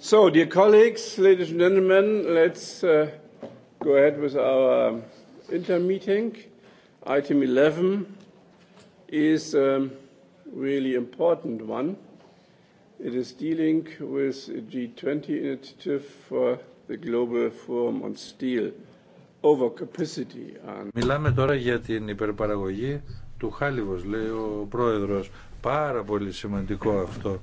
So, dear colleagues, ladies and gentlemen, let's uh, go ahead with our intermeeting. Item 11 is a really important one. It is dealing with the G20 initiative for the Global Forum on Steel. Overcapacity. Μιλάμε τώρα για την υπερπαραγωγή του χάλιβος, λέει ο πρόεδρος. Πάρα πολύ σημαντικό αυτό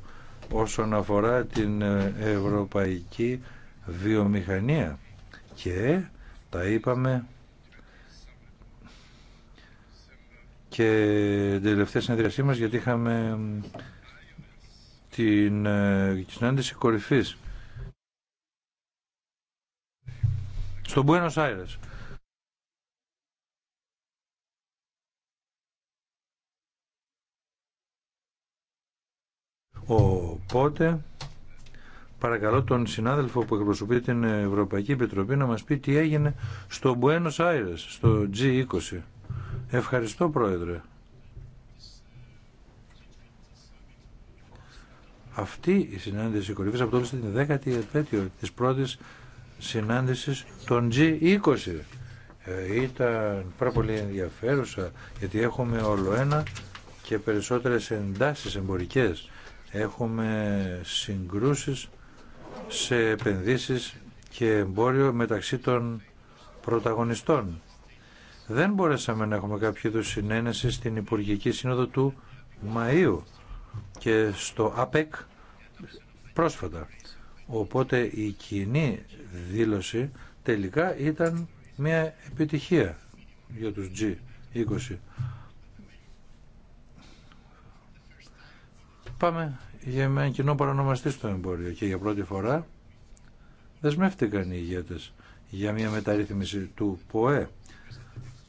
όσον αφορά την ε, ευρωπαϊκή βιομηχανία και τα είπαμε και την τελευταία συνεδριασή μας γιατί είχαμε την ε, συνάντηση κορυφής στο Buenos Aires Οπότε παρακαλώ τον συνάδελφο που εκπροσωπεί την Ευρωπαϊκή Επιτροπή να μας πει τι έγινε στο Buenos Aires, στο G20. Ευχαριστώ Πρόεδρε. Αυτή η συνάντηση κορυφής αποτέλεσε την δέκατη επέτειο της πρώτης συνάντησης των G20. Ε, ήταν πάρα πολύ ενδιαφέρουσα γιατί έχουμε όλο ένα και περισσότερες εντάσεις εμπορικές Έχουμε συγκρούσεις σε επενδύσεις και εμπόριο μεταξύ των πρωταγωνιστών. Δεν μπορέσαμε να έχουμε κάποιο είδου συνένεση στην Υπουργική Σύνοδο του Μαΐου και στο ΑΠΕΚ πρόσφατα. Οπότε η κοινή δήλωση τελικά ήταν μια επιτυχία για τους G20. Πάμε για έναν κοινό παρανομαστή στο εμπόριο και για πρώτη φορά δεσμεύτηκαν οι ηγέτες για μια μεταρρύθμιση του ΠΟΕ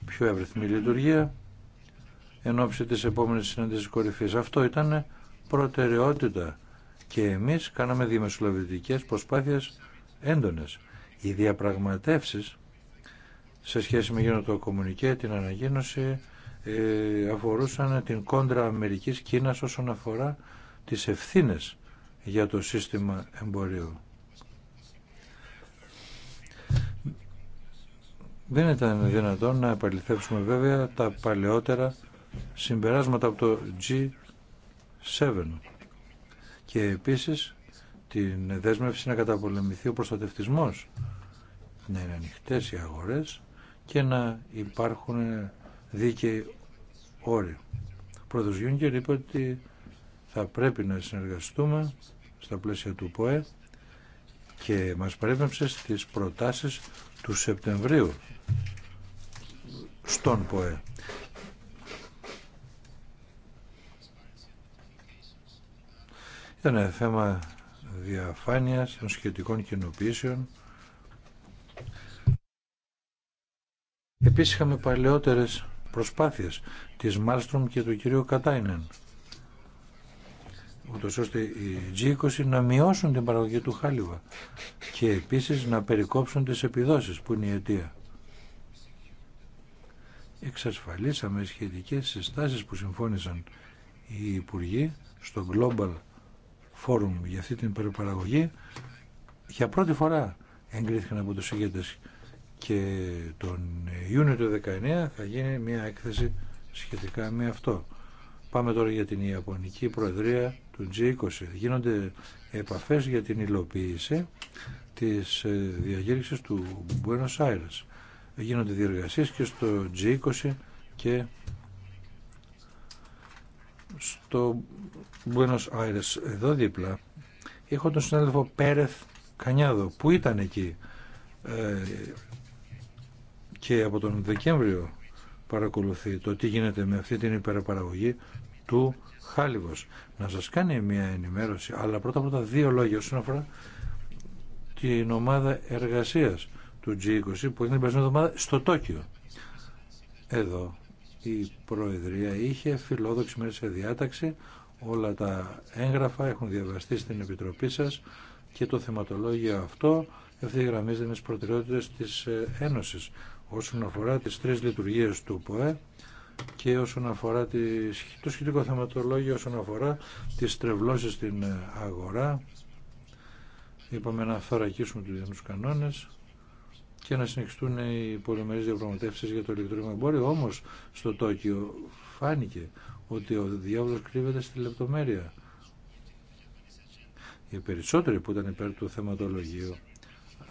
πιο εύρυθμη λειτουργία εν ώψη της επόμενης συνάντησης κορυφής. Αυτό ήταν προτεραιότητα και εμείς κάναμε διαμεσολαβητικές προσπάθειες έντονες. Οι διαπραγματεύσεις σε σχέση με γίνοντο το κομμουνικέ, την ανακοίνωση ε, αφορούσαν την κόντρα Αμερικής Κίνας όσον αφορά τις ευθύνες για το σύστημα εμπορίου. Δεν ήταν δυνατόν να επαληθεύσουμε βέβαια τα παλαιότερα συμπεράσματα από το G7 και επίσης την δέσμευση να καταπολεμηθεί ο προστατευτισμός να είναι ανοιχτέ οι αγορές και να υπάρχουν δίκαιοι όροι. Ο πρόεδρος ότι θα πρέπει να συνεργαστούμε στα πλαίσια του ΠΟΕ και μας παρέμβασε στις προτάσεις του Σεπτεμβρίου στον ΠΟΕ. Ήταν ένα θέμα διαφάνειας των σχετικών κοινοποιήσεων. Επίσης είχαμε παλαιότερες προσπάθειες της Μάλστρομ και του κυρίου Κατάινεν ούτως ώστε οι G20 να μειώσουν την παραγωγή του χάλιβα και επίσης να περικόψουν τις επιδόσεις που είναι η αιτία. Εξασφαλίσαμε σχετικές συστάσεις που συμφώνησαν οι Υπουργοί στο Global Forum για αυτή την περιπαραγωγή για πρώτη φορά εγκρίθηκαν από τους ηγέτες και τον Ιούνιο του 2019 θα γίνει μια έκθεση σχετικά με αυτό. Πάμε τώρα για την Ιαπωνική Προεδρία του G20. Γίνονται επαφές για την υλοποίηση της ε, διαγέρυξης του Buenos Aires. Γίνονται διεργασίες και στο G20 και στο Buenos Aires. Εδώ δίπλα έχω τον συνάδελφο Πέρεθ Κανιάδο που ήταν εκεί ε, και από τον Δεκέμβριο παρακολουθεί το τι γίνεται με αυτή την υπεραπαραγωγή του Χάλιβος να σας κάνει μια ενημέρωση, αλλά πρώτα πρώτα δύο λόγια όσον αφορά την ομάδα εργασίας του G20 που έγινε την περσμένη εβδομάδα στο Τόκιο. Εδώ η Προεδρία είχε φιλόδοξη μέσα σε διάταξη, όλα τα έγγραφα έχουν διαβαστεί στην Επιτροπή σας και το θεματολόγιο αυτό ευθυγραμμίζεται με τις προτεραιότητες της Ένωσης όσον αφορά τις τρεις λειτουργίες του ΠΟΕ και όσον αφορά το σχετικό θεματολόγιο όσον αφορά τις τρευλώσεις στην αγορά είπαμε να θωρακίσουμε τους διεθνούς κανόνες και να συνεχιστούν οι πολυμερείς διαπραγματεύσεις για το ηλεκτρονικό εμπόριο όμως στο Τόκιο φάνηκε ότι ο διάβολος κρύβεται στη λεπτομέρεια οι περισσότεροι που ήταν υπέρ του θεματολογίου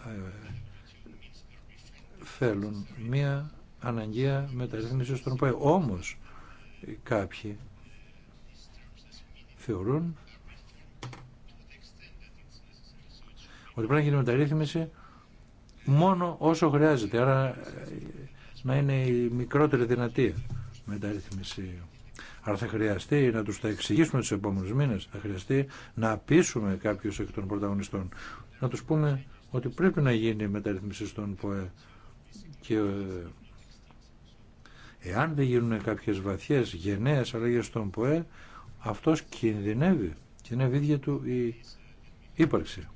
ε, θέλουν μία αναγκαία μεταρρύθμιση στον ΠΟΕ. Όμως κάποιοι θεωρούν ότι πρέπει να γίνει μεταρρύθμιση μόνο όσο χρειάζεται. Άρα να είναι η μικρότερη δυνατή μεταρρύθμιση. Άρα θα χρειαστεί να τους τα εξηγήσουμε τους επόμενους μήνες, θα χρειαστεί να πείσουμε κάποιους εκ των πρωταγωνιστών, να τους πούμε ότι πρέπει να γίνει μεταρρύθμιση στον ΠΟΕ και ε, Εάν δεν γίνουν κάποιες βαθιές γενναίες αλλαγές στον ΠΟΕ, αυτός κινδυνεύει. Κινδυνεύει ίδια του η ύπαρξη.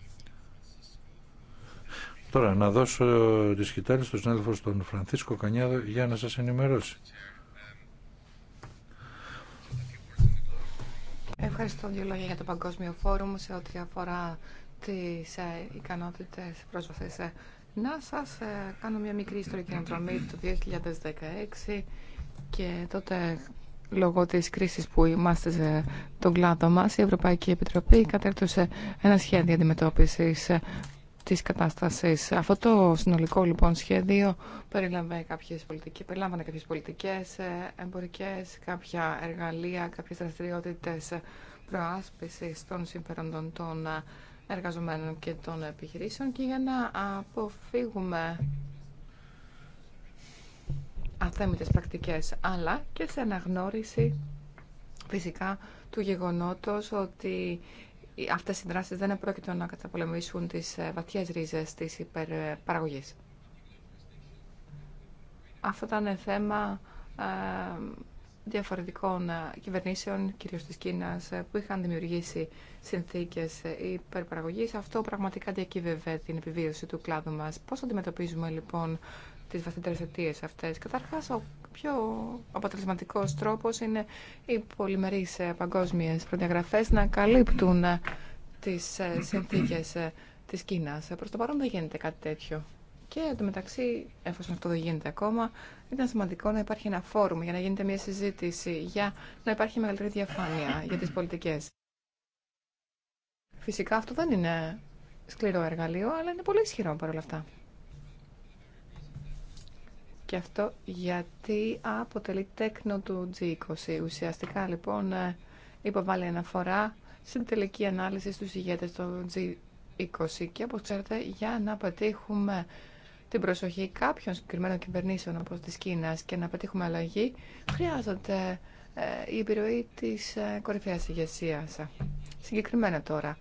Τώρα να δώσω τη σκητάλη στον συνάδελφο τον Φρανθίσκο Κανιάδο για να σας ενημερώσει. Ευχαριστώ δύο λόγια για το Παγκόσμιο Φόρουμ σε ό,τι αφορά τις ε, ικανότητες πρόσβασης ε, να σας ε, κάνω μια μικρή ιστορική αναδρομή του 2016 και τότε λόγω της κρίσης που είμαστε τον κλάδο μας η Ευρωπαϊκή Επιτροπή κατέρτωσε ένα σχέδιο αντιμετώπισης ε, της κατάστασης. Αυτό το συνολικό λοιπόν σχέδιο κάποιες πολιτικές, περιλάμβανε κάποιες πολιτικές, ε, εμπορικές, κάποια εργαλεία, κάποιες δραστηριότητες προάσπισης των συμφερόντων των εργαζομένων και των επιχειρήσεων και για να αποφύγουμε αθέμητες πρακτικές, αλλά και σε αναγνώριση φυσικά του γεγονότος ότι αυτές οι δράσεις δεν πρόκειται να καταπολεμήσουν τις ε, βαθιές ρίζες της υπερπαραγωγής. Αυτό ήταν θέμα ε, διαφορετικών ε, κυβερνήσεων, κυρίως τη Κίνας, ε, που είχαν δημιουργήσει συνθήκες ε, υπερπαραγωγή. Αυτό πραγματικά διακύβευε την επιβίωση του κλάδου μας. Πώς αντιμετωπίζουμε λοιπόν τις βαθύτερες αιτίε αυτές. Καταρχάς, ο πιο αποτελεσματικό τρόπος είναι οι πολυμερει παγκόσμιε προδιαγραφέ να καλύπτουν τι συνθήκε τη Κίνα. Προ το παρόν δεν γίνεται κάτι τέτοιο. Και εντωμεταξύ, εφόσον αυτό δεν γίνεται ακόμα, ήταν σημαντικό να υπάρχει ένα φόρουμ για να γίνεται μια συζήτηση, για να υπάρχει μεγαλύτερη διαφάνεια για τις πολιτικές. Φυσικά αυτό δεν είναι σκληρό εργαλείο, αλλά είναι πολύ ισχυρό παρόλα αυτά. Και αυτό γιατί αποτελεί τέκνο του G20. Ουσιαστικά λοιπόν ε, υποβάλλει αναφορά στην τελική ανάλυση στους ηγέτες του G20 και όπως ξέρετε για να πετύχουμε την προσοχή κάποιων συγκεκριμένων κυβερνήσεων όπως τη Κίνα και να πετύχουμε αλλαγή, χρειάζεται ε, η επιρροή της ε, κορυφαίας ηγεσία. Συγκεκριμένα τώρα,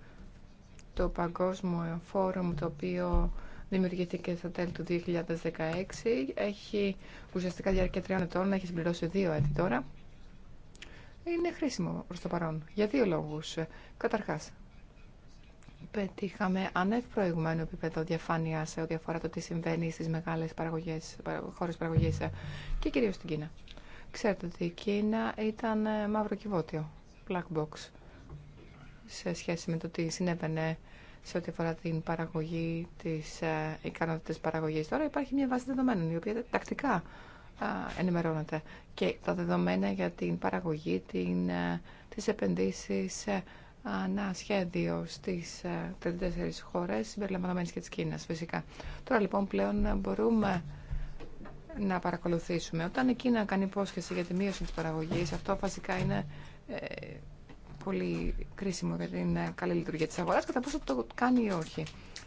το Παγκόσμιο Φόρουμ το οποίο δημιουργήθηκε στα τέλη του 2016 έχει ουσιαστικά διάρκεια τριών ετών, έχει συμπληρώσει δύο έτη τώρα. Είναι χρήσιμο προς το παρόν για δύο λόγους. Καταρχάς, πετύχαμε ανεύ προηγουμένου επίπεδο διαφάνεια σε ό,τι αφορά το τι συμβαίνει στις μεγάλες χώρε παραγωγή ε, και κυρίως στην Κίνα. Ξέρετε ότι η Κίνα ήταν ε, μαύρο κυβότιο, black box, σε σχέση με το τι συνέβαινε σε ό,τι αφορά την παραγωγή, τι ε, ικανότητε παραγωγή. Τώρα υπάρχει μια βάση δεδομένων, η οποία τακτικά ενημερώνεται και τα δεδομένα για την παραγωγή, τι επενδύσει ανά σχέδιο στις 34 ε, χώρες, συμπεριλαμβανομένες και της Κίνας φυσικά. Τώρα λοιπόν πλέον μπορούμε να παρακολουθήσουμε. Όταν η Κίνα κάνει υπόσχεση για τη μείωση της παραγωγής, αυτό φασικά είναι ε, πολύ κρίσιμο για την ε, καλή λειτουργία της αγοράς, κατά πόσο το κάνει ή όχι.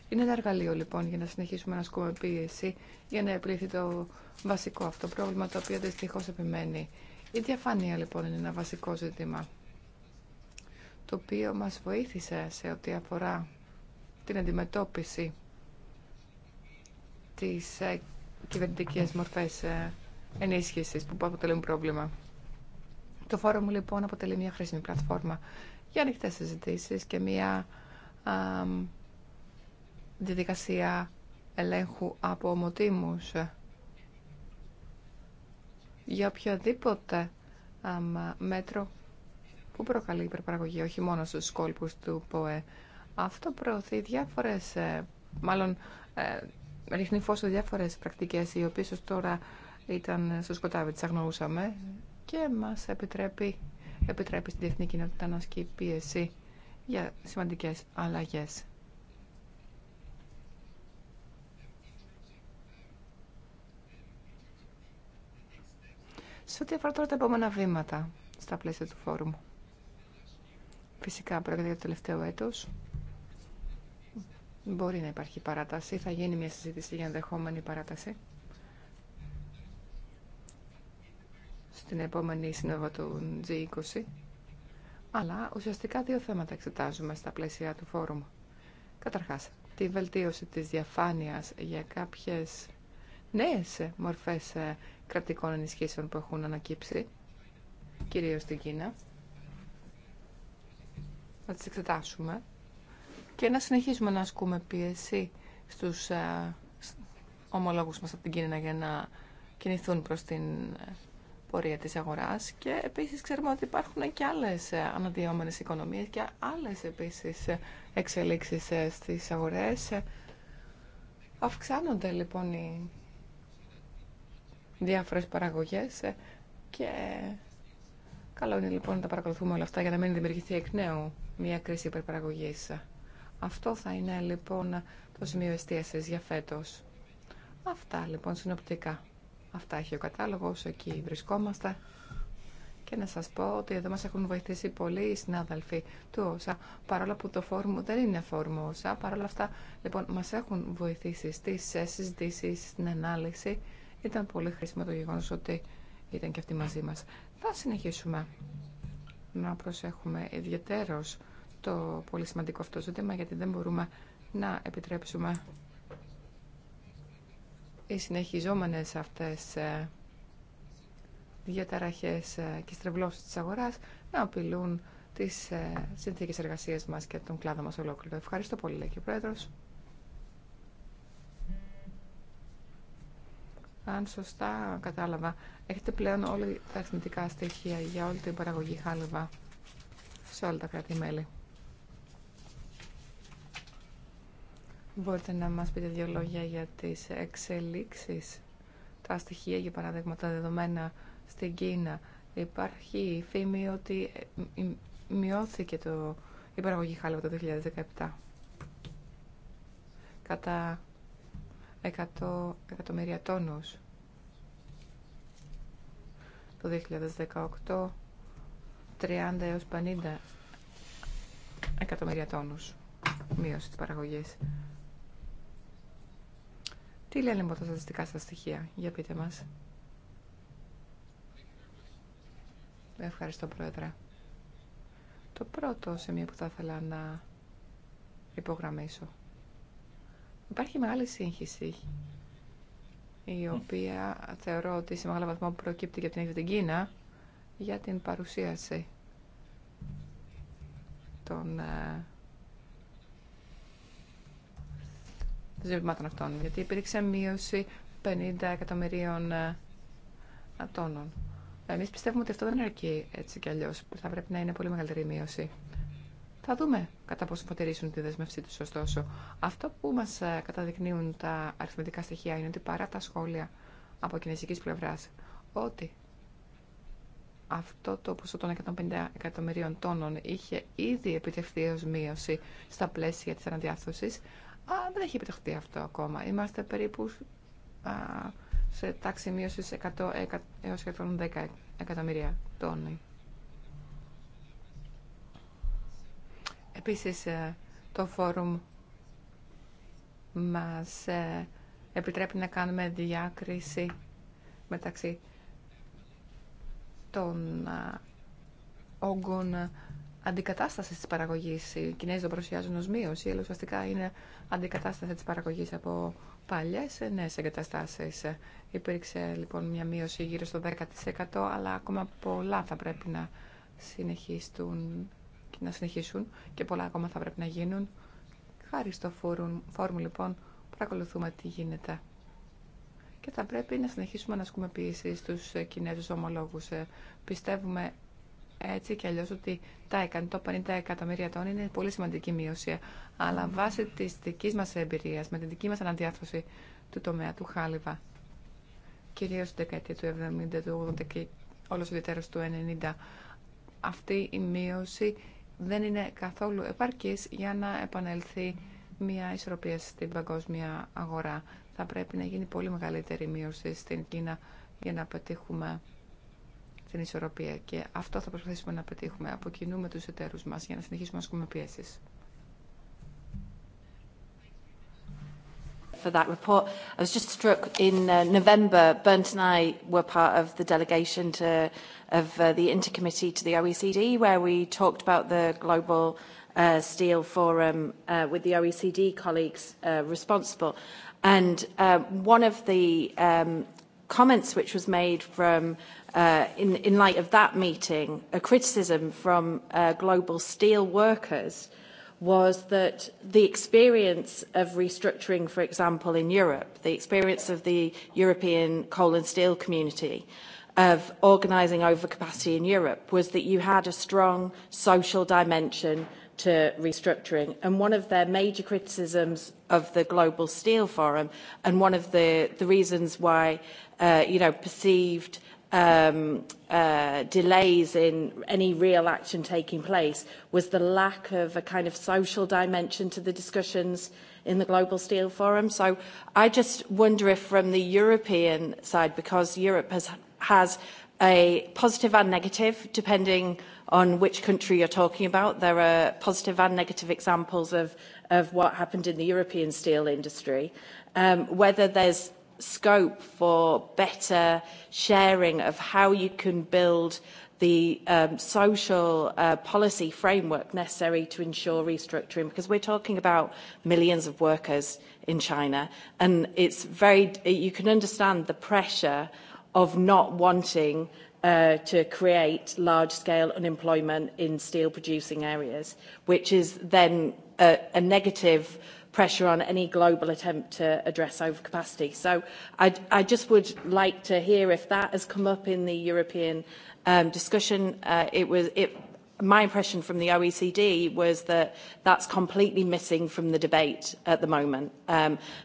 Είναι ένα εργαλείο λοιπόν για να συνεχίσουμε να ασκούμε πίεση για να επιλύθει το βασικό αυτό πρόβλημα το οποίο δυστυχώ επιμένει. Η διαφάνεια λοιπόν είναι ένα βασικό ζήτημα το οποίο μας βοήθησε σε ό,τι αφορά την αντιμετώπιση της ε, κυβερνητικής μορφές ε, ενίσχυσης που αποτελούν πρόβλημα. Το φόρουμ λοιπόν αποτελεί μια χρήσιμη πλατφόρμα για ανοιχτέ συζητήσει και μια διαδικασία ελέγχου από ομοτήμους για οποιοδήποτε α, μέτρο που προκαλεί υπερπαραγωγή όχι μόνο στους κόλπους του ΠΟΕ. Αυτό προωθεί διάφορες, ε, μάλλον ε, ρίχνει φως σε διάφορες πρακτικές οι οποίες ως τώρα ήταν στο σκοτάδι, τις αγνοούσαμε και μας επιτρέπει, επιτρέπει στην διεθνή κοινότητα να ασκεί πίεση για σημαντικές αλλαγές. Σε ό,τι αφορά τώρα τα επόμενα βήματα στα πλαίσια του φόρουμου. Φυσικά πρόκειται για το τελευταίο έτος. Μπορεί να υπάρχει παράταση. Θα γίνει μια συζήτηση για ενδεχόμενη παράταση. Στην επόμενη σύνοδο του G20. Αλλά ουσιαστικά δύο θέματα εξετάζουμε στα πλαίσια του φόρουμ. Καταρχάς, τη βελτίωση της διαφάνειας για κάποιες νέες μορφές ε, κρατικών ενισχύσεων που έχουν ανακύψει, κυρίως στην Κίνα να τις εξετάσουμε και να συνεχίσουμε να ασκούμε πίεση στους ε, ομολόγους μας από την Κίνα για να κινηθούν προς την ε, πορεία της αγοράς και επίσης ξέρουμε ότι υπάρχουν και άλλες ε, αναδυόμενες οικονομίες και άλλες επίσης εξελίξεις στις αγορές. Αυξάνονται λοιπόν οι διάφορες παραγωγές και καλό είναι λοιπόν να τα παρακολουθούμε όλα αυτά για να μην δημιουργηθεί εκ νέου μια κρίση υπερπαραγωγής. Αυτό θα είναι λοιπόν το σημείο εστίαση για φέτο. Αυτά λοιπόν συνοπτικά. Αυτά έχει ο κατάλογο, εκεί βρισκόμαστε. Και να σας πω ότι εδώ μας έχουν βοηθήσει πολλοί οι συνάδελφοι του ΩΣΑ, παρόλο που το φόρουμ δεν είναι φόρουμ ΩΣΑ, παρόλα αυτά λοιπόν μας έχουν βοηθήσει στις συζητήσεις, στην ανάλυση. Ήταν πολύ χρήσιμο το γεγονός ότι ήταν και αυτοί μαζί μας. Θα συνεχίσουμε να προσέχουμε ιδιαίτερος το πολύ σημαντικό αυτό ζήτημα, γιατί δεν μπορούμε να επιτρέψουμε οι συνεχιζόμενες αυτές ε, διαταραχές ε, και στρεβλώσεις της αγοράς να απειλούν τις ε, συνθήκες εργασίας μας και τον κλάδο μας ολόκληρο. Ευχαριστώ πολύ, λέει και ο Πρόεδρος. Αν σωστά κατάλαβα, έχετε πλέον όλα τα αριθμητικά στοιχεία για όλη την παραγωγή χάλιβα σε όλα τα κράτη-μέλη. Μπορείτε να μας πείτε δύο λόγια για τις εξελίξεις, τα στοιχεία, για παράδειγμα, τα δεδομένα στην Κίνα. Υπάρχει η φήμη ότι ε, μειώθηκε το, η παραγωγή χάλαβα το 2017 κατά 100 εκατομμύρια τόνους. Το 2018 30 έως 50 εκατομμύρια τόνους μείωση της παραγωγής. Τι λένε λοιπόν τα στατιστικά στα στοιχεία, για πείτε μας. Ευχαριστώ, Πρόεδρε. Το πρώτο σημείο που θα ήθελα να υπογραμμίσω. Υπάρχει μεγάλη σύγχυση, η οποία θεωρώ ότι σε μεγάλο βαθμό προκύπτει και από την ίδια την Κίνα, για την παρουσίαση των ε, αυτών, γιατί υπήρξε μείωση 50 εκατομμυρίων ε, τόνων. Εμεί πιστεύουμε ότι αυτό δεν αρκεί έτσι κι αλλιώ. Θα πρέπει να είναι πολύ μεγαλύτερη η μείωση. Θα δούμε κατά πόσο θα τηρήσουν τη δεσμευσή του, ωστόσο. Αυτό που μας ε, καταδεικνύουν τα αριθμητικά στοιχεία είναι ότι παρά τα σχόλια από κινέζικη πλευρά. ότι αυτό το ποσό των 150 εκατομμυρίων τόνων είχε ήδη επιτευχθεί ω μείωση στα πλαίσια τη αναδιάθρωση, Α, δεν έχει επιτευχθεί αυτό ακόμα. Είμαστε περίπου σε τάξη μείωση 100 εκα, έως 110 εκατομμύρια τόνοι. Επίσης, ε, το φόρουμ μας ε, επιτρέπει να κάνουμε διάκριση μεταξύ των όγκων αντικατάσταση της παραγωγής. Οι Κινέζοι το παρουσιάζουν ως μείωση, αλλά ουσιαστικά είναι αντικατάσταση της παραγωγής από παλιές ε, νέες εγκαταστάσεις. Υπήρξε λοιπόν μια μείωση γύρω στο 10%, αλλά ακόμα πολλά θα πρέπει να συνεχίσουν, να συνεχίσουν και πολλά ακόμα θα πρέπει να γίνουν. Χάρη στο φόρουμ, λοιπόν παρακολουθούμε τι γίνεται. Και θα πρέπει να συνεχίσουμε να ασκούμε ποιήσεις στους Κινέζους ομολόγους. Ε, πιστεύουμε έτσι και αλλιώς ότι τα 150 εκατομμύρια τόν είναι πολύ σημαντική μείωση. Αλλά βάσει της δικής μας εμπειρίας, με την δική μας αναδιάρθρωση του τομέα του Χάλιβα, κυρίως στην δεκαετία του 70, του 80 και όλος ιδιαίτερος του 90, αυτή η μείωση δεν είναι καθόλου επαρκής για να επανελθεί μια ισορροπία στην παγκόσμια αγορά. Θα πρέπει να γίνει πολύ μεγαλύτερη μείωση στην Κίνα για να πετύχουμε την ισορροπία και αυτό θα προσπαθήσουμε να πετύχουμε από κοινού με τους εταίρους μας για να συνεχίσουμε να ασκούμε for that report. I was just struck in November, Bernd and I were part of the delegation to, of the intercommittee to the OECD, where we talked about the Global Steel Forum with the OECD colleagues responsible. And one of the comments which was made from in light of that meeting, a criticism from global steel workers was that the experience of restructuring, for example, in Europe, the experience of the European coal and steel community of organising overcapacity in Europe was that you had a strong social dimension to restructuring. And one of their major criticisms of the Global Steel Forum and one of the reasons why, you know, perceived delays in any real action taking place was the lack of a kind of social dimension to the discussions in the Global Steel Forum. So I just wonder if from the European side, because Europe has has a positive and negative, depending on which country you're talking about. There are positive and negative examples of what happened in the European steel industry. Whether there's scope for better sharing of how you can build the social policy framework necessary to ensure restructuring because we're talking about millions of workers in China and it's very you can understand the pressure of not wanting to create large-scale unemployment in steel-producing areas, which is then a negative pressure on any global attempt to address overcapacity. So I just would like to hear if that has come up in the European discussion. It was my impression from the OECD was that that's completely missing from the debate at the moment.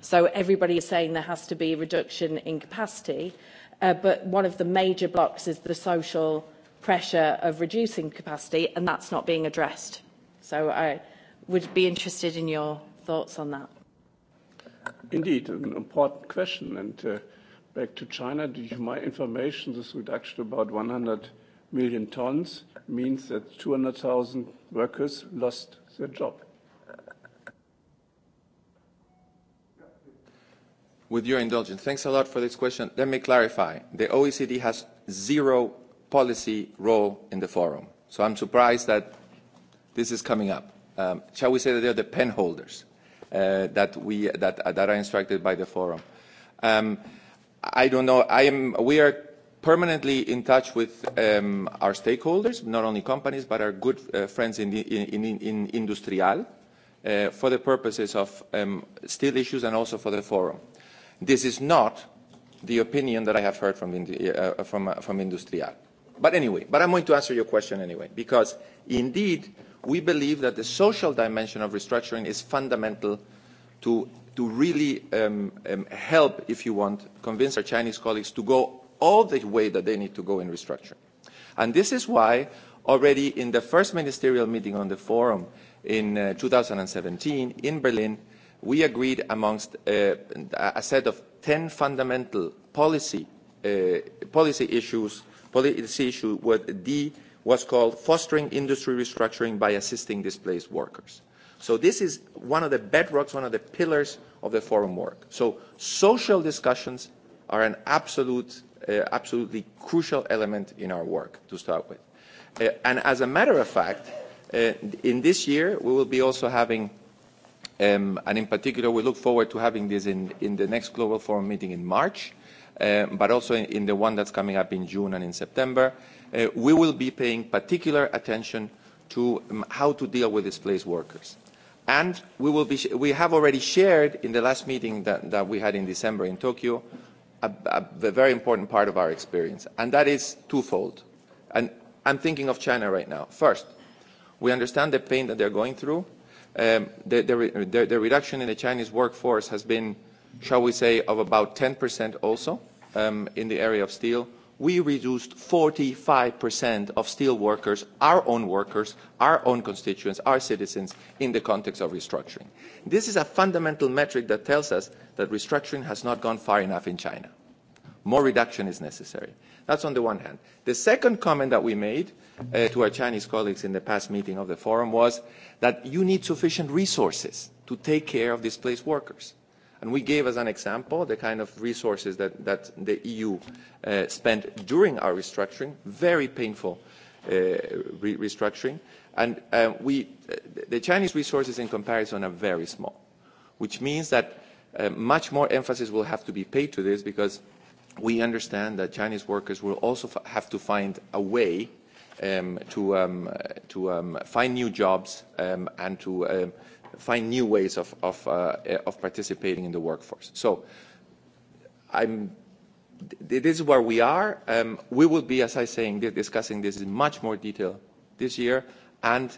So everybody is saying there has to be a reduction in capacity, but one of the major blocks is the social pressure of reducing capacity, and that's not being addressed. So I would be interested in your thoughts on that? Indeed, an important question. And back to China, to my information, this reduction about 100 million tons means that 200,000 workers lost their job. With your indulgence, thanks a lot for this question. Let me clarify. The OECD has zero policy role in the forum. So I'm surprised that this is coming up. Shall we say that they're the pen holders? that we that are instructed by the forum. I don't know. I am. We are permanently in touch with our stakeholders, not only companies but our good friends in in Industrial, for the purposes of steel issues and also for the forum. This is not the opinion that I have heard from from from Industrial. But anyway, but I'm going to answer your question anyway because indeed we believe that the social dimension of restructuring is fundamental to to really help, if you want, convince our Chinese colleagues to go all the way that they need to go in restructuring. And this is why already in the first ministerial meeting on the forum in 2017 in Berlin, we agreed amongst a set of 10 fundamental policy policy issues, policy issues with the was called Fostering Industry Restructuring by Assisting Displaced Workers. So this is one of the bedrocks, one of the pillars of the forum work. So social discussions are an absolute, absolutely crucial element in our work to start with. And as a matter of fact, in this year we will be also having, and in particular we look forward to having this in, in the next global forum meeting in March, but also in the one that's coming up in June and in September we will be paying particular attention to how to deal with displaced workers. And we will be we have already shared in the last meeting that we had in December in Tokyo a very important part of our experience, and that is twofold. And I'm thinking of China right now. First, we understand the pain that they're going through. The reduction in the Chinese workforce has been, shall we say, of about 10% also in the area of steel we reduced 45% of steel workers, our own workers, our own constituents, our citizens, in the context of restructuring. This is a fundamental metric that tells us that restructuring has not gone far enough in China. More reduction is necessary. That's on the one hand. The second comment that we made to our Chinese colleagues in the past meeting of the forum was that you need sufficient resources to take care of displaced workers. And we gave as an example the kind of resources that the EU spent during our restructuring, very painful restructuring. And we, the Chinese resources in comparison are very small, which means that much more emphasis will have to be paid to this because we understand that Chinese workers will also have to find a way to find new jobs and to find new ways of of participating in the workforce. So I'm this is where we are. We will be, as I saying, discussing this in much more detail this year, and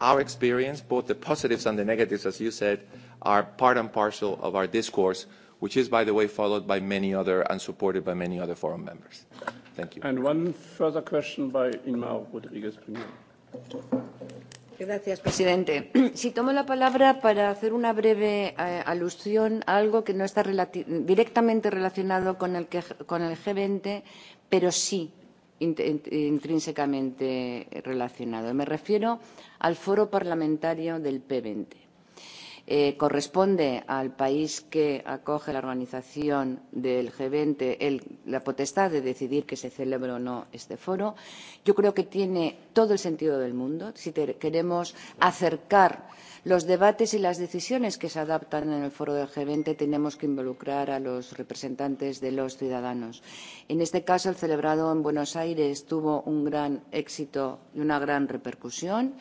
our experience, both the positives and the negatives, as you said, are part and parcel of our discourse, which is, by the way, followed by many other and supported by many other forum members. Thank you. And one further question by Inma Rodriguez. Señor presidente. Sí, tomo la palabra para hacer una breve alusión a algo que no está directamente relacionado con el G20, pero sí intrínsecamente relacionado. Me refiero al foro parlamentario del P20 corresponde al país que acoge la organización del G20 la potestad de decidir que se celebre o no este foro. Yo creo que tiene todo el sentido del mundo. Si queremos acercar los debates y las decisiones que se adaptan en el foro del G20, tenemos que involucrar a los representantes de los ciudadanos. En este caso, el celebrado en Buenos Aires tuvo un gran éxito y una gran repercusión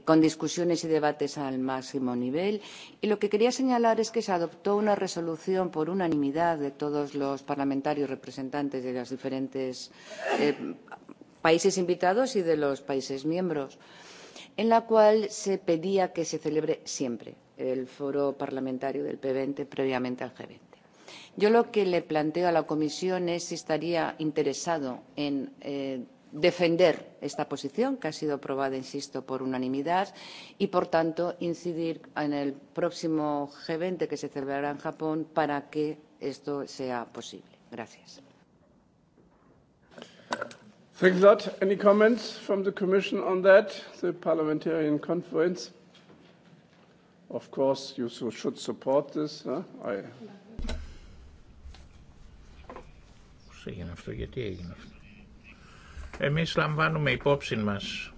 con discusiones y debates al máximo nivel. Y lo que quería señalar es que se adoptó una resolución por unanimidad de todos los parlamentarios representantes de los diferentes países invitados y de los países miembros, en la cual se pedía que se celebre siempre el foro parlamentario del P20 previamente al G20. Yo lo que le planteo a la Comisión es si estaría interesado en defender esta posición, que ha sido aprobada, insisto, por unanimidad, y, por tanto, incidir en el próximo G20 que se celebrará en Japón para que esto sea posible. Gracias. Thanks a lot. Any comments from the Commission on that, the Parliamentarian Conference? Of course, you should support this. Huh? I... Πώς έγινε αυτό, γιατί έγινε αυτό. Εμείς λαμβάνουμε υπόψη μας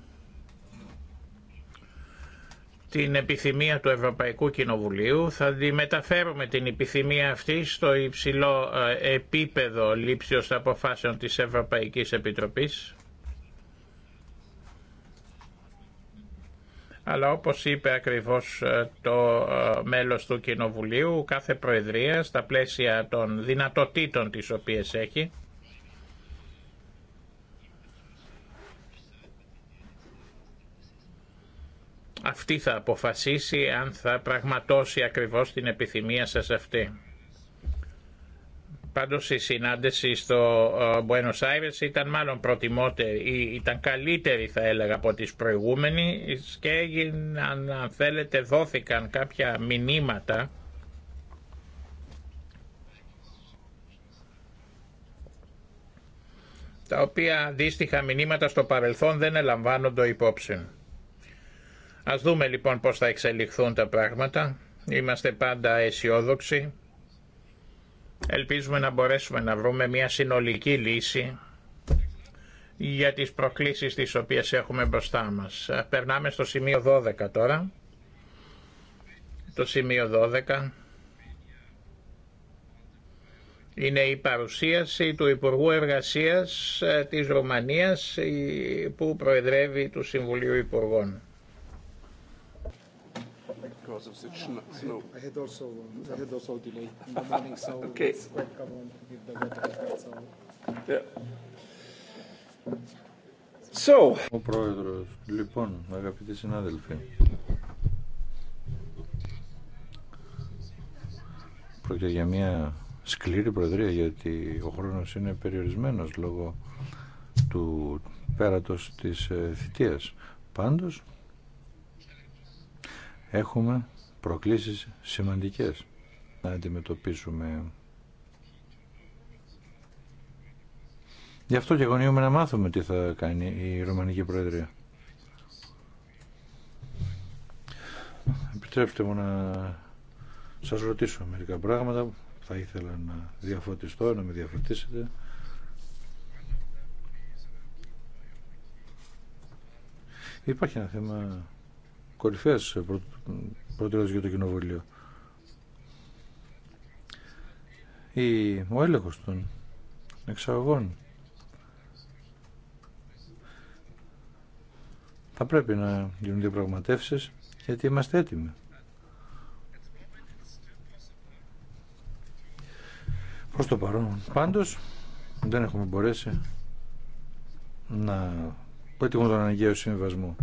την επιθυμία του Ευρωπαϊκού Κοινοβουλίου. Θα μεταφέρουμε την επιθυμία αυτή στο υψηλό ε, επίπεδο λήψεως αποφάσεων της Ευρωπαϊκής Επιτροπής. αλλά όπως είπε ακριβώς ε, το ε, μέλος του Κοινοβουλίου, κάθε Προεδρία στα πλαίσια των δυνατοτήτων τις οποίες έχει Αυτή θα αποφασίσει αν θα πραγματώσει ακριβώς την επιθυμία σας αυτή. Πάντως η συνάντηση στο ε, Buenos Aires ήταν μάλλον προτιμότερη, ήταν καλύτερη θα έλεγα από τις προηγούμενες και έγιναν, αν θέλετε, δόθηκαν κάποια μηνύματα τα οποία αντίστοιχα μηνύματα στο παρελθόν δεν ελαμβάνονται υπόψη. Ας δούμε λοιπόν πώς θα εξελιχθούν τα πράγματα. Είμαστε πάντα αισιόδοξοι. Ελπίζουμε να μπορέσουμε να βρούμε μια συνολική λύση για τις προκλήσεις τις οποίες έχουμε μπροστά μας. Περνάμε στο σημείο 12 τώρα. Το σημείο 12 είναι η παρουσίαση του Υπουργού Εργασίας ε, της Ρουμανίας που προεδρεύει του Συμβουλίου Υπουργών because of the uh, snow. I had also I had also delay in the morning, so okay. it's quite common with the weather. So. Yeah. So. Ο πρόεδρος, λοιπόν, αγαπητοί συνάδελφοι, πρόκειται για μια σκληρή προεδρία γιατί ο χρόνος είναι περιορισμένος λόγω του πέρατος της ε, θητείας. Πάντως, έχουμε προκλήσεις σημαντικές να αντιμετωπίσουμε. Γι' αυτό και γονιούμε να μάθουμε τι θα κάνει η Ρωμανική Προεδρία. Επιτρέψτε μου να σας ρωτήσω μερικά πράγματα που θα ήθελα να διαφωτιστώ, να με διαφωτίσετε. Υπάρχει ένα θέμα κορυφές προτεραιότητες για το κοινοβούλιο. Η, ο έλεγχος των εξαγωγών θα πρέπει να γίνουν διαπραγματεύσει γιατί είμαστε έτοιμοι. Προς το παρόν. Πάντως δεν έχουμε μπορέσει να πετύχουμε τον αναγκαίο συμβασμό.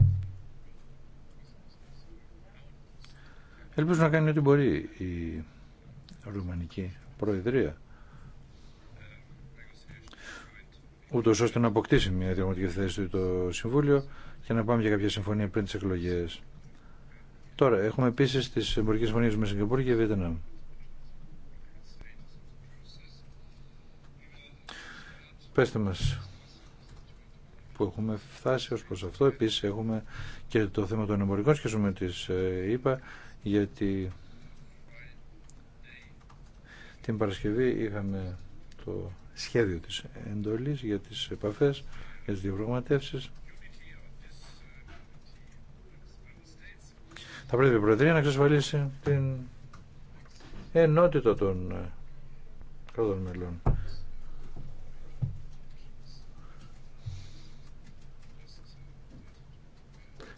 Ελπίζω να κάνει ό,τι μπορεί η Ρουμανική Προεδρία. Ούτως ώστε να αποκτήσει μια δημοτική θέση του το Συμβούλιο και να πάμε για κάποια συμφωνία πριν τις εκλογές. Τώρα, έχουμε επίσης τις εμπορικές συμφωνίε με Σιγκαπούρη και Βιετνάμ. Πέστε μα. που έχουμε φτάσει ω προ αυτό. επίση έχουμε και το θέμα των εμπορικών σχέσεων με τις ΕΕ γιατί την Παρασκευή είχαμε το σχέδιο της εντολής για τις επαφές, για τις διαπραγματεύσεις. Θα πρέπει η Προεδρία να εξασφαλίσει την ενότητα των ε, κρατών μελών.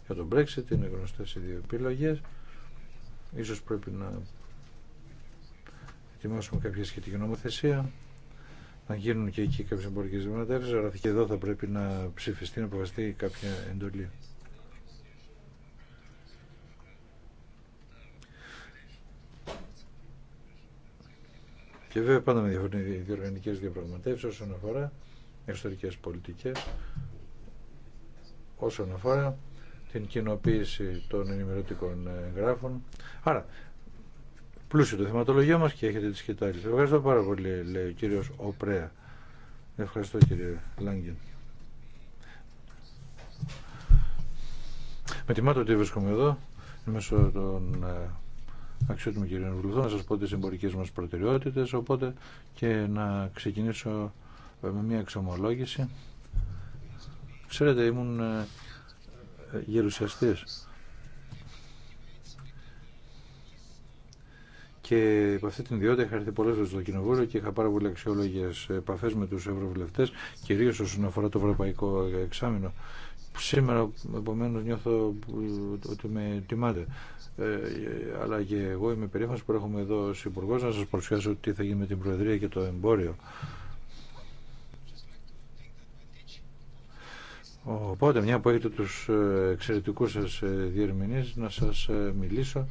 Για τον Brexit είναι γνωστές οι δύο επιλογές. Ίσως πρέπει να ετοιμάσουμε κάποια σχετική νομοθεσία, να γίνουν και εκεί κάποιες εμπορικές δημοκρατές, αλλά και εδώ θα πρέπει να ψηφιστεί, να αποφαστεί κάποια εντολή. Και βέβαια πάντα με διαφορετικέ διοργανωτικέ διαπραγματεύσει όσον αφορά εξωτερικέ πολιτικέ, όσον αφορά την κοινοποίηση των ενημερωτικών ε, γράφων. Άρα, πλούσιο το θεματολογία μας και έχετε τις σκητάλη. Ευχαριστώ πάρα πολύ, λέει ο κύριος Οπρέα. Ευχαριστώ κύριε Λάγκεν. Με τη το ότι βρίσκομαι εδώ, μέσω των ε, αξιότιμων κυρίων βουλευτών, να σας πω τις εμπορικές μας προτεραιότητες, οπότε και να ξεκινήσω ε, με μια εξομολόγηση. Ξέρετε, ήμουν γερουσιαστής. Και από αυτή την ιδιότητα είχα έρθει πολλέ στο Κοινοβούλιο και είχα πάρα πολύ αξιόλογε επαφέ με του ευρωβουλευτέ, κυρίω όσον αφορά το ευρωπαϊκό εξάμεινο. Σήμερα, επομένω, νιώθω ότι με τιμάτε. Ε, αλλά και εγώ είμαι περήφανο που έχουμε εδώ ω Υπουργό να σα παρουσιάσω τι θα γίνει με την Προεδρία και το εμπόριο. Οπότε μια που έχετε τους ε, εξαιρετικούς σας ε, διερμηνείς να σας ε, μιλήσω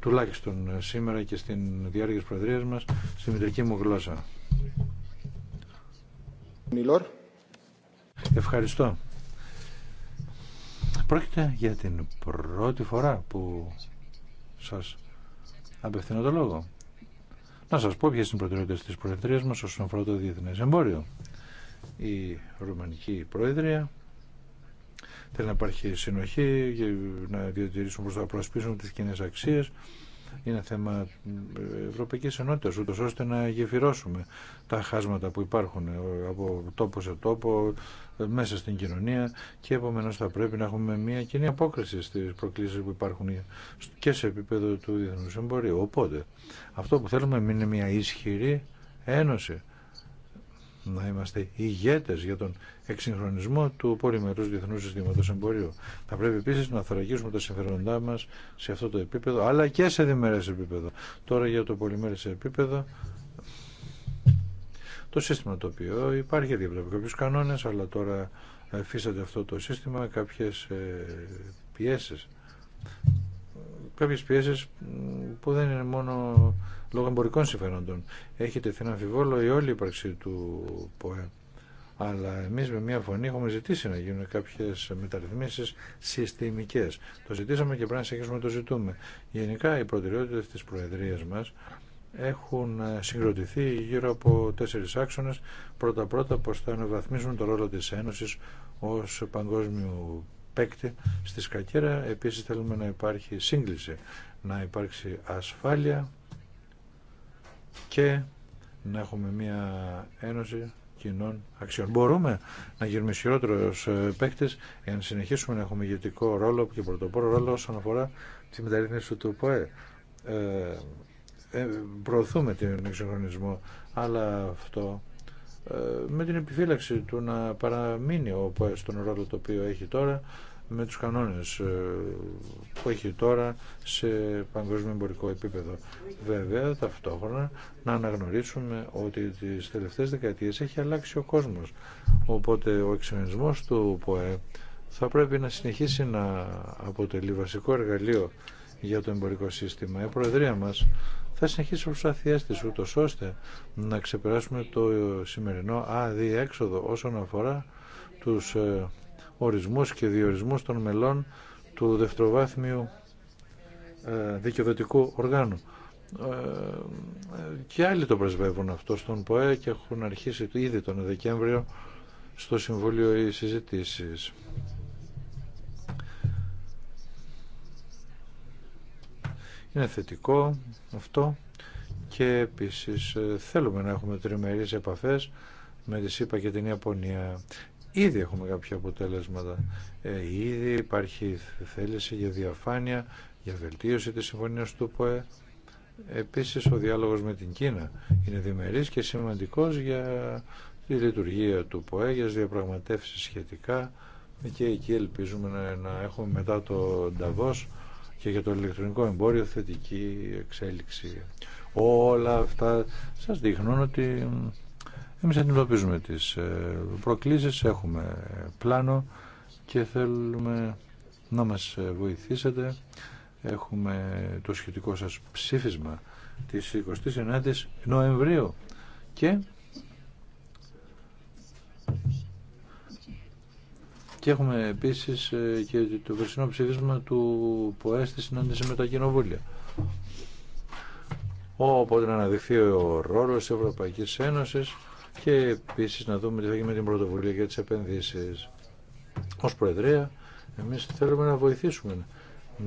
τουλάχιστον σήμερα και στην διάρκεια της Προεδρίας μας στη μητρική μου γλώσσα. Μιλόρ. Ευχαριστώ. Πρόκειται για την πρώτη φορά που σας απευθύνω το λόγο. Να σας πω ποιες είναι οι της Προεδρίας μας όσον αφορά το διεθνές εμπόριο. Η Ρουμανική Προεδρία Θέλει να υπάρχει συνοχή, να διατηρήσουμε προ τα προσπίσουμε τις κοινέ αξίες. Είναι θέμα ε, ευρωπαϊκής ενότητας, ούτως ώστε να γεφυρώσουμε τα χάσματα που υπάρχουν ε, από τόπο σε τόπο, ε, μέσα στην κοινωνία και επομένως θα πρέπει να έχουμε μια κοινή απόκριση στις προκλήσεις που υπάρχουν και σε επίπεδο του διεθνούς εμπορίου. Οπότε αυτό που θέλουμε είναι μια ισχυρή ένωση να είμαστε ηγέτες για τον εξυγχρονισμό του πολυμερούς διεθνού συστήματο εμπορίου. Θα πρέπει επίση να θωρακίσουμε τα συμφέροντά μας σε αυτό το επίπεδο, αλλά και σε διμερές επίπεδο. Τώρα για το πολυμερές επίπεδο, το σύστημα το οποίο υπάρχει βλέπω κάποιου κανόνε αλλά τώρα εφίσταται αυτό το σύστημα κάποιες ε, πιέσει κάποιες πιέσεις που δεν είναι μόνο λόγω εμπορικών συμφέροντων. Έχετε την αμφιβόλο η όλη ύπαρξη του ΠΟΕ. Αλλά εμεί με μία φωνή έχουμε ζητήσει να γίνουν κάποιε μεταρρυθμίσει συστημικέ. Το ζητήσαμε και πρέπει να συνεχίσουμε να το ζητούμε. Γενικά οι προτεραιότητε τη Προεδρία μα έχουν ε, συγκροτηθεί γύρω από τέσσερι άξονε. Πρώτα-πρώτα, πώ θα αναβαθμίσουμε το ρόλο τη Ένωση ω παγκόσμιου παίκτη στη σκακέρα. Επίσης θέλουμε να υπάρχει σύγκληση, να υπάρξει ασφάλεια και να έχουμε μια ένωση κοινών αξιών. Μπορούμε να γίνουμε ισχυρότερο ε, παίκτη εάν συνεχίσουμε να έχουμε ηγετικό ρόλο και πρωτοπόρο ρόλο όσον αφορά τη μεταρρύθμιση του ΠΟΕ. Ε, ε προωθούμε τον εξυγχρονισμό, αλλά αυτό ε, με την επιφύλαξη του να παραμείνει ο ΠΟΕ στον ρόλο το οποίο έχει τώρα με τους κανόνες ε, που έχει τώρα σε παγκόσμιο εμπορικό επίπεδο. Βέβαια, ταυτόχρονα να αναγνωρίσουμε ότι τις τελευταίες δεκαετίες έχει αλλάξει ο κόσμος. Οπότε ο εξημενισμός του ΠΟΕ θα πρέπει να συνεχίσει να αποτελεί βασικό εργαλείο για το εμπορικό σύστημα. Η Προεδρία μας θα συνεχίσει τις προσπάθειές της ούτως ώστε να ξεπεράσουμε το σημερινό έξοδο όσον αφορά τους ε, ορισμός και διορισμός των μελών του δευτεροβάθμιου ε, δικαιοδοτικού οργάνου. Ε, και άλλοι το πρεσβεύουν αυτό στον ΠΟΕ και έχουν αρχίσει ήδη τον Δεκέμβριο στο Συμβούλιο οι συζητήσεις. Είναι θετικό αυτό και επίσης ε, θέλουμε να έχουμε τριμερείς επαφές με τη ΣΥΠΑ και την Ιαπωνία. Ήδη έχουμε κάποια αποτέλεσματα. Ε, ήδη υπάρχει θέληση για διαφάνεια, για βελτίωση της συμφωνίας του ΠΟΕ. Επίσης ο διάλογος με την Κίνα είναι διμερής και σημαντικός για τη λειτουργία του ΠΟΕ, για τις διαπραγματεύσεις σχετικά και εκεί ελπίζουμε να, έχουμε μετά το Νταβός και για το ηλεκτρονικό εμπόριο θετική εξέλιξη. Όλα αυτά σας δείχνουν ότι εμείς αντιμετωπίζουμε τις ε, προκλήσεις, έχουμε πλάνο και θέλουμε να μας ε, βοηθήσετε. Έχουμε το σχετικό σας ψήφισμα της 29ης Νοεμβρίου και και έχουμε επίσης ε, και το περσινό ψήφισμα του ΠΟΕ στη συνάντηση με τα κοινοβούλια. Οπότε να αναδειχθεί ο ρόλος της Ευρωπαϊκής Ένωσης και επίσης να δούμε τι θα γίνει με την πρωτοβουλία για τις επενδύσεις. Ως Προεδρία, εμείς θέλουμε να βοηθήσουμε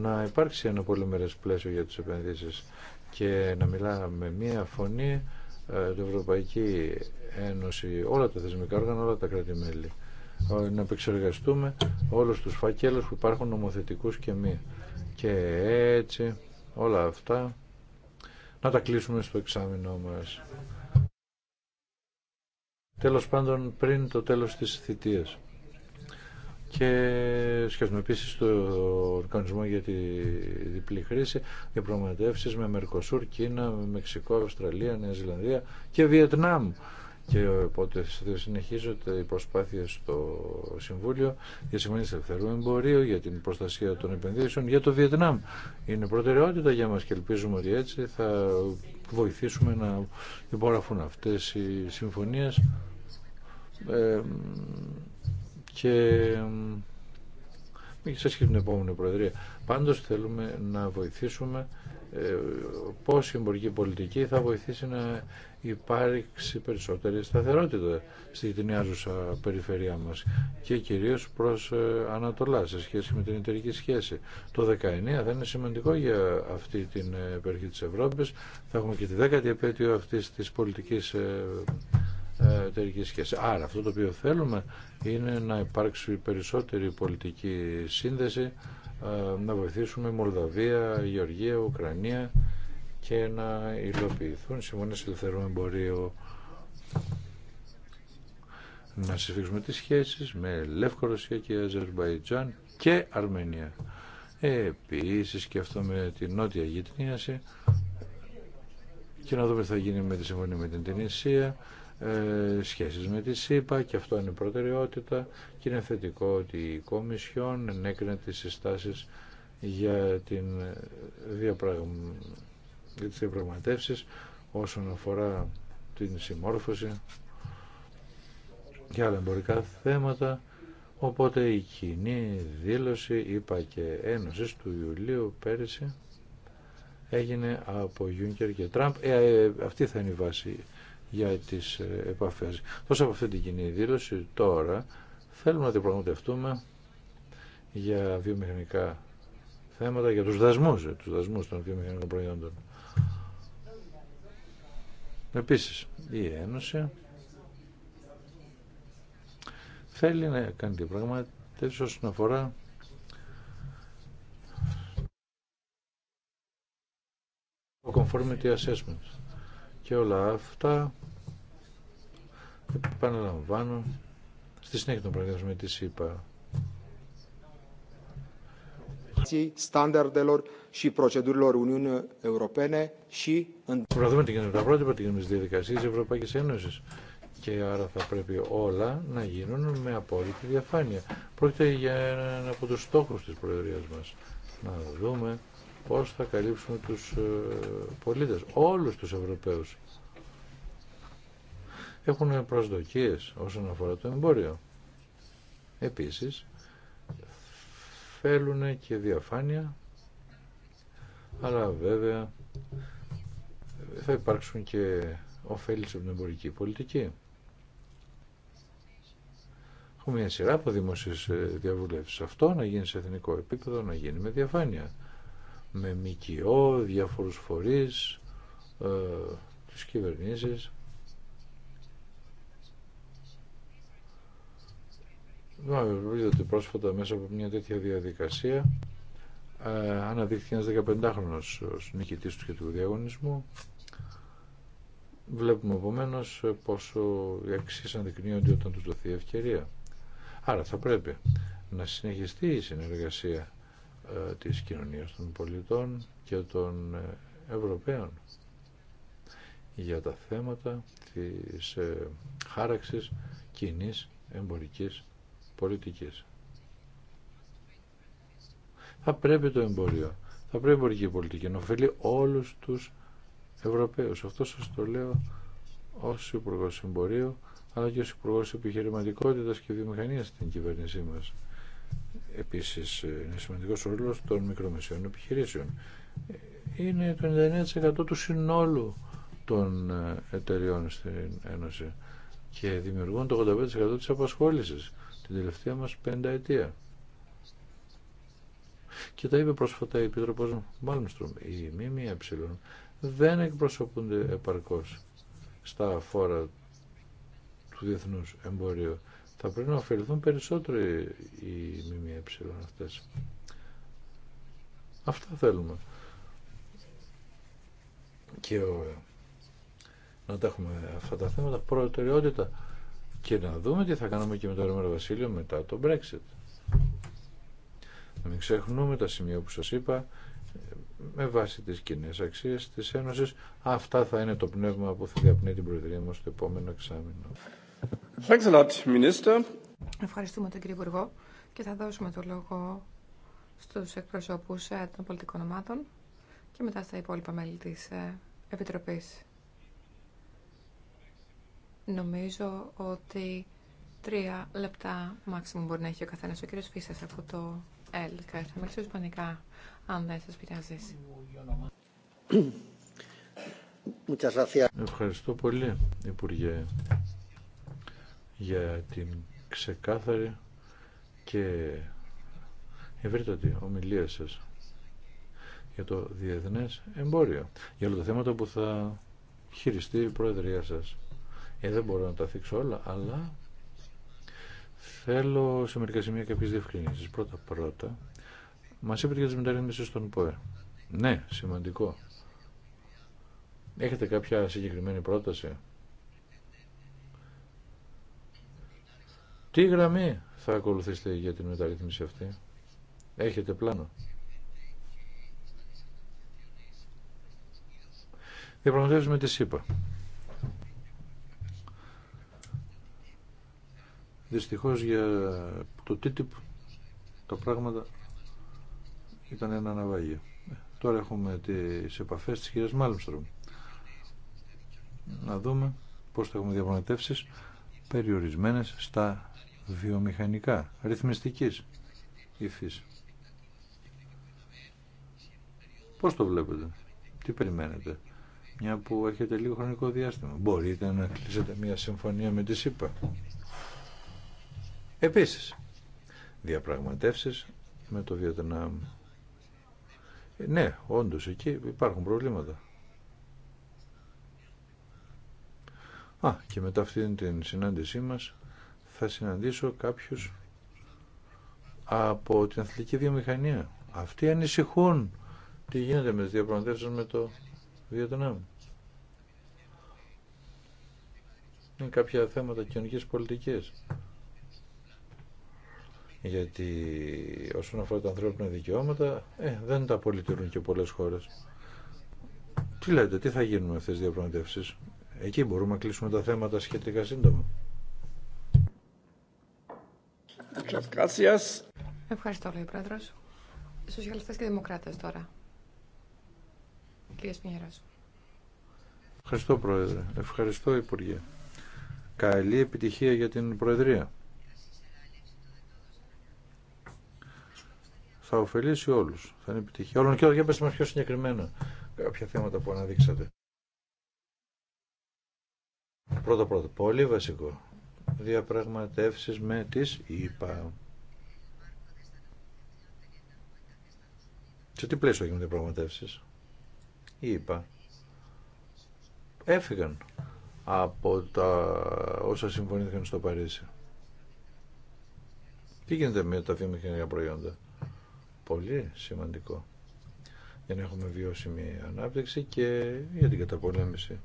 να υπάρξει ένα πολυμερές πλαίσιο για τις επενδύσεις και να μιλάμε με μία φωνή ε, την Ευρωπαϊκή Ένωση, όλα τα θεσμικά όργανα, όλα τα κράτη-μέλη. Ε, να επεξεργαστούμε όλους τους φακέλους που υπάρχουν νομοθετικούς και μη. Και έτσι όλα αυτά να τα κλείσουμε στο εξάμεινό μας τέλος πάντων πριν το τέλος της θητείας. Και σκέφτομαι επίση το οργανισμό για τη διπλή χρήση, διαπραγματεύσει με Μερκοσούρ, Κίνα, Μεξικό, Αυστραλία, Νέα Ζηλανδία και Βιετνάμ. Και οπότε συνεχίζονται οι προσπάθειε στο Συμβούλιο για συμφωνίε ελευθερού εμπορίου, για την προστασία των επενδύσεων, για το Βιετνάμ. Είναι προτεραιότητα για μα και ελπίζουμε ότι έτσι θα βοηθήσουμε να υπογραφούν αυτέ οι συμφωνίε και σε σχέση με την επόμενη Προεδρία. Πάντως θέλουμε να βοηθήσουμε ε, πώς η εμπορική πολιτική θα βοηθήσει να υπάρξει περισσότερη σταθερότητα στη γειτονιάζουσα περιφερειά μας και κυρίως προς ε, Ανατολά σε σχέση με την εταιρική σχέση. Το 19 θα είναι σημαντικό για αυτή την ε, περιοχή της Ευρώπης. Θα έχουμε και τη δέκατη επέτειο αυτής της πολιτικής εταιρική σχέση. Άρα αυτό το οποίο θέλουμε είναι να υπάρξει περισσότερη πολιτική σύνδεση, ε, να βοηθήσουμε Μολδαβία, Γεωργία, Ουκρανία και να υλοποιηθούν συμφωνίε ελευθερών εμπορίου να συμφίξουμε τις σχέσεις με Λευκορωσία και Αζερβαϊτζάν και Αρμενία. Επίσης και αυτό με την νότια γειτνίαση και να δούμε τι θα γίνει με τη συμφωνία με την Τινησία ε, σχέσεις με τη ΣΥΠΑ και αυτό είναι προτεραιότητα και είναι θετικό ότι η Κομισιόν ενέκρινε τις συστάσεις για, την διαπραγμα... τις διαπραγματεύσεις όσον αφορά την συμμόρφωση και άλλα εμπορικά θέματα οπότε η κοινή δήλωση είπα και Ένωση του Ιουλίου πέρυσι έγινε από Γιούνκερ και Τραμπ ε, ε, αυτή θα είναι η βάση για τις ε, επαφές. Πώ από αυτή την κοινή δήλωση τώρα θέλουμε να διαπραγματευτούμε για βιομηχανικά θέματα, για τους δασμούς, ε, τους δασμούς των βιομηχανικών προϊόντων. Επίσης, η Ένωση θέλει να κάνει την πραγματεύση όσον αφορά το conformity assessment και όλα αυτά Επαναλαμβάνω, στη συνέχεια των πραγμάτων με τη ΣΥΠΑ. Στάνταρδελor și procedurilor τα Europene και Προσπαθούμε την τα πρότυπα, την διαδικασία της Ευρωπαϊκής Ένωσης και άρα θα πρέπει όλα να γίνουν με απόλυτη διαφάνεια. Πρόκειται για έναν από τους στόχους της Προεδρίας μας. Να δούμε πώς θα καλύψουμε τους ε, πολίτες, όλους τους Ευρωπαίους έχουν προσδοκίες όσον αφορά το εμπόριο. Επίσης, θέλουν και διαφάνεια, αλλά βέβαια θα υπάρξουν και ωφέλης από την εμπορική πολιτική. Έχουμε μια σειρά από δημοσίες ε, διαβουλεύσεις. Αυτό να γίνει σε εθνικό επίπεδο, να γίνει με διαφάνεια. Με ΜΚΟ, διάφορους φορείς, ε, τις κυβερνήσεις. Βλέπετε ότι πρόσφατα μέσα από μια τέτοια διαδικασία ε, αναδείχθηκε ένας 15χρονος ως νικητής του σχετικού διαγωνισμού. Βλέπουμε επομένω πόσο οι αξίε ανδεικνύονται όταν τους δοθεί η ευκαιρία. Άρα θα πρέπει να συνεχιστεί η συνεργασία ε, της κοινωνίας των πολιτών και των ε, Ευρωπαίων για τα θέματα της ε, χάραξης κοινής εμπορικής πολιτικής. Θα πρέπει το εμπόριο, θα πρέπει η εμπορική πολιτική να ωφελεί όλους τους Ευρωπαίους. Αυτό σας το λέω ως υπουργό Εμπορίου, αλλά και ως υπουργό Επιχειρηματικότητας και Βιομηχανίας στην κυβέρνησή μας. Επίσης, είναι σημαντικός ο ρόλος των μικρομεσαίων επιχειρήσεων. Είναι το 99% του συνόλου των ε, εταιριών στην Ένωση και δημιουργούν το 85% της απασχόλησης την τελευταία μας πενταετία. Και τα είπε πρόσφατα η Επίτροπος Μάλμστρομ. Οι ΜΜΕ δεν εκπροσωπούνται επαρκώς στα φόρα του διεθνούς εμπορίου. Θα πρέπει να ωφεληθούν περισσότερο οι ΜΜΕ αυτές. Αυτά θέλουμε. Και να τα έχουμε αυτά τα θέματα προτεραιότητα και να δούμε τι θα κάνουμε και με το Ρωμένο Βασίλειο μετά το Brexit. Να μην ξεχνούμε τα σημεία που σας είπα με βάση τις κοινέ αξίες της Ένωσης. Αυτά θα είναι το πνεύμα που θα διαπνέει την Προεδρία μας στο επόμενο εξάμεινο. Ευχαριστούμε τον κύριο Υπουργό και θα δώσουμε το λόγο στους εκπροσώπους ε, των πολιτικών ομάδων και μετά στα υπόλοιπα μέλη της ε, Επιτροπής. Νομίζω ότι τρία λεπτά μάξιμου μπορεί να έχει ο καθένα. Ο κύριο Φίσα από το ΕΛΚΑ. Θα μιλήσω ισπανικά, αν δεν σα πειράζει. Ευχαριστώ πολύ, Υπουργέ, για την ξεκάθαρη και ευρύτατη ομιλία σας για το διεθνές εμπόριο, για όλα τα θέματα που θα χειριστεί η Προεδρία σας. Ε, δεν μπορώ να τα θίξω όλα, αλλά θέλω σε μερικά σημεία κάποιε διευκρινήσει. Πρώτα πρώτα, μα είπε για τι μεταρρύθμισει στον ΠΟΕ. Ναι, σημαντικό. Έχετε κάποια συγκεκριμένη πρόταση. Τι γραμμή θα ακολουθήσετε για την μεταρρύθμιση αυτή. Έχετε πλάνο. Διαπραγματεύσουμε τη ΣΥΠΑ. Δυστυχώς για το TTIP τα πράγματα ήταν ένα ναυάγιο. Τώρα έχουμε τις επαφές της κυρίας Μάλμστρομ. Να δούμε πώς θα έχουμε διαπραγματεύσεις περιορισμένες στα βιομηχανικά, ρυθμιστικής υφής. Πώς το βλέπετε, τι περιμένετε, μια που έχετε λίγο χρονικό διάστημα. Μπορείτε να κλείσετε μια συμφωνία με τη ΣΥΠΑ. Επίσης, διαπραγματεύσεις με το Βιετνάμ. Ναι, όντως εκεί υπάρχουν προβλήματα. Α, και μετά αυτήν την συνάντησή μας θα συναντήσω κάποιους από την αθλητική βιομηχανία. Αυτοί ανησυχούν τι γίνεται με τις διαπραγματεύσεις με το Βιετνάμ. Είναι κάποια θέματα κοινωνικής πολιτικής γιατί όσον αφορά τα ανθρώπινα δικαιώματα ε, δεν τα πολιτερούν και πολλές χώρες. Τι λέτε, τι θα γίνουν αυτές τις διαπραγματεύσει. Εκεί μπορούμε να κλείσουμε τα θέματα σχετικά σύντομα. Ευχαριστώ, λέει ο Πρόεδρος. Σοσιαλιστές και Δημοκράτες τώρα. Κύριε Σπινιερός. Ευχαριστώ, Πρόεδρε. Ευχαριστώ, Υπουργέ. Καλή επιτυχία για την Προεδρία. θα ωφελήσει όλου. Θα είναι επιτυχία όλων. Και όλων για πέστε μα πιο συγκεκριμένα κάποια θέματα που αναδείξατε. Πρώτα πρώτα, πολύ βασικό. Διαπραγματεύσεις με τις ΙΠΑ. Σε τι πλαίσιο έγιναν διαπραγματεύσεις. Οι ΕΙΠΑ. έφυγαν από τα όσα συμφωνήθηκαν στο Παρίσι. Τι γίνεται με τα βιομηχανικά προϊόντα πολύ σημαντικό για να έχουμε βιώσιμη ανάπτυξη και για την καταπολέμηση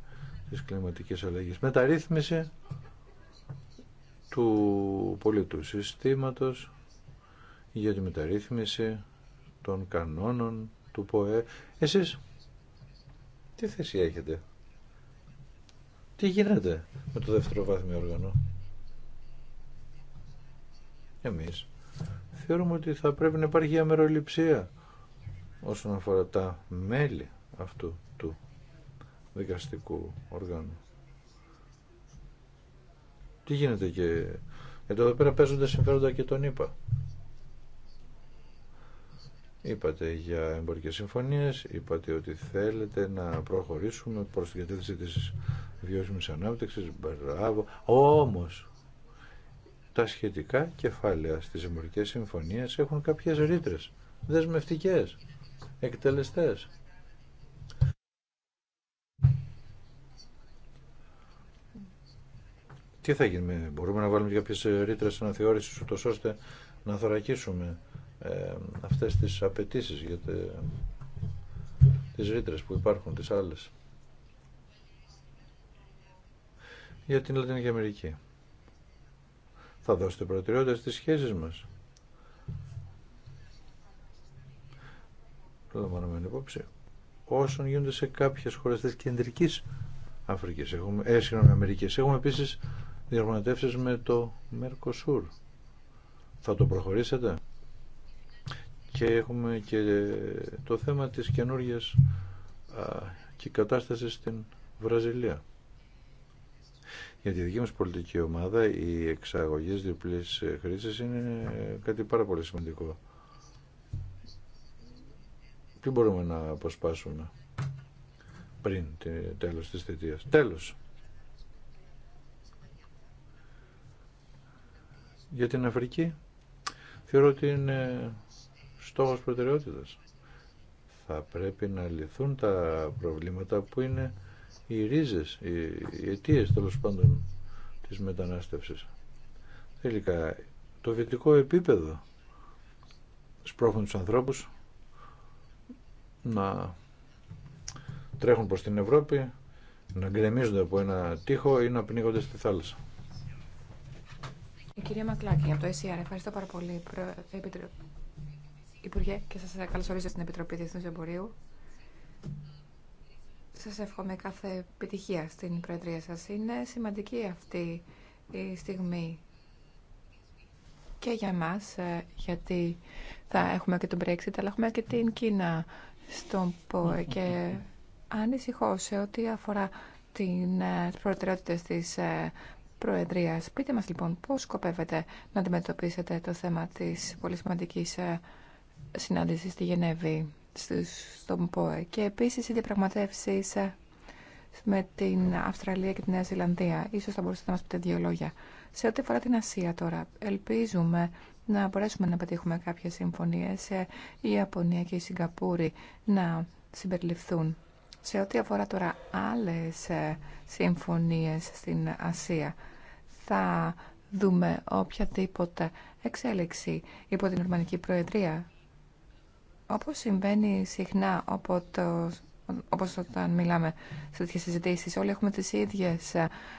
της κλιματικής αλλαγής. Μεταρρύθμιση του πολιτού συστήματος για τη μεταρρύθμιση των κανόνων του ΠΟΕ. Εσείς τι θέση έχετε, τι γίνεται με το δεύτερο βάθμιο όργανο. Εμείς θεωρούμε ότι θα πρέπει να υπάρχει αμεροληψία όσον αφορά τα μέλη αυτού του δικαστικού οργάνου. Τι γίνεται και... εδώ πέρα παίζονται συμφέροντα και τον είπα. Είπατε για εμπορικές συμφωνίες, είπατε ότι θέλετε να προχωρήσουμε προς την κατεύθυνση της βιώσιμης ανάπτυξης, μπράβο. Όμως, τα σχετικά κεφάλαια στις εμπορικές συμφωνίες έχουν κάποιες ρήτρες, δεσμευτικές, εκτελεστές. Τι θα γίνει, μπορούμε να βάλουμε κάποιες ρήτρες αναθεώρησης ούτως ώστε να θωρακίσουμε ε, αυτές τις απαιτήσεις για τε, τις ρήτρες που υπάρχουν, τις άλλες. Για την Λατινική Αμερική θα δώσετε προτεραιότητα στις σχέσεις μας. Λαμβάνομαι υπόψη. Όσον γίνονται σε κάποιες χώρες της κεντρικής Αφρικής, έχουμε, ε, συγγνώμη, Αμερικής. Έχουμε επίσης διαγωνιτεύσεις με το Mercosur. Θα το προχωρήσετε. Και έχουμε και το θέμα της καινούργιας και κατάστασης στην Βραζιλία. Για τη δική μας πολιτική ομάδα οι εξαγωγές διπλής χρήσης είναι κάτι πάρα πολύ σημαντικό. Τι μπορούμε να αποσπάσουμε πριν τέλος της θετίας. Τέλος. Για την Αφρική θεωρώ ότι είναι στόχος προτεραιότητας. Θα πρέπει να λυθούν τα προβλήματα που είναι οι ρίζες, οι, οι αιτίες τέλο πάντων της μετανάστευσης. Τελικά το βιωτικό επίπεδο σπρώχνουν τους ανθρώπους να τρέχουν προς την Ευρώπη, να γκρεμίζονται από ένα τείχο ή να πνίγονται στη θάλασσα. Η κυρία θαλασσα κυρια από το ΕΣΥΑΡ. E ευχαριστώ πάρα πολύ. Υπουργέ, και σας καλωσορίζω στην Επιτροπή Διεθνούς Εμπορίου. Σας εύχομαι κάθε επιτυχία στην Προεδρία σας. Είναι σημαντική αυτή η στιγμή και για μας, ε, γιατί θα έχουμε και τον Brexit, αλλά έχουμε και την Κίνα στον ΠΟΕ και ανησυχώ σε ό,τι αφορά την, ε, προτεραιότητε της ε, Προεδρίας. Πείτε μας λοιπόν πώς σκοπεύετε να αντιμετωπίσετε το θέμα της πολύ σημαντικής συνάντησης στη Γενέβη στον ΠΟΕ και επίσης οι διαπραγματεύσεις ε, με την Αυστραλία και τη Νέα Ζηλανδία. Ίσως θα μπορούσατε να μας πείτε δύο λόγια. Σε ό,τι αφορά την Ασία τώρα, ελπίζουμε να μπορέσουμε να πετύχουμε κάποιες συμφωνίες ε, η Ιαπωνία και η Σιγκαπούρη να συμπεριληφθούν. Σε ό,τι αφορά τώρα άλλες ε, συμφωνίες στην Ασία, θα δούμε οποιαδήποτε εξέλιξη υπό την Ορμανική Προεδρία όπως συμβαίνει συχνά, όποτε, όπως όταν μιλάμε σε τέτοιες συζητήσεις, όλοι έχουμε τις ίδιες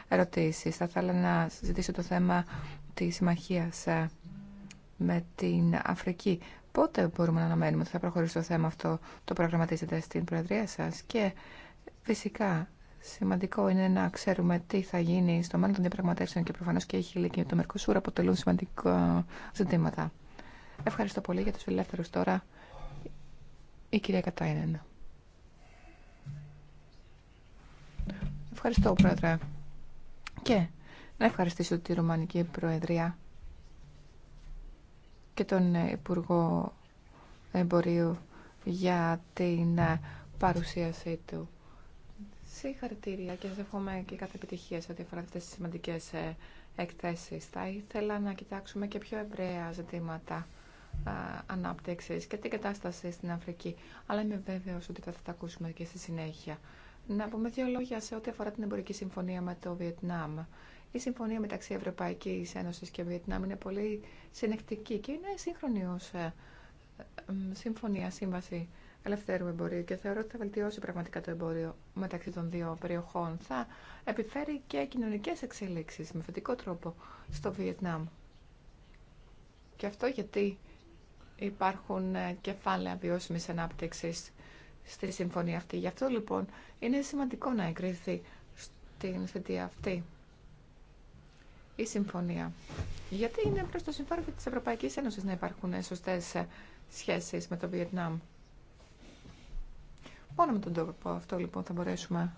ερωτήσεις. Θα ήθελα να συζητήσω το θέμα της συμμαχίας ε, με την Αφρική. Πότε μπορούμε να αναμένουμε ότι θα προχωρήσει το θέμα αυτό, το προγραμματίζετε στην Προεδρία σας και φυσικά Σημαντικό είναι να ξέρουμε τι θα γίνει στο μέλλον των διαπραγματεύσεων και προφανώς και η Χιλή και το Μερκοσούρ αποτελούν σημαντικά ζητήματα. Ευχαριστώ πολύ για τους ελεύθερους τώρα. Η κυρία Κατάινεν. Ευχαριστώ, Πρόεδρε. Και να ευχαριστήσω τη Ρουμανική Προεδρία και τον Υπουργό Εμπορίου για την παρουσίασή του. Συγχαρητήρια και σας εύχομαι και κάθε επιτυχία σε ό,τι αφορά αυτές τις σημαντικές ε, εκθέσεις. Θα ήθελα να κοιτάξουμε και πιο ευραία ζητήματα ε, ανάπτυξη και την κατάσταση στην Αφρική. Αλλά είμαι βέβαιο ότι θα τα ακούσουμε και στη συνέχεια. Να πούμε δύο λόγια σε ό,τι αφορά την εμπορική συμφωνία με το Βιετνάμ. Η συμφωνία μεταξύ Ευρωπαϊκή Ένωση και Βιετνάμ είναι πολύ συνεκτική και είναι σύγχρονη ω ε, συμφωνία, σύμβαση ελευθέρου εμπορίου και θεωρώ ότι θα βελτιώσει πραγματικά το εμπόριο μεταξύ των δύο περιοχών. Θα επιφέρει και κοινωνικέ εξέλιξει με θετικό τρόπο στο Βιετνάμ. Και αυτό γιατί υπάρχουν ε, κεφάλαια βιώσιμης ανάπτυξης στη συμφωνία αυτή. Γι' αυτό λοιπόν είναι σημαντικό να εγκριθεί στην θητεία αυτή η συμφωνία. Γιατί είναι προς το συμφέρον της Ευρωπαϊκής Ένωσης να υπάρχουν σωστές ε, σχέσεις με το Βιετνάμ. Μόνο με τον τρόπο αυτό λοιπόν θα μπορέσουμε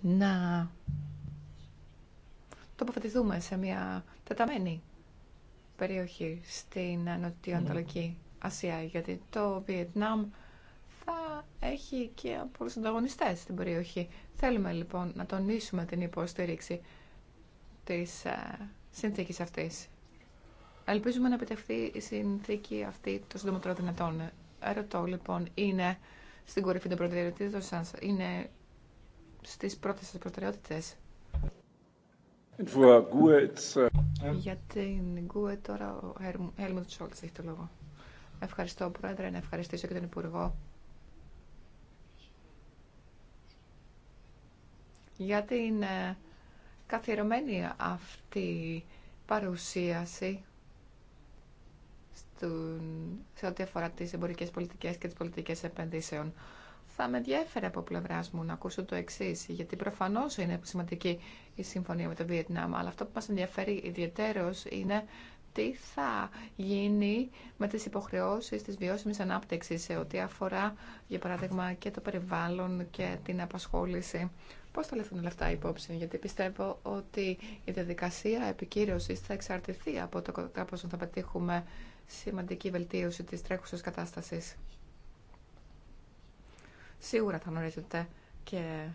να τοποθετηθούμε σε μια τεταμένη περιοχή στην Νοτιοανατολική ναι. Ασία, γιατί το Βιετνάμ θα έχει και πολλού ανταγωνιστέ στην περιοχή. Θέλουμε λοιπόν να τονίσουμε την υποστήριξη της ε, συνθήκη αυτή. Ελπίζουμε να επιτευχθεί η συνθήκη αυτή το σύντομο δυνατόν. Ερωτώ λοιπόν, είναι στην κορυφή των προτεραιοτήτων σα, είναι στις πρώτε σα προτεραιότητε. Ε. Για την Γκουε τώρα ο Έλμουντ Σόλτ έχει το λόγο. Ευχαριστώ Πρόεδρε, να ευχαριστήσω και τον Υπουργό. Για την ε, καθιερωμένη αυτή παρουσίαση σε ό,τι αφορά τις εμπορικές πολιτικές και τις πολιτικές επενδύσεων θα με ενδιαφέρεται από πλευρά μου να ακούσω το εξή, γιατί προφανώ είναι σημαντική η συμφωνία με το Βιετνάμ, αλλά αυτό που μα ενδιαφέρει ιδιαίτερω είναι τι θα γίνει με τι υποχρεώσει τη βιώσιμη ανάπτυξη σε ό,τι αφορά, για παράδειγμα, και το περιβάλλον και την απασχόληση. Πώ θα λεφθούν όλα αυτά υπόψη, γιατί πιστεύω ότι η διαδικασία επικύρωση θα εξαρτηθεί από το κατά πόσο θα πετύχουμε σημαντική βελτίωση της τρέχουσας κατάστασης σίγουρα θα γνωρίζετε και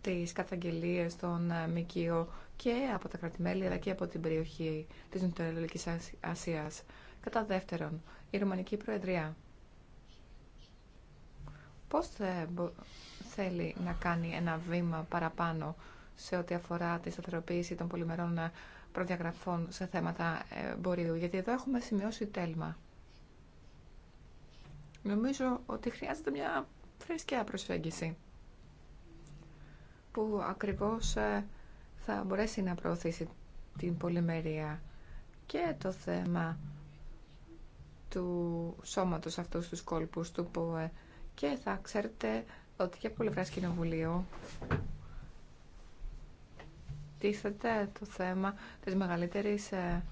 τις καταγγελίες των ε, ΜΚΙΟ και από τα κρατημέλη αλλά και από την περιοχή της Νοτιοανατολικής Ασίας. Κατά δεύτερον, η Ρουμανική Προεδρία. Πώς θέλει να κάνει ένα βήμα παραπάνω σε ό,τι αφορά τη σταθεροποίηση των πολυμερών ε, προδιαγραφών σε θέματα ε, εμπορίου, γιατί εδώ έχουμε σημειώσει τέλμα. Νομίζω ότι χρειάζεται μια φρέσκια προσφέγγιση που ακριβώς ε, θα μπορέσει να προωθήσει την πολυμερία και το θέμα του σώματος αυτού τους κόλπους του ΠΟΕ και θα ξέρετε ότι και από πλευράς Κοινοβουλίου τίθεται το θέμα της μεγαλύτερης ε,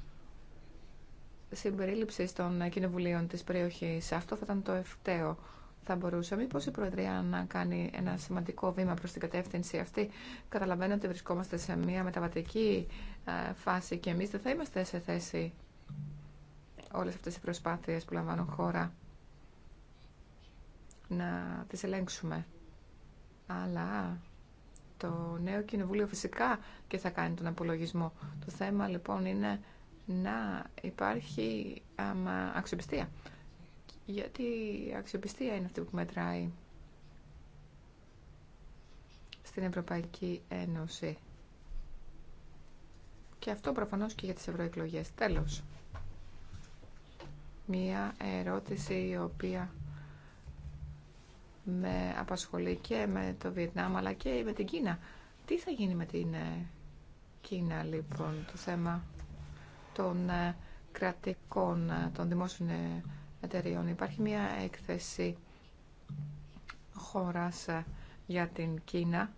συμπερίληψη των κοινοβουλίων της περιοχή. Αυτό θα ήταν το ευκταίο. Θα μπορούσαμε. μήπω η Προεδρία να κάνει ένα σημαντικό βήμα προς την κατεύθυνση αυτή. Καταλαβαίνω ότι βρισκόμαστε σε μια μεταβατική ε, φάση και εμείς δεν θα είμαστε σε θέση όλες αυτές οι προσπάθειες που λαμβάνουν χώρα να τι ελέγξουμε. Αλλά το νέο κοινοβούλιο φυσικά και θα κάνει τον απολογισμό. Το θέμα λοιπόν είναι να υπάρχει αμα, αξιοπιστία. Γιατί η αξιοπιστία είναι αυτή που μετράει στην Ευρωπαϊκή Ένωση. Και αυτό προφανώς και για τις ευρωεκλογέ. Τέλος. Μία ερώτηση η οποία με απασχολεί και με το Βιετνάμ αλλά και με την Κίνα. Τι θα γίνει με την ε, Κίνα λοιπόν το θέμα των ε, κρατικών, ε, των δημόσιων ε, εταιριών. Υπάρχει μια έκθεση χώρας για την Κίνα,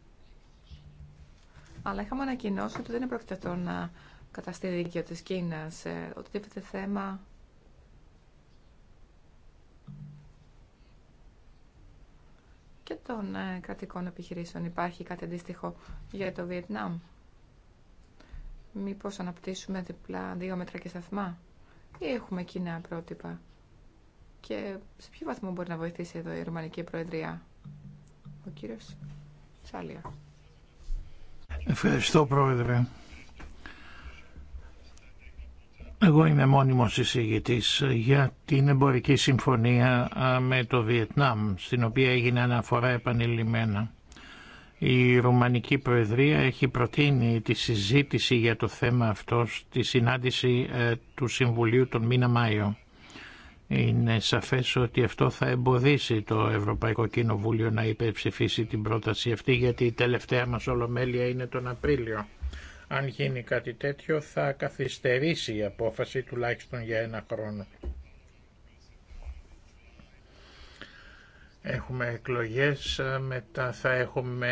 αλλά είχαμε ανακοινώσει ότι δεν είναι προκειμένο να καταστεί δίκαιο της Κίνας. Οτιδήποτε θέμα και των κρατικών επιχειρήσεων. Υπάρχει κάτι αντίστοιχο για το Βιετνάμ. Μήπως αναπτύσσουμε διπλά δύο μέτρα και σταθμά ή έχουμε κοινά πρότυπα. Και σε ποιο βαθμό μπορεί να βοηθήσει εδώ η Ρουμανική Προεδρία. Ο κύριος Σάλια. Ευχαριστώ Πρόεδρε. Εγώ είμαι μόνιμος εισηγητής για την εμπορική συμφωνία με το Βιετνάμ, στην οποία έγινε αναφορά επανειλημμένα. Η Ρουμανική Προεδρία έχει προτείνει τη συζήτηση για το θέμα αυτό στη συνάντηση ε, του Συμβουλίου τον μήνα Μάιο. Είναι σαφές ότι αυτό θα εμποδίσει το Ευρωπαϊκό Κοινοβούλιο να υπερψηφίσει την πρόταση αυτή γιατί η τελευταία μας ολομέλεια είναι τον Απρίλιο. Αν γίνει κάτι τέτοιο θα καθυστερήσει η απόφαση τουλάχιστον για ένα χρόνο. Έχουμε εκλογές, ε, μετά θα έχουμε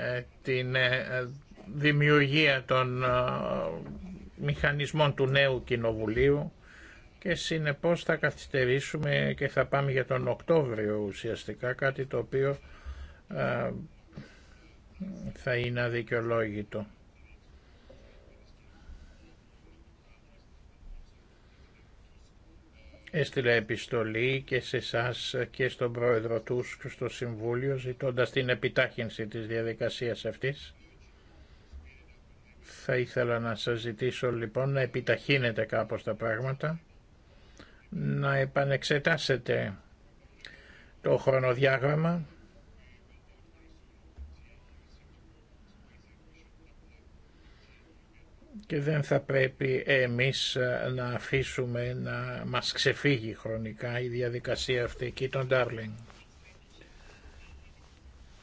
ε, την ε, δημιουργία των μηχανισμών του νέου κοινοβουλίου και συνεπώς θα καθυστερήσουμε και θα πάμε για τον Οκτώβριο ουσιαστικά, κάτι το οποίο θα είναι αδικαιολόγητο. έστειλε επιστολή και σε εσά και στον πρόεδρο του στο Συμβούλιο ζητώντα την επιτάχυνση της διαδικασίας αυτής. Θα ήθελα να σας ζητήσω λοιπόν να επιταχύνετε κάπως τα πράγματα, να επανεξετάσετε το χρονοδιάγραμμα και δεν θα πρέπει εμείς ε, να αφήσουμε να μας ξεφύγει χρονικά η διαδικασία αυτή εκεί των Darling.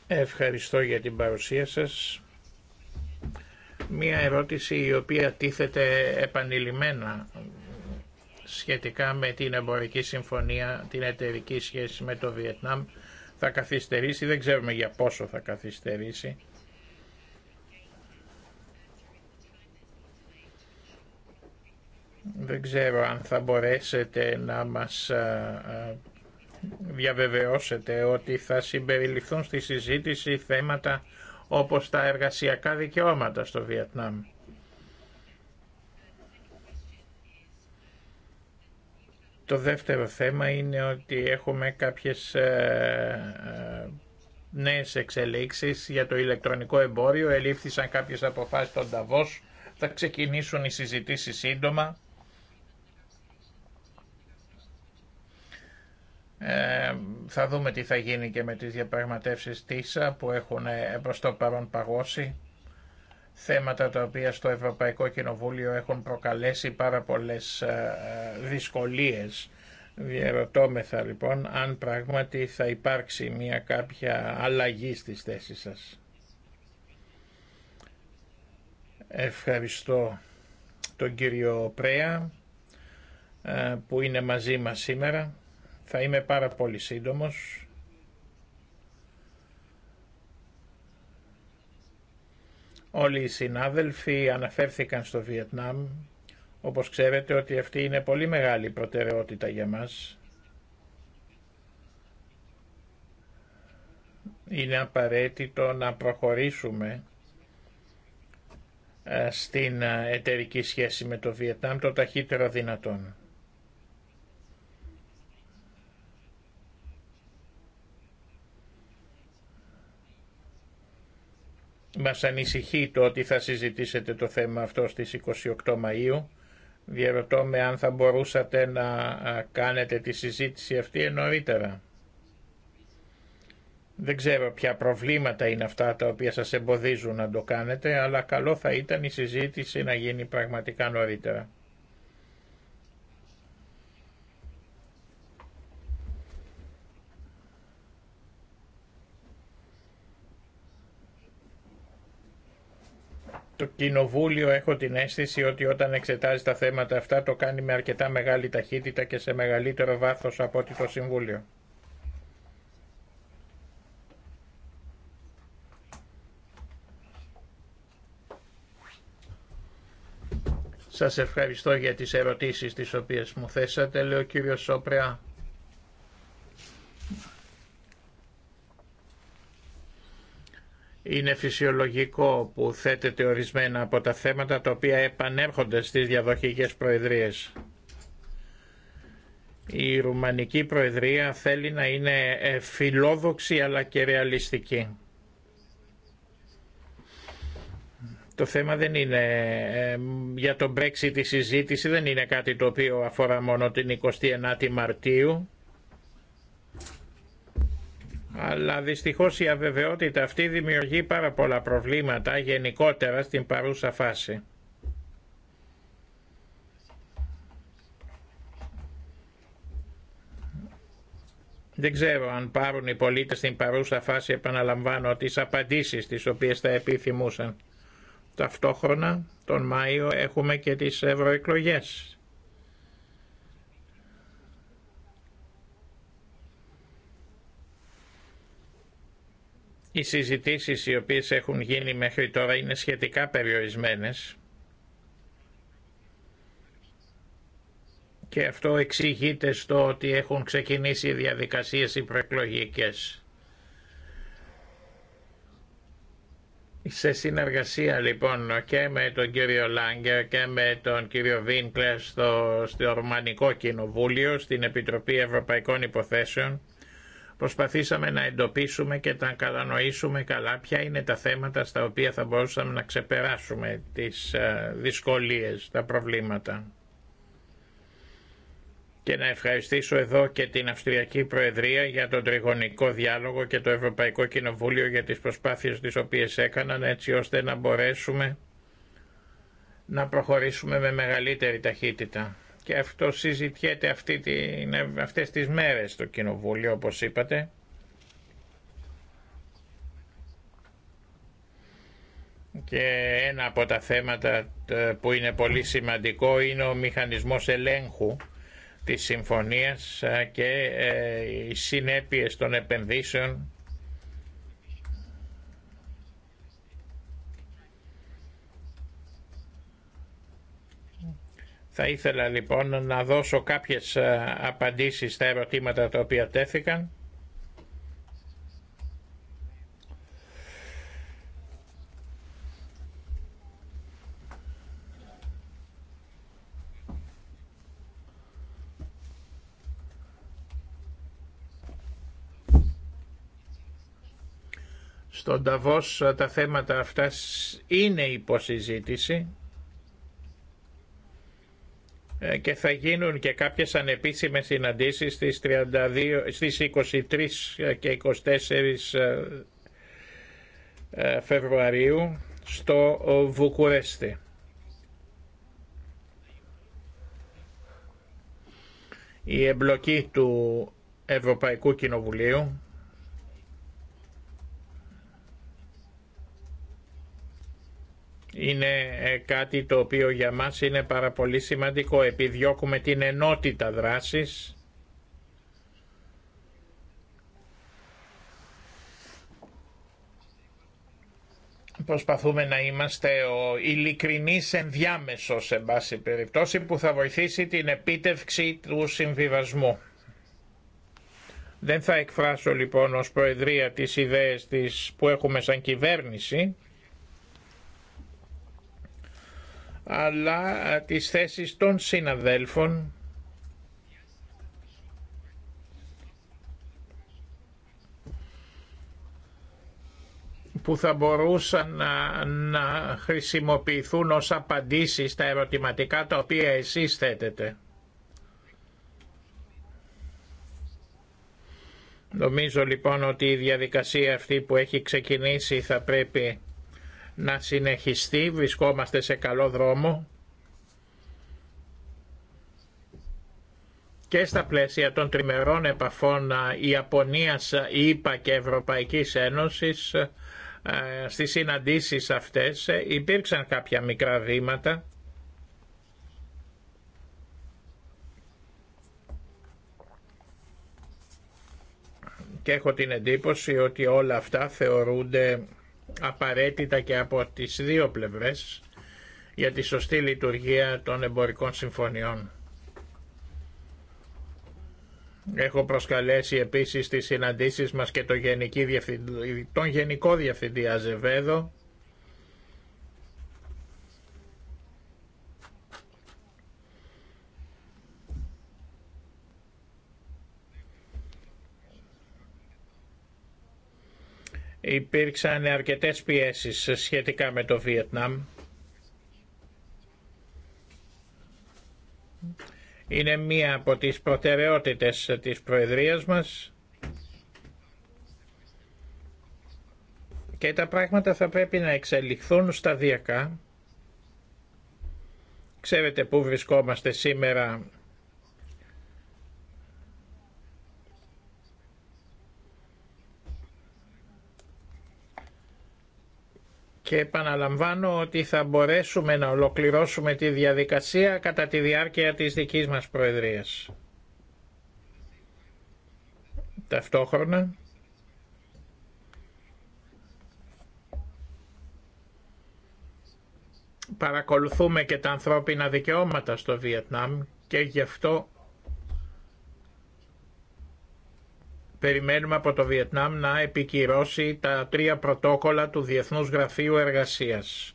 Ευχαριστώ για την παρουσία σας. Μία ερώτηση η οποία τίθεται επανειλημμένα σχετικά με την εμπορική συμφωνία, την εταιρική σχέση με το Βιετνάμ θα καθυστερήσει, δεν ξέρουμε για πόσο θα καθυστερήσει Δεν ξέρω αν θα μπορέσετε να μας ε, ε, διαβεβαιώσετε ότι θα συμπεριληφθούν στη συζήτηση θέματα όπως τα εργασιακά δικαιώματα στο Βιετνάμ. Το δεύτερο θέμα είναι ότι έχουμε κάποιες ε, νέες εξελίξεις για το ηλεκτρονικό εμπόριο. Ελήφθησαν κάποιες αποφάσεις στον Ταβός. Θα ξεκινήσουν οι συζητήσεις σύντομα. Ε, θα δούμε τι θα γίνει και με τις διαπραγματεύσεις ΤΙΣΑ ε, που έχουν ε, προς το παρόν παγώσει. Θέματα τα οποία στο Ευρωπαϊκό Κοινοβούλιο έχουν προκαλέσει πάρα πολλές δυσκολίες. Διερωτώμεθα λοιπόν αν πράγματι θα υπάρξει μια κάποια αλλαγή στις θέσεις σας. Ευχαριστώ τον κύριο Πρέα που είναι μαζί μας σήμερα. Θα είμαι πάρα πολύ σύντομος. Όλοι οι συνάδελφοι αναφέρθηκαν στο Βιετνάμ. Όπως ξέρετε ότι αυτή είναι πολύ μεγάλη προτεραιότητα για μας. Είναι απαραίτητο να προχωρήσουμε ε, στην ε, εταιρική σχέση με το Βιετνάμ το ταχύτερο δυνατόν. Μας ανησυχεί το ότι θα συζητήσετε το θέμα αυτό στις 28 Μαΐου. Διερωτώ με αν θα μπορούσατε να κάνετε τη συζήτηση αυτή νωρίτερα. Δεν ξέρω ποια προβλήματα είναι αυτά τα οποία σας εμποδίζουν να το κάνετε, αλλά καλό θα ήταν η συζήτηση να γίνει πραγματικά νωρίτερα. Το Κοινοβούλιο έχω την αίσθηση ότι όταν εξετάζει τα θέματα αυτά το κάνει με αρκετά μεγάλη ταχύτητα και σε μεγαλύτερο βάθος από ότι το Συμβούλιο. Σας ευχαριστώ για τις ερωτήσεις τις οποίες μου θέσατε, λέει ο κύριος Σόπρεα. Είναι φυσιολογικό που θέτεται ορισμένα από τα θέματα τα οποία επανέρχονται στις διαδοχικές προεδρίες. Η Ρουμανική Προεδρία θέλει να είναι ε, φιλόδοξη αλλά και ρεαλιστική. Το θέμα δεν είναι ε, για τον Brexit η συζήτηση, δεν είναι κάτι το οποίο αφορά μόνο την 29η Μαρτίου αλλά δυστυχώς η αβεβαιότητα αυτή δημιουργεί πάρα πολλά προβλήματα γενικότερα στην παρούσα φάση. Δεν ξέρω αν πάρουν οι πολίτες στην παρούσα φάση, επαναλαμβάνω, τις απαντήσεις τις οποίες θα επιθυμούσαν. Ταυτόχρονα τον Μάιο έχουμε και τις ευρωεκλογές. Οι συζητήσεις οι οποίες έχουν γίνει μέχρι τώρα είναι σχετικά περιορισμένες και αυτό εξηγείται στο ότι έχουν ξεκινήσει οι διαδικασίες οι προεκλογικές. Σε συνεργασία λοιπόν και με τον κύριο Λάγκερ και με τον κύριο Βίνκλερ στο, στο Ορμανικό Κοινοβούλιο, στην Επιτροπή Ευρωπαϊκών Υποθέσεων, Προσπαθήσαμε να εντοπίσουμε και να κατανοήσουμε καλά ποια είναι τα θέματα στα οποία θα μπορούσαμε να ξεπεράσουμε τις ε, δυσκολίες, τα προβλήματα. Και να ευχαριστήσω εδώ και την Αυστριακή Προεδρία για τον τριγωνικό διάλογο και το Ευρωπαϊκό Κοινοβούλιο για τις προσπάθειες τις οποίες έκαναν έτσι ώστε να μπορέσουμε να προχωρήσουμε με μεγαλύτερη ταχύτητα και αυτό συζητιέται αυτή αυτές τις μέρες στο Κοινοβούλιο όπως είπατε. Και ένα από τα θέματα ε, που είναι πολύ σημαντικό είναι ο μηχανισμός ελέγχου της συμφωνίας ε, και ε, οι συνέπειες των επενδύσεων Θα ήθελα λοιπόν να δώσω κάποιες ε, απαντήσεις στα ερωτήματα τα οποία τέθηκαν. Στον Ταβός ε, τα θέματα αυτά είναι υποσυζήτηση. Ε, και θα γίνουν και κάποιες ανεπίσημες συναντήσεις στις, 32, στις 23 ε, και 24 ε, Φεβρουαρίου στο Βουκουρέστι. Η εμπλοκή του Ευρωπαϊκού Κοινοβουλίου είναι ε, κάτι το οποίο για μας είναι πάρα πολύ σημαντικό. Επιδιώκουμε την ενότητα δράσης. Προσπαθούμε να είμαστε ο ειλικρινής ενδιάμεσος, σε μπάση περιπτώσει, που θα βοηθήσει την επίτευξη του συμβιβασμού. Δεν θα εκφράσω λοιπόν ως Προεδρία τις ιδέες της που έχουμε σαν κυβέρνηση, αλλά ε, τις θέσεις των συναδέλφων που θα μπορούσαν ε, να, χρησιμοποιηθούν ως απαντήσεις στα ερωτηματικά τα οποία εσείς θέτετε. Νομίζω λοιπόν ότι η διαδικασία αυτή που έχει ξεκινήσει θα πρέπει να συνεχιστεί, βρισκόμαστε σε καλό δρόμο και στα πλαίσια των τριμερών επαφών Ιαπωνίας, ΙΠΑ και Ευρωπαϊκής Ένωσης στις συναντήσεις αυτές υπήρξαν κάποια μικρά βήματα και έχω την εντύπωση ότι όλα αυτά θεωρούνται απαραίτητα και από τις δύο πλευρές για τη σωστή λειτουργία των εμπορικών συμφωνιών. Έχω προσκαλέσει επίσης τις συναντήσεις μας και τον Γενικό Διευθυντή Αζεβέδο Υπήρξαν αρκετές πιέσεις σχετικά με το Βιετνάμ. Είναι μία από τις προτεραιότητες της Προεδρίας μας και τα πράγματα θα πρέπει να εξελιχθούν σταδιακά. Ξέρετε πού βρισκόμαστε σήμερα και επαναλαμβάνω ότι θα μπορέσουμε να ολοκληρώσουμε τη διαδικασία κατά τη διάρκεια της δικής μας Προεδρίας. Ταυτόχρονα παρακολουθούμε και τα ανθρώπινα δικαιώματα στο Βιετνάμ και γι' αυτό Περιμένουμε από το Βιετνάμ να επικυρώσει τα τρία πρωτόκολλα του Διεθνούς Γραφείου Εργασίας.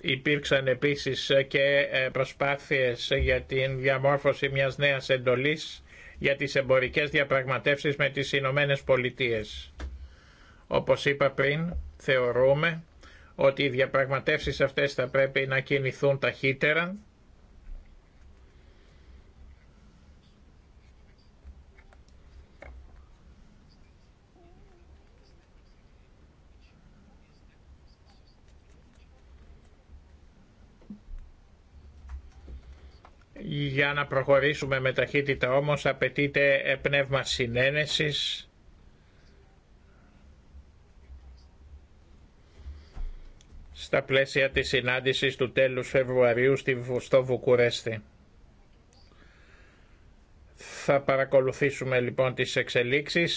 Υπήρξαν επίσης και ε, προσπάθειες για την διαμόρφωση μιας νέας εντολής για τις εμπορικές διαπραγματεύσεις με τις Ηνωμένε Πολιτείες. Όπως είπα πριν, θεωρούμε ότι οι διαπραγματεύσεις αυτές θα πρέπει να κινηθούν ταχύτερα. Για να προχωρήσουμε με ταχύτητα όμως απαιτείται πνεύμα συνένεσης στα πλαίσια της συνάντησης του τέλους Φεβρουαρίου στο Βουκουρέστι. Θα παρακολουθήσουμε λοιπόν τις εξελίξεις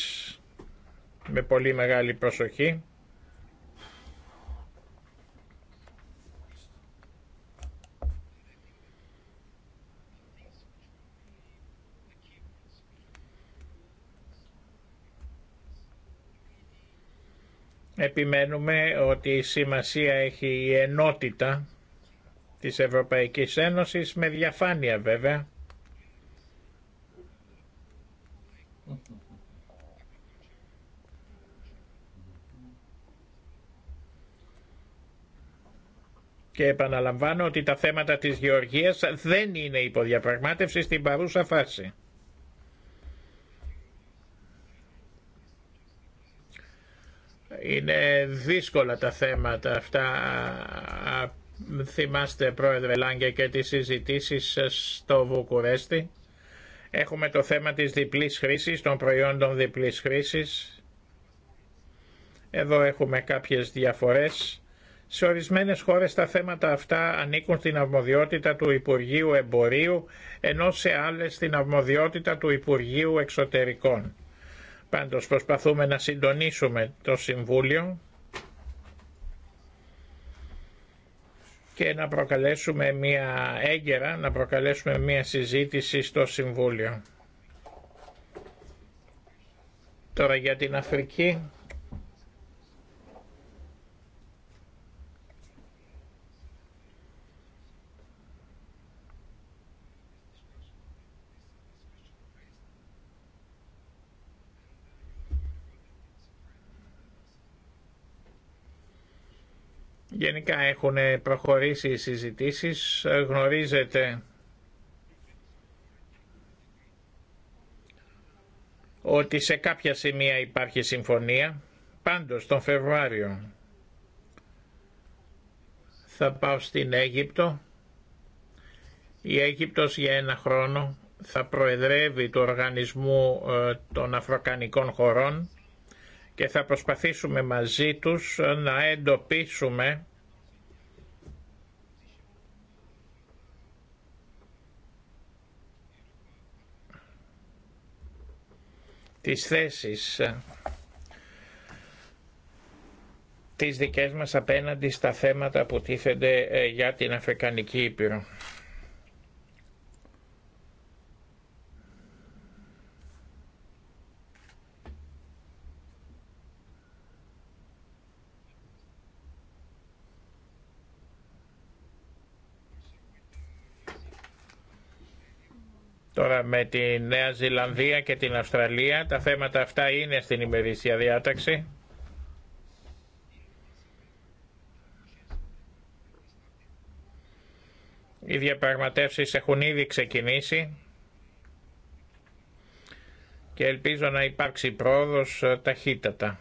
με πολύ μεγάλη προσοχή. Επιμένουμε ότι η σημασία έχει η ενότητα της Ευρωπαϊκής Ένωσης με διαφάνεια βέβαια. Και επαναλαμβάνω ότι τα θέματα της γεωργίας δεν είναι υποδιαπραγμάτευση στην παρούσα φάση. Είναι δύσκολα τα θέματα αυτά. Θυμάστε πρόεδρε Λάγκε και τις συζητήσεις στο Βουκουρέστι. Έχουμε το θέμα της διπλής χρήσης, των προϊόντων διπλής χρήσης. Εδώ έχουμε κάποιες διαφορές. Σε ορισμένες χώρες τα θέματα αυτά ανήκουν στην αυμοδιότητα του Υπουργείου Εμπορίου, ενώ σε άλλες στην αυμοδιότητα του Υπουργείου Εξωτερικών. Πάντως προσπαθούμε να συντονίσουμε το Συμβούλιο και να προκαλέσουμε μία έγκαιρα, να προκαλέσουμε μία συζήτηση στο Συμβούλιο. Τώρα για την Αφρική Γενικά έχουν προχωρήσει οι συζητήσεις. Ε, γνωρίζετε ότι σε κάποια σημεία υπάρχει συμφωνία. Πάντως τον Φεβρουάριο θα πάω στην Αίγυπτο. Η Αίγυπτος για ένα χρόνο θα προεδρεύει του οργανισμού ε, των Αφροκανικών χωρών και θα προσπαθήσουμε μαζί τους ε, να εντοπίσουμε τις θέσεις ε, τις δικές μας απέναντι στα θέματα που τίθενται ε, για την Αφρικανική Ήπειρο. Τώρα με τη Νέα Ζηλανδία και την Αυστραλία τα θέματα αυτά είναι στην ημερήσια διάταξη. Οι διαπραγματεύσεις έχουν ήδη ξεκινήσει και ελπίζω να υπάρξει πρόοδος ε, ταχύτατα.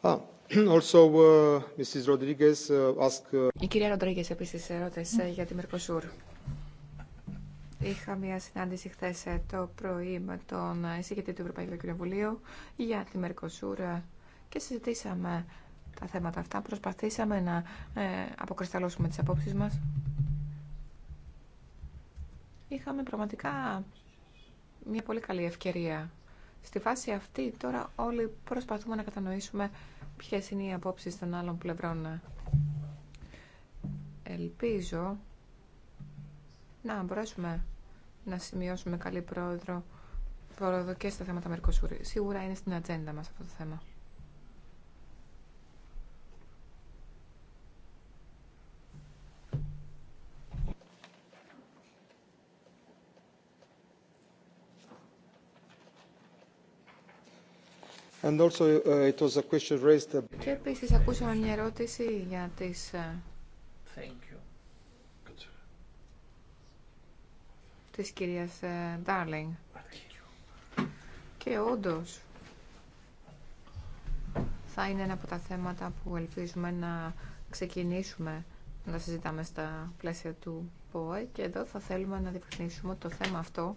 Oh. Uh, uh, uh, Η κυρία Ροντρίγκε επίση ρώτησε για τη Μερκοσούρ. Είχα μια συνάντηση χθε ε, το πρωί με τον ε, εισηγητή του Ευρωπαϊκού Κοινοβουλίου για τη Μερκοσούρ ε, και συζητήσαμε τα θέματα αυτά. Προσπαθήσαμε να αποκρισταλώσουμε τι απόψει μα. Είχαμε πραγματικά μια πολύ καλή ευκαιρία. Στη φάση αυτή τώρα όλοι προσπαθούμε να κατανοήσουμε Ποιε είναι οι απόψει των άλλων πλευρών. Ελπίζω να μπορέσουμε να σημειώσουμε καλή πρόοδο και στα θέματα Μερκοσούρη. Σίγουρα είναι στην ατζέντα μας αυτό το θέμα. Uh, uh, και επίσης ακούσαμε μια ερώτηση για τις... Ε, Thank you. Της κυρίας ε, Και όντως θα είναι ένα από τα θέματα που ελπίζουμε να ξεκινήσουμε να συζητάμε στα πλαίσια του ΠΟΕ και εδώ θα θέλουμε να διευκρινίσουμε το θέμα αυτό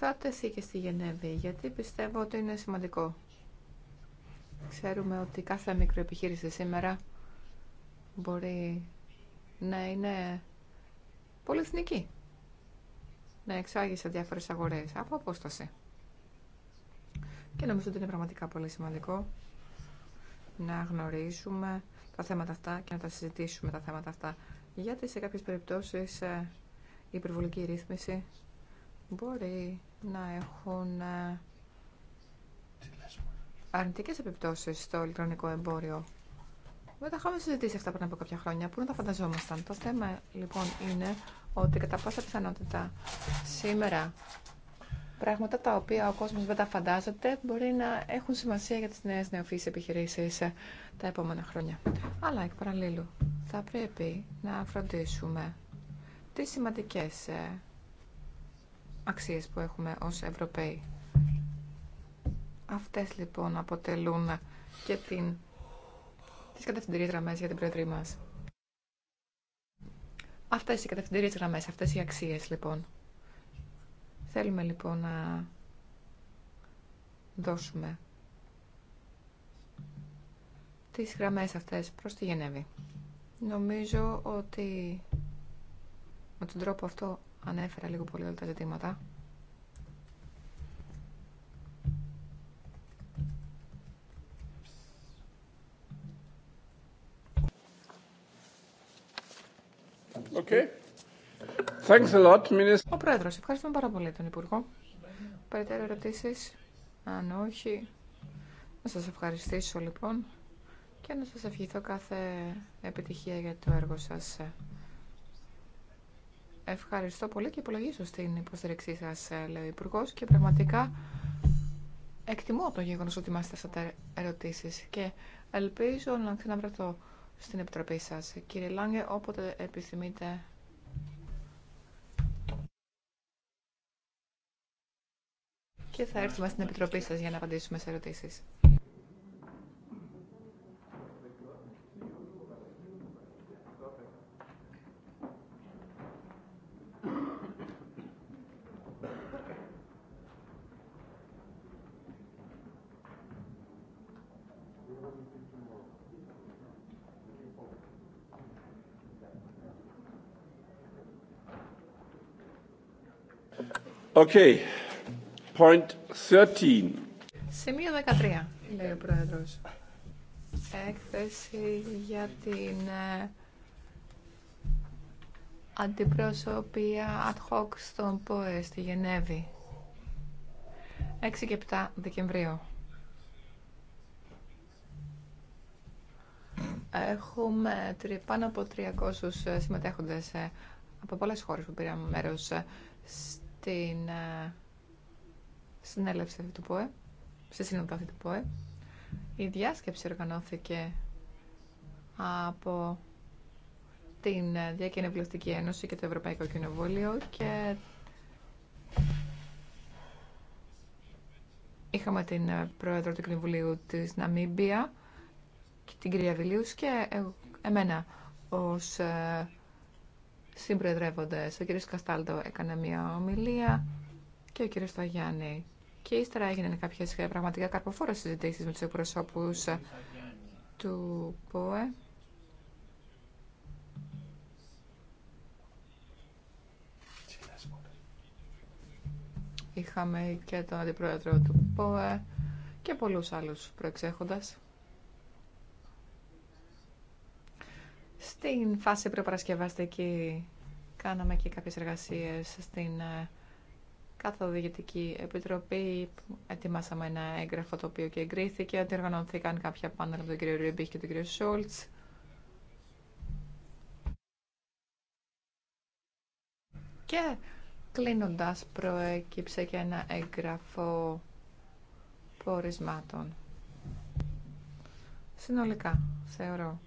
θα τεθεί και στη Γενέβη, γιατί πιστεύω ότι είναι σημαντικό. Ξέρουμε ότι κάθε μικροεπιχείρηση σήμερα μπορεί να είναι πολυεθνική, να εξάγει σε διάφορες αγορές από απόσταση. Και νομίζω ότι είναι πραγματικά πολύ σημαντικό να γνωρίζουμε τα θέματα αυτά και να τα συζητήσουμε τα θέματα αυτά. Γιατί σε κάποιες περιπτώσεις ε, η υπερβολική ρύθμιση μπορεί να έχουν ε, αρνητικέ επιπτώσει στο ηλεκτρονικό εμπόριο. Δεν τα είχαμε συζητήσει αυτά πριν από κάποια χρόνια. Πού να τα φανταζόμασταν. Το θέμα λοιπόν είναι ότι κατά πάσα πιθανότητα σήμερα πράγματα τα οποία ο κόσμος δεν τα φαντάζεται μπορεί να έχουν σημασία για τις νέες νεοφύσεις επιχειρήσεις ε, τα επόμενα χρόνια. Αλλά εκ παραλλήλου θα πρέπει να φροντίσουμε τι σημαντικές ε, αξίες που έχουμε ως Ευρωπαίοι. Αυτές λοιπόν αποτελούν και την, τις κατευθυντηρίες γραμμές για την Προεδρή μας. Αυτές οι κατευθυντηρίες γραμμές, αυτές οι αξίες λοιπόν. Θέλουμε λοιπόν να δώσουμε τις γραμμές αυτές προς τη Γενέβη. Νομίζω ότι με τον τρόπο αυτό Ανέφερα λίγο πολύ όλα τα ζητήματα. Okay. Thanks Ο Πρόεδρος, ευχαριστούμε πάρα πολύ τον Υπουργό. Περαιτέρω ερωτήσεις, αν όχι, να σας ευχαριστήσω λοιπόν και να σας ευχηθώ κάθε επιτυχία για το έργο σας. Ευχαριστώ πολύ και υπολογίζω στην υποστήριξή σας, ε, λέει ο Υπουργό, και πραγματικά εκτιμώ το γεγονό ότι αυτές θέσατε ερωτήσεις και ελπίζω να ξαναβρεθώ στην Επιτροπή σας. Κύριε Λάγκε, όποτε επιθυμείτε και θα έρθουμε στην Επιτροπή σας για να απαντήσουμε σε ερωτήσεις. Okay. Point 13. Σημείο 13, λέει ο Πρόεδρος. Έκθεση για την ε, αντιπρόσωπια ad hoc στον ΠΟΕ στη Γενέβη. 6 και 7 Δεκεμβρίου. Έχουμε πάνω από 300 ε, συμμετέχοντες ε, από πολλές χώρες που πήραμε μέρος την ε, συνέλευση του ΠΟΕ, στη σύνοδο του ΠΟΕ. Η διάσκεψη οργανώθηκε από την Διακοινοβουλευτική Ένωση και το Ευρωπαϊκό Κοινοβούλιο και είχαμε την ε, Πρόεδρο του Κοινοβουλίου της Ναμίμπια, την κυρία Βιλίους και εμένα ως ε, συμπροεδρεύονται. Ο κύριος Καστάλτο έκανε μια ομιλία και ο κύριος Σταγιάννη. Και ύστερα έγιναν κάποιε πραγματικά καρποφόρες συζητήσει με τους εκπροσώπου του ΠΟΕ. Είχαμε και τον αντιπρόεδρο του ΠΟΕ και πολλούς άλλους προεξέχοντας. Στην φάση προπαρασκευαστική κάναμε και κάποιες εργασίες στην ε, καθοδηγητική επιτροπή. Ετοιμάσαμε ένα έγγραφο το οποίο και εγκρίθηκε. Διοργανωθήκαν κάποια πάνελ από τον κύριο Ριμπίχ και τον κύριο Σόλτς. Και κλείνοντας προέκυψε και ένα έγγραφο πορισμάτων. Συνολικά, θεωρώ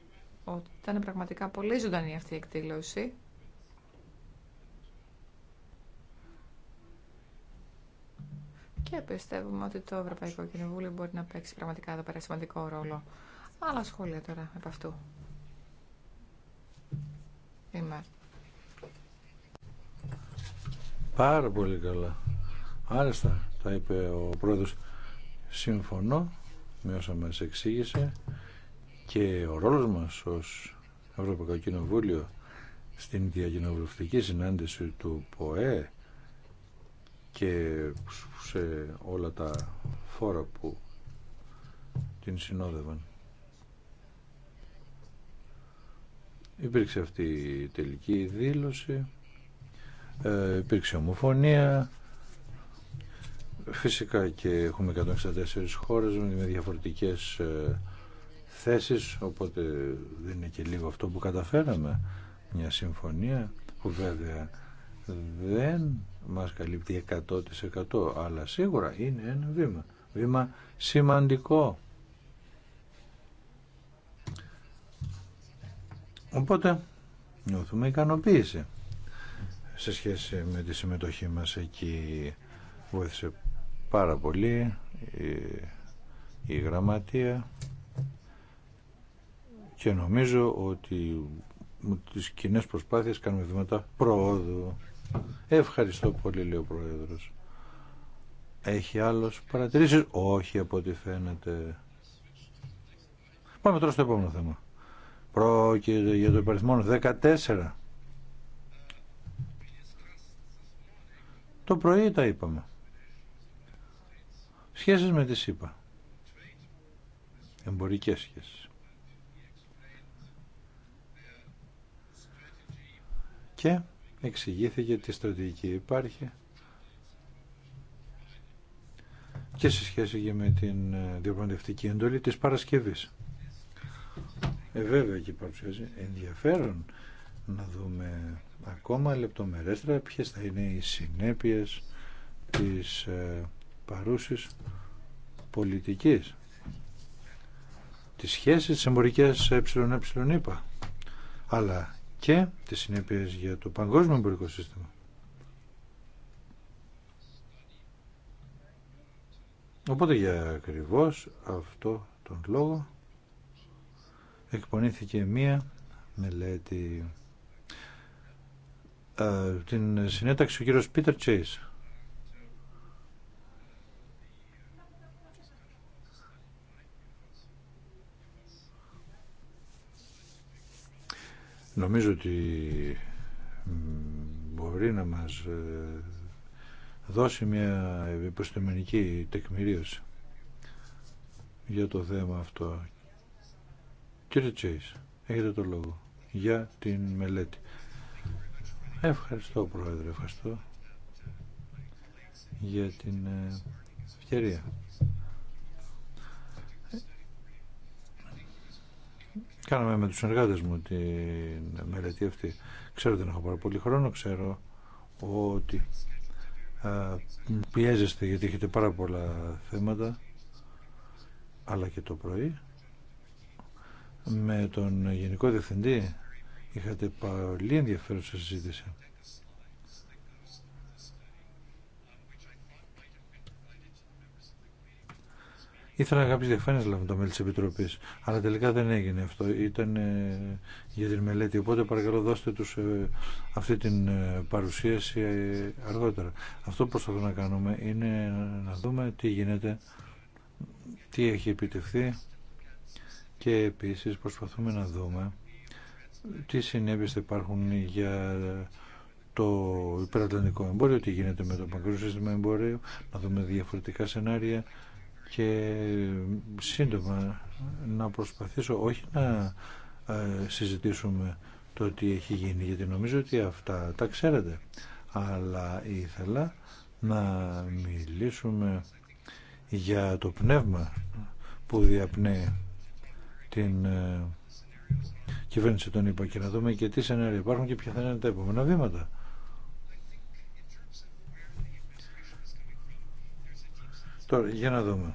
ότι ήταν πραγματικά πολύ ζωντανή αυτή η εκδήλωση. Και πιστεύουμε ότι το Ευρωπαϊκό Κοινοβούλιο μπορεί να παίξει πραγματικά εδώ πέρα σημαντικό ρόλο. Άλλα σχόλια τώρα από αυτού. Είμαι. Πάρα πολύ καλά. Άρεστα τα είπε ο πρόεδρος. Συμφωνώ με όσα μας εξήγησε και ο ρόλος μας ως Ευρωπαϊκό Κοινοβούλιο στην διαγενοβουλευτική συνάντηση του ΠΟΕ και σε όλα τα φόρα που την συνόδευαν. Υπήρξε αυτή η τελική δήλωση, ε, υπήρξε ομοφωνία, φυσικά και έχουμε 164 χώρες με διαφορετικές ε, θέσεις, οπότε δεν είναι και λίγο αυτό που καταφέραμε. Μια συμφωνία που βέβαια δεν μας καλύπτει 100% αλλά σίγουρα είναι ένα βήμα. Βήμα σημαντικό. Οπότε νιώθουμε ικανοποίηση σε σχέση με τη συμμετοχή μας εκεί βοήθησε πάρα πολύ η, η γραμματεία και νομίζω ότι με τις κοινέ προσπάθειες κάνουμε βήματα προόδου. Ευχαριστώ πολύ, λέει ο Πρόεδρος. Έχει άλλος παρατηρήσεις. Όχι, από ό,τι φαίνεται. Πάμε τώρα στο επόμενο θέμα. Πρόκειται για το υπαριθμό 14. Το πρωί τα είπαμε. Σχέσεις με τις είπα; Εμπορικές σχέσεις. και εξηγήθηκε τι στρατηγική υπάρχει και σε σχέση και με την διαπραγματευτική εντολή της Παρασκευής. Ε, βέβαια και παρουσιάζει ενδιαφέρον να δούμε ακόμα λεπτομερέστερα ποιες θα είναι οι συνέπειες της παρούσης πολιτικής τις σχέσεις τις εμπορικές ΕΕ αλλά και τις συνέπειες για το παγκόσμιο εμπορικό σύστημα. Οπότε για ακριβώς αυτό τον λόγο εκπονήθηκε μία μελέτη την συνέταξη ο κύριος Πίτερ Τσέις Νομίζω ότι μπορεί να μας ε, δώσει μια υποστημονική τεκμηρίωση για το θέμα αυτό. Κύριε Τσέις, έχετε το λόγο για την μελέτη. Ευχαριστώ Πρόεδρε, ευχαριστώ για την ε, ευκαιρία Κάναμε με του συνεργάτε μου τη μελέτη αυτή. Ξέρω ότι δεν έχω πάρα πολύ χρόνο, ξέρω ότι πιέζεστε γιατί έχετε πάρα πολλά θέματα αλλά και το πρωί με τον Γενικό Διευθυντή είχατε πολύ ενδιαφέρουσα συζήτηση Ήθελα κάποιε διαφάνειε λάβουν τα μέλη τη Επιτροπή, αλλά τελικά δεν έγινε αυτό. Ήταν ε, για την μελέτη. Οπότε παρακαλώ δώστε του ε, αυτή την ε, παρουσίαση αργότερα. Αυτό που προσπαθούμε να κάνουμε είναι να δούμε τι γίνεται, τι έχει επιτευχθεί και επίσης προσπαθούμε να δούμε τι συνέπειε θα υπάρχουν για το υπερατλαντικό εμπόριο, τι γίνεται με το παγκόσμιο σύστημα εμπορίου, να δούμε διαφορετικά σενάρια και σύντομα να προσπαθήσω όχι να ε, συζητήσουμε το τι έχει γίνει γιατί νομίζω ότι αυτά τα ξέρετε αλλά ήθελα να μιλήσουμε για το πνεύμα που διαπνέει την ε, κυβέρνηση των ΙΠΑ και να δούμε και τι σενάρια υπάρχουν και ποια θα είναι τα επόμενα βήματα. Τώρα, για να δούμε.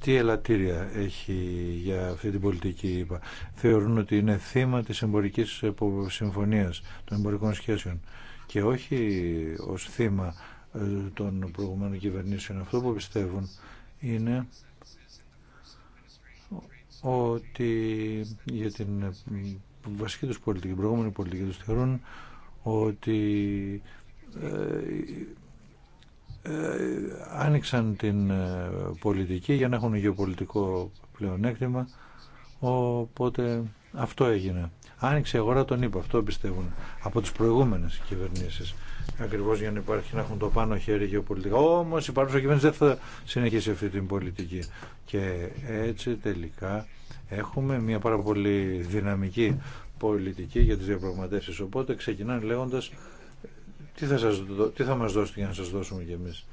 Τι ελαττήρια έχει για αυτή την πολιτική, είπα. Θεωρούν ότι είναι θύμα της εμπορικής συμφωνίας των εμπορικών σχέσεων και όχι ως θύμα ε, των προηγουμένων κυβερνήσεων. Αυτό που πιστεύουν είναι ότι για την βασική τους πολιτική, την προηγούμενη πολιτική τους θεωρούν ότι ε, ε, άνοιξαν την ε, πολιτική για να έχουν γεωπολιτικό πλεονέκτημα οπότε αυτό έγινε. Άνοιξε η αγορά τον είπα, αυτό πιστεύουν από τις προηγούμενες κυβερνήσεις ακριβώς για να υπάρχει να έχουν το πάνω χέρι γεωπολιτικά. Όμως η παρούσα κυβέρνηση δεν θα συνεχίσει αυτή την πολιτική και έτσι τελικά έχουμε μια πάρα πολύ δυναμική πολιτική για τις διαπραγματεύσεις οπότε ξεκινάνε λέγοντας τι θα, σας, τι θα μας δώσετε για να σας δώσουμε κι εμείς.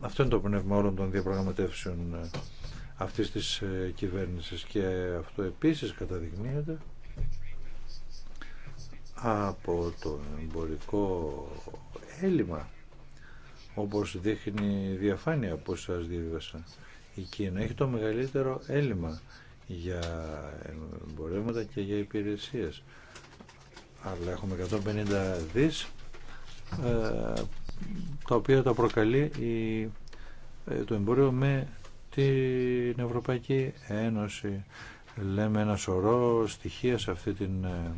Αυτό είναι το πνεύμα όλων των διαπραγματεύσεων ε, αυτής της ε, κυβέρνησης και αυτό επίσης καταδεικνύεται από το εμπορικό έλλειμμα όπως δείχνει η διαφάνεια που σας διέβασα. Η Κίνα έχει το μεγαλύτερο έλλειμμα για εμπορεύματα και για υπηρεσίες. Αλλά έχουμε 150 δις ε, τα οποία τα προκαλεί η, ε, το εμπόριο με την Ευρωπαϊκή Ένωση. Λέμε ένα σωρό στοιχεία σε αυτή την ε,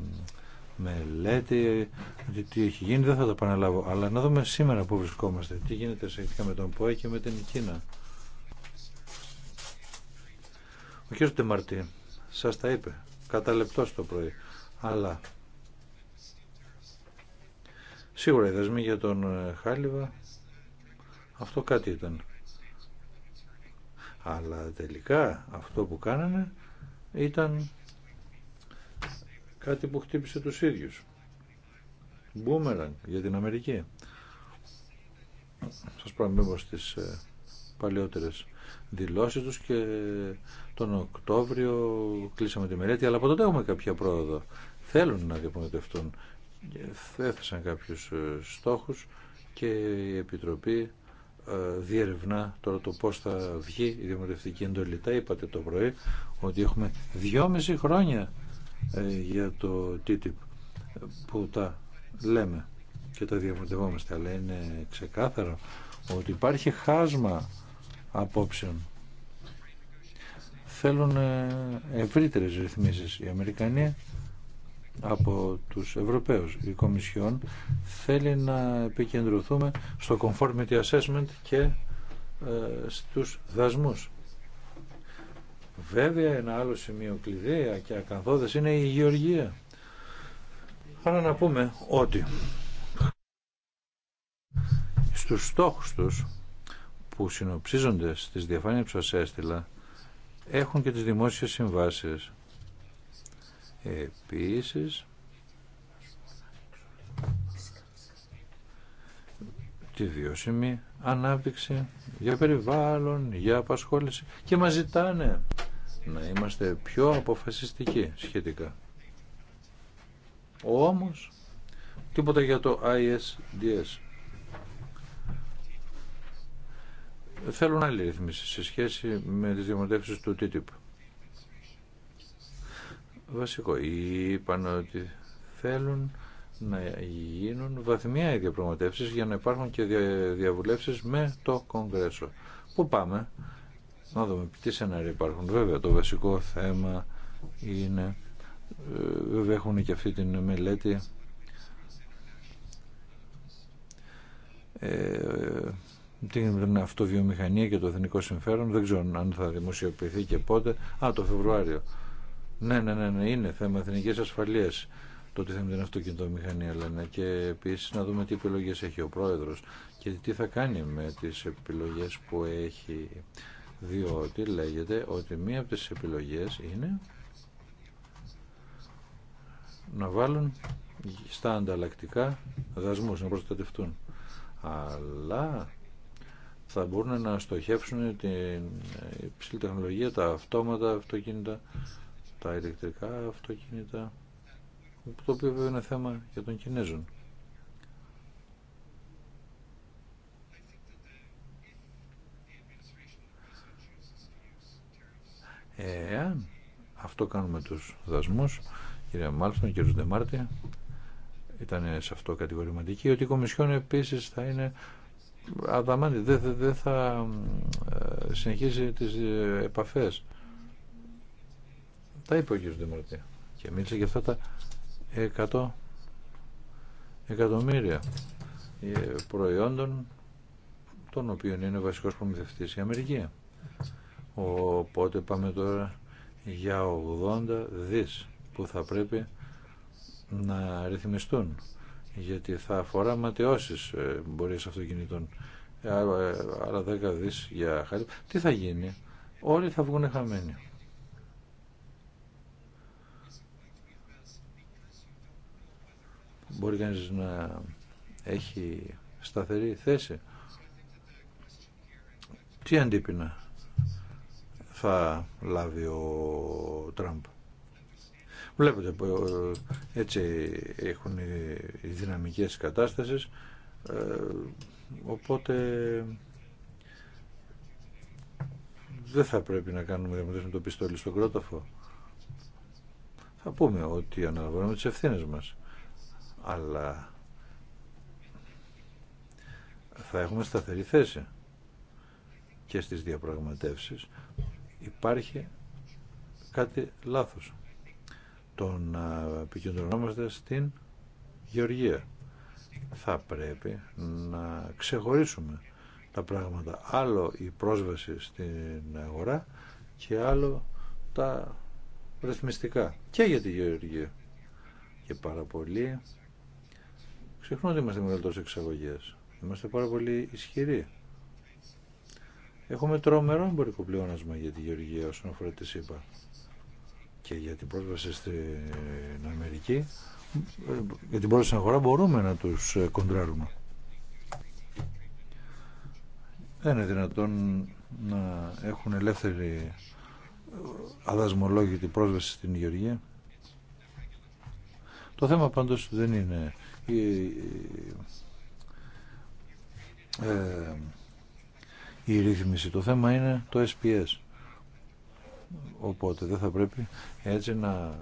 μελέτη, τι έχει γίνει, δεν θα το επαναλάβω. Αλλά να δούμε σήμερα που βρισκόμαστε, τι γίνεται σχετικά με τον ΠΟΕ και με την Κίνα. Ο κ. Τεμαρτή σας τα είπε, κατά το πρωί. Αλλά Σίγουρα οι δεσμοί για τον ε, Χάλιβα αυτό κάτι ήταν. Αλλά τελικά αυτό που κάνανε ήταν κάτι που χτύπησε τους ίδιους. Μπούμεραν για την Αμερική. Σας παραμείνω στις ε, παλαιότερες δηλώσεις τους και τον Οκτώβριο κλείσαμε τη μελέτη, αλλά από τότε έχουμε κάποια πρόοδο. Θέλουν να διαπραγματευτούν έθεσαν κάποιους ε, στόχους και η Επιτροπή ε, διερευνά τώρα το πώς θα βγει η δημοτευτική εντολή. Τα είπατε το πρωί ότι έχουμε δυόμιση χρόνια ε, για το TTIP που τα λέμε και τα διαμορφευόμαστε αλλά είναι ξεκάθαρο ότι υπάρχει χάσμα απόψεων θέλουν ευρύτερες ρυθμίσεις οι Αμερικανοί από τους Ευρωπαίους. Η Κομισιόν θέλει να επικεντρωθούμε στο conformity assessment και ε, στους δασμούς. Βέβαια ένα άλλο σημείο κλειδί και ακαθόδες είναι η γεωργία. Άρα να πούμε ότι στους στόχους τους που συνοψίζονται στις διαφάνειες που σας έστειλα έχουν και τις δημόσιες συμβάσεις Επίσης, τη βιώσιμη ανάπτυξη, για περιβάλλον, για απασχόληση και μας ζητάνε να είμαστε πιο αποφασιστικοί σχετικά. Όμως, τίποτα για το ISDS. Θέλουν άλλη ρυθμίση σε σχέση με τις διαμοντεύσεις του TTIP βασικό. Είπαν ότι θέλουν να γίνουν βαθμιά οι διαπραγματεύσεις για να υπάρχουν και διαβουλεύσεις με το Κογκρέσο. Πού πάμε, να δούμε τι σενάρια υπάρχουν. Βέβαια, το βασικό θέμα είναι, ε, βέβαια έχουν και αυτή την μελέτη ε, την αυτοβιομηχανία και το εθνικό συμφέρον. Δεν ξέρω αν θα δημοσιοποιηθεί και πότε. Α, το Φεβρουάριο. Ναι, ναι, ναι, ναι, είναι θέμα εθνική ασφαλεία το ότι θα με την αυτοκινητομηχανία λένε ναι, και επίση να δούμε τι επιλογέ έχει ο πρόεδρο και τι θα κάνει με τι επιλογέ που έχει. Διότι λέγεται ότι μία από τι επιλογέ είναι να βάλουν στα ανταλλακτικά δασμούς, να προστατευτούν. Αλλά θα μπορούν να στοχεύσουν την υψηλή τεχνολογία, τα αυτόματα, αυτοκίνητα τα ηλεκτρικά αυτοκίνητα, το οποίο βέβαια είναι θέμα για τον Κινέζων. Εάν αυτό κάνουμε τους δασμούς, κυρία Μάλστον, κύριος Ντεμάρτη, ήταν σε αυτό κατηγορηματική, ότι η Κομισιόν επίσης θα είναι αδαμάντη, δεν θα ε, συνεχίσει τις ε, επαφές. Τα είπε ο κ. Δημοκρατία και μίλησε για αυτά τα 100 εκατομμύρια ε, προϊόντων των οποίων είναι βασικός προμηθευτής η Αμερική. Οπότε πάμε τώρα για 80 δις που θα πρέπει να ρυθμιστούν γιατί θα αφορά ματαιώσεις ε, μπορείς αυτοκινητών άλλα 10 ε, δις για χάρη. Τι θα γίνει, όλοι θα βγουν χαμένοι. μπορεί κανείς να έχει σταθερή θέση. Τι αντίπεινα θα λάβει ο Τραμπ. Βλέπετε, ε, έτσι έχουν οι δυναμικές κατάστασεις, ε, οπότε δεν θα πρέπει να κάνουμε να το πιστόλι στον κρόταφο. Θα πούμε ότι αναλαμβάνουμε τις ευθύνες μας αλλά θα έχουμε σταθερή θέση και στις διαπραγματεύσεις υπάρχει κάτι λάθος το να επικεντρωνόμαστε στην γεωργία θα πρέπει να ξεχωρίσουμε τα πράγματα άλλο η πρόσβαση στην αγορά και άλλο τα ρυθμιστικά και για τη γεωργία και πάρα πολλοί Ξεχνώ ότι είμαστε μεγαλύτερο εξαγωγέ. Είμαστε πάρα πολύ ισχυροί. Έχουμε τρομερό εμπορικό πλεόνασμα για τη Γεωργία όσον αφορά τη ΣΥΠΑ και για την πρόσβαση στην Αμερική. Για την πρόσβαση στην αγορά μπορούμε να τους κοντράρουμε. Δεν είναι δυνατόν να έχουν ελεύθερη αδασμολόγητη πρόσβαση στην Γεωργία. Το θέμα πάντως δεν είναι ε, η ρύθμιση. Το θέμα είναι το SPS. Οπότε δεν θα πρέπει έτσι να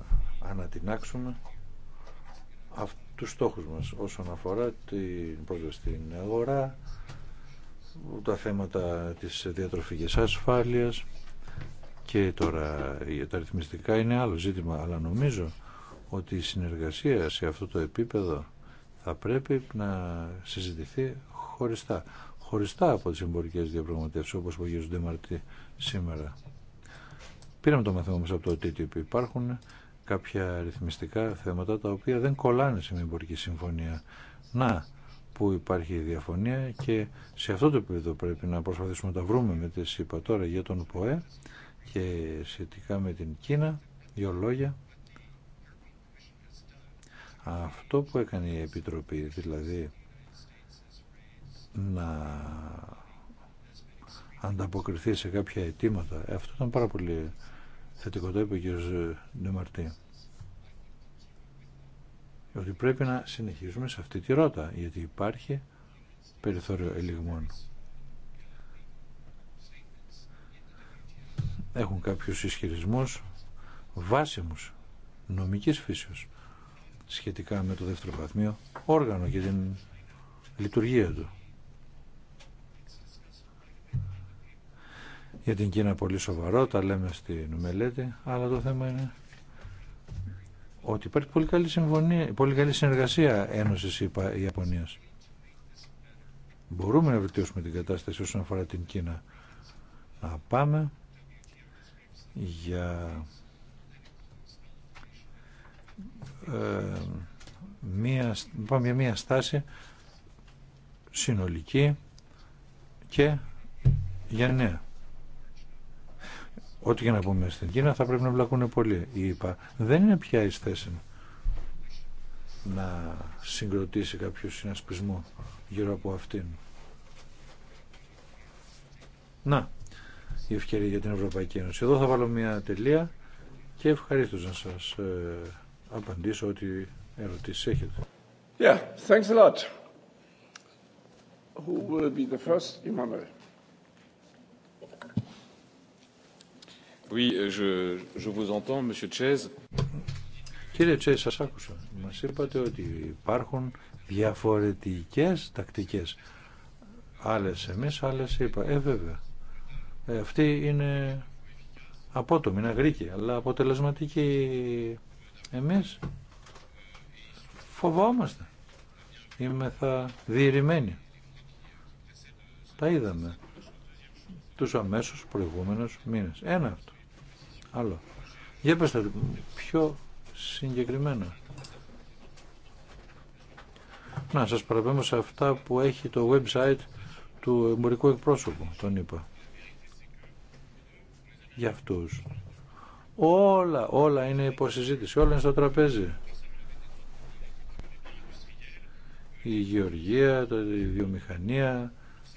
ανατινάξουμε τους στόχους μας όσον αφορά την πρόσβαση στην αγορά, τα θέματα της διατροφικής ασφάλειας και τώρα τα ρυθμιστικά είναι άλλο ζήτημα, αλλά νομίζω ότι η συνεργασία σε αυτό το επίπεδο θα πρέπει να συζητηθεί χωριστά. Χωριστά από τις εμπορικές διαπραγματεύσεις, όπως που γίνονται Μαρτί σήμερα. Πήραμε το μαθήμα μας από το TTIP. Υπάρχουν κάποια ρυθμιστικά θέματα τα οποία δεν κολλάνε σε μια εμπορική συμφωνία. Να, που υπάρχει διαφωνία και σε αυτό το επίπεδο πρέπει να προσπαθήσουμε να τα βρούμε με τη ΣΥΠΑ τώρα για τον ΠΟΕ και σχετικά με την Κίνα, δύο λόγια. Αυτό που έκανε η Επιτροπή, δηλαδή να ανταποκριθεί σε κάποια αιτήματα, αυτό ήταν πάρα πολύ θετικό, το είπε ο κ. Ντεμαρτή. Ότι πρέπει να συνεχίζουμε σε αυτή τη ρότα, γιατί υπάρχει περιθώριο ελιγμών. Έχουν κάποιους ισχυρισμούς βάσιμους νομικής φύσεως σχετικά με το δεύτερο βαθμίο όργανο και την λειτουργία του. Για την Κίνα πολύ σοβαρό, τα λέμε στην μελέτη, αλλά το θέμα είναι ότι υπάρχει πολύ καλή, συμφωνία, πολύ καλή συνεργασία Ένωσης Ιαπωνίας. Μπορούμε να βελτιώσουμε την κατάσταση όσον αφορά την Κίνα. Να πάμε για ε, μία, πάμε μία στάση συνολική και για νέα. Ό,τι και να πούμε στην Κίνα θα πρέπει να βλακούν πολύ. είπα δεν είναι πια η στέση να συγκροτήσει κάποιο συνασπισμό γύρω από αυτήν. Να, η ευκαιρία για την Ευρωπαϊκή Ένωση. Εδώ θα βάλω μια τελεία και ευχαρίστως να σας ε, απαντήσω ότι ερωτήσεις έχετε. Yeah, thanks a lot. Who will be the first? Oui, euh, je, je vous entends, Monsieur Κύριε Τσέι, σας άκουσα. Μας είπατε ότι υπάρχουν διαφορετικές τακτικές. Άλλες εμείς, άλλες είπα. Ε, βέβαια. Ε, αυτή είναι απότομη, είναι αγρήκη, αλλά αποτελεσματική εμείς φοβόμαστε. Είμαι θα διηρημένοι. Τα είδαμε τους αμέσως προηγούμενους μήνες. Ένα αυτό. Άλλο. Για πες πιο συγκεκριμένα. Να σας παραπέμπω σε αυτά που έχει το website του εμπορικού εκπρόσωπου, τον είπα. Για αυτούς Όλα, όλα είναι υποσυζήτηση, όλα είναι στο τραπέζι. Η γεωργία, η βιομηχανία,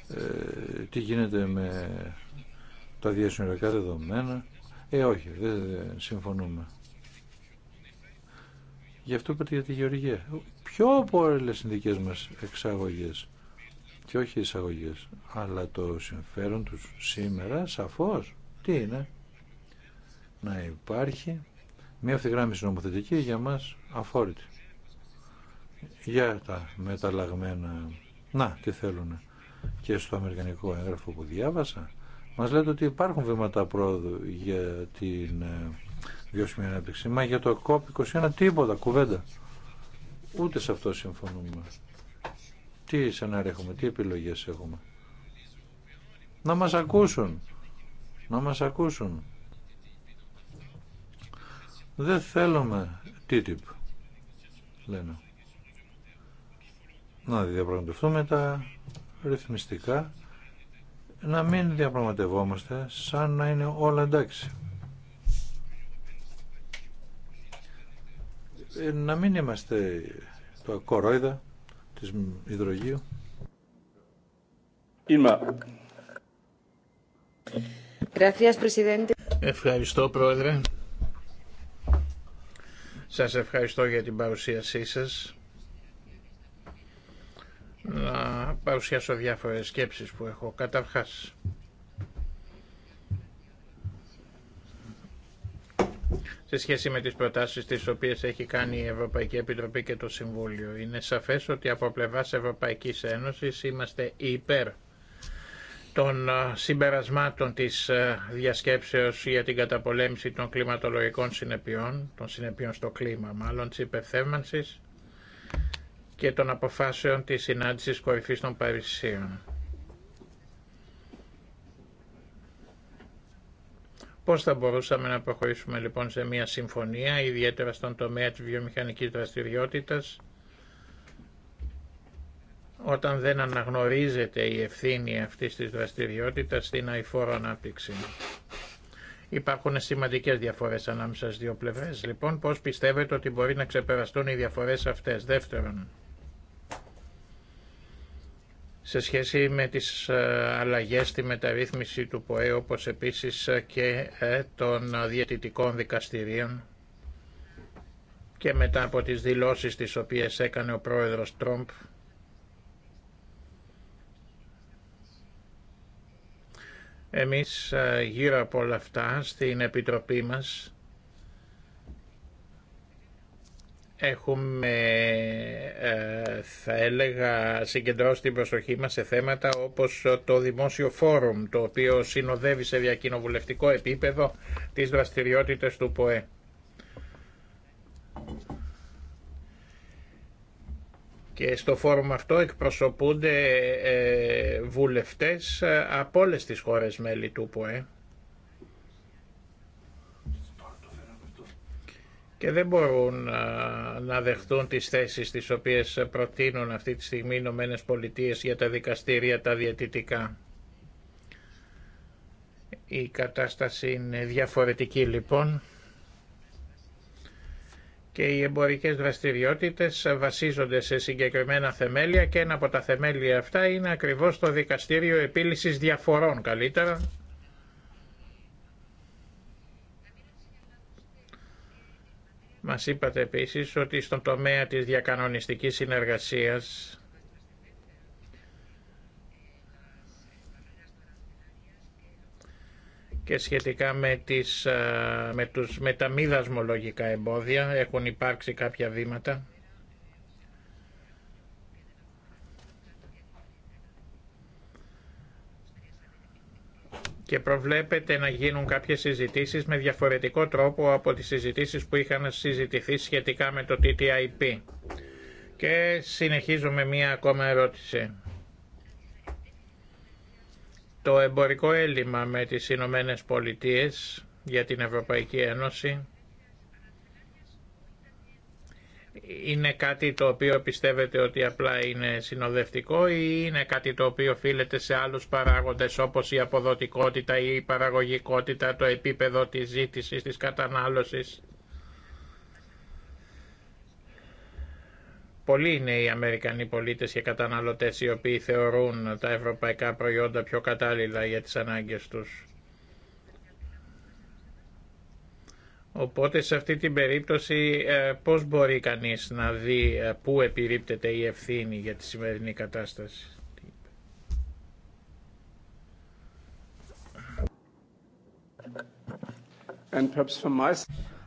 ε, τι γίνεται με τα διασυνοριακά δεδομένα. Ε, όχι, δεν συμφωνούμε. Γι' αυτό είπατε για τη γεωργία. Πιο πολλέ είναι δικέ μας εξαγωγές και όχι εισαγωγές. Αλλά το συμφέρον τους σήμερα, σαφώς, τι είναι να υπάρχει μια ευθυγράμμιση νομοθετική για μας αφόρητη. Για τα μεταλλαγμένα, να τι θέλουν και στο αμερικανικό έγγραφο που διάβασα, μας λέτε ότι υπάρχουν βήματα πρόοδου για την ε, βιώσιμη ανάπτυξη, μα για το COP21 τίποτα, κουβέντα. Ούτε σε αυτό συμφωνούμε. Τι σενάρια έχουμε, τι επιλογές έχουμε. Να μας ακούσουν. Να μας ακούσουν. Δεν θέλουμε TTIP, λένε. Να διαπραγματευτούμε τα ρυθμιστικά, να μην διαπραγματευόμαστε σαν να είναι όλα εντάξει. Ε, να μην είμαστε το κορόιδα της υδρογείου. Ευχαριστώ, Πρόεδρε. Σας ευχαριστώ για την παρουσίασή σας. Να παρουσιάσω διάφορες σκέψεις που έχω. Καταρχάς, σε σχέση με τις προτάσεις τις οποίες έχει κάνει η Ευρωπαϊκή Επιτροπή και το Συμβούλιο. Είναι σαφές ότι από πλευράς Ευρωπαϊκής Ένωσης είμαστε υπέρ των ε, συμπερασμάτων της ε, διασκέψεως για την καταπολέμηση των κλιματολογικών συνεπειών, των συνεπειών στο κλίμα μάλλον της υπερθέμανσης και των αποφάσεων της συνάντησης κορυφής των Παρισίων. Πώς θα μπορούσαμε να προχωρήσουμε λοιπόν σε μια συμφωνία, ιδιαίτερα στον τομέα της βιομηχανικής δραστηριότητας, όταν δεν αναγνωρίζεται η ευθύνη αυτής της δραστηριότητας στην αηφόρο ανάπτυξη. Υπάρχουν σημαντικές διαφορές ανάμεσα στις δύο πλευρές. Λοιπόν, πώς πιστεύετε ότι μπορεί να ξεπεραστούν οι διαφορές αυτές. Δεύτερον, σε σχέση με τις ε, αλλαγές στη μεταρρύθμιση του ΠΟΕ, όπως επίσης και ε, των διαιτητικών δικαστηρίων, και μετά από τις δηλώσεις τις οποίες έκανε ο πρόεδρος Τρόμπ Εμείς ε, γύρω από όλα αυτά στην Επιτροπή μας έχουμε ε, θα έλεγα συγκεντρώσει την προσοχή μας σε θέματα όπως το Δημόσιο Φόρουμ το οποίο συνοδεύει σε διακοινοβουλευτικό επίπεδο τις δραστηριότητες του ΠΟΕ. Και στο φόρουμ αυτό εκπροσωπούνται ε, βουλευτές ε, από όλες τις χώρες μέλη του ΠΟΕ. και δεν μπορούν ε, να δεχτούν τις θέσεις τις οποίες προτείνουν αυτή τη στιγμή οι Ηνωμένες Πολιτείες για τα δικαστήρια τα διαιτητικά. Η κατάσταση είναι διαφορετική λοιπόν και οι εμπορικές δραστηριότητες βασίζονται σε συγκεκριμένα θεμέλια και ένα από τα θεμέλια αυτά είναι ακριβώς το Δικαστήριο Επίλυσης Διαφορών καλύτερα. Μας είπατε επίσης ότι στον τομέα της διακανονιστικής συνεργασίας και σχετικά με, τις, ε, με, τους, με τα μη δασμολογικά εμπόδια έχουν υπάρξει κάποια βήματα. και προβλέπεται να γίνουν κάποιες συζητήσεις με διαφορετικό τρόπο από τις συζητήσεις που είχαν συζητηθεί σχετικά με το TTIP. Και συνεχίζουμε μία ακόμα ερώτηση. Το εμπορικό έλλειμμα με τις Ηνωμένε Πολιτείε για την Ευρωπαϊκή Ένωση είναι κάτι το οποίο πιστεύετε ότι απλά είναι συνοδευτικό ή είναι κάτι το οποίο οφείλεται σε άλλους παράγοντες όπως η αποδοτικότητα ή η παραγωγικότητα, το επίπεδο της ζήτησης, της κατανάλωσης. Πολλοί είναι οι Αμερικανοί πολίτες και καταναλωτές οι οποίοι θεωρούν τα ευρωπαϊκά προϊόντα πιο κατάλληλα για τις ανάγκες τους. Οπότε σε αυτή την περίπτωση ε, πώς μπορεί κανείς να δει ε, πού επιρρύπτεται η ευθύνη για τη σημερινή κατάσταση.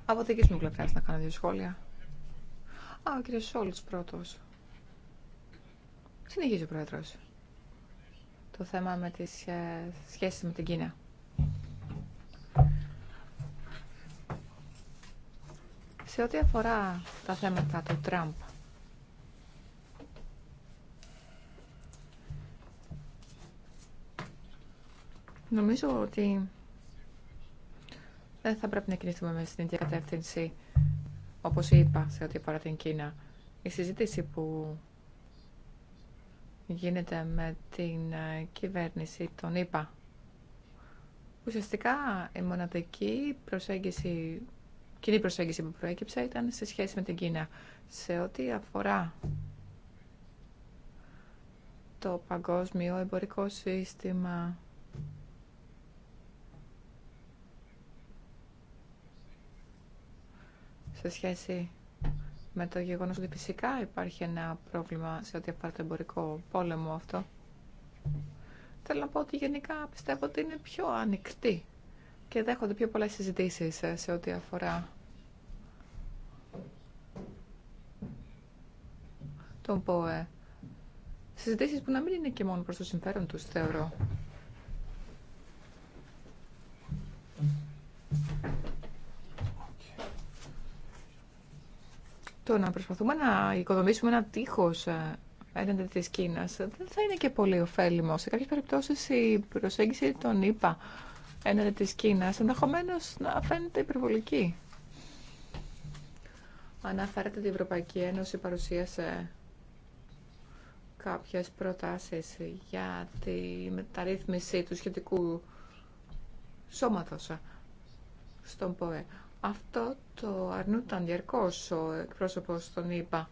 Από δική μου πλευρά να κάνω δύο σχόλια. Α, ο κύριος Σόλτς πρώτος. Συνεχίζει ο πρόεδρος. Το θέμα με τις ε, σχέσεις με την Κίνα. Σε ό,τι αφορά τα θέματα του Τραμπ, νομίζω ότι δεν θα πρέπει να κινηθούμε με στην ίδια κατεύθυνση όπως είπα σε ό,τι αφορά την Κίνα, η συζήτηση που γίνεται με την ε, κυβέρνηση των ΗΠΑ. Ουσιαστικά η μοναδική προσέγγιση, κοινή προσέγγιση που προέκυψε ήταν σε σχέση με την Κίνα. Σε ό,τι αφορά το παγκόσμιο εμπορικό σύστημα σε σχέση με το γεγονός ότι φυσικά υπάρχει ένα πρόβλημα σε ό,τι αφορά το εμπορικό πόλεμο αυτό. Θέλω να πω ότι γενικά πιστεύω ότι είναι πιο ανοιχτή και δέχονται πιο πολλές συζητήσεις σε ό,τι αφορά τον ΠΟΕ. Συζητήσεις που να μην είναι και μόνο προς το συμφέρον τους, θεωρώ. Το να προσπαθούμε να οικοδομήσουμε ένα τείχο ε, έναντι τη Κίνα. δεν θα είναι και πολύ ωφέλιμο. Σε κάποιε περιπτώσει η προσέγγιση των ΗΠΑ έναντι τη Κίνα. ενδεχομένω να φαίνεται υπερβολική. Αναφέρεται ότι η Ευρωπαϊκή Ένωση παρουσίασε κάποιες προτάσεις για τη μεταρρύθμιση του σχετικού σώματος στον ΠΟΕ. Αυτό το αρνούταν διαρκώς ο εκπρόσωπος των είπα.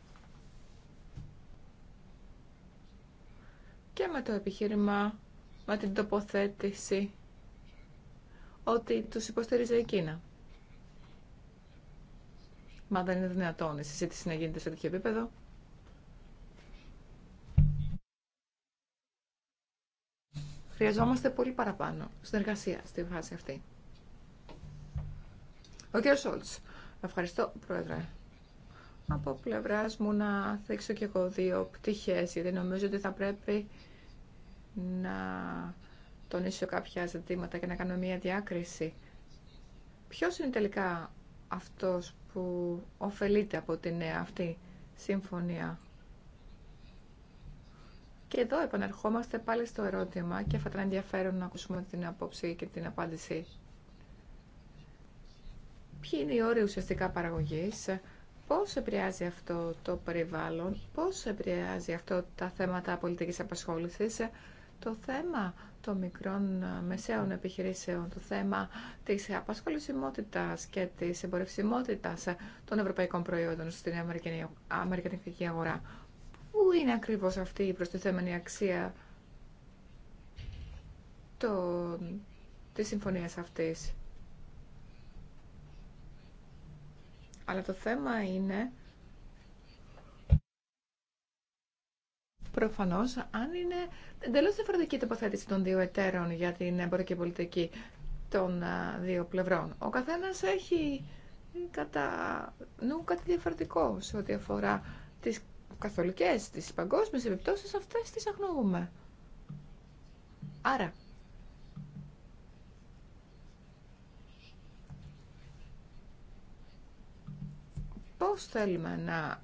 Και με το επιχείρημα, με την τοποθέτηση ότι τους υποστηρίζει η Κίνα. Μα δεν είναι δυνατόν η συζήτηση να γίνεται σε τέτοιο επίπεδο. Χρειαζόμαστε πολύ παραπάνω συνεργασία στη βάση αυτή. Ο κ. Σόλτ. Ευχαριστώ, Πρόεδρε. Από πλευρά μου να θέξω και εγώ δύο πτυχέ, γιατί νομίζω ότι θα πρέπει να τονίσω κάποια ζητήματα και να κάνω μία διάκριση. Ποιο είναι τελικά αυτό που ωφελείται από τη νέα αυτή συμφωνία. Και εδώ επαναρχόμαστε πάλι στο ερώτημα και θα ήταν ενδιαφέρον να ακούσουμε την απόψη και την απάντηση ποιοι είναι οι όροι ουσιαστικά παραγωγής, πώς επηρεάζει αυτό το περιβάλλον, πώς επηρεάζει αυτό τα θέματα πολιτικής απασχόλησης, το θέμα των μικρών μεσαίων επιχειρήσεων, το θέμα της απασχολησιμότητας και της εμπορευσιμότητας των ευρωπαϊκών προϊόντων στην αμερικανική αγορά. Πού είναι ακριβώς αυτή η προστιθέμενη αξία το... της συμφωνίας αυτής. Αλλά το θέμα είναι προφανώς αν είναι εντελώς διαφορετική η τοποθέτηση των δύο εταίρων για την εμπορική πολιτική των δύο πλευρών. Ο καθένας έχει κατά νου κάτι διαφορετικό σε ό,τι αφορά τις καθολικές, τις παγκόσμιες επιπτώσεις αυτές τις αγνοούμε. Άρα, πώς θέλουμε να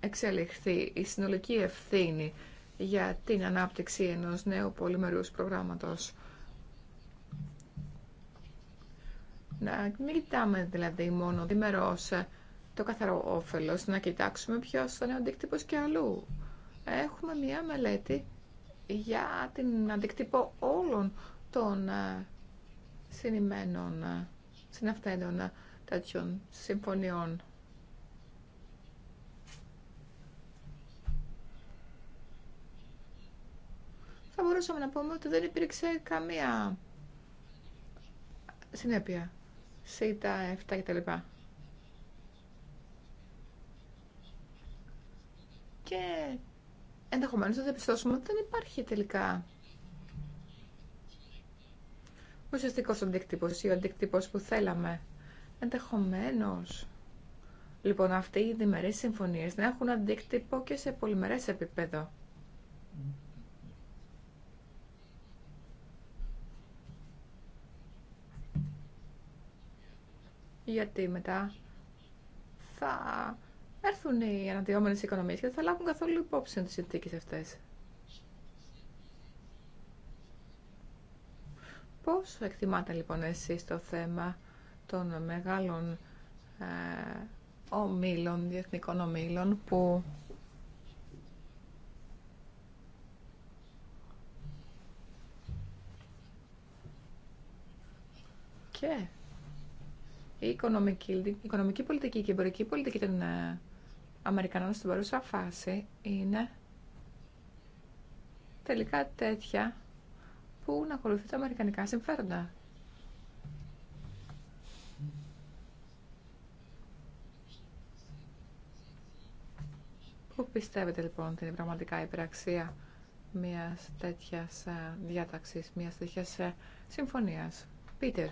εξελιχθεί η συνολική ευθύνη για την ανάπτυξη ενός νέου πολυμερούς προγράμματος. Να μην κοιτάμε δηλαδή μόνο διμερώς το καθαρό όφελος, να κοιτάξουμε ποιος είναι ο αντίκτυπος και αλλού. Έχουμε μία μελέτη για την αντίκτυπο όλων των ε, συνημένων, ε, συναυθέντων ε, τέτοιων συμφωνιών. θα μπορούσαμε να πούμε ότι δεν υπήρξε καμία συνέπεια. ΣΥΤΑ, 7 κτλ. Και ενδεχομένω θα διαπιστώσουμε ότι δεν υπάρχει τελικά ουσιαστικό αντίκτυπο ή ο αντίκτυπο που θέλαμε. Ενδεχομένω. Λοιπόν, αυτοί οι διμερεί συμφωνίες να έχουν αντίκτυπο και σε πολυμερέ επίπεδο. γιατί μετά θα έρθουν οι αναδυόμενες οικονομίες και θα λάβουν καθόλου υπόψη τις συνθήκες αυτές. Πώς εκτιμάτε λοιπόν εσείς το θέμα των μεγάλων ε, ομίλων, διεθνικών ομίλων που και η οικονομική, πολιτική και η εμπορική πολιτική των ε, Αμερικανών στην παρούσα φάση είναι τελικά τέτοια που να ακολουθεί τα αμερικανικά συμφέροντα. Πού πιστεύετε λοιπόν την πραγματικά υπεραξία μιας τέτοιας ε, διάταξης, μιας τέτοιας ε, συμφωνίας. Πίτερ.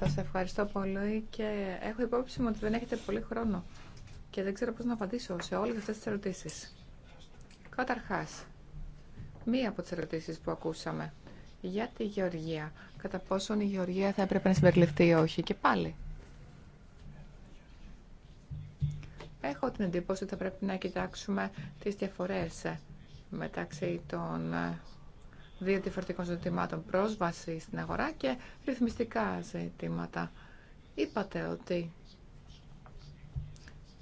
Σας ευχαριστώ πολύ και έχω υπόψη μου ότι δεν έχετε πολύ χρόνο και δεν ξέρω πώς να απαντήσω σε όλες αυτές τις ερωτήσεις. Καταρχάς, μία από τις ερωτήσεις που ακούσαμε για τη Γεωργία. Κατά πόσον η Γεωργία θα έπρεπε να συμπεριληφθεί ή όχι. Και πάλι, Έχω την εντύπωση ότι θα πρέπει να κοιτάξουμε τις διαφορές μεταξύ των δύο διαφορετικών ζητημάτων πρόσβαση στην αγορά και ρυθμιστικά ζητήματα. Είπατε ότι,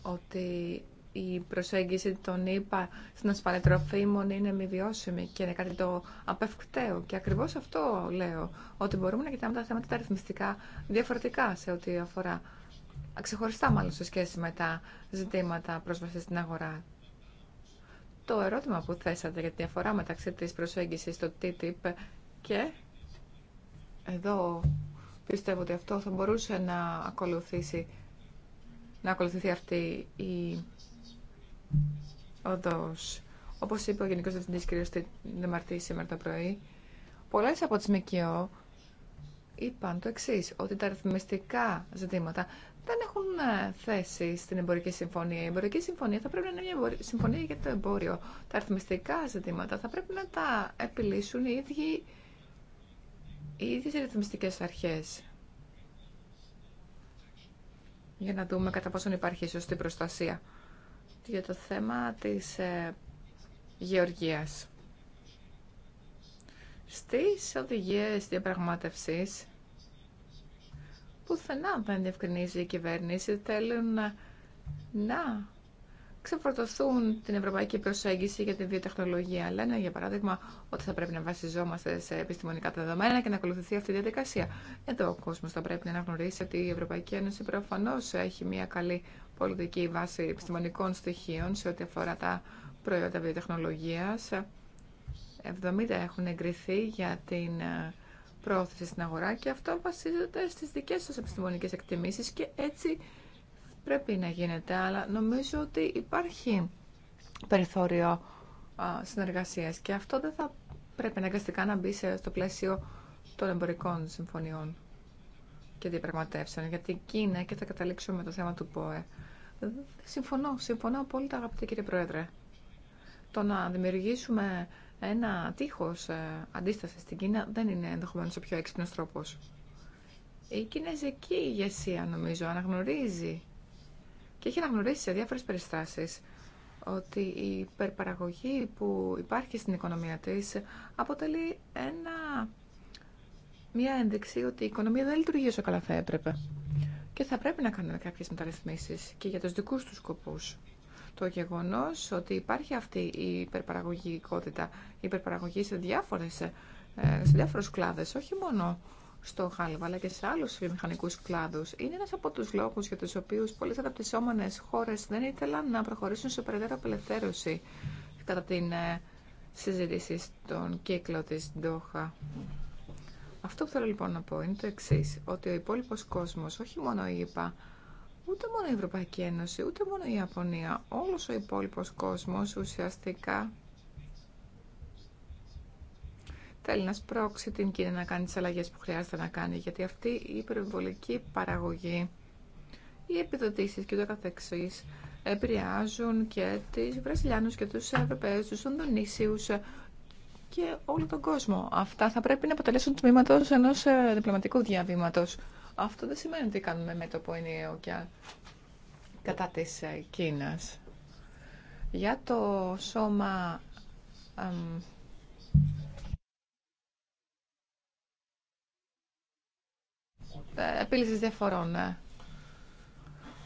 ότι η προσέγγιση των ΗΠΑ στην ασφάλεια τροφίμων είναι μη βιώσιμη και είναι κάτι το απευκταίο. Και ακριβώς αυτό λέω, ότι μπορούμε να κοιτάμε τα θέματα τα ρυθμιστικά διαφορετικά σε ό,τι αφορά ξεχωριστά μάλλον σε σχέση με τα ζητήματα πρόσβασης στην αγορά. Το ερώτημα που θέσατε για τη διαφορά μεταξύ της προσέγγισης στο TTIP και εδώ πιστεύω ότι αυτό θα μπορούσε να ακολουθήσει να ακολουθηθεί αυτή η οδός. Όπως είπε ο Γενικός Διευθυντής κ. Δεμαρτή σήμερα το πρωί, πολλές από τις ΜΚΟ είπαν το εξή ότι τα αριθμιστικά ζητήματα δεν έχουν ε, θέση στην εμπορική συμφωνία. Η εμπορική συμφωνία θα πρέπει να είναι μια συμφωνία για το εμπόριο. Τα αριθμιστικά ζητήματα θα πρέπει να τα επιλύσουν οι, ίδιοι, οι ίδιες ρυθμιστικές αρχές. Για να δούμε κατά πόσον υπάρχει σωστή προστασία για το θέμα της ε, γεωργίας. Στις οδηγίες διαπραγμάτευσης πουθενά δεν διευκρινίζει η κυβέρνηση. Θέλουν να, να ξεφορτωθούν την ευρωπαϊκή προσέγγιση για την βιοτεχνολογία. Λένε, για παράδειγμα, ότι θα πρέπει να βασιζόμαστε σε επιστημονικά δεδομένα και να ακολουθηθεί αυτή η διαδικασία. Εδώ ο κόσμο θα πρέπει να γνωρίσει ότι η Ευρωπαϊκή Ένωση προφανώ έχει μια καλή πολιτική βάση επιστημονικών στοιχείων σε ό,τι αφορά τα προϊόντα βιοτεχνολογία. 70 έχουν εγκριθεί για την ε, πρόθεση στην αγορά και αυτό βασίζεται στις δικές σας επιστημονικές εκτιμήσεις και έτσι πρέπει να γίνεται, αλλά νομίζω ότι υπάρχει περιθώριο συνεργασίας και αυτό δεν θα πρέπει αναγκαστικά να μπει στο πλαίσιο των εμπορικών συμφωνιών και διαπραγματεύσεων, γιατί είναι και θα καταλήξουμε με το θέμα του ΠΟΕ. Συμφωνώ, συμφωνώ απόλυτα αγαπητέ, κύριε Πρόεδρε. Το να δημιουργήσουμε ένα τείχος ε, αντίσταση στην Κίνα δεν είναι ενδεχομένω ο πιο έξυπνος τρόπος. Η κινέζικη ηγεσία νομίζω αναγνωρίζει και έχει αναγνωρίσει σε διάφορε περιστάσεις ότι η υπερπαραγωγή που υπάρχει στην οικονομία της αποτελεί ένα, μια ένδειξη ότι η οικονομία δεν λειτουργεί όσο καλά θα έπρεπε. Και θα πρέπει να κάνουμε κάποιε μεταρρυθμίσεις και για του δικού του σκοπού. Το γεγονός ότι υπάρχει αυτή η υπερπαραγωγικότητα, η υπερπαραγωγή σε, διάφορες, ε, σε διάφορους κλάδες, όχι μόνο στο χάλιβα, αλλά και σε άλλους βιομηχανικούς κλάδους. Είναι ένας από τους λόγους για τους οποίους πολλές αναπτυσσόμενες χώρες δεν ήθελαν να προχωρήσουν σε περαιτέρω απελευθέρωση κατά την ε, συζήτηση στον κύκλο της Ντόχα. Αυτό που θέλω λοιπόν να πω είναι το εξή, ότι ο υπόλοιπο κόσμος, όχι μόνο η ΕΠΑ, Ούτε μόνο η Ευρωπαϊκή Ένωση, ούτε μόνο η Ιαπωνία, όλος ο υπόλοιπος κόσμος ουσιαστικά θέλει να σπρώξει την Κίνα να κάνει τις αλλαγές που χρειάζεται να κάνει, γιατί αυτή η υπερβολική παραγωγή, οι επιδοτήσεις και το καθεξής, επηρεάζουν και τις Βραζιλιάνους και τους Ευρωπαίους, τους Ονδονήσιους και όλο τον κόσμο. Αυτά θα πρέπει να αποτελέσουν τμήματος ενός ε, διπλωματικού διαβήματος. Αυτό δεν σημαίνει ότι κάνουμε μέτωπο ενιαίο και κατά της ε, Κίνας. Για το σώμα ε, επίλυσης διαφορών. Ε,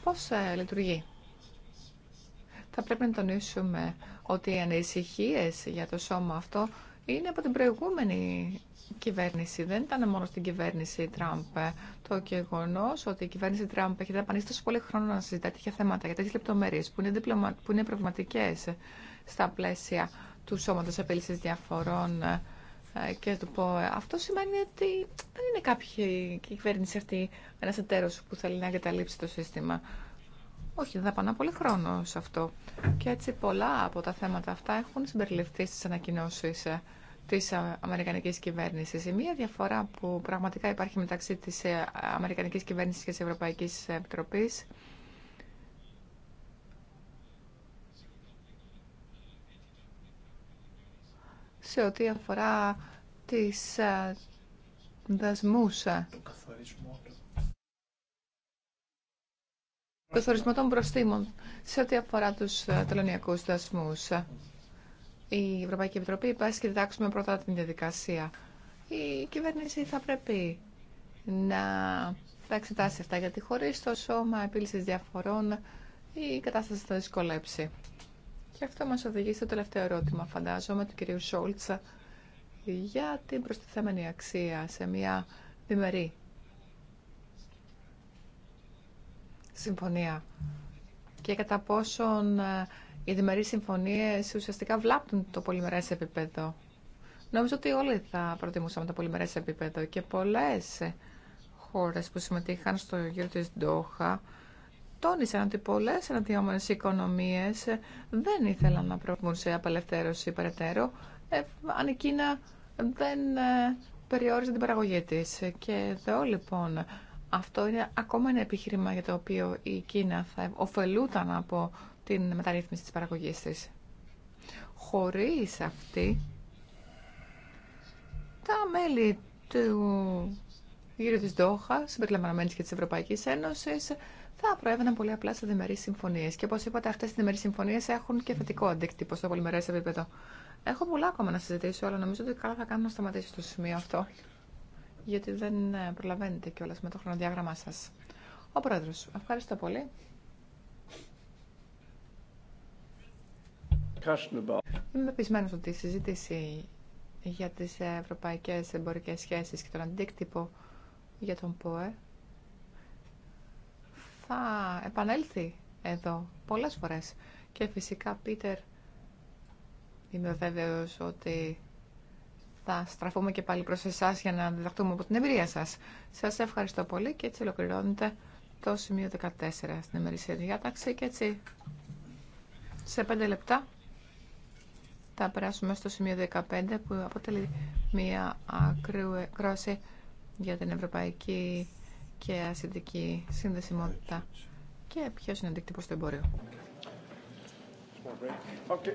πώς λειτουργεί. Θα πρέπει να τονίσουμε ότι οι ανησυχίε για το σώμα αυτό είναι από την προηγούμενη κυβέρνηση. Δεν ήταν μόνο στην κυβέρνηση Τραμπ το γεγονό ότι η κυβέρνηση Τραμπ έχει δαπανίσει τόσο πολύ χρόνο να συζητά τέτοια θέματα για τέτοιε λεπτομέρειε που είναι, διπλωμα... είναι προβληματικέ στα πλαίσια του σώματο επίλυση διαφορών ε, και του πω, αυτό σημαίνει ότι δεν είναι κάποια κυβέρνηση αυτή ένα εταίρο που θέλει να εγκαταλείψει το σύστημα. Όχι, δεν θα πολύ χρόνο σε αυτό. Και έτσι πολλά από τα θέματα αυτά έχουν συμπεριληφθεί στι ανακοινώσει Τη Αμερικανικής κυβέρνηση, Η μία διαφορά που πραγματικά υπάρχει μεταξύ της ε, Αμερικανικής κυβέρνηση και της Ευρωπαϊκής Επιτροπής σε ό,τι αφορά τις ε, δασμούς. Καθορισμό των προστήμων σε ό,τι αφορά τους ε, τελωνιακούς δασμούς η Ευρωπαϊκή Επιτροπή πάει και διδάξουμε πρώτα την διαδικασία. Η κυβέρνηση θα πρέπει να τα εξετάσει αυτά, γιατί χωρίς το σώμα επίλυσης διαφορών η κατάσταση θα δυσκολέψει. Και αυτό μας οδηγεί στο τελευταίο ερώτημα, φαντάζομαι, του κυρίου Σόλτσα για την προστιθέμενη αξία σε μια διμερή συμφωνία και κατά πόσον ε, οι διμερεί συμφωνίε ουσιαστικά βλάπτουν το πολυμερέ επίπεδο. Νομίζω ότι όλοι θα προτιμούσαμε το πολυμερέ επίπεδο και πολλέ χώρε που συμμετείχαν στο γύρο τη Ντόχα τόνισαν ότι πολλέ αναδυόμενες οικονομίε δεν ήθελαν να προβούν σε απελευθέρωση περαιτέρω ε, αν η Κίνα δεν ε, περιόριζε την παραγωγή τη. Και εδώ λοιπόν αυτό είναι ακόμα ένα επιχείρημα για το οποίο η Κίνα θα ωφελούταν από την μεταρρύθμιση της παραγωγής της. Χωρίς αυτή, τα μέλη του γύρω της Δόχα, συμπεριλαμβανομένης και της Ευρωπαϊκής Ένωσης, θα προέβαιναν πολύ απλά σε διμερείς συμφωνίες. Και όπως είπατε, αυτές οι διμερείς συμφωνίες έχουν και θετικό αντίκτυπο στο πολυμερές επίπεδο. Έχω πολλά ακόμα να συζητήσω, αλλά νομίζω ότι καλά θα κάνω να σταματήσω στο σημείο αυτό. Γιατί δεν ε, προλαβαίνετε κιόλα με το χρονοδιάγραμμά σας. Ο Πρόεδρος, ευχαριστώ πολύ. Είμαι πεισμένο ότι η συζήτηση για τι ευρωπαϊκές Εμπορικέ σχέσεις και τον αντίκτυπο για τον ΠΟΕ θα επανέλθει εδώ πολλέ φορές. Και φυσικά, Πίτερ, είμαι βέβαιο ότι θα στραφούμε και πάλι προ εσά για να διδαχτούμε από την εμπειρία σας. Σα ευχαριστώ πολύ και έτσι ολοκληρώνεται το σημείο 14 στην ημερησία διάταξη και έτσι σε πέντε λεπτά θα περάσουμε στο σημείο 15 που αποτελεί μια ακρόαση για την ευρωπαϊκή και ασυντική συνδεσιμότητα και ποιος είναι αντίκτυπος του εμπορίου. Okay.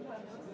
Υπότιτλοι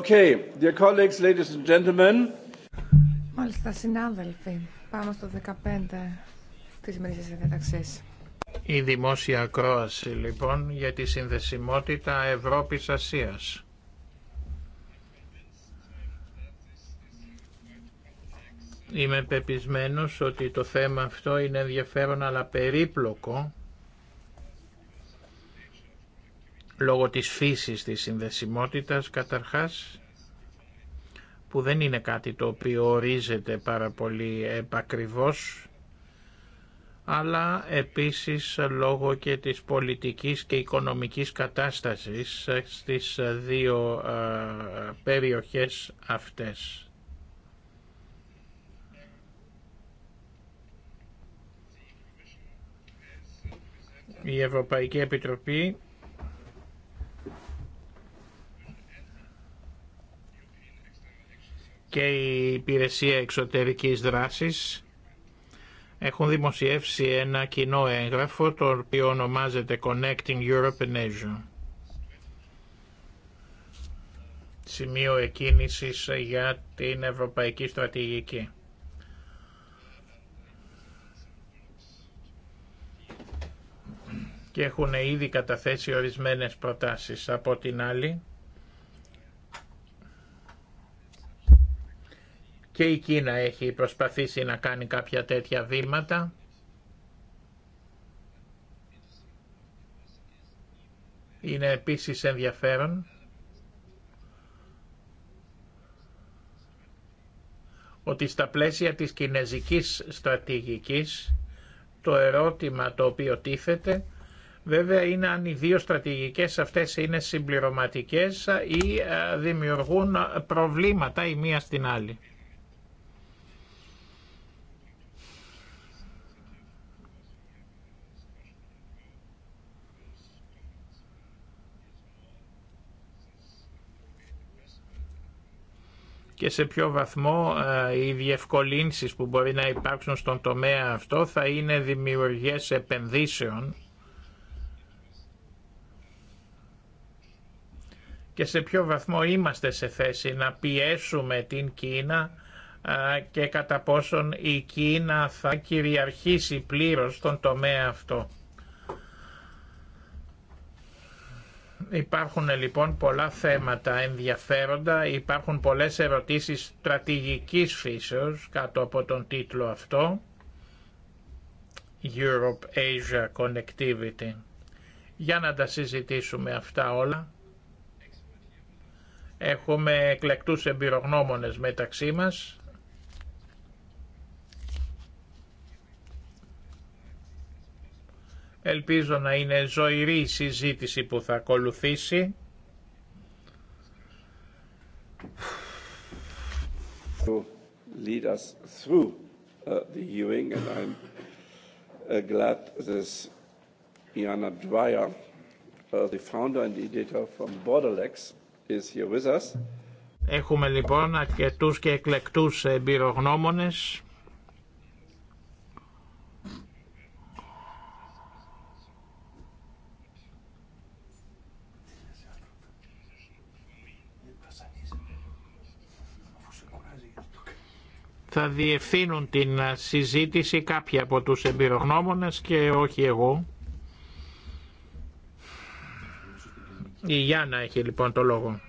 Okay, dear colleagues, ladies and gentlemen. Μάλιστα, συνάδελφοι, πάμε στο 15 της ημερήσιας διαταξής. Η δημόσια ακρόαση, λοιπόν, για τη συνδεσιμότητα Ευρώπης-Ασίας. Είμαι πεπισμένος ότι το θέμα αυτό είναι ενδιαφέρον αλλά περίπλοκο λόγω της φύσης της συνδεσιμότητας καταρχάς που δεν είναι κάτι το οποίο ορίζεται πάρα πολύ επακριβώς αλλά επίσης λόγω και της πολιτικής και οικονομικής κατάστασης στις δύο ε, περιοχές αυτές. Η Ευρωπαϊκή Επιτροπή και η Υπηρεσία Εξωτερικής Δράσης έχουν δημοσιεύσει ένα κοινό έγγραφο το οποίο ονομάζεται Connecting Europe and Asia. Σημείο εκκίνησης για την Ευρωπαϊκή Στρατηγική. Και έχουν ήδη καταθέσει ορισμένες προτάσεις. Από την άλλη, Και η Κίνα έχει προσπαθήσει να κάνει κάποια τέτοια βήματα. Είναι επίσης ενδιαφέρον ότι στα πλαίσια της κινέζικης στρατηγικής το ερώτημα το οποίο τίθεται βέβαια είναι αν οι δύο στρατηγικές αυτές είναι συμπληρωματικές ή ε, δημιουργούν προβλήματα η μία στην άλλη. και σε ποιο βαθμό ε, οι διευκολύνσεις που μπορεί να υπάρξουν στον τομέα αυτό θα είναι δημιουργίες επενδύσεων και σε ποιο βαθμό είμαστε σε θέση να πιέσουμε την Κίνα ε, και κατά πόσον η Κίνα θα κυριαρχήσει πλήρως στον τομέα αυτό. Υπάρχουν λοιπόν πολλά θέματα ενδιαφέροντα, υπάρχουν πολλές ερωτήσεις στρατηγικής φύσεως κάτω από τον τίτλο αυτό Europe-Asia Connectivity. Για να τα συζητήσουμε αυτά όλα. Έχουμε εκλεκτούς εμπειρογνώμονες μεταξύ μας Ελπίζω να είναι ζωηρή η συζήτηση που θα ακολουθήσει. Έχουμε λοιπόν αρκετούς και εκλεκτούς εμπειρογνώμονες θα διευθύνουν την συζήτηση κάποιοι από τους εμπειρογνώμονες και όχι εγώ. Η Γιάννα έχει λοιπόν το λόγο.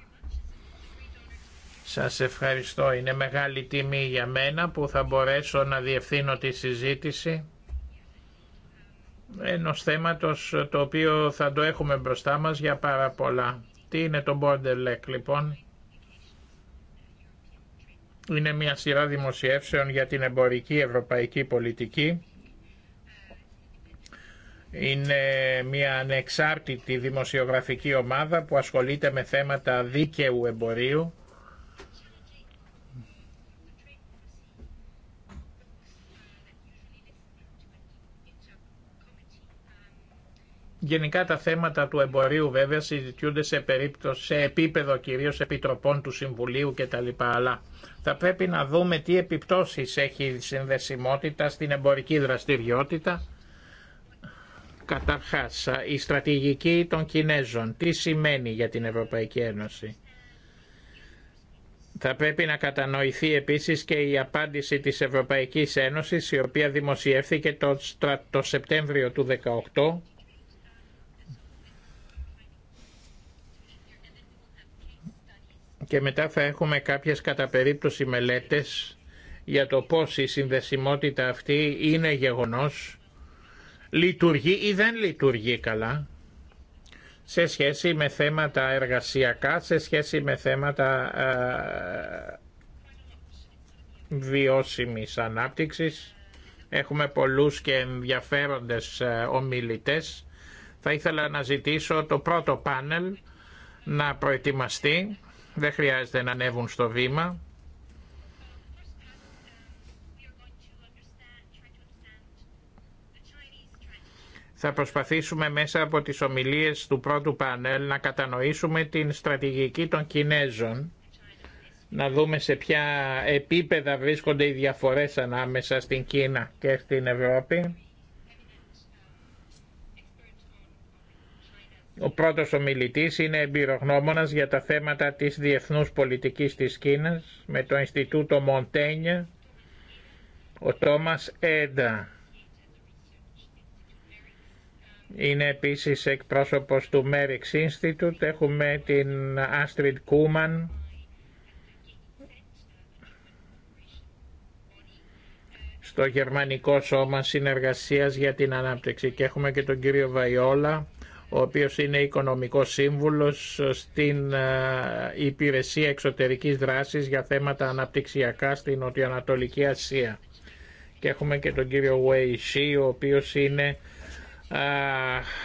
Σας ευχαριστώ. Είναι μεγάλη τιμή για μένα που θα μπορέσω να διευθύνω τη συζήτηση ενός θέματος το οποίο θα το έχουμε μπροστά μας για πάρα πολλά. Τι είναι το Borderlec λοιπόν είναι μια σειρά δημοσιεύσεων για την εμπορική ευρωπαϊκή πολιτική. Είναι μια ανεξάρτητη δημοσιογραφική ομάδα που ασχολείται με θέματα δίκαιου εμπορίου Γενικά τα θέματα του εμπορίου βέβαια συζητιούνται σε, περίπτωση, σε επίπεδο κυρίως επιτροπών του Συμβουλίου κτλ. Αλλά θα πρέπει να δούμε τι επιπτώσεις έχει η συνδεσιμότητα στην εμπορική δραστηριότητα. Καταρχάς, η στρατηγική των Κινέζων, τι σημαίνει για την Ευρωπαϊκή Ένωση. Θα πρέπει να κατανοηθεί επίσης και η απάντηση της Ευρωπαϊκής Ένωσης, η οποία δημοσιεύθηκε το, το Σεπτέμβριο του 2018 και μετά θα έχουμε κάποιες κατά περίπτωση μελέτες για το πώς η συνδεσιμότητα αυτή είναι γεγονός, λειτουργεί ή δεν λειτουργεί καλά σε σχέση με θέματα εργασιακά, σε σχέση με θέματα ε, βιώσιμης ανάπτυξης. Έχουμε πολλούς και ενδιαφέροντες ε, ομιλητές. Θα ήθελα να ζητήσω το πρώτο πάνελ να προετοιμαστεί δεν χρειάζεται να ανέβουν στο βήμα. Θα προσπαθήσουμε μέσα από τις ομιλίες του πρώτου πάνελ να κατανοήσουμε την στρατηγική των Κινέζων, να δούμε σε ποια επίπεδα βρίσκονται οι διαφορές ανάμεσα στην Κίνα και στην Ευρώπη. Ο πρώτος ομιλητής είναι εμπειρογνώμονας για τα θέματα της διεθνούς πολιτικής της Κίνας με το Ινστιτούτο Μοντένια, ο Τόμας Έντα. Είναι επίσης εκπρόσωπος του Μέριξ Institute. Έχουμε την Άστριντ Κούμαν, στο Γερμανικό Σώμα Συνεργασίας για την Ανάπτυξη και έχουμε και τον κύριο Βαϊόλα ο οποίος είναι οικονομικός σύμβουλος στην ε, Υπηρεσία Εξωτερικής Δράσης για θέματα αναπτυξιακά στην Νοτιοανατολική Ασία. Και έχουμε και τον κύριο Wei Shi, ο οποίος είναι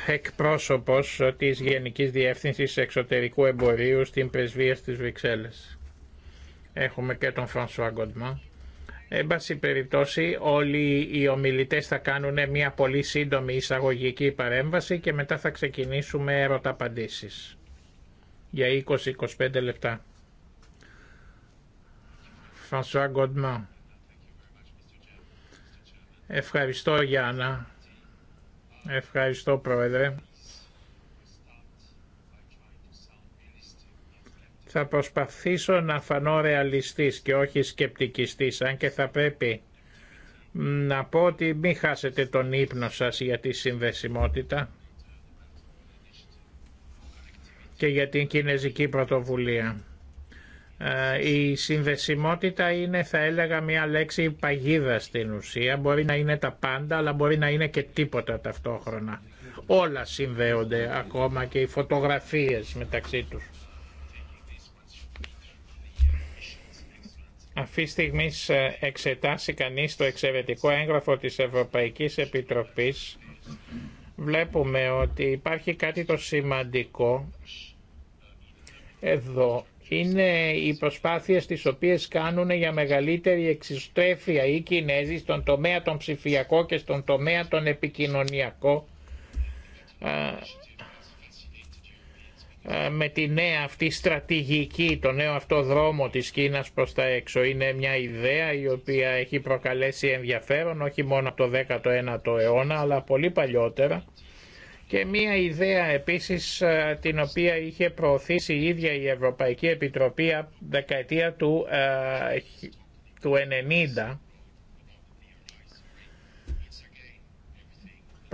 εκπρόσωπος της Γενικής Διεύθυνσης Εξωτερικού Εμπορίου στην Πρεσβεία στις Βρυξέλλες. Έχουμε και τον Φρανσουά Γκοντμαν. Εν πάση περιπτώσει όλοι οι ομιλητές θα κάνουν μια πολύ σύντομη εισαγωγική παρέμβαση και μετά θα ξεκινήσουμε ερωταπαντήσεις για 20-25 λεπτά. Φανσουά Ευχαριστώ Γιάννα. Ευχαριστώ Πρόεδρε. Θα προσπαθήσω να φανώ ρεαλιστής και όχι σκεπτικιστής, αν και θα πρέπει να πω ότι μην χάσετε τον ύπνο σας για τη συνδεσιμότητα και για την Κινέζικη Πρωτοβουλία. Ε, η συνδεσιμότητα είναι θα έλεγα μια λέξη παγίδα στην ουσία. Μπορεί να είναι τα πάντα αλλά μπορεί να είναι και τίποτα ταυτόχρονα. Όλα συνδέονται ακόμα και οι φωτογραφίες μεταξύ τους. Αυτή τη στιγμή εξετάσει κανείς το εξαιρετικό έγγραφο της Ευρωπαϊκής Επιτροπής βλέπουμε ότι υπάρχει κάτι το σημαντικό εδώ είναι οι προσπάθειες τις οποίες κάνουν για μεγαλύτερη εξιστρέφεια οι Κινέζοι στον τομέα των ψηφιακό και στον τομέα των επικοινωνιακών ε, με τη νέα αυτή στρατηγική, το νέο αυτό δρόμο της Κίνας προς τα έξω. Είναι μια ιδέα η οποία έχει προκαλέσει ενδιαφέρον όχι μόνο από το 19ο αιώνα αλλά πολύ παλιότερα και μια ιδέα επίσης ε, την οποία είχε προωθήσει η ίδια η Ευρωπαϊκή Επιτροπή δεκαετία του, ε, του 90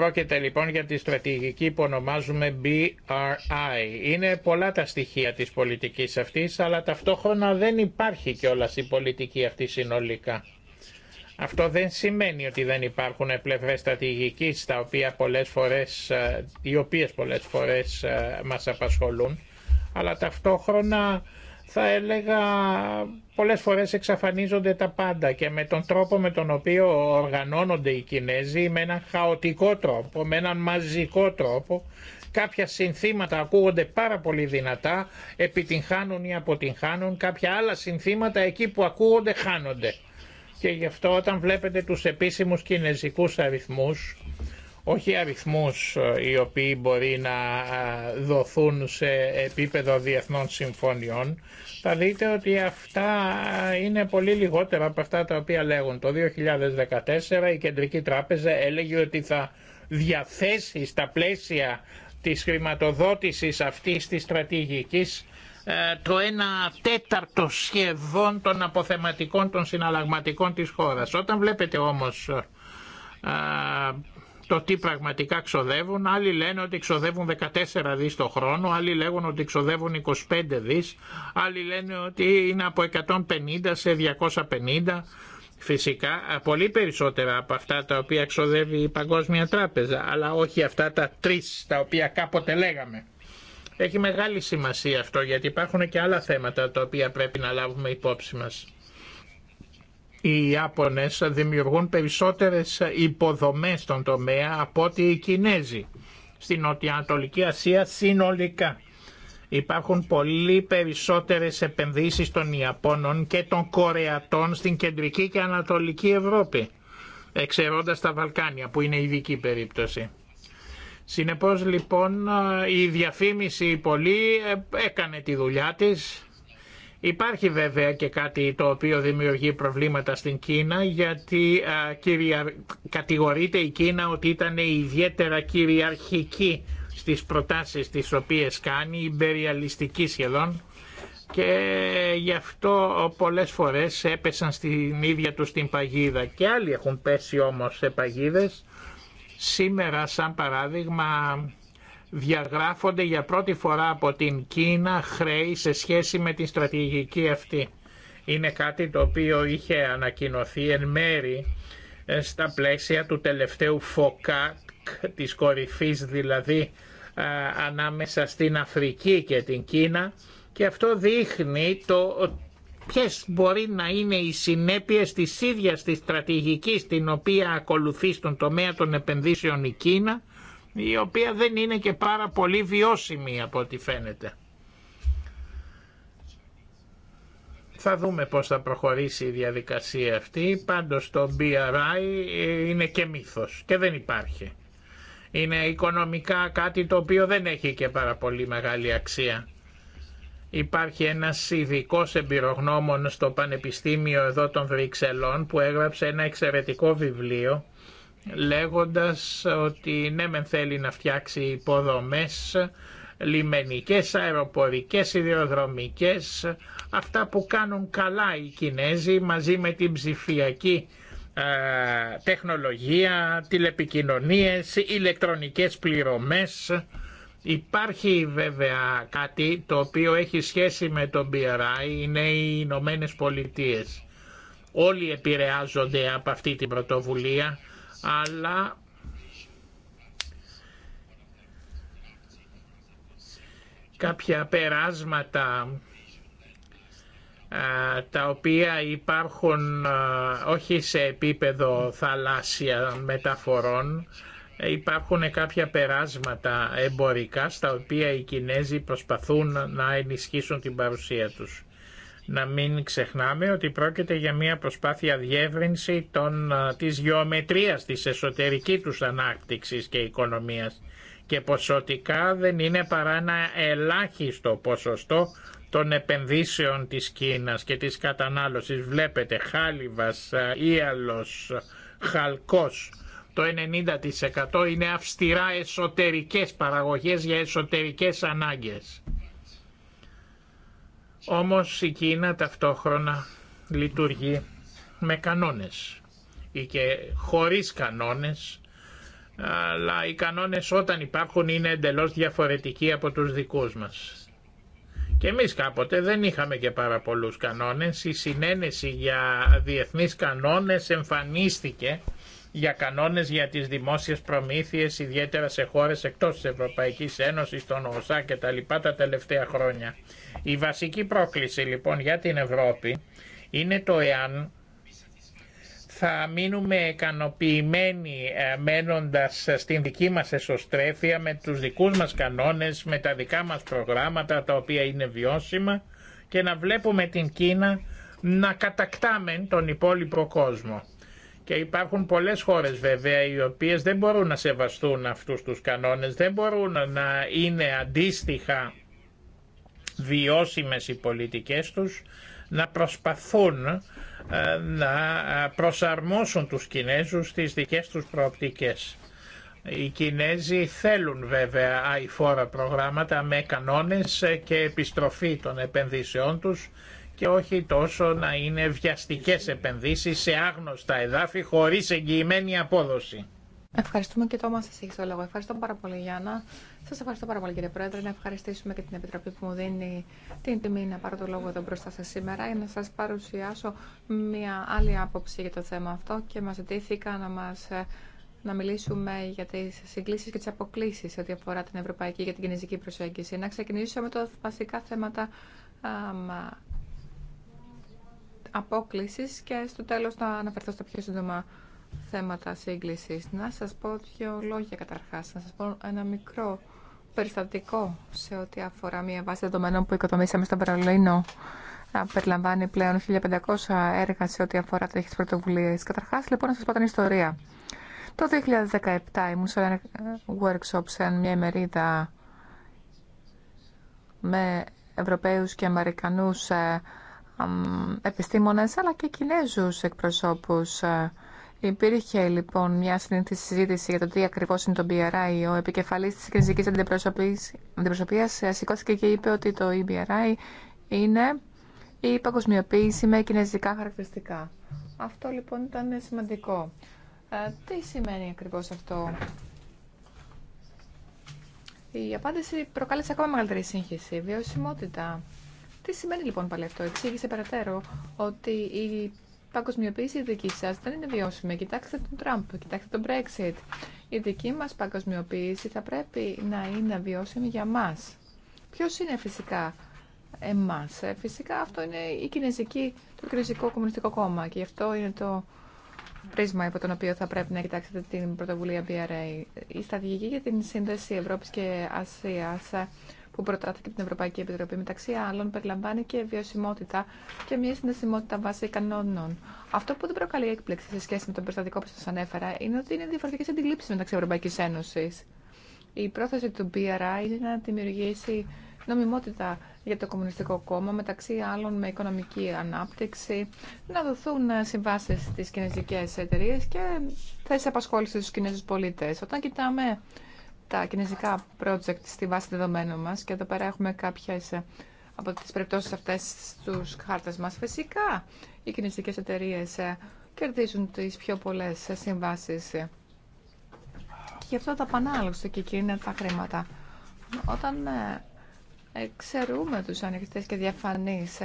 Πρόκειται λοιπόν για τη στρατηγική που ονομάζουμε BRI. Είναι πολλά τα στοιχεία της πολιτικής αυτής, αλλά ταυτόχρονα δεν υπάρχει κιόλας η πολιτική αυτή συνολικά. Αυτό δεν σημαίνει ότι δεν υπάρχουν πλευρές στρατηγικής, τα οποία πολλές φορές, ε, οι οποίες πολλές φορές ε, μας απασχολούν, αλλά ταυτόχρονα θα έλεγα πολλές φορές εξαφανίζονται τα πάντα και με τον τρόπο με τον οποίο οργανώνονται οι Κινέζοι με έναν χαοτικό τρόπο, με έναν μαζικό τρόπο κάποια συνθήματα ακούγονται πάρα πολύ δυνατά, επιτυγχάνουν ή αποτυγχάνουν, κάποια άλλα συνθήματα εκεί που ακούγονται χάνονται. Και γι' αυτό όταν βλέπετε τους επίσημους κινέζικους αριθμούς όχι αριθμούς ε, οι οποίοι μπορεί να ε, δοθούν σε επίπεδο διεθνών συμφωνιών, θα δείτε ότι αυτά ε, είναι πολύ λιγότερα από αυτά τα οποία λέγουν. Το 2014 η Κεντρική Τράπεζα έλεγε ότι θα διαθέσει στα πλαίσια της χρηματοδότησης αυτής της στρατηγικής το 1 τέταρτο σχεδόν των αποθεματικών των συναλλαγματικών της χώρας. Όταν βλέπετε όμως το τι πραγματικά ξοδεύουν. Άλλοι λένε ότι ξοδεύουν 14 δις το χρόνο, άλλοι λέγουν ότι ξοδεύουν 25 δις, άλλοι λένε ότι είναι από 150 σε 250. Φυσικά πολύ περισσότερα από αυτά τα οποία ξοδεύει η Παγκόσμια Τράπεζα, αλλά όχι αυτά τα τρεις τα οποία κάποτε λέγαμε. Έχει μεγάλη σημασία αυτό γιατί υπάρχουν και άλλα θέματα τα οποία πρέπει να λάβουμε υπόψη μας οι Ιάπωνες δημιουργούν περισσότερες υποδομές στον τομέα από ότι οι Κινέζοι στην Νοτιοανατολική Ασία συνολικά. Υπάρχουν πολύ περισσότερες επενδύσεις των Ιαπώνων και των Κορεατών στην Κεντρική και Ανατολική Ευρώπη, εξαιρώντας τα Βαλκάνια που είναι ειδική περίπτωση. Συνεπώς λοιπόν η διαφήμιση πολύ ε, έκανε τη δουλειά της, Υπάρχει βέβαια και κάτι το οποίο δημιουργεί προβλήματα στην Κίνα γιατί α, κατηγορείται η Κίνα ότι ήταν ιδιαίτερα κυριαρχική στις προτάσεις τις οποίες κάνει, υπεριαλιστική σχεδόν και γι' αυτό πολλές φορές έπεσαν στην ίδια τους την παγίδα και άλλοι έχουν πέσει όμως σε παγίδες. Σήμερα σαν παράδειγμα διαγράφονται για πρώτη φορά από την Κίνα χρέη σε σχέση με την στρατηγική αυτή. Είναι κάτι το οποίο είχε ανακοινωθεί εν μέρη ε, στα πλαίσια του τελευταίου ΦΟΚΑΚ, της κορυφής δηλαδή ανάμεσα στην Αφρική και την Κίνα και αυτό δείχνει το ποιες μπορεί να είναι οι συνέπειες της ίδιας της στρατηγικής την οποία ακολουθεί στον τομέα των επενδύσεων η Κίνα η οποία δεν είναι και πάρα πολύ βιώσιμη από ό,τι φαίνεται. Θα δούμε πώς θα προχωρήσει η διαδικασία αυτή, πάντως το BRI είναι και μύθος και δεν υπάρχει. Είναι οικονομικά κάτι το οποίο δεν έχει και πάρα πολύ μεγάλη αξία. Υπάρχει ένας ειδικό εμπειρογνώμων στο Πανεπιστήμιο εδώ των Βρυξελών που έγραψε ένα εξαιρετικό βιβλίο λέγοντας ότι ναι μεν θέλει να φτιάξει υποδομές λιμενικές, αεροπορικές, ιδεοδρομικές... αυτά που κάνουν καλά οι Κινέζοι μαζί με την ψηφιακή ε, τεχνολογία, τηλεπικοινωνίες, ηλεκτρονικές πληρωμές. Υπάρχει βέβαια κάτι το οποίο έχει σχέση με τον BRI, είναι οι Ηνωμένε Πολιτείες. Όλοι επηρεάζονται από αυτή την πρωτοβουλία αλλά κάποια περάσματα τα οποία υπάρχουν όχι σε επίπεδο θαλάσσια μεταφορών, υπάρχουν κάποια περάσματα εμπορικά στα οποία οι Κινέζοι προσπαθούν να ενισχύσουν την παρουσία τους να μην ξεχνάμε ότι πρόκειται για μια προσπάθεια διεύρυνση των, ε, της γεωμετρίας της εσωτερική τους ανάπτυξης και οικονομίας και ποσοτικά δεν είναι παρά ένα ελάχιστο ποσοστό των επενδύσεων της Κίνας και της κατανάλωσης. Βλέπετε χάλιβας, ε, ίαλος, χαλκός. Το 90% είναι αυστηρά εσωτερικές παραγωγές για εσωτερικές ανάγκες. Όμως η Κίνα ταυτόχρονα λειτουργεί με κανόνες ή και χωρίς κανόνες, αλλά οι κανόνες όταν υπάρχουν είναι εντελώς διαφορετικοί από τους δικούς μας. Και εμείς κάποτε δεν είχαμε και πάρα πολλούς κανόνες, η συνένεση για διεθνείς κανόνες εμφανίστηκε για κανόνες για τις δημόσιες προμήθειες, ιδιαίτερα σε χώρες εκτός της Ευρωπαϊκής Ένωσης, τον ΟΣΑ και τα λοιπά τα τελευταία χρόνια. Η βασική πρόκληση λοιπόν για την Ευρώπη είναι το εάν θα μείνουμε ικανοποιημένοι ε, μένοντας στην δική μας εσωστρέφεια με τους δικούς μας κανόνες, με τα δικά μας προγράμματα τα οποία είναι βιώσιμα και να βλέπουμε την Κίνα να κατακτάμε τον υπόλοιπο κόσμο. Και υπάρχουν πολλές χώρες βέβαια οι οποίες δεν μπορούν να σεβαστούν αυτούς τους κανόνες, δεν μπορούν να είναι αντίστοιχα βιώσιμες οι πολιτικές τους, να προσπαθούν ε, να προσαρμόσουν τους Κινέζους στις δικές τους προοπτικές. Οι Κινέζοι θέλουν βέβαια αηφόρα προγράμματα με κανόνες και επιστροφή των επενδύσεών τους και όχι τόσο να είναι βιαστικές επενδύσεις σε άγνωστα εδάφη χωρίς εγγυημένη απόδοση. Ευχαριστούμε και το μα σα έχει το λόγο. Ευχαριστώ πάρα πολύ, Γιάννα. Σα ευχαριστώ πάρα πολύ, κύριε Πρόεδρε. Να ευχαριστήσουμε και την Επιτροπή που μου δίνει την τιμή να πάρω το λόγο εδώ μπροστά σα σήμερα για να σα παρουσιάσω μια άλλη άποψη για το θέμα αυτό και μα ζητήθηκα να μας να μιλήσουμε για τι συγκλήσει και τι αποκλήσει ό,τι αφορά την ευρωπαϊκή και την κινέζικη προσέγγιση. Να ξεκινήσω με τα βασικά θέματα απόκλησης και στο τέλο θα αναφερθώ στα πιο σύντομα θέματα σύγκληση. Να σα πω δύο λόγια καταρχά, να σα πω ένα μικρό περιστατικό σε ό,τι αφορά μια βάση δεδομένων που οικοδομήσαμε στο Βερολίνο να περιλαμβάνει πλέον 1500 έργα σε ό,τι αφορά τέτοιε πρωτοβουλίε. Καταρχάς, λοιπόν, να σα πω την ιστορία. Το 2017 ήμουν σε ένα workshop σε μια ημερίδα με Ευρωπαίους και Αμερικανούς ε, επιστήμονες αλλά και Κινέζους εκπροσώπους. Ε, υπήρχε λοιπόν μια συνήθιση συζήτηση για το τι ακριβώ είναι το BRI. Ο επικεφαλή τη κινέζικη αντιπροσωπεία ε, σηκώθηκε και είπε ότι το EBRI είναι η παγκοσμιοποίηση με κινέζικα χαρακτηριστικά. Αυτό λοιπόν ήταν σημαντικό. Ε, τι σημαίνει ακριβώ αυτό, Η απάντηση προκάλεσε ακόμα μεγαλύτερη σύγχυση. Βιωσιμότητα. Τι σημαίνει λοιπόν πάλι αυτό, εξήγησε περαιτέρω ότι η παγκοσμιοποίηση δική σα δεν είναι βιώσιμη. Κοιτάξτε τον Τραμπ, κοιτάξτε τον Brexit. Η δική μα παγκοσμιοποίηση θα πρέπει να είναι βιώσιμη για μας. Ποιο είναι φυσικά εμά, ε, Φυσικά αυτό είναι η Κινέζικη, το Κινέζικο Κομμουνιστικό Κόμμα και γι' αυτό είναι το πρίσμα υπό τον οποίο θα πρέπει να κοιτάξετε την πρωτοβουλία BRA. Η στρατηγική για την σύνδεση Ευρώπης και Ασίας που προτάθηκε από την Ευρωπαϊκή Επιτροπή. Μεταξύ άλλων, περιλαμβάνει και βιωσιμότητα και μια συνδεσιμότητα βάσει κανόνων. Αυτό που δεν προκαλεί έκπληξη σε σχέση με τον περιστατικό που σα ανέφερα είναι ότι είναι διαφορετικέ αντιλήψει μεταξύ Ευρωπαϊκή Ένωση. Η πρόθεση του BRI είναι να δημιουργήσει νομιμότητα για το Κομμουνιστικό Κόμμα, μεταξύ άλλων με οικονομική ανάπτυξη, να δοθούν συμβάσει στι κινέζικε εταιρείε και θέσει απασχόληση στου Κινέζου πολίτε. Όταν κοιτάμε τα κινέζικα project στη βάση δεδομένων μας και εδώ πέρα έχουμε κάποιες ε, από τις περιπτώσεις αυτές στους χάρτες μας. Φυσικά, οι κινέζικες εταιρείε ε, κερδίζουν τις πιο πολλές ε, συμβάσεις και γι' αυτό τα πανάλογα και εκείνα τα χρήματα. Όταν εξαιρούμε τους ανοιχτέ και διαφανείς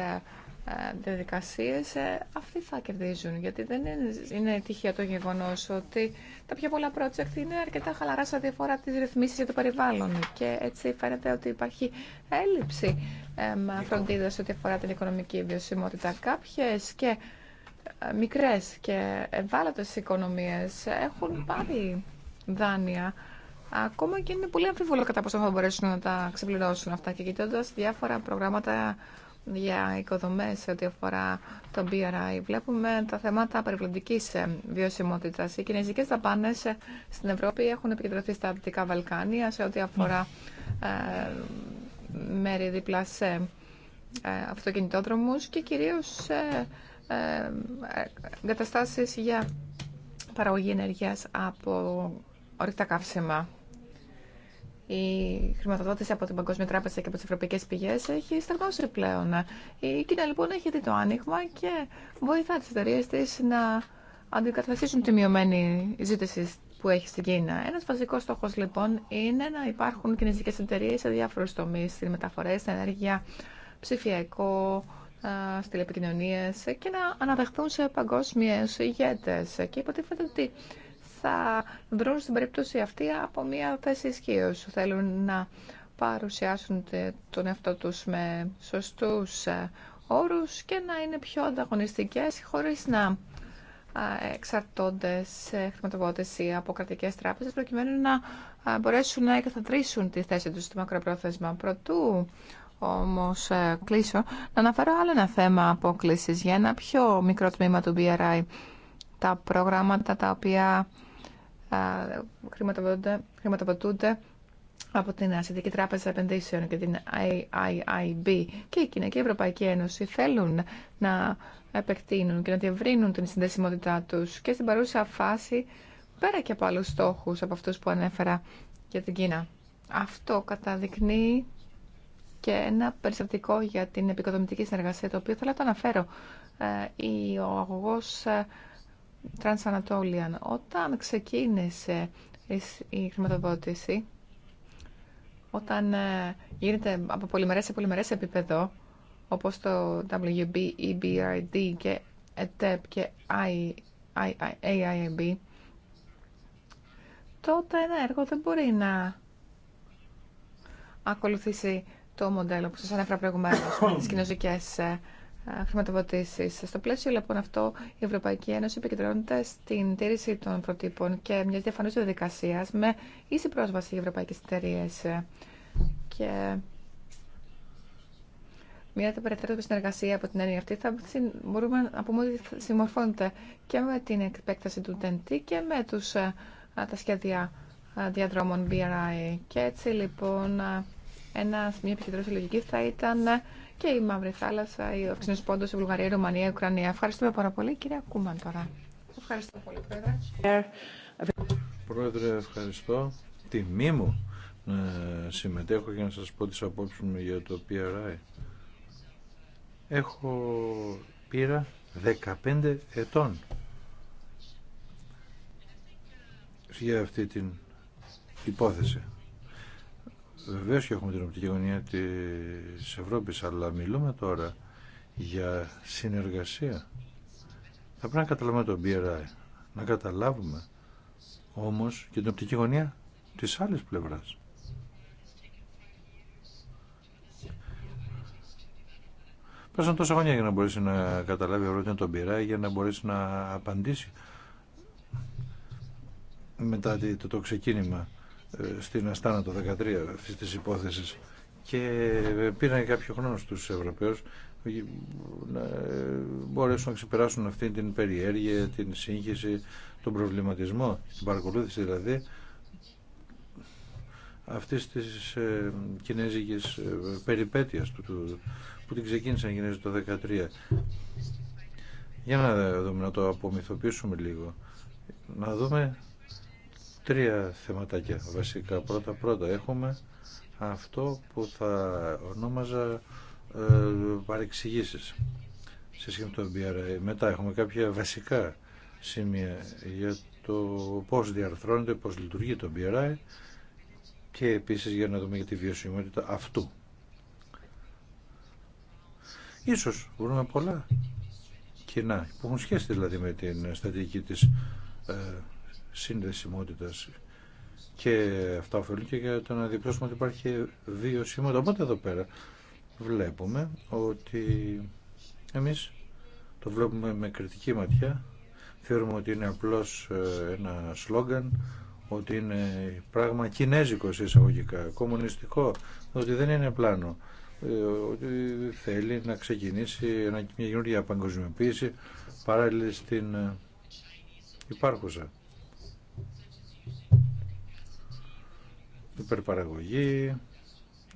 ε, διαδικασίε, ε, αυτοί θα κερδίζουν. Γιατί δεν είναι τυχαίο το γεγονό ότι τα πιο πολλά project είναι αρκετά χαλαρά σε ό,τι αφορά τι ρυθμίσει για το περιβάλλον. Και έτσι φαίνεται ότι υπάρχει έλλειψη ε, φροντίδα σε ό,τι αφορά την οικονομική βιωσιμότητα. Κάποιε και μικρέ και ευάλωτε οικονομίε έχουν πάρει δάνεια. Ακόμα και είναι πολύ αμφίβολο κατά πόσο θα μπορέσουν να τα ξεπληρώσουν αυτά. Και κοιτώντα διάφορα προγράμματα για οικοδομέ, σε ό,τι αφορά το BRI. Βλέπουμε τα θέματα περιβαλλοντική ε, βιωσιμότητα. Οι κινέζικε δαπάνε ε, στην Ευρώπη έχουν επικεντρωθεί στα Δυτικά Βαλκάνια σε ό,τι αφορά ε, μέρη δίπλα σε ε, αυτοκινητόδρομους και κυρίως σε για παραγωγή ενέργεια από ορυκτά καύσιμα η χρηματοδότηση από την Παγκόσμια Τράπεζα και από τι ευρωπαϊκέ πηγέ έχει στεγνώσει πλέον. Η Κίνα λοιπόν έχει δει το άνοιγμα και βοηθά τι εταιρείε τη να αντικαταστήσουν τη μειωμένη ζήτηση που έχει στην Κίνα. Ένα βασικό στόχο λοιπόν είναι να υπάρχουν κινέζικε εταιρείε σε διάφορου τομεί, στην μεταφορέ, στην ενέργεια, ψηφιακό, ε, στι τηλεπικοινωνίε και να αναδεχθούν σε παγκόσμιε ηγέτε. Και υποτίθεται ότι θα βρουν στην περίπτωση αυτή από μια θέση ισχύω. Θέλουν να παρουσιάσουν τον εαυτό τους με σωστούς ε, όρους και να είναι πιο ανταγωνιστικές χωρίς να εξαρτώνται σε χρηματοδότηση από κρατικέ τράπεζε, προκειμένου να μπορέσουν να εγκαθατρήσουν τη θέση του στο μακροπρόθεσμα. Προτού όμω ε, κλείσω, να αναφέρω άλλο ένα θέμα απόκληση για ένα πιο μικρό τμήμα του BRI. Τα προγράμματα τα οποία χρηματοδοτούνται, από την Ασιατική Τράπεζα Επενδύσεων και την IIIB και η Κίνα και η Ευρωπαϊκή Ένωση θέλουν να επεκτείνουν και να διευρύνουν την συνδεσιμότητά τους και στην παρούσα φάση πέρα και από άλλους στόχους από αυτούς που ανέφερα για την Κίνα. Αυτό καταδεικνύει και ένα περιστατικό για την επικοδομητική συνεργασία το οποίο θέλω να το αναφέρω. Ε, ο αγωγός ε, Trans Όταν ξεκίνησε η χρηματοδότηση, όταν ε, γίνεται από πολυμερές σε πολυμερές επίπεδο, όπως το WB, EBRD και ETEP και AIIB, τότε ένα έργο δεν μπορεί να ακολουθήσει το μοντέλο που σας ανέφερα προηγουμένως με τις χρηματοδοτήσει. Στο πλαίσιο λοιπόν αυτό, η Ευρωπαϊκή Ένωση επικεντρώνεται στην τήρηση των προτύπων και μια διαφανή διαδικασία με ίση πρόσβαση για ευρωπαϊκέ εταιρείε. Και μια περαιτέρω συνεργασία από την έννοια αυτή θα μπορούμε να πούμε ότι συμμορφώνεται και με την επέκταση του TNT και με τους, τα σχέδια διαδρόμων BRI. Και έτσι λοιπόν ένα, μια επικεντρώση λογική θα ήταν και η Μαύρη Θάλασσα, η οξύνη πόντο, η Βουλγαρία, η Ρωμανία, η Ουκρανία. Ευχαριστούμε πάρα πολύ. Κυρία Κούμαν τώρα. Ευχαριστώ πολύ, Πρόεδρε. Πρόεδρε, ευχαριστώ. Τιμή μου να συμμετέχω και να σας πω τις απόψεις μου για το PRI. Έχω πήρα 15 ετών για αυτή την υπόθεση. Βεβαίω και έχουμε την οπτική γωνία τη Ευρώπη, αλλά μιλούμε τώρα για συνεργασία. Θα πρέπει να καταλάβουμε τον BRI, να καταλάβουμε όμως και την οπτική γωνία της άλλης πλευράς. Πέρασαν τόσα χρόνια για να μπορέσει να καταλάβει η Ευρώπη τον BRI για να μπορέσει να απαντήσει μετά το ξεκίνημα στην Αστάνα το 2013 αυτή τη υπόθεση και ε, πήραν κάποιο χρόνο στους Ευρωπαίου ε, να ε, μπορέσουν να ξεπεράσουν αυτή την περιέργεια, την σύγχυση, τον προβληματισμό, την παρακολούθηση δηλαδή αυτή τη ε, κινέζικης περιπέτειας του, του, που την ξεκίνησαν οι Κινέζοι το 2013. Για να δούμε, να το απομυθοποιήσουμε λίγο. Να δούμε Τρία θεματάκια βασικά. Πρώτα πρώτα έχουμε αυτό που θα ονόμαζα ε, παρεξηγήσεις σε σχέση με το BRI. Μετά έχουμε κάποια βασικά σημεία για το πώς διαρθρώνεται, πώς λειτουργεί το BRI και επίσης για να δούμε για τη βιωσιμότητα αυτού. Ίσως βρούμε πολλά κοινά που έχουν σχέση δηλαδή με την στατική της ε, συνδεσιμότητας και αυτά ωφελούν και για το να διαπιστώσουμε ότι υπάρχει δύο σήματα. Οπότε εδώ πέρα βλέπουμε ότι εμείς το βλέπουμε με κριτική ματιά, θεωρούμε ότι είναι απλώς ε, ένα σλόγγαν, ότι είναι πράγμα κινέζικο εισαγωγικά, κομμουνιστικό, ότι δεν είναι πλάνο, ε, ότι θέλει να ξεκινήσει μια καινούργια παγκοσμιοποίηση παράλληλη στην ε, υπάρχουσα. υπερπαραγωγή,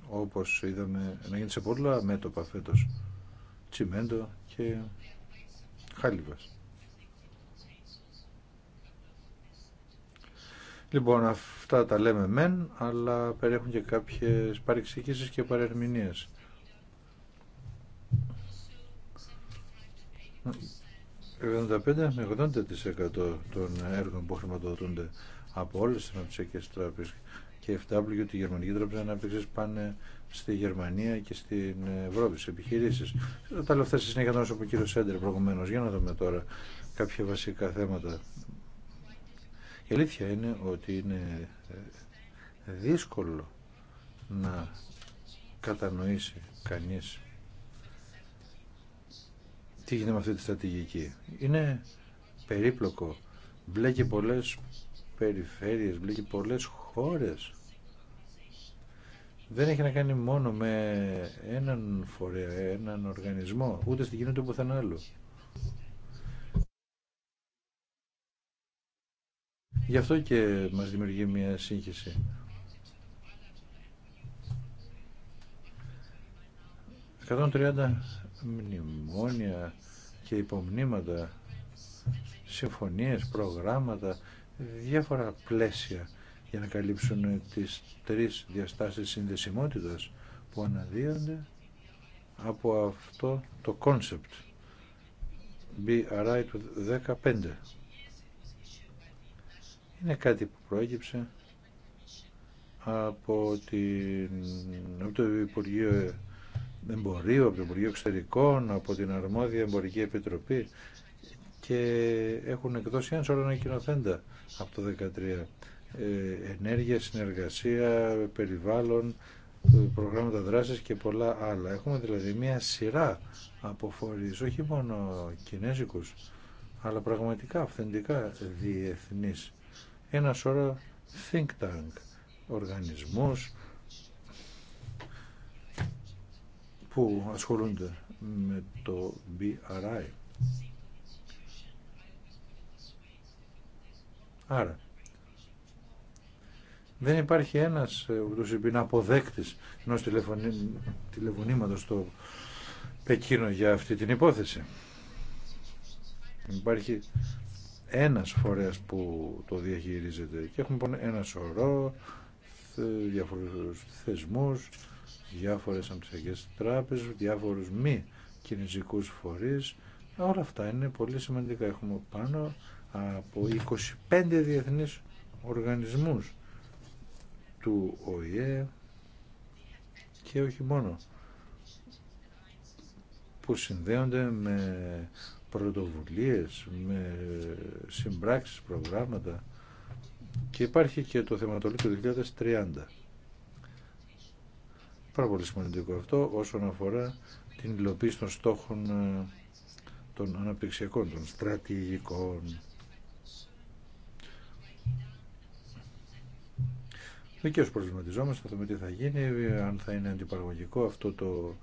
όπως είδαμε να γίνει σε πολλά μέτωπα φέτος, τσιμέντο και χάλιβας. Λοιπόν, αυτά τα λέμε μεν, αλλά περιέχουν και κάποιες παρεξηγήσεις και παρερμηνίες. Το 75 με 80% των έργων που χρηματοδοτούνται από όλες τις αναπτυξιακές τράπεζες και FW τη η Γερμανική Τράπεζα Ανάπτυξη πάνε στη Γερμανία και στην Ευρώπη, στι επιχειρήσει. Τα είναι αυτά στη συνέχεια από τον κύριο Σέντερ προηγουμένω. Για να δούμε τώρα κάποια βασικά θέματα. Η αλήθεια είναι ότι είναι ε, δύσκολο να κατανοήσει κανείς τι γίνεται με αυτή τη στρατηγική. Είναι περίπλοκο. Μπλέκει πολλές περιφέρειες, μπλέκει πολλές χώρες δεν έχει να κάνει μόνο με έναν φορέα, έναν οργανισμό, ούτε στην κοινότητα πουθενά άλλο. Γι' αυτό και μας δημιουργεί μια σύγχυση. ...130 μνημόνια και υπομνήματα, συμφωνίες, προγράμματα, διάφορα πλαίσια για να καλύψουν τις τρεις διαστάσεις συνδεσιμότητας που αναδύονται από αυτό το concept BRI του 15. Είναι κάτι που προέκυψε από, την, από το Υπουργείο Εμπορίου, από το Υπουργείο Εξωτερικών, από την Αρμόδια Εμπορική Επιτροπή και έχουν εκδώσει ένα σωρό ανακοινοθέντα από το 2013 ε, ενέργεια, συνεργασία, περιβάλλον, προγράμματα δράσης και πολλά άλλα. Έχουμε δηλαδή μια σειρά από φορείς, όχι μόνο κινέζικους, αλλά πραγματικά αυθεντικά διεθνείς. Ένα σώρο think tank, οργανισμούς που ασχολούνται με το BRI. Άρα, δεν υπάρχει ένας ε, ούτως είπε αποδέκτης ενός τηλεφωνήματος στο Πεκίνο για αυτή την υπόθεση. Υπάρχει ένας φορέας που το διαχειρίζεται και έχουμε ένα σωρό διάφορους θεσμούς, διάφορες αμψιακές τράπεζες, διάφορους μη κινηζικούς φορείς. Όλα αυτά είναι πολύ σημαντικά. Έχουμε πάνω από 25 διεθνείς οργανισμούς του ΟΗΕ και όχι μόνο που συνδέονται με πρωτοβουλίες, με συμπράξεις, προγράμματα και υπάρχει και το θεματολόγιο του 2030. Πάρα πολύ σημαντικό αυτό όσον αφορά την υλοποίηση των στόχων ε, των αναπτυξιακών, των στρατηγικών Δικαίως προβληματιζόμαστε, θα δούμε τι θα γίνει, αν θα είναι αντιπαραγωγικό αυτό το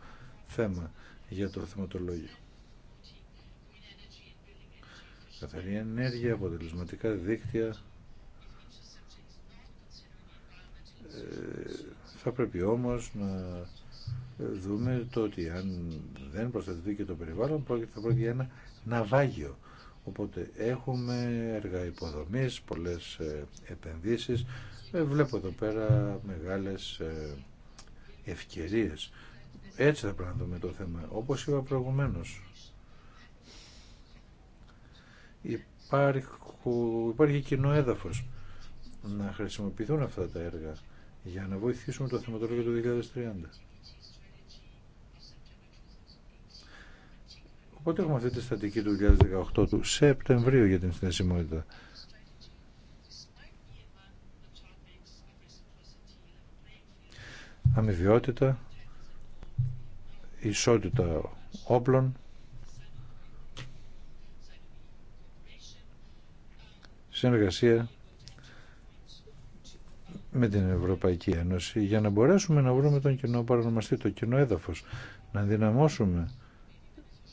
θέμα για το θεματολόγιο. Καθαρή ενέργεια, αποτελεσματικά δίκτυα. Ε, θα πρέπει όμως να δούμε το ότι αν δεν προστατευτεί και το περιβάλλον θα πρόκειται για ένα ναυάγιο. Οπότε έχουμε έργα υποδομής, πολλές ε, επενδύσεις, ε, βλέπω εδώ πέρα μεγάλες ε, ευκαιρίες. Έτσι θα πρέπει να δούμε το θέμα. Όπως είπα προηγουμένως, υπάρχει κοινό έδαφος να χρησιμοποιηθούν αυτά τα έργα για να βοηθήσουμε το θεματολόγιο του 2030. Οπότε έχουμε αυτή τη στατική του 2018 του Σεπτεμβρίου για την συνεσιμότητα. αμοιβιότητα, ισότητα όπλων, συνεργασία με την Ευρωπαϊκή Ένωση για να μπορέσουμε να βρούμε τον κοινό παρανομαστή, το κοινό έδαφος, να δυναμώσουμε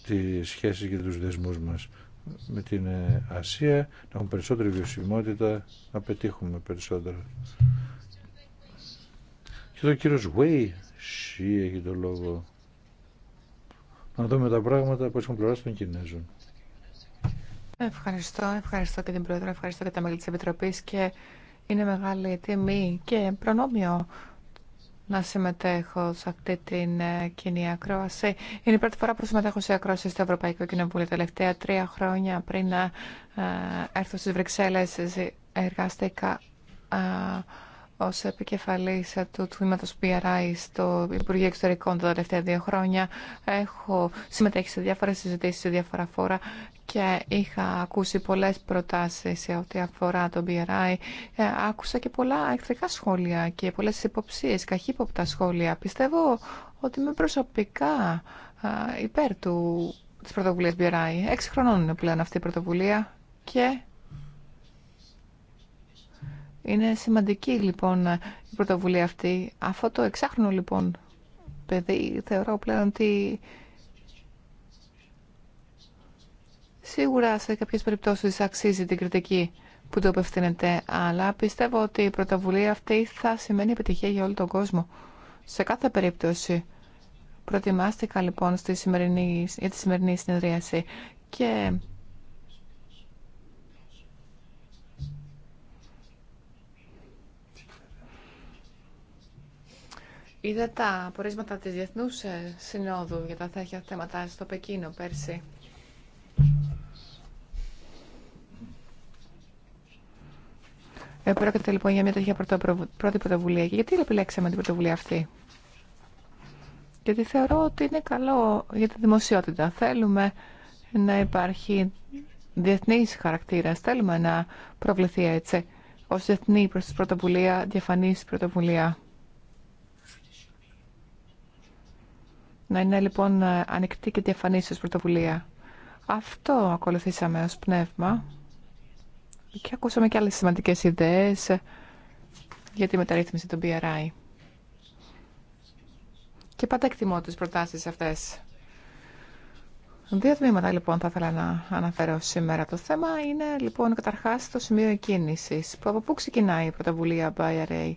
τις σχέσεις και τους δεσμούς μας με την Ασία, να έχουμε περισσότερη βιωσιμότητα, να πετύχουμε περισσότερα. Και ο έχει το λόγο. Να δούμε τα πράγματα που έχουν των Κινέζων. Ευχαριστώ, ευχαριστώ και την Πρόεδρο, ευχαριστώ και τα μέλη της Επιτροπής και είναι μεγάλη τιμή και προνόμιο να συμμετέχω σε αυτή την ε, κοινή ακρόαση. Είναι η πρώτη φορά που συμμετέχω σε ακρόαση στο Ευρωπαϊκό Κοινοβούλιο. Τελευταία τρία χρόνια πριν να ε, ε, έρθω στις Βρυξέλλες εργάστηκα Ω επικεφαλή του τμήματο PRI στο Υπουργείο Εξωτερικών τα τελευταία δύο χρόνια έχω συμμετέχει σε διάφορε συζητήσει σε διάφορα φόρα και είχα ακούσει πολλέ προτάσει σε ό,τι αφορά το BRI. Ε, άκουσα και πολλά εχθρικά σχόλια και πολλές υποψίε, καχύποπτα σχόλια. Πιστεύω ότι είμαι προσωπικά υπέρ του, της πρωτοβουλίας BRI. Έξι χρονών είναι πλέον αυτή η πρωτοβουλία και είναι σημαντική λοιπόν η πρωτοβουλία αυτή. Αυτό το εξάχρονο λοιπόν παιδί θεωρώ πλέον ότι σίγουρα σε κάποιες περιπτώσεις αξίζει την κριτική που το απευθύνεται, αλλά πιστεύω ότι η πρωτοβουλία αυτή θα σημαίνει επιτυχία για όλο τον κόσμο. Σε κάθε περίπτωση προετοιμάστηκα λοιπόν στη σημερινή, για τη σημερινή συνεδρίαση και Είδα τα απορίσματα της Διεθνούς ε, Συνόδου για τα τέτοια θέματα στο Πεκίνο πέρσι. πρόκειται λοιπόν για μια τέτοια πρώτη πρωτοβουλία. Και γιατί επιλέξαμε την πρωτοβουλία αυτή. Γιατί θεωρώ ότι είναι καλό για τη δημοσιότητα. Θέλουμε να υπάρχει διεθνής χαρακτήρας. Θέλουμε να προβληθεί έτσι ως διεθνή πρωτοβουλία, διαφανής πρωτοβουλία. Να είναι λοιπόν ανοιχτή και διαφανή ως πρωτοβουλία. Αυτό ακολουθήσαμε ως πνεύμα και ακούσαμε και άλλες σημαντικές ιδέες για τη μεταρρύθμιση των BRI. Και πάντα εκτιμώ τις προτάσεις αυτές. Δύο τμήματα λοιπόν θα ήθελα να αναφέρω σήμερα. Το θέμα είναι λοιπόν καταρχάς το σημείο εκκίνησης. από πού ξεκινάει η πρωτοβουλία BRI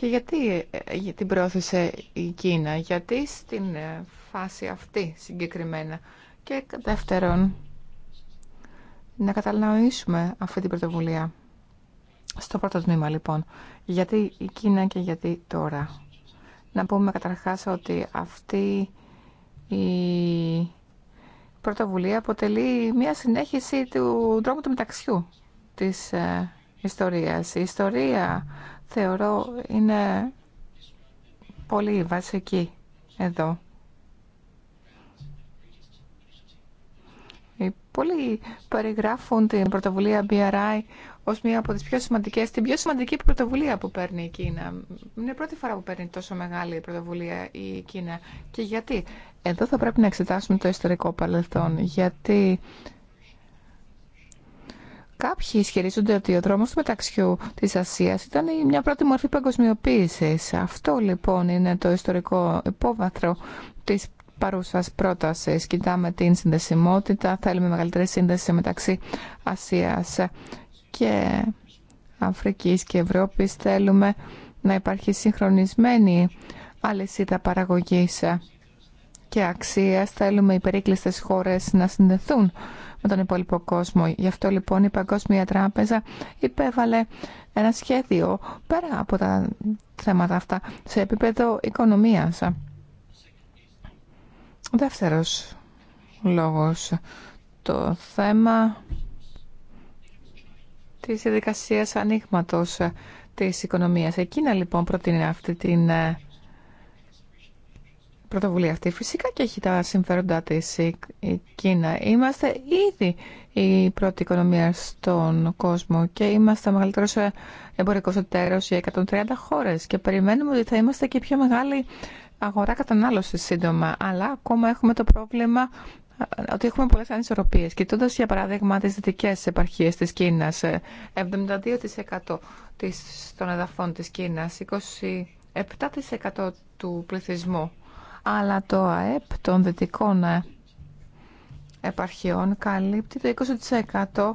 και γιατί ε, την πρόθεσε η Κίνα, γιατί στην ε, φάση αυτή συγκεκριμένα. Και δεύτερον, να κατανοήσουμε αυτή την πρωτοβουλία. Στο πρώτο τμήμα λοιπόν, γιατί η Κίνα και γιατί τώρα. Να πούμε καταρχάς ότι αυτή η πρωτοβουλία αποτελεί μια συνέχιση του δρόμου του μεταξιού της ε, ιστορίας. Η ιστορία θεωρώ είναι πολύ βασική εδώ. Πολλοί περιγράφουν την πρωτοβουλία BRI ως μία από τις πιο σημαντικές, την πιο σημαντική πρωτοβουλία που παίρνει η Κίνα. Είναι η πρώτη φορά που παίρνει τόσο μεγάλη πρωτοβουλία η Κίνα. Και γιατί. Εδώ θα πρέπει να εξετάσουμε το ιστορικό παρελθόν. Γιατί Κάποιοι ισχυρίζονται ότι ο δρόμος του μεταξιού της Ασίας ήταν μια πρώτη μορφή παγκοσμιοποίησης. Αυτό λοιπόν είναι το ιστορικό υπόβαθρο της παρούσας πρότασης. Κοιτάμε την συνδεσιμότητα, θέλουμε μεγαλύτερη σύνδεση μεταξύ Ασίας και Αφρικής και Ευρώπης. Θέλουμε να υπάρχει συγχρονισμένη αλυσίδα παραγωγής και αξίας. Θέλουμε οι περίκλειστες χώρες να συνδεθούν με τον υπόλοιπο κόσμο. Γι' αυτό λοιπόν η Παγκόσμια Τράπεζα υπέβαλε ένα σχέδιο πέρα από τα θέματα αυτά σε επίπεδο οικονομίας. Δεύτερος λόγος, το θέμα της διαδικασία ανοίγματο της οικονομίας. Εκείνα, λοιπόν προτείνει αυτή την ε, πρωτοβουλία αυτή φυσικά και έχει τα συμφέροντά τη η Κίνα. Είμαστε ήδη η πρώτη οικονομία στον κόσμο και είμαστε ο μεγαλύτερο ε, εμπορικό εταίρο για 130 χώρε και περιμένουμε ότι θα είμαστε και η πιο μεγάλη αγορά κατανάλωση σύντομα. Αλλά ακόμα έχουμε το πρόβλημα ε, ότι έχουμε πολλέ ανισορροπίε. Κοιτώντα για παράδειγμα τι δυτικέ επαρχίε τη Κίνα, 72% ε, των εδαφών τη Κίνα, 27% του πληθυσμού αλλά το ΑΕΠ των δυτικών ε, επαρχιών καλύπτει το 20%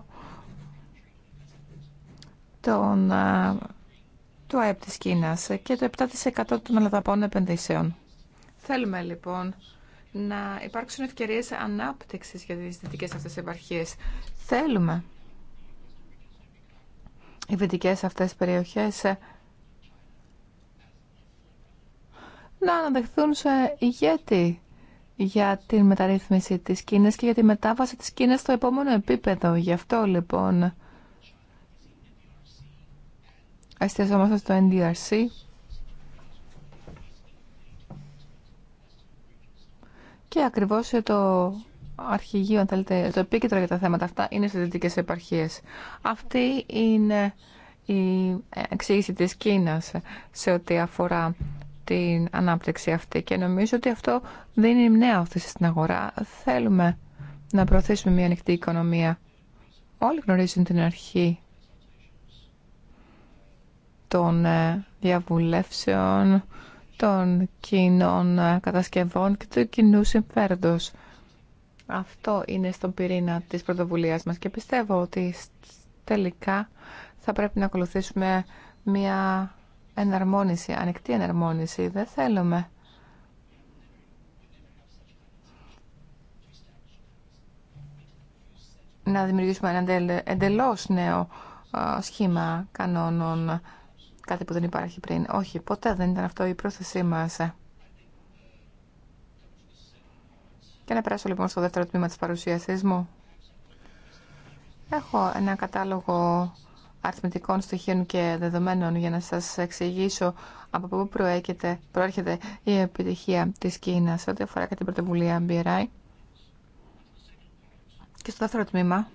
των, ε, του ΑΕΠ της Κίνας και το 7% των μελαταπών επενδύσεων. Θέλουμε λοιπόν να υπάρξουν ευκαιρίες ανάπτυξης για τις δυτικές αυτές επαρχίες. Θέλουμε οι δυτικές αυτές περιοχές να αναδεχθούν σε ηγέτη για την μεταρρύθμιση της Κίνας και για τη μετάβαση της Κίνας στο επόμενο επίπεδο. Γι' αυτό λοιπόν εστιαζόμαστε στο NDRC και ακριβώς το αρχηγείο, αν θέλετε, το επίκεντρο για τα θέματα αυτά είναι στις δυτικές επαρχίες. Αυτή είναι η εξήγηση της Κίνας σε ό,τι αφορά την ανάπτυξη αυτή και νομίζω ότι αυτό δίνει νέα όθηση στην αγορά. Θέλουμε να προωθήσουμε μια ανοιχτή οικονομία. Όλοι γνωρίζουν την αρχή των ε, διαβουλεύσεων, των κοινών ε, κατασκευών και του κοινού συμφέροντος. Αυτό είναι στον πυρήνα της πρωτοβουλίας μας και πιστεύω ότι τελικά θα πρέπει να ακολουθήσουμε μια εναρμόνιση, ανοιχτή εναρμόνιση. Δεν θέλουμε να δημιουργήσουμε ένα εντελώς νέο σχήμα κανόνων, κάτι που δεν υπάρχει πριν. Όχι, ποτέ δεν ήταν αυτό η πρόθεσή μας. Και να περάσω λοιπόν στο δεύτερο τμήμα της παρουσίασής μου. Έχω ένα κατάλογο αριθμητικών στοιχείων και δεδομένων για να σας εξηγήσω από πού προέρχεται, προέρχεται η επιτυχία της Κίνας ό,τι αφορά και την πρωτοβουλία BRI. Και στο δεύτερο τμήμα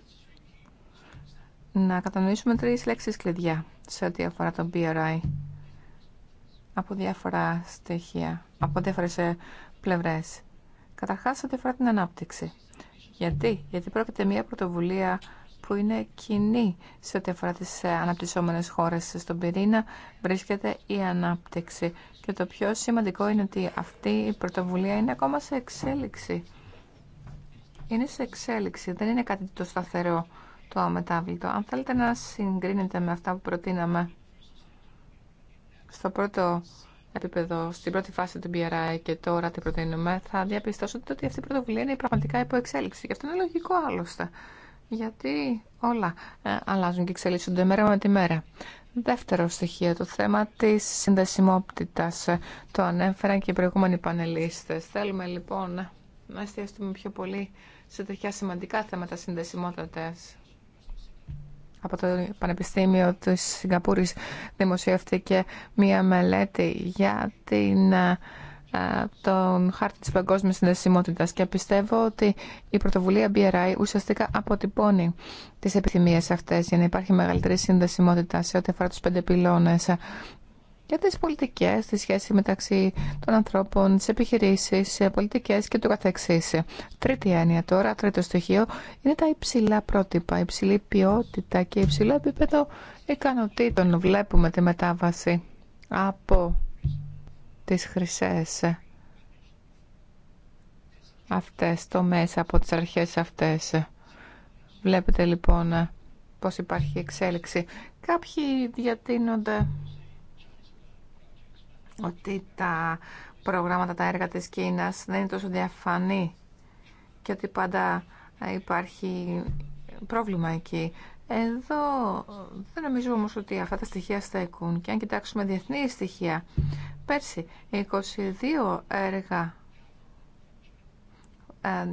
να κατανοήσουμε τρεις λέξεις κλειδιά σε ό,τι αφορά τον BRI από διάφορα στοιχεία, από διάφορες ε, πλευρές. Καταρχάς, ό,τι αφορά την ανάπτυξη. Γιατί, Γιατί πρόκειται μια πρωτοβουλία που είναι κοινή σε ό,τι αφορά τις ε, αναπτυσσόμενες χώρες στον πυρήνα βρίσκεται η ανάπτυξη. Και το πιο σημαντικό είναι ότι αυτή η πρωτοβουλία είναι ακόμα σε εξέλιξη. Είναι σε εξέλιξη, δεν είναι κάτι το σταθερό, το αμετάβλητο. Αν θέλετε να συγκρίνετε με αυτά που προτείναμε στο πρώτο επίπεδο, στην πρώτη φάση του BRI και τώρα τι προτείνουμε, θα διαπιστώσετε ότι αυτή η πρωτοβουλία είναι πραγματικά υπό εξέλιξη. Και αυτό είναι λογικό άλλωστε γιατί όλα ε, αλλάζουν και εξελίσσονται μέρα με τη μέρα. Δεύτερο στοιχείο, το θέμα της συνδεσιμότητας. Ε, το ανέφεραν και οι προηγούμενοι πανελίστες. Θέλουμε λοιπόν να εστιαστούμε πιο πολύ σε τέτοια σημαντικά θέματα συνδεσιμότητας. Από το Πανεπιστήμιο της Σιγκαπούρης δημοσιεύτηκε μία μελέτη για την ε, ε, τον χάρτη της παγκόσμιας συνδεσιμότητας και πιστεύω ότι η πρωτοβουλία BRI ουσιαστικά αποτυπώνει τις επιθυμίες αυτές για να υπάρχει μεγαλύτερη συνδεσιμότητα σε ό,τι αφορά τους πέντε πυλώνες για τις πολιτικές, τη σχέση μεταξύ των ανθρώπων, τις επιχειρήσεις, πολιτικές και του καθεξής. Τρίτη έννοια τώρα, τρίτο στοιχείο, είναι τα υψηλά πρότυπα, υψηλή ποιότητα και υψηλό επίπεδο ικανοτήτων. Βλέπουμε τη μετάβαση από τις χρυσές ε, αυτές το μέσα από τις αρχές αυτές. Βλέπετε λοιπόν ε, πως υπάρχει εξέλιξη. Κάποιοι διατείνονται ότι τα προγράμματα, τα έργα της Κίνας δεν είναι τόσο διαφανή και ότι πάντα υπάρχει πρόβλημα εκεί. Εδώ δεν νομίζω όμως ότι αυτά τα στοιχεία στέκουν. Και αν κοιτάξουμε διεθνή στοιχεία, πέρσι 22 έργα ε,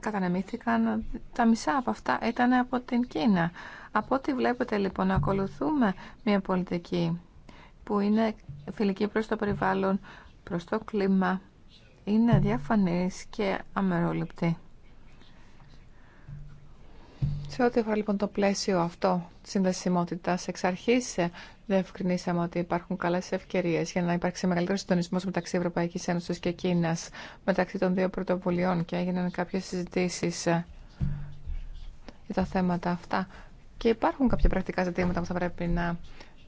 κατανεμήθηκαν, τα μισά από αυτά ήταν από την Κίνα. Από ό,τι βλέπετε λοιπόν, ακολουθούμε μια πολιτική που είναι φιλική προς το περιβάλλον, προς το κλίμα, είναι διαφανής και αμερόληπτη. Σε ό,τι αφορά λοιπόν το πλαίσιο αυτό τη συνδεσιμότητα, εξ αρχή ε, διευκρινίσαμε ότι υπάρχουν καλέ ευκαιρίε για να υπάρξει μεγαλύτερο συντονισμό μεταξύ Ευρωπαϊκή Ένωση και Κίνα μεταξύ των δύο πρωτοβουλειών και έγιναν κάποιε συζητήσει ε, για τα θέματα αυτά. Και υπάρχουν κάποια πρακτικά ζητήματα που θα πρέπει να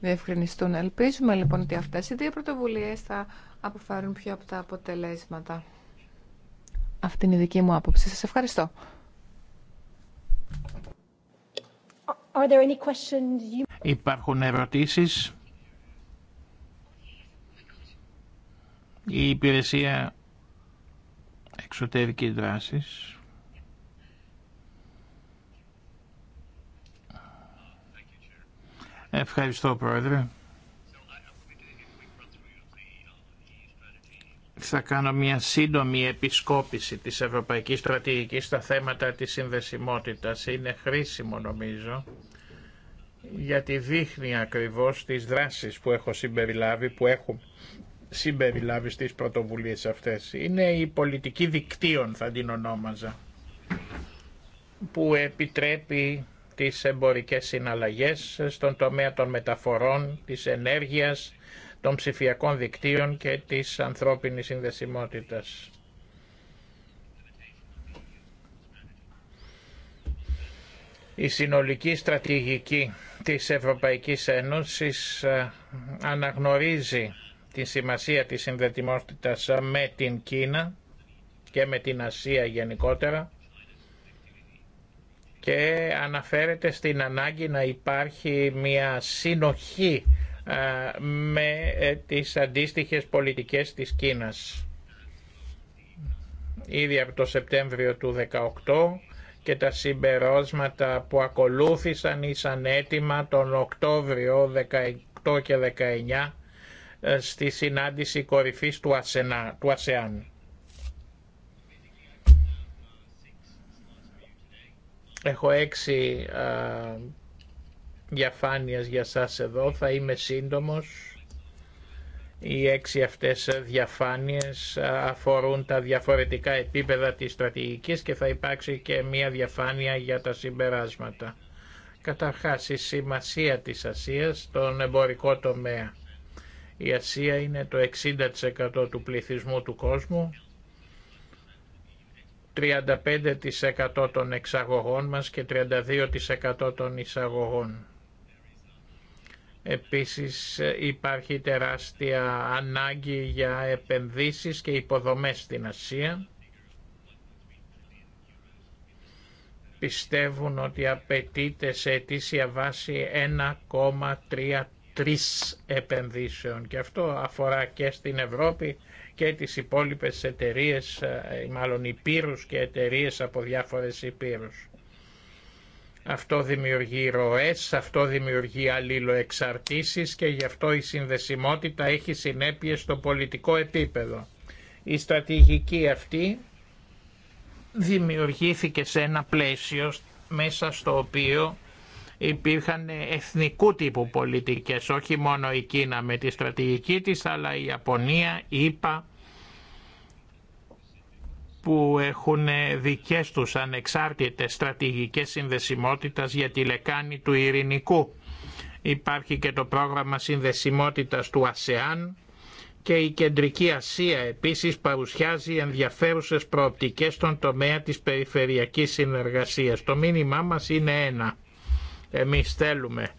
διευκρινιστούν. Ελπίζουμε λοιπόν ότι αυτέ οι δύο πρωτοβουλίε θα αποφέρουν πιο από τα αποτελέσματα. Αυτή είναι η δική μου άποψη. Σα ευχαριστώ. Υπάρχουν ερωτήσεις. Η υπηρεσία εξωτερική δράση. Ευχαριστώ, Πρόεδρε. θα κάνω μια σύντομη επισκόπηση της Ευρωπαϊκής Στρατηγικής στα θέματα της συνδεσιμότητας. Είναι χρήσιμο νομίζω γιατί δείχνει ακριβώς τις δράσεις που έχω συμπεριλάβει, που έχω συμπεριλάβει στις πρωτοβουλίες αυτές. Είναι η πολιτική δικτύων θα την ονόμαζα, που επιτρέπει τις εμπορικές συναλλαγές στον τομέα των μεταφορών, της ενέργειας, των ψηφιακών δικτύων και της ανθρώπινης συνδεσιμότητας. Η συνολική στρατηγική της Ευρωπαϊκής Ένωσης ε, αναγνωρίζει τη σημασία της συνδετιμότητας με την Κίνα και με την Ασία γενικότερα και αναφέρεται στην ανάγκη να υπάρχει μια συνοχή ε, με ε, τις αντίστοιχες πολιτικές της Κίνας. Ήδη από το Σεπτέμβριο του 2018 και τα συμπερόσματα που ακολούθησαν ήσαν έτοιμα τον Οκτώβριο 18 και 19 ε, στη συνάντηση κορυφής του, Ασενά, του ΑΣΕΑΝ. Έχω έξι διαφάνειας για σας εδώ, θα είμαι σύντομος. Οι έξι αυτές διαφάνειες αφορούν τα διαφορετικά επίπεδα της στρατηγικής και θα υπάρξει και μία διαφάνεια για τα συμπεράσματα. Καταρχάς η σημασία της Ασίας στον εμπορικό τομέα. Η Ασία είναι το 60% του πληθυσμού του κόσμου, 35% των εξαγωγών μας και 32% των εισαγωγών. Επίσης υπάρχει τεράστια ανάγκη για επενδύσεις και υποδομές στην Ασία. Πιστεύουν ότι απαιτείται σε αιτήσια βάση 1,33 επενδύσεων και αυτό αφορά και στην Ευρώπη και τις υπόλοιπες εταιρείες, ε, μάλλον υπήρους και εταιρείες από διάφορες υπήρους. Αυτό δημιουργεί ροές, αυτό δημιουργεί αλληλοεξαρτήσεις και γι' αυτό η συνδεσιμότητα έχει συνέπειες στο πολιτικό επίπεδο. Η στρατηγική αυτή δημιουργήθηκε σε ένα πλαίσιο μέσα στο οποίο υπήρχαν εθνικού τύπου πολιτικές, όχι μόνο η Κίνα με τη στρατηγική της, αλλά η Ιαπωνία, η ΙΠΑ, που έχουν δικές τους ανεξάρτητες στρατηγικές συνδεσιμότητας για τη λεκάνη του Ειρηνικού. Υπάρχει και το πρόγραμμα συνδεσιμότητας του ΑΣΕΑΝ και η Κεντρική Ασία επίσης παρουσιάζει ενδιαφέρουσες προοπτικές στον τομέα της περιφερειακής συνεργασίας. Το μήνυμά μας είναι ένα. Εμείς θέλουμε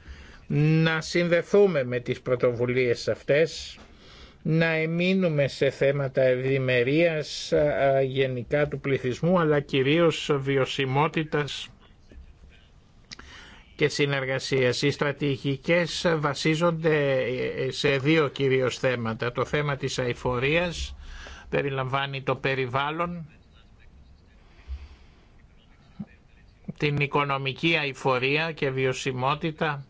να συνδεθούμε με τις πρωτοβουλίες αυτές να εμείνουμε σε θέματα ευημερίας γενικά του πληθυσμού αλλά κυρίως βιωσιμότητας και συνεργασίας. Οι στρατηγικές βασίζονται ε, σε δύο κυρίως θέματα. Το θέμα της αηφορίας περιλαμβάνει το περιβάλλον, την οικονομική αηφορία και βιωσιμότητα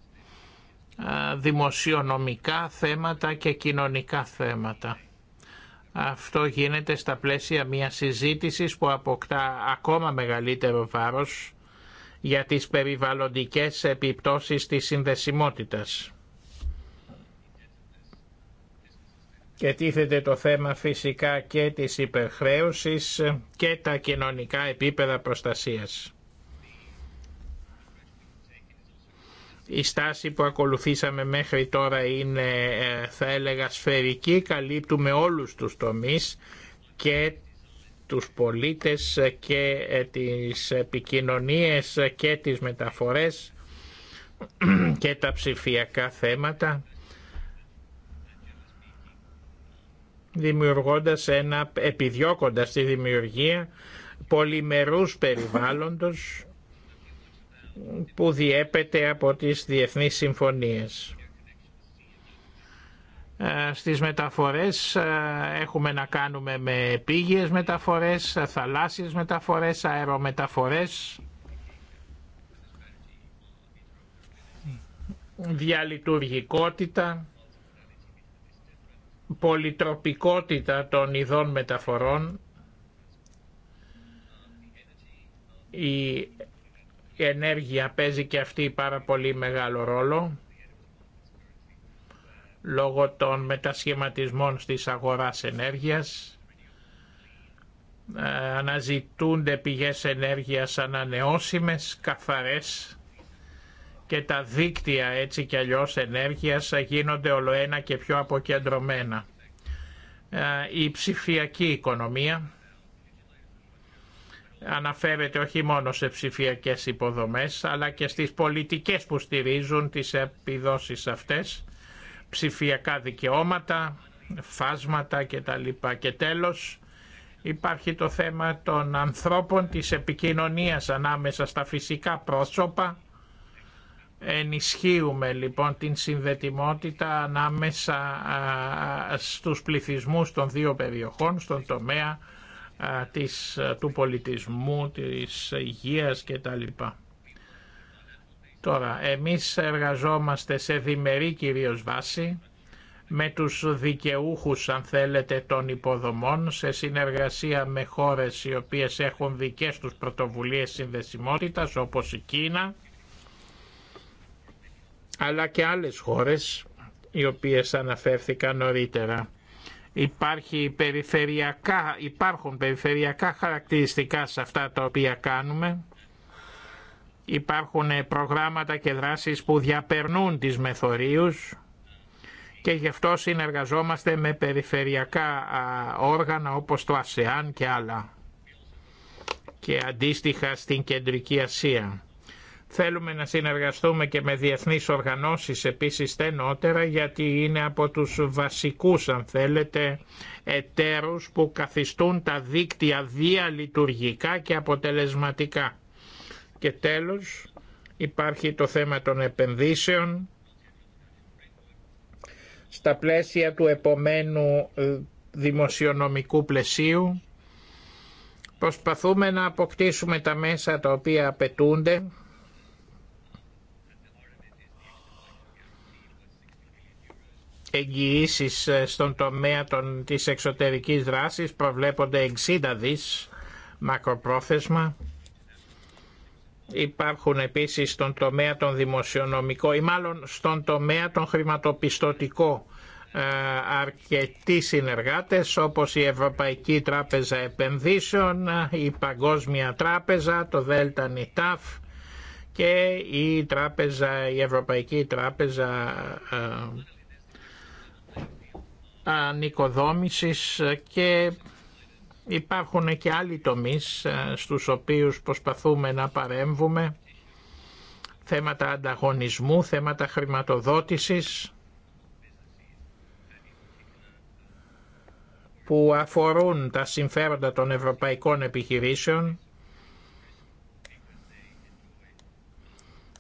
δημοσιονομικά θέματα και κοινωνικά θέματα. Αυτό γίνεται στα πλαίσια μιας συζήτησης που αποκτά ακόμα μεγαλύτερο βάρος για τις περιβαλλοντικές επιπτώσεις της συνδεσιμότητας. Και τίθεται το θέμα φυσικά και της υπερχρέωσης και τα κοινωνικά επίπεδα προστασίας. Η στάση που ακολουθήσαμε μέχρι τώρα είναι ε, θα έλεγα σφαιρική, καλύπτουμε όλους τους τομείς και τους πολίτες και ε, τις επικοινωνίες και τις μεταφορές και τα ψηφιακά θέματα δημιουργώντας ένα, επιδιώκοντας τη δημιουργία πολυμερούς περιβάλλοντος που διέπεται από τις διεθνείς συμφωνίες. Ε, στις μεταφορές ε, έχουμε να κάνουμε με επίγειες μεταφορές, θαλάσσιες μεταφορές, αερομεταφορές. διαλειτουργικότητα, πολυτροπικότητα των ειδών μεταφορών, η η ενέργεια παίζει και αυτή πάρα πολύ μεγάλο ρόλο λόγω των μετασχηματισμών στις αγοράς ενέργειας. Ε, αναζητούνται πηγές ενέργειας ανανεώσιμες, καθαρές και τα δίκτυα έτσι κι αλλιώς ενέργειας γίνονται ολοένα και πιο αποκεντρωμένα. Ε, η ψηφιακή οικονομία αναφέρεται όχι μόνο σε ψηφιακές υποδομές αλλά και στις πολιτικές που στηρίζουν τις επιδόσεις αυτές, ψηφιακά δικαιώματα, φάσματα κτλ. Και τέλος υπάρχει το θέμα των ανθρώπων, της επικοινωνίας ανάμεσα στα φυσικά πρόσωπα. Ενισχύουμε λοιπόν την συνδετιμότητα ανάμεσα στους πληθυσμούς των δύο περιοχών, στον τομέα της, του πολιτισμού, της υγείας κτλ. Τώρα, εμείς εργαζόμαστε σε διμερή κυρίως βάση με τους δικαιούχους, αν θέλετε, των υποδομών σε συνεργασία με χώρες οι οποίες έχουν δικές τους πρωτοβουλίες συνδεσιμότητας όπως η Κίνα αλλά και άλλες χώρες οι οποίες αναφέρθηκαν νωρίτερα. Υπάρχει περιφερειακά, υπάρχουν περιφερειακά χαρακτηριστικά σε αυτά τα οποία κάνουμε. Υπάρχουν προγράμματα και δράσεις που διαπερνούν τις μεθορίους και γι' αυτό συνεργαζόμαστε με περιφερειακά όργανα όπως το ΑΣΕΑΝ και άλλα και αντίστοιχα στην Κεντρική Ασία. Θέλουμε να συνεργαστούμε και με διεθνείς οργανώσεις επίσης στενότερα γιατί είναι από τους βασικούς αν θέλετε εταίρους που καθιστούν τα δίκτυα διαλειτουργικά και αποτελεσματικά. Και τέλος υπάρχει το θέμα των επενδύσεων στα πλαίσια του επομένου ε, δημοσιονομικού πλαισίου. Προσπαθούμε να αποκτήσουμε τα μέσα τα οποία απαιτούνται εγγυήσεις ε, στον τομέα των, της εξωτερικής δράσης προβλέπονται 60 δις μακροπρόθεσμα. Υπάρχουν επίσης στον τομέα των δημοσιονομικών ή μάλλον στον τομέα των χρηματοπιστωτικό ε, αρκετοί συνεργάτες όπως η Ευρωπαϊκή Τράπεζα Επενδύσεων, η Παγκόσμια Τράπεζα, το Δέλτα Νιτάφ και η, τράπεζα, η Ευρωπαϊκή Τράπεζα ε, ανοικοδόμησης και υπάρχουν και άλλοι τομείς ε, στους οποίους προσπαθούμε να παρέμβουμε θέματα ανταγωνισμού, θέματα χρηματοδότησης που αφορούν τα συμφέροντα των ευρωπαϊκών επιχειρήσεων.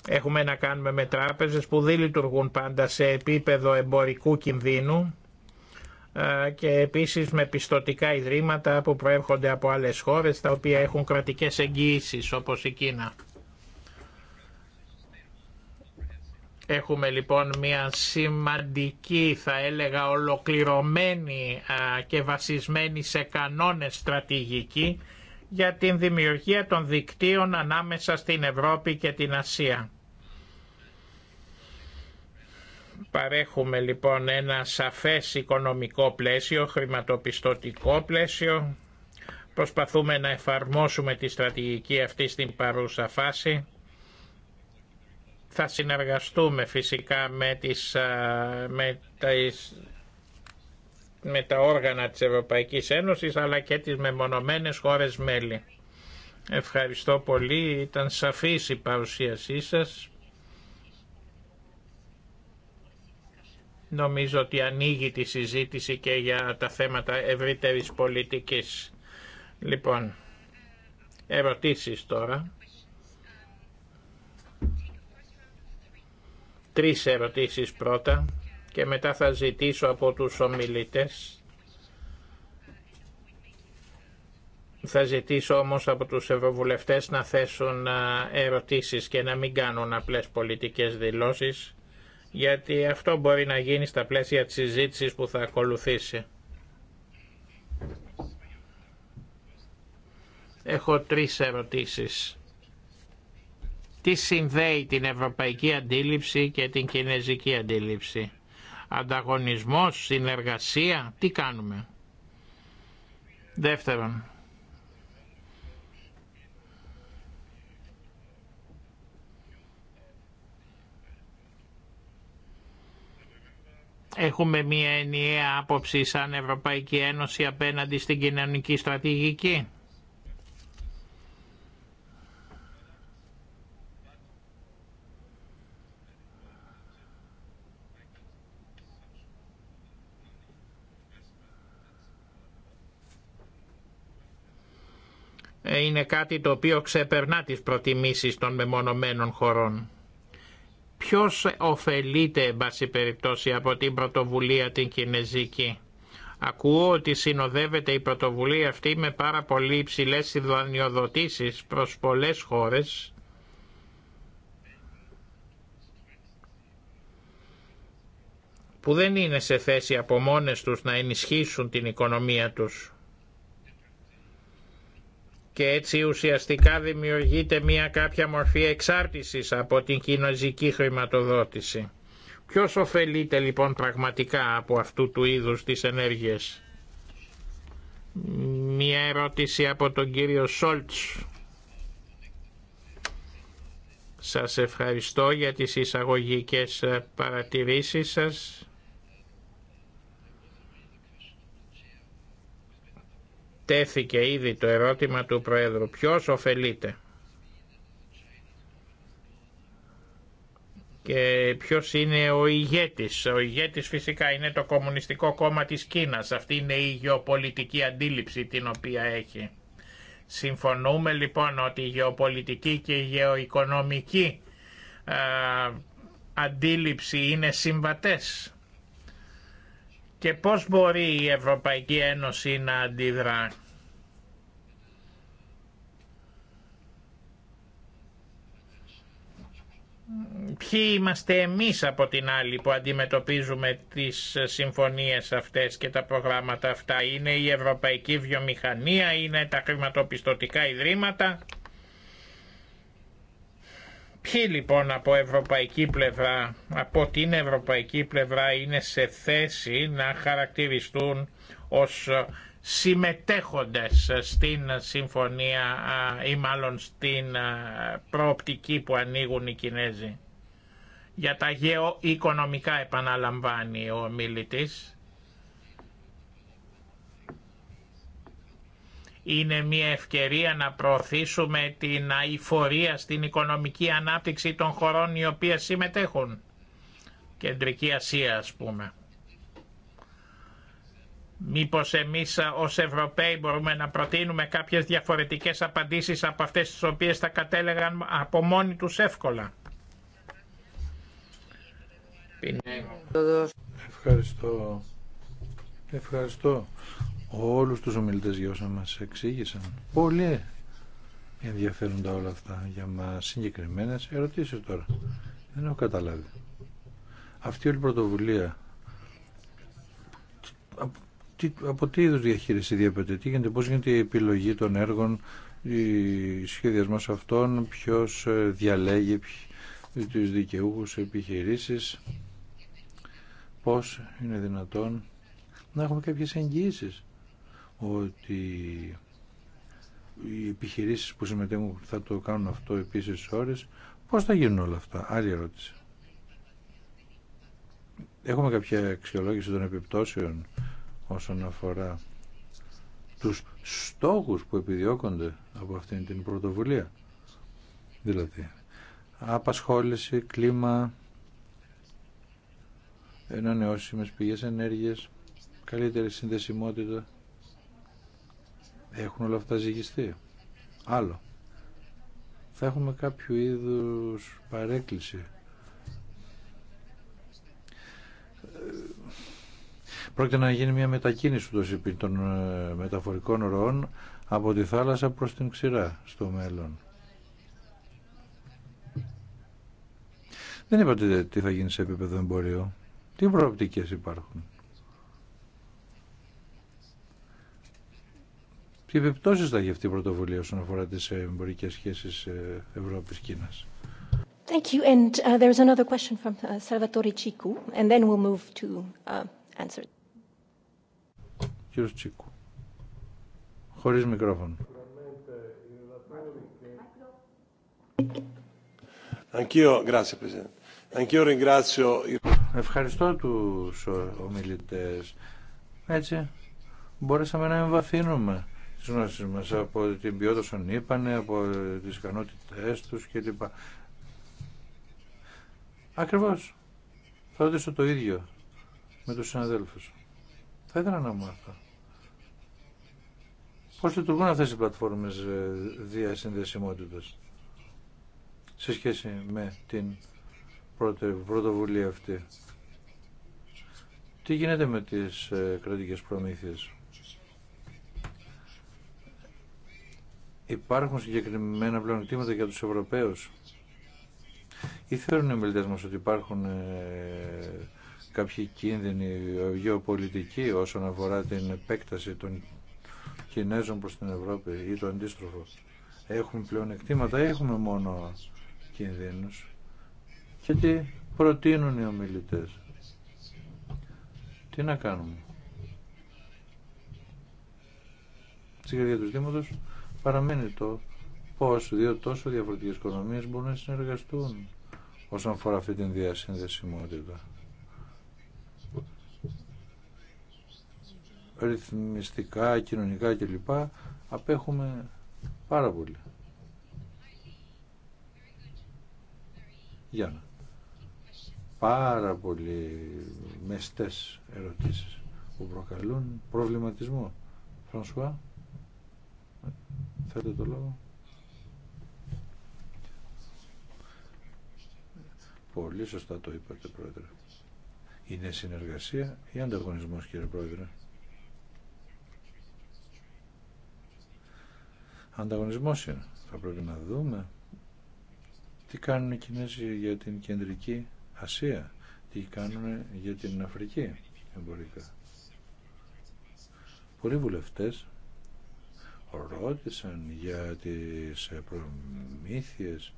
Έχουμε να κάνουμε με τράπεζες που δεν λειτουργούν πάντα σε επίπεδο εμπορικού κινδύνου ε, και επίσης με πιστοτικά ιδρύματα που προέρχονται από άλλες χώρες τα οποία έχουν κρατικές εγγυήσεις όπως η Κίνα. Έχουμε λοιπόν μια σημαντική θα έλεγα ολοκληρωμένη και βασισμένη σε κανόνες στρατηγική για την δημιουργία των δικτύων ανάμεσα στην Ευρώπη και την Ασία. Παρέχουμε λοιπόν ένα σαφές οικονομικό πλαίσιο, χρηματοπιστωτικό πλαίσιο. Προσπαθούμε να εφαρμόσουμε τη στρατηγική αυτή στην παρούσα φάση. Θα συνεργαστούμε φυσικά με, τις, με, τα, με τα όργανα της Ευρωπαϊκής Ένωσης αλλά και τις μεμονωμένες χώρες μέλη. Ευχαριστώ πολύ. Ήταν σαφής η παρουσίασή σας. Νομίζω ότι ανοίγει τη συζήτηση και για τα θέματα ευρύτερης πολιτικής. Λοιπόν, ερωτήσεις τώρα. Τρεις ερωτήσεις πρώτα και μετά θα ζητήσω από τους ομιλητές. Θα ζητήσω όμως από τους ευρωβουλευτές να θέσουν ερωτήσεις και να μην κάνουν απλές πολιτικές δηλώσεις γιατί αυτό μπορεί να γίνει στα πλαίσια της συζήτηση που θα ακολουθήσει. Έχω τρεις ερωτήσεις. Τι συνδέει την ευρωπαϊκή αντίληψη και την κινέζικη αντίληψη. Ανταγωνισμός, συνεργασία, τι κάνουμε. Δεύτερον, Έχουμε μια ενιαία άποψη σαν Ευρωπαϊκή Ένωση απέναντι στην κοινωνική στρατηγική. Ε, είναι κάτι το οποίο ξεπερνά τις προτιμήσεις των μεμονωμένων χωρών. Ποιος ωφελείται, εν πάση περιπτώσει, από την πρωτοβουλία την κινέζικη. Ακούω ότι συνοδεύεται η πρωτοβουλία αυτή με πάρα πολύ υψηλές δανειοδοτήσεις προς πολλές χώρες. που δεν είναι σε θέση από μόνες τους να ενισχύσουν την οικονομία τους και έτσι ουσιαστικά δημιουργείται μια κάποια μορφή εξάρτησης από την κινέζικη χρηματοδότηση. Ποιος ωφελείται λοιπόν πραγματικά από αυτού του είδους τις ενέργειες. Μια ερώτηση από τον κύριο Σόλτς. Σας ευχαριστώ για τις εισαγωγικές παρατηρήσεις σας. τέθηκε ήδη το ερώτημα του Προέδρου. Ποιος ωφελείται και ποιος είναι ο ηγέτης. Ο ηγέτης φυσικά είναι το Κομμουνιστικό Κόμμα της Κίνας. Αυτή είναι η γεωπολιτική αντίληψη την οποία έχει. Συμφωνούμε λοιπόν ότι η γεωπολιτική και η γεωοικονομική α, αντίληψη είναι συμβατές. Και πώς μπορεί η Ευρωπαϊκή Ένωση να αντιδρά ποιοι είμαστε εμείς από την άλλη που αντιμετωπίζουμε τις συμφωνίες αυτές και τα προγράμματα αυτά. Είναι η ευρωπαϊκή βιομηχανία, είναι τα χρηματοπιστωτικά ιδρύματα. Ποιοι λοιπόν από ευρωπαϊκή πλευρά, από την ευρωπαϊκή πλευρά είναι σε θέση να χαρακτηριστούν ως συμμετέχοντες στην συμφωνία ή μάλλον στην προοπτική που ανοίγουν οι Κινέζοι. Για τα γεωοικονομικά επαναλαμβάνει ο μιλητής. είναι μια ευκαιρία να προωθήσουμε την αηφορία στην οικονομική ανάπτυξη των χωρών οι οποίες συμμετέχουν. Κεντρική Ασία ας πούμε. Μήπως εμείς ως Ευρωπαίοι μπορούμε να προτείνουμε κάποιες διαφορετικές απαντήσεις από αυτές τις οποίες θα κατέλεγαν από μόνοι τους εύκολα. Ευχαριστώ. Ευχαριστώ όλους τους ομιλητές για όσα μας εξήγησαν. Πολύ ενδιαφέροντα όλα αυτά για μας συγκεκριμένες ερωτήσεις τώρα. Δεν έχω καταλάβει. Αυτή όλη η πρωτοβουλία τι, από τι είδους διαχείριση διαπαιτεί, τι γίνεται, πώς γίνεται η επιλογή των έργων, η σχεδιασμός αυτών, ποιος ε, διαλέγει του τους δικαιούχους επιχειρήσεις, πώς είναι δυνατόν να έχουμε κάποιες εγγυήσεις ότι οι επιχειρήσεις που συμμετέχουν θα το κάνουν αυτό επίσης ώρες, πώς θα γίνουν όλα αυτά. Άλλη ερώτηση. Έχουμε κάποια αξιολόγηση των επιπτώσεων όσον αφορά τους στόχους που επιδιώκονται από αυτήν την πρωτοβουλία. Δηλαδή, απασχόληση, κλίμα, ενανεώσιμες πηγές ενέργειας, καλύτερη συνδεσιμότητα. Έχουν όλα αυτά ζυγιστεί. Άλλο. Θα έχουμε κάποιο είδους παρέκκληση Πρόκειται να γίνει μια μετακίνηση των ε, μεταφορικών ροών από τη θάλασσα προς την ξηρά στο μέλλον. Δεν είπατε τι θα γίνει σε επίπεδο εμπορίου. Τι προοπτικές υπάρχουν. Τι επιπτώσει θα έχει αυτή η πρωτοβουλία όσον αφορά τι ε, εμπορικέ σχέσει ε, Ευρώπη-Κίνα. Thank you. And uh, another question from uh, Salvatore Chiku, and then we'll move to uh, answer κύριος Τσίκου. Χωρίς μικρόφωνο. Ευχαριστώ τους ομιλητές. Έτσι μπορέσαμε να εμβαθύνουμε τις γνώσεις μας από την ποιότητα των είπανε, από τις ικανότητές τους κλπ. Ακριβώς. Θα ρωτήσω το ίδιο με τους συναδέλφους. Θα ήθελα να μάθω. Πώς λειτουργούν αυτές οι πλατφόρμες ε, διασυνδεσιμότητας σε σχέση με την πρωτοβουλία αυτή. Τι γίνεται με τις ε, κρατικές προμήθειες. Υπάρχουν συγκεκριμένα πλεονεκτήματα για τους Ευρωπαίους. Ή θεωρούν οι μας ότι υπάρχουν ε, κάποιοι κίνδυνοι γεωπολιτικοί όσον αφορά την επέκταση των Κινέζων προς την Ευρώπη ή το αντίστροφο. Έχουμε πλέον εκτήματα, έχουμε μόνο κινδύνους. Και τι προτείνουν οι ομιλητές. Τι να κάνουμε. Στην καρδιά του Δήματος παραμένει το πώς δύο τόσο διαφορετικές οικονομίες μπορούν να συνεργαστούν όσον αφορά αυτή την διασύνδεσιμότητα. ρυθμιστικά, κοινωνικά κλπ. Απέχουμε πάρα πολύ. Για να. Πάρα πολύ μεστές ερωτήσεις που προκαλούν προβληματισμό. Φρανσουά, θέλετε το λόγο. Πολύ σωστά το είπατε, Πρόεδρε. Είναι συνεργασία ή ανταγωνισμός, κύριε Πρόεδρε. ανταγωνισμός είναι. Θα πρέπει να δούμε τι κάνουν οι Κινέζοι για την Κεντρική Ασία, τι κάνουν για την Αφρική εμπορικά. Πολλοί βουλευτές ρώτησαν για τις προμήθειες,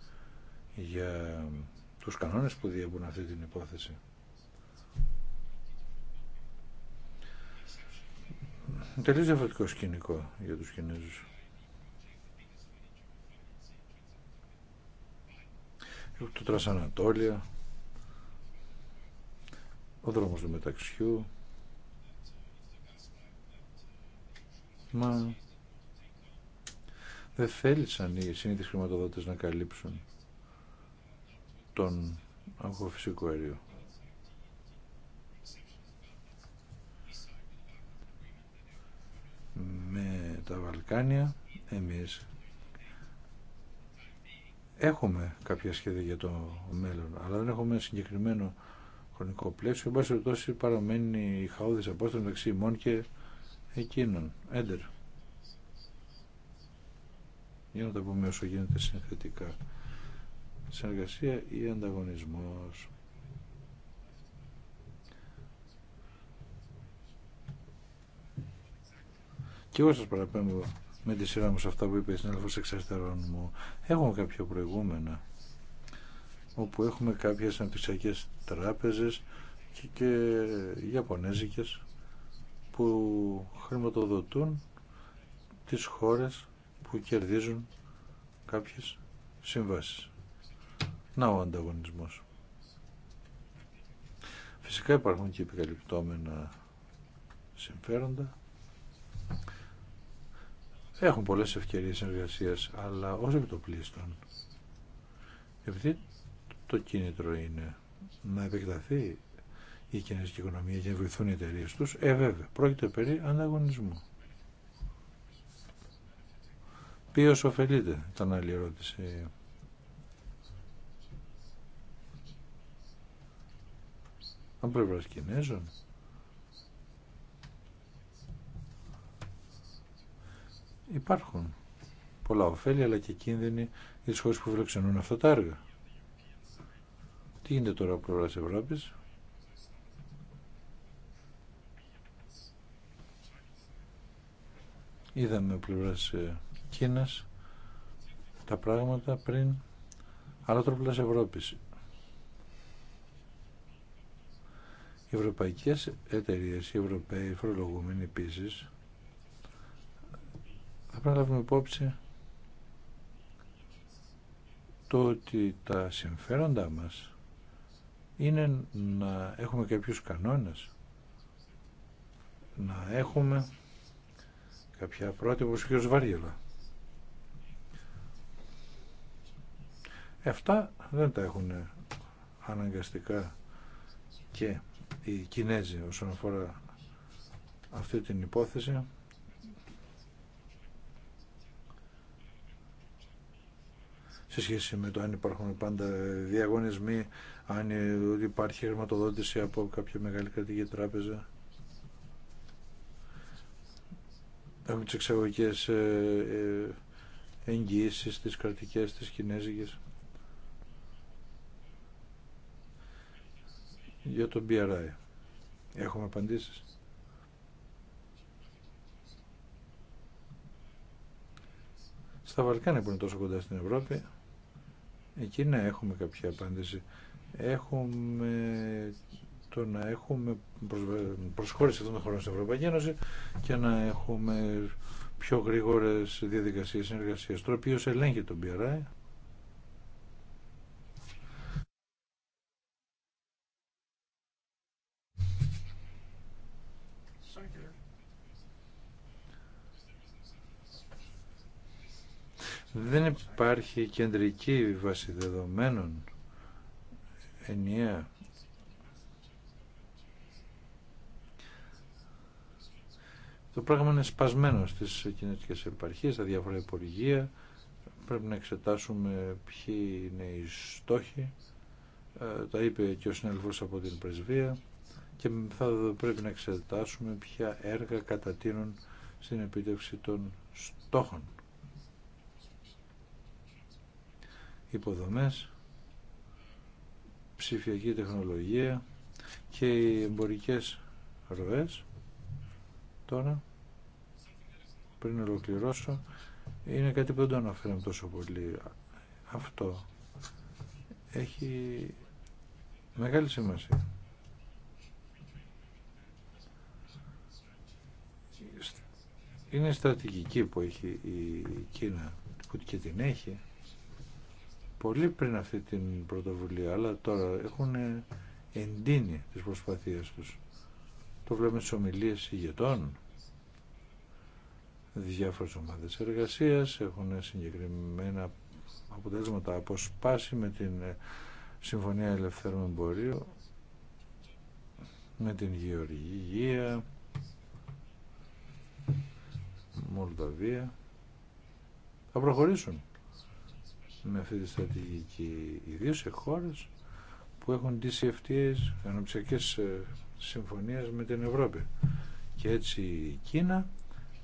για τους κανόνες που διαβούν αυτή την υπόθεση. Τελείως διαφορετικό σκηνικό για τους Κινέζους. το Τρασανατόλια, ο δρόμος του μεταξιού. Μα δεν θέλησαν οι συνήθεις χρηματοδότες να καλύψουν τον αγωγό φυσικό Με τα Βαλκάνια εμείς Έχουμε κάποια σχέδια για το μέλλον, αλλά δεν έχουμε συγκεκριμένο χρονικό πλαίσιο. Εν πάση παραμένει η χαόδη απόσταση μεταξύ ημών και εκείνων. Έντερ. Για να τα πούμε όσο γίνεται συνθετικά. Συνεργασία ή ανταγωνισμός. Και εγώ σας παραπέμπω με τη σειρά μου σε αυτά που είπε η Ελλάδα εξ μου. Έχουμε κάποια προηγούμενα όπου έχουμε κάποιες αναπτυξιακές τράπεζες και, και Ιαπωνέζικες που χρηματοδοτούν τις χώρες που κερδίζουν κάποιες συμβάσεις. Να ο ανταγωνισμός. Φυσικά υπάρχουν και επικαλυπτόμενα συμφέροντα έχουν πολλές ευκαιρίες εργασίας, αλλά ως εκ το πλήστον. Επειδή το κίνητρο είναι να επεκταθεί η κινέζικη οικονομία για να βοηθούν οι εταιρείε του, ε, βέβαια, πρόκειται περί ανταγωνισμού. Ποιο ωφελείται, ήταν άλλη ερώτηση. Αν πλευρά Κινέζων υπάρχουν πολλά ωφέλη αλλά και κίνδυνοι για τι χώρε που φιλοξενούν αυτά τα έργα. Τι γίνεται τώρα από πλευρά Ευρώπης. Είδαμε από πλευρά ε, Κίνας τα πράγματα πριν αλλά τώρα πλευράς Ευρώπης. Οι ευρωπαϊκές εταιρείες, οι ευρωπαίοι φορολογούμενοι επίσης θα πρέπει να λάβουμε υπόψη το ότι τα συμφέροντά μας είναι να έχουμε κάποιους κανόνες, να έχουμε κάποια πρότυπα όπως ο κ. Αυτά δεν τα έχουν αναγκαστικά και οι Κινέζοι όσον αφορά αυτή την υπόθεση. σε σχέση με το αν υπάρχουν πάντα διαγωνισμοί, αν υπάρχει χρηματοδότηση από κάποια μεγάλη κρατική τράπεζα. Έχουμε τις εξαγωγικές ε, ε, εγγυήσεις, τις κρατικές, τις κινέζικες. Για το BRI. Έχουμε απαντήσεις. Στα Βαλκάνια που είναι τόσο κοντά στην Ευρώπη, Εκεί να έχουμε κάποια απάντηση. Έχουμε το να έχουμε προσχώρηση αυτών των χωρών στην Ευρωπαϊκή Ένωση και να έχουμε πιο γρήγορες διαδικασίες συνεργασίας. Τώρα ποιος ελέγχει τον BRI. Δεν υπάρχει κεντρική βάση δεδομένων ενιαία. Το πράγμα είναι σπασμένο στις κοινωνικές επαρχίες, στα διάφορα υπουργεία. Πρέπει να εξετάσουμε ποιοι είναι οι στόχοι. Ε, τα είπε και ο συνέλφος από την πρεσβεία και θα πρέπει να εξετάσουμε ποια έργα κατατείνουν στην επίτευξη των στόχων. υποδομές, ψηφιακή τεχνολογία και οι εμπορικές ροές. Τώρα, πριν ολοκληρώσω, είναι κάτι που δεν το αναφέραμε τόσο πολύ. Αυτό έχει μεγάλη σημασία. Είναι στρατηγική που έχει η Κίνα που και την έχει πολύ πριν αυτή την πρωτοβουλία, αλλά τώρα έχουν εντείνει τις προσπαθίες τους. Το βλέπουμε στις ομιλίες ηγετών, διάφορες ομάδες εργασίας, έχουν συγκεκριμένα αποτέλεσματα αποσπάσει με την Συμφωνία Ελευθέρων Εμπορίου, με την Γεωργία, Μολδαβία. Θα προχωρήσουν με αυτή τη στρατηγική, ιδίως σε χώρες που έχουν DCFTAs, ανοψιακές ε, συμφωνίες με την Ευρώπη. Και έτσι η Κίνα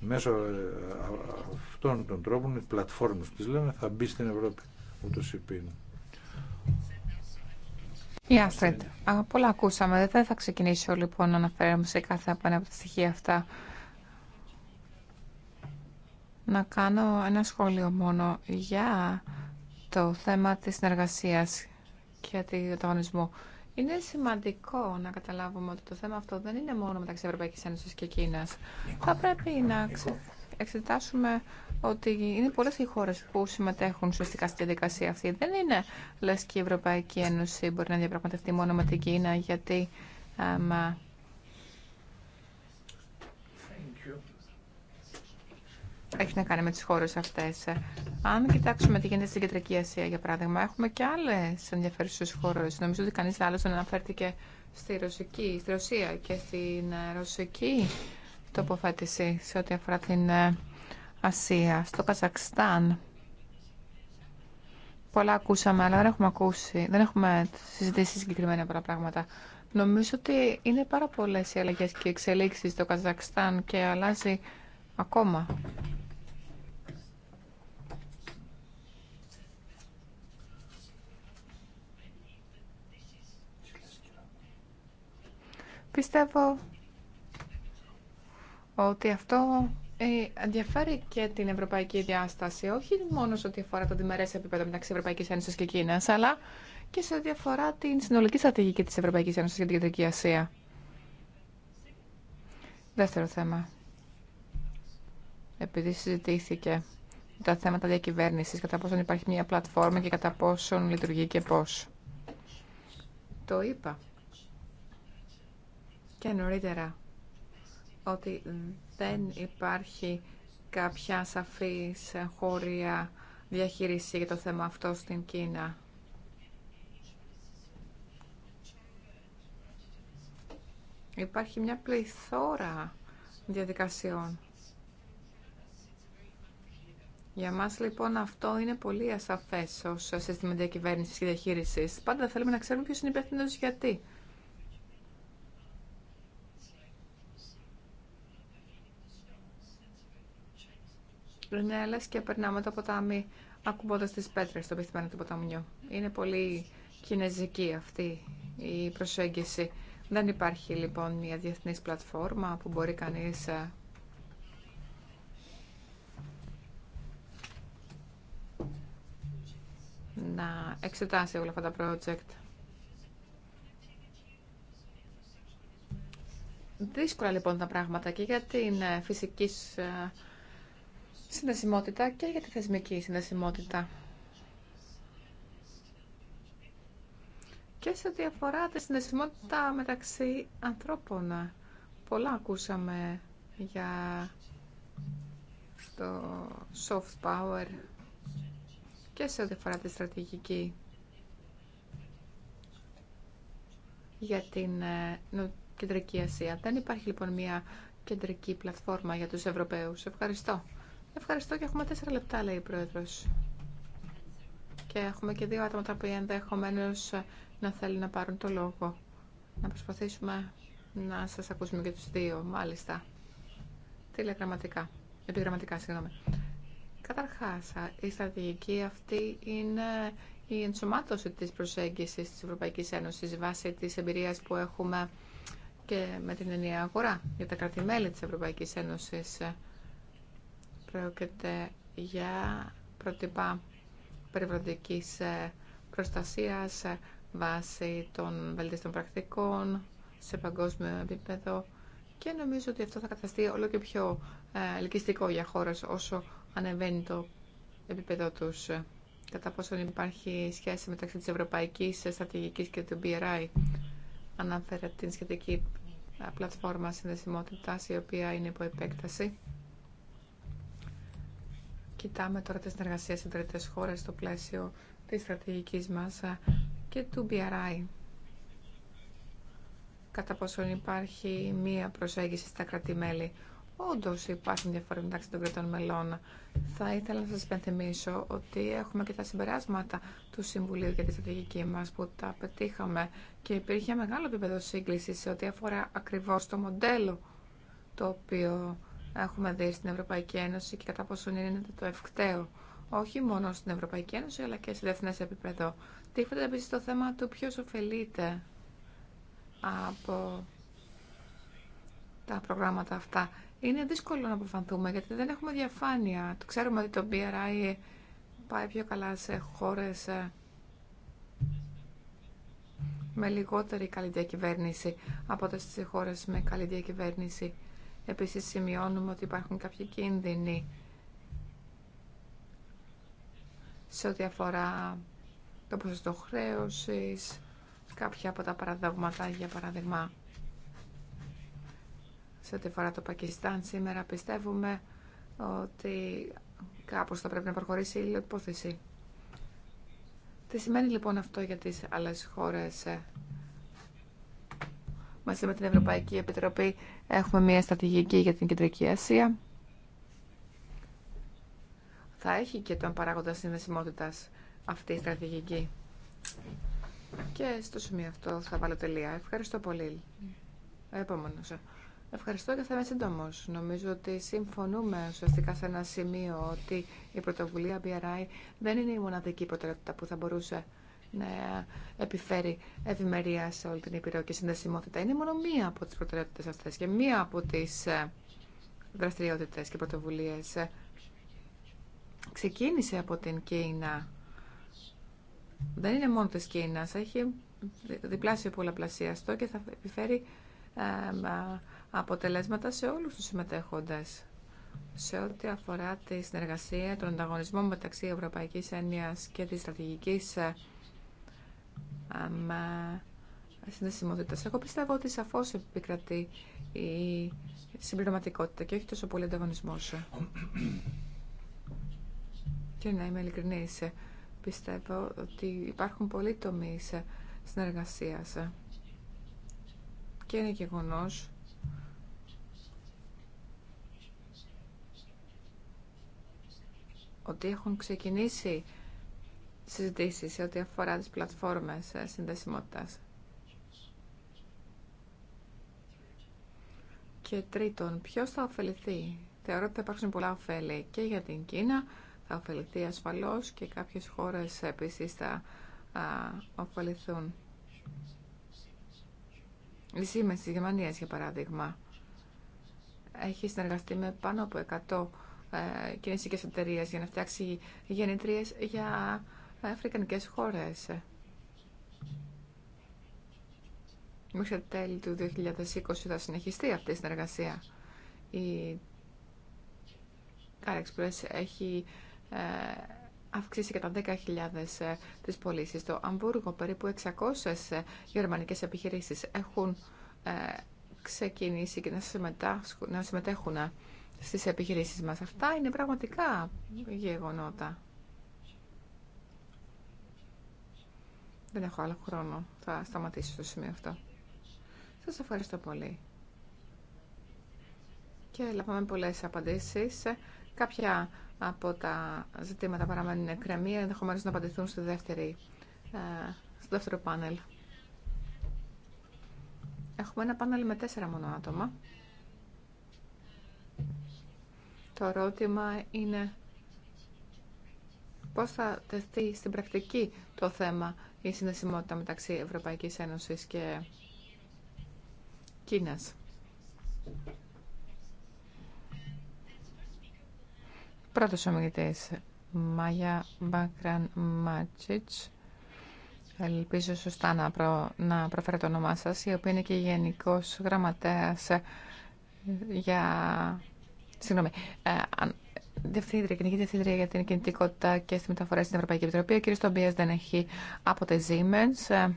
μέσω ε, αυτών των τρόπων, οι πλατφόρμες που λέμε, θα μπει στην Ευρώπη, ούτως Γεια, Η Άστρεντ, πολλά ακούσαμε. Δεν θα ξεκινήσω λοιπόν να αναφέρουμε σε κάθε από από τα στοιχεία αυτά. Να κάνω ένα σχόλιο μόνο για το θέμα της συνεργασίας και του ανταγωνισμού. Είναι σημαντικό να καταλάβουμε ότι το θέμα αυτό δεν είναι μόνο μεταξύ Ευρωπαϊκής Ένωσης και Κίνας. Θα πρέπει να εξετάσουμε ότι είναι πολλές οι χώρες που συμμετέχουν ουσιαστικά στη διαδικασία αυτή. Δεν είναι λες και η Ευρωπαϊκή Ένωση μπορεί να διαπραγματευτεί μόνο με την Κίνα γιατί έχει να κάνει με τις χώρες αυτές. Ε, αν κοιτάξουμε τι γίνεται στην Κεντρική Ασία, για παράδειγμα, έχουμε και άλλες ενδιαφέρουσες χώρες. Νομίζω ότι κανείς άλλος δεν αναφέρθηκε στη, Ρωσική, στη Ρωσία και στην ε, Ρωσική τοποθέτηση σε ό,τι αφορά την ε, Ασία, στο Καζακστάν. Πολλά ακούσαμε, αλλά δεν έχουμε ακούσει, δεν έχουμε συζητήσει συγκεκριμένα πολλά πράγματα. Νομίζω ότι είναι πάρα πολλές οι αλλαγές και εξελίξεις στο Καζακστάν και αλλάζει ακόμα Πιστεύω ότι αυτό ε, ενδιαφέρει και την ευρωπαϊκή διάσταση, όχι μόνο σε ό,τι αφορά το διμερέ επίπεδο μεταξύ Ευρωπαϊκή Ένωση και Κίνα, αλλά και σε ό,τι αφορά την συνολική στρατηγική τη Ευρωπαϊκή Ένωση για την Κεντρική Ασία. Δεύτερο θέμα. Επειδή συζητήθηκε τα θέματα διακυβέρνηση, κατά πόσον υπάρχει μια πλατφόρμα και κατά πόσον λειτουργεί και πώ. Το είπα και νωρίτερα ότι δεν υπάρχει κάποια σαφής χώρια διαχείριση για το θέμα αυτό στην Κίνα. Υπάρχει μια πληθώρα διαδικασιών. Για μας λοιπόν αυτό είναι πολύ ασαφές ως σύστημα διακυβέρνησης και διαχείρισης. Πάντα θέλουμε να ξέρουμε ποιος είναι υπεύθυνο γιατί. και περνάμε το ποτάμι ακουμπώντας τις πέτρες στο πυθμένο του ποταμιού. Είναι πολύ κινέζικη αυτή η προσέγγιση. Δεν υπάρχει λοιπόν μια διεθνής πλατφόρμα που μπορεί κανείς ε, να εξετάσει όλα αυτά τα project. Δύσκολα λοιπόν τα πράγματα και για την ε, φυσική ε, συνδεσιμότητα και για τη θεσμική συνδεσιμότητα. Και σε ό,τι αφορά τη συνδεσιμότητα μεταξύ ανθρώπων. Πολλά ακούσαμε για το soft power και σε ό,τι αφορά τη στρατηγική για την ε, Κεντρική Ασία. Δεν υπάρχει λοιπόν μια κεντρική πλατφόρμα για τους Ευρωπαίους. Ευχαριστώ. Ευχαριστώ και έχουμε τέσσερα λεπτά, λέει η Πρόεδρος. Και έχουμε και δύο άτομα τα οποία ενδεχομένω να θέλουν να πάρουν το λόγο. Να προσπαθήσουμε να σας ακούσουμε και τους δύο, μάλιστα. Τηλεγραμματικά. Επιγραμματικά, συγγνώμη. Καταρχάς, η στρατηγική αυτή είναι η ενσωμάτωση της προσέγγισης της Ευρωπαϊκής Ένωσης βάσει της εμπειρίας που έχουμε και με την ενιαία αγορά για τα κράτη-μέλη της Ευρωπαϊκής Ένωσης Πρόκειται για πρότυπα περιβαλλοντικής ε, προστασίας ε, βάσει των βελτιστών πρακτικών σε παγκόσμιο επίπεδο και νομίζω ότι αυτό θα καταστεί όλο και πιο ε, ελκυστικό για χώρες όσο ανεβαίνει το επίπεδο τους. Κατά πόσο υπάρχει σχέση μεταξύ της Ευρωπαϊκής Στρατηγικής και του BRI αναφέρεται την σχετική πλατφόρμα συνδεσιμότητας η οποία είναι υπό επέκταση. Κοιτάμε τώρα τη συνεργασία σε τρίτε χώρες στο πλαίσιο τη στρατηγική μα και του BRI. Κατά πόσον υπάρχει μία προσέγγιση στα κράτη-μέλη. Όντω υπάρχουν διαφορέ μεταξύ των κρατών μελών. Θα ήθελα να σα υπενθυμίσω ότι έχουμε και τα συμπεράσματα του Συμβουλίου για τη στρατηγική μα που τα πετύχαμε και υπήρχε μεγάλο επίπεδο σύγκληση σε ό,τι αφορά ακριβώ το μοντέλο το οποίο έχουμε δει στην Ευρωπαϊκή Ένωση και κατά πόσο είναι το ευκταίο όχι μόνο στην Ευρωπαϊκή Ένωση αλλά και σε διεθνέ επίπεδο. Τίθεται επίση το θέμα του ποιο ωφελείται από τα προγράμματα αυτά. Είναι δύσκολο να αποφανθούμε γιατί δεν έχουμε διαφάνεια. Το ξέρουμε ότι το BRI πάει πιο καλά σε χώρες ε, με λιγότερη καλή διακυβέρνηση από τις χώρες με καλή διακυβέρνηση. Επίσης σημειώνουμε ότι υπάρχουν κάποιοι κίνδυνοι σε ό,τι αφορά το ποσοστό χρέωσης, κάποια από τα παραδείγματα, για παράδειγμα, σε ό,τι αφορά το Πακιστάν σήμερα πιστεύουμε ότι κάπως θα πρέπει να προχωρήσει η υπόθεση. Τι σημαίνει λοιπόν αυτό για τις άλλες χώρες Μαζί με την Ευρωπαϊκή Επιτροπή έχουμε μια στρατηγική για την Κεντρική Ασία. Θα έχει και τον παράγοντα συνδεσιμότητας αυτή η στρατηγική. Και στο σημείο αυτό θα βάλω τελεία. Ευχαριστώ πολύ. Επόμενο. Ευχαριστώ και θα είμαι σύντομο. Νομίζω ότι συμφωνούμε ουσιαστικά σε ένα σημείο ότι η πρωτοβουλία BRI δεν είναι η μοναδική προτεραιότητα που θα μπορούσε να επιφέρει ευημερία σε όλη την Ήπειρο και συνδεσιμότητα. Είναι μόνο μία από τις προτεραιότητες αυτές και μία από τις ε, δραστηριότητες και πρωτοβουλίες. Ξεκίνησε από την Κίνα. Δεν είναι μόνο της Κίνας, έχει διπλάσιο πολλαπλασιαστό και θα επιφέρει ε, ε, αποτελέσματα σε όλους τους συμμετέχοντες σε ό,τι αφορά τη συνεργασία, τον ανταγωνισμό μεταξύ Ευρωπαϊκής Έννοιας και της στρατηγικής συνδεσιμότητας. Εγώ πιστεύω ότι σαφώ επικρατεί η συμπληρωματικότητα και όχι τόσο πολύ ανταγωνισμό. Και να είμαι ειλικρινή, πιστεύω ότι υπάρχουν πολλοί τομείς συνεργασία. Και είναι γεγονό ότι έχουν ξεκινήσει Συζητήσει σε ό,τι αφορά τι πλατφόρμες ε, συνδεσιμότητας. Και τρίτον, ποιο θα ωφεληθεί. Θεωρώ ότι θα υπάρξουν πολλά ωφέλη και για την Κίνα, θα ωφεληθεί ασφαλώς και κάποιες χώρες επίσης θα ωφεληθούν. Η Siemens της Γερμανίας, για παράδειγμα, έχει συνεργαστεί με πάνω από 100 ε, για να φτιάξει γεννητρίες για αφρικανικές χώρες. Μέχρι τα τέλη του 2020 θα συνεχιστεί αυτή η συνεργασία. Η Car Express έχει ε, αυξήσει κατά 10.000 ε, τις πωλήσει. Το Αμβούργο περίπου 600 ε, γερμανικές επιχειρήσεις έχουν ξεκινήσει και να συμμετέχουν στις επιχειρήσεις μας. Αυτά είναι πραγματικά γεγονότα. Δεν έχω άλλο χρόνο. Θα σταματήσω στο σημείο αυτό. Σας ευχαριστώ πολύ. Και λάβαμε πολλές απαντήσεις. Κάποια από τα ζητήματα παραμένουν εκκρεμή, ενδεχομένως να απαντηθούν δεύτερη, ε, στο δεύτερο πάνελ. Έχουμε ένα πάνελ με τέσσερα μόνο άτομα. Το ερώτημα είναι πώς θα τεθεί στην πρακτική το θέμα η συνδεσιμότητα μεταξύ Ευρωπαϊκής Ένωσης και Κίνας. Πρώτος ομιλητής, Μάγια Μπάκραν Μάτσιτς. Ελπίζω σωστά να, να προφέρω το όνομά σας, η οποία είναι και γενικός γραμματέας για... Συγγνώμη, ε, Διευθύντρια, Γενική Διευθύντρια για την Κινητικότητα και στη Μεταφορά στην Ευρωπαϊκή Επιτροπή. Ο κ. Τομπία δεν έχει από τη Siemens.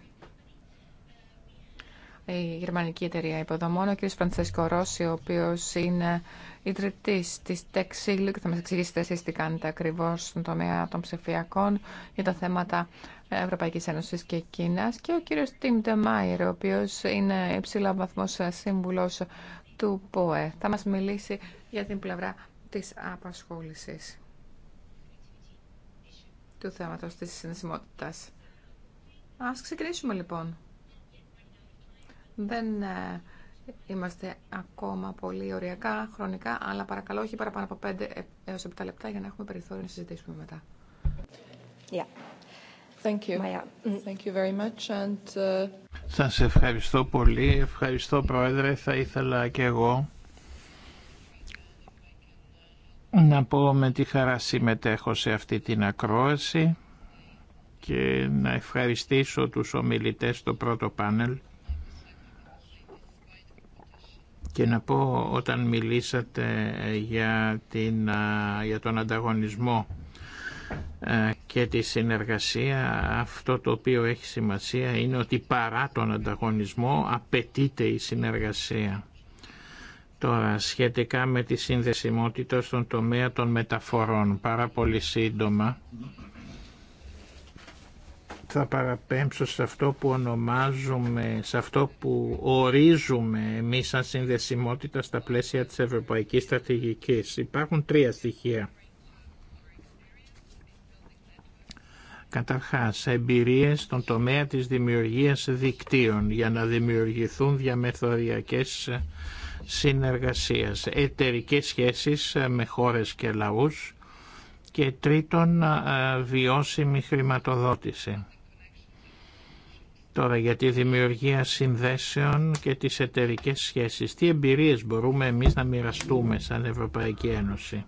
Η γερμανική εταιρεία υποδομών, ο κ. Φραντσέσκο Ρώση, ο οποίο είναι ιδρυτή τη TechSeal και θα μα εξηγήσετε εσεί τι κάνετε ακριβώ στον τομέα των ψηφιακών για τα θέματα Ευρωπαϊκή Ένωση και Κίνα. Και ο κ. Τιμ Ντεμάιερ, ο οποίο είναι υψηλό βαθμό σύμβουλο του ΠΟΕ. Θα μα μιλήσει για την πλευρά της απασχόλησης του θέματος της συνδεσιμότητας. Ας ξεκινήσουμε λοιπόν. Δεν ε, είμαστε ακόμα πολύ οριακά, χρονικά, αλλά παρακαλώ όχι παραπάνω από 5 έως 7 λεπτά για να έχουμε περιθώριο να συζητήσουμε μετά. Yeah. Thank you. Mm. Thank you very much and... Uh, Σας ευχαριστώ πολύ. Ευχαριστώ Πρόεδρε. Θα ήθελα και εγώ να πω με τη χαρά συμμετέχω σε αυτή την ακρόαση και να ευχαριστήσω τους ομιλητές στο πρώτο πάνελ και να πω όταν μιλήσατε ε, για, την, για τον ανταγωνισμό ε, και τη συνεργασία αυτό το οποίο έχει σημασία είναι ότι παρά τον ανταγωνισμό απαιτείται η συνεργασία Τώρα, σχετικά με τη συνδεσιμότητα στον τομέα των μεταφορών, πάρα πολύ σύντομα, θα παραπέμψω σε αυτό που ονομάζουμε, σε αυτό που ορίζουμε εμείς σαν συνδεσιμότητα στα πλαίσια της Ευρωπαϊκής Στρατηγικής. Υπάρχουν τρία στοιχεία. Καταρχάς, εμπειρίες στον τομέα της δημιουργίας δικτύων για να δημιουργηθούν διαμεθοριακές συνεργασίας, Εταιρικέ σχέσεις ε, με χώρες και λαούς και τρίτον ε, βιώσιμη χρηματοδότηση. Τώρα για τη δημιουργία συνδέσεων και τις εταιρικές σχέσεις. Τι εμπειρίες μπορούμε εμείς να μοιραστούμε σαν Ευρωπαϊκή Ένωση.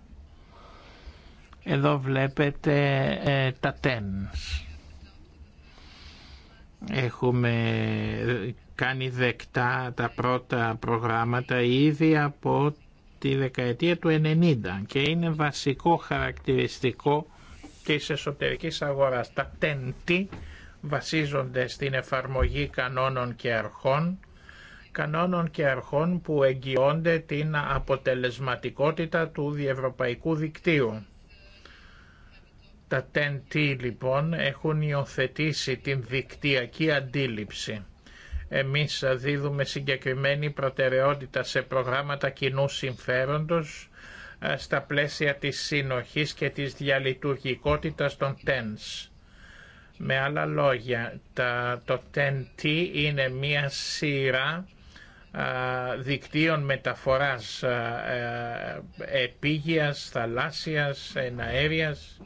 Εδώ βλέπετε ε, τα TENS. Έχουμε κάνει δεκτά τα πρώτα προγράμματα ήδη από τη δεκαετία του 90 και είναι βασικό χαρακτηριστικό της εσωτερικής αγοράς. Τα τέντι βασίζονται στην εφαρμογή κανόνων και αρχών, κανόνων και αρχών που εγγυώνται την αποτελεσματικότητα του διευρωπαϊκού δικτύου. Τα TNT λοιπόν έχουν υιοθετήσει την δικτυακή αντίληψη εμείς δίδουμε συγκεκριμένη προτεραιότητα σε προγράμματα κοινού συμφέροντος ε, στα πλαίσια της συνοχής και της διαλειτουργικότητας των TENS. Με άλλα λόγια, το ten είναι μία σειρά ε, δικτύων μεταφοράς ε, επίγειας, θαλάσσιας, εναέριας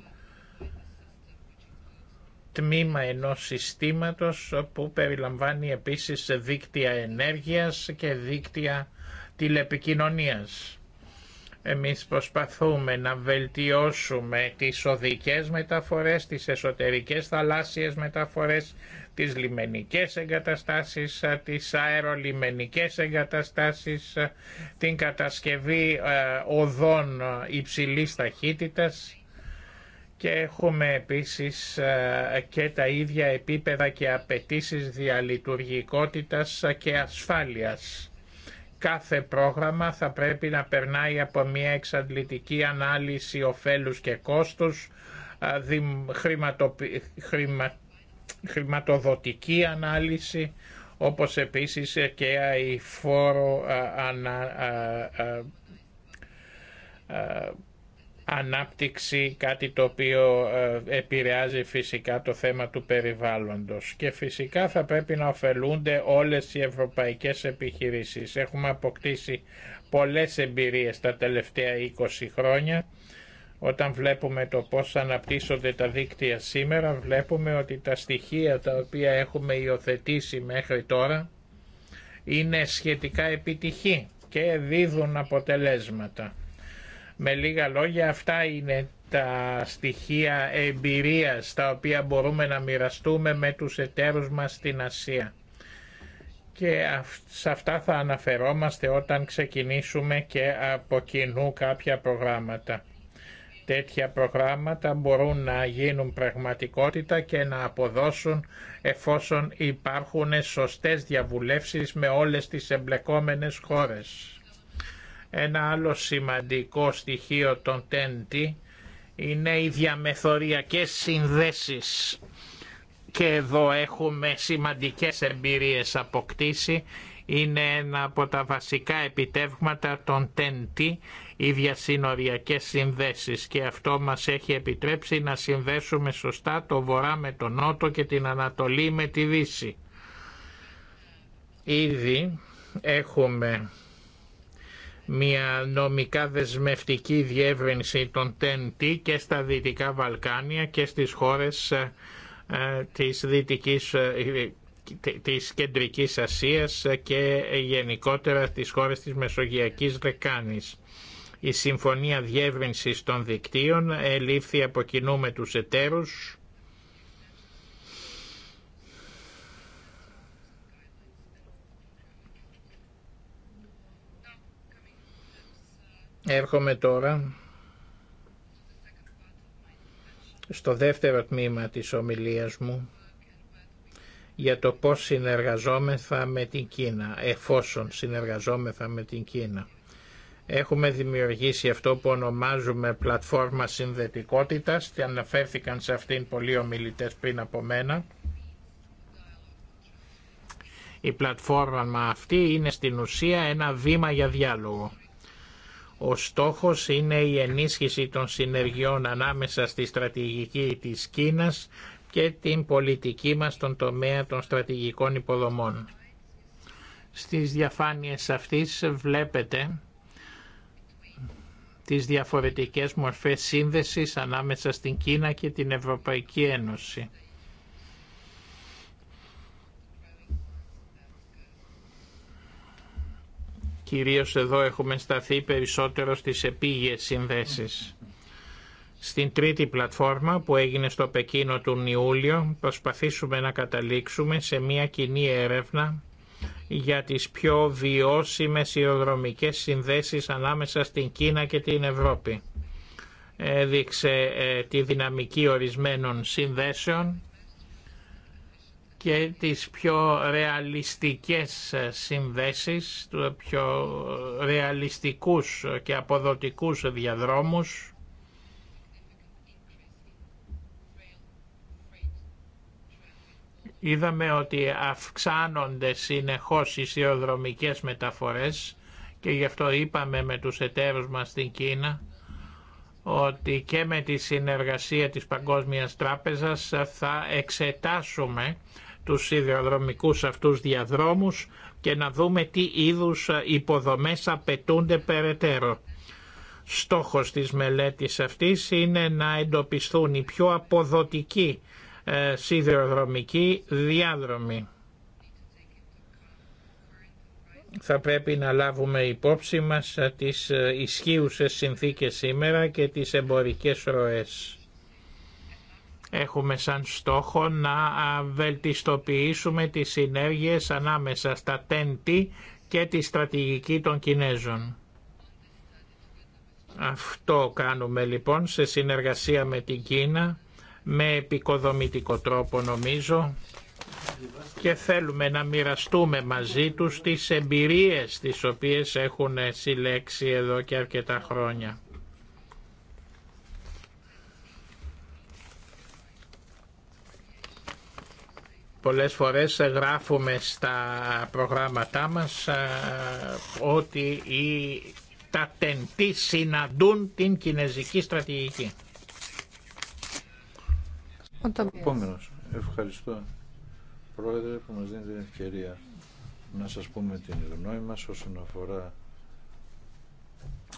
τμήμα ενός συστήματος που περιλαμβάνει επίσης δίκτυα ενέργειας και δίκτυα τηλεπικοινωνίας. Εμείς προσπαθούμε να βελτιώσουμε τις οδικές μεταφορές, τις εσωτερικές θαλάσσιες μεταφορές, τις λιμενικές εγκαταστάσεις, τις αερολιμενικές εγκαταστάσεις, την κατασκευή ε, οδών υψηλής ταχύτητας και έχουμε επίσης ε, και τα ίδια επίπεδα και απαιτήσεις διαλειτουργικότητας και ασφάλειας. Κάθε πρόγραμμα θα πρέπει να περνάει από μια εξαντλητική ανάλυση ωφέλους και κόστους, χρηματοδοτική ανάλυση, όπως επίσης και η φόρο ανα, ανάπτυξη, κάτι το οποίο ε, επηρεάζει φυσικά το θέμα του περιβάλλοντος. Και φυσικά θα πρέπει να ωφελούνται όλες οι ευρωπαϊκές επιχειρήσεις. Έχουμε αποκτήσει πολλές εμπειρίες τα τελευταία 20 χρόνια. Όταν βλέπουμε το πώς αναπτύσσονται τα δίκτυα σήμερα, βλέπουμε ότι τα στοιχεία τα οποία έχουμε υιοθετήσει μέχρι τώρα είναι σχετικά επιτυχή και δίδουν αποτελέσματα. Με λίγα λόγια αυτά είναι τα στοιχεία εμπειρίας τα οποία μπορούμε να μοιραστούμε με τους εταίρους μας στην Ασία. Και σε αυτά θα αναφερόμαστε όταν ξεκινήσουμε και από κοινού κάποια προγράμματα. Τέτοια προγράμματα μπορούν να γίνουν πραγματικότητα και να αποδώσουν εφόσον υπάρχουν σωστές διαβουλεύσεις με όλες τις εμπλεκόμενες χώρες. Ένα άλλο σημαντικό στοιχείο των ΤΕΝΤΗ είναι οι διαμεθοριακές συνδέσεις και εδώ έχουμε σημαντικές εμπειρίες αποκτήσει. Είναι ένα από τα βασικά επιτεύγματα των ΤΕΝΤΗ, οι διασυνοριακές συνδέσεις και αυτό μας έχει επιτρέψει να συνδέσουμε σωστά το βορρά με τον νότο και την ανατολή με τη δύση. Ήδη έχουμε μια νομικά δεσμευτική διεύρυνση των TNT και στα Δυτικά Βαλκάνια και στις χώρες ε, ε, της, Δυτικής, ε, της Κεντρικής Ασίας και γενικότερα στις χώρες της Μεσογειακής Δεκάνης. Η Συμφωνία Διεύρυνσης των Δικτύων ελήφθη από κοινού με τους εταίρους Έρχομαι τώρα στο δεύτερο τμήμα της ομιλίας μου για το πώς συνεργαζόμεθα με την Κίνα, εφόσον συνεργαζόμεθα με την Κίνα. Έχουμε δημιουργήσει αυτό που ονομάζουμε πλατφόρμα συνδετικότητας και αναφέρθηκαν σε αυτήν πολλοί ομιλητές πριν από μένα. Η πλατφόρμα αυτή είναι στην ουσία ένα βήμα για διάλογο. Ο στόχος είναι η ενίσχυση των συνεργειών ανάμεσα στη στρατηγική της Κίνας και την πολιτική μας στον τομέα των στρατηγικών υποδομών. Στις διαφάνειες αυτής βλέπετε τις διαφορετικές μορφές σύνδεσης ανάμεσα στην Κίνα και την Ευρωπαϊκή Ένωση. Κυρίως εδώ έχουμε σταθεί περισσότερο στις επίγειες συνδέσεις. Στην τρίτη πλατφόρμα που έγινε στο Πεκίνο τον Ιούλιο προσπαθήσουμε να καταλήξουμε σε μια κοινή έρευνα για τις πιο βιώσιμες ιοδρομικές συνδέσεις ανάμεσα στην Κίνα και την Ευρώπη. Έδειξε ε, τη δυναμική ορισμένων συνδέσεων και τις πιο ρεαλιστικές συνδέσεις, του πιο ρεαλιστικούς και αποδοτικούς διαδρόμους. Είδαμε ότι αυξάνονται συνεχώς οι σιωδρομικές μεταφορές και γι' αυτό είπαμε με τους εταίρους μας στην Κίνα ότι και με τη συνεργασία της Παγκόσμιας Τράπεζας θα εξετάσουμε τους σιδηροδρομικούς αυτούς διαδρόμους και να δούμε τι είδους υποδομές απαιτούνται περαιτέρω. Στόχος της μελέτης αυτής είναι να εντοπιστούν οι πιο αποδοτικοί ε, σιδηροδρομικοί διάδρομοι. Θα πρέπει να λάβουμε υπόψη μας ε, τις ε, ισχύουσες συνθήκες σήμερα και τις εμπορικές ροές. Έχουμε σαν στόχο να βελτιστοποιήσουμε τις συνέργειες ανάμεσα στα τέντη και τη στρατηγική των Κινέζων. Αυτό κάνουμε λοιπόν σε συνεργασία με την Κίνα, με επικοδομητικό τρόπο νομίζω και θέλουμε να μοιραστούμε μαζί τους τις εμπειρίες τις οποίες έχουν συλλέξει εδώ και αρκετά χρόνια. Πολλές φορές γράφουμε στα προγράμματά μας ε, ότι οι, τα τεντή συναντούν την κινέζικη στρατηγική. Επόμενος, ευχαριστώ Πρόεδρε που μας δίνει την ευκαιρία να σας πούμε την γνώμη μας όσον αφορά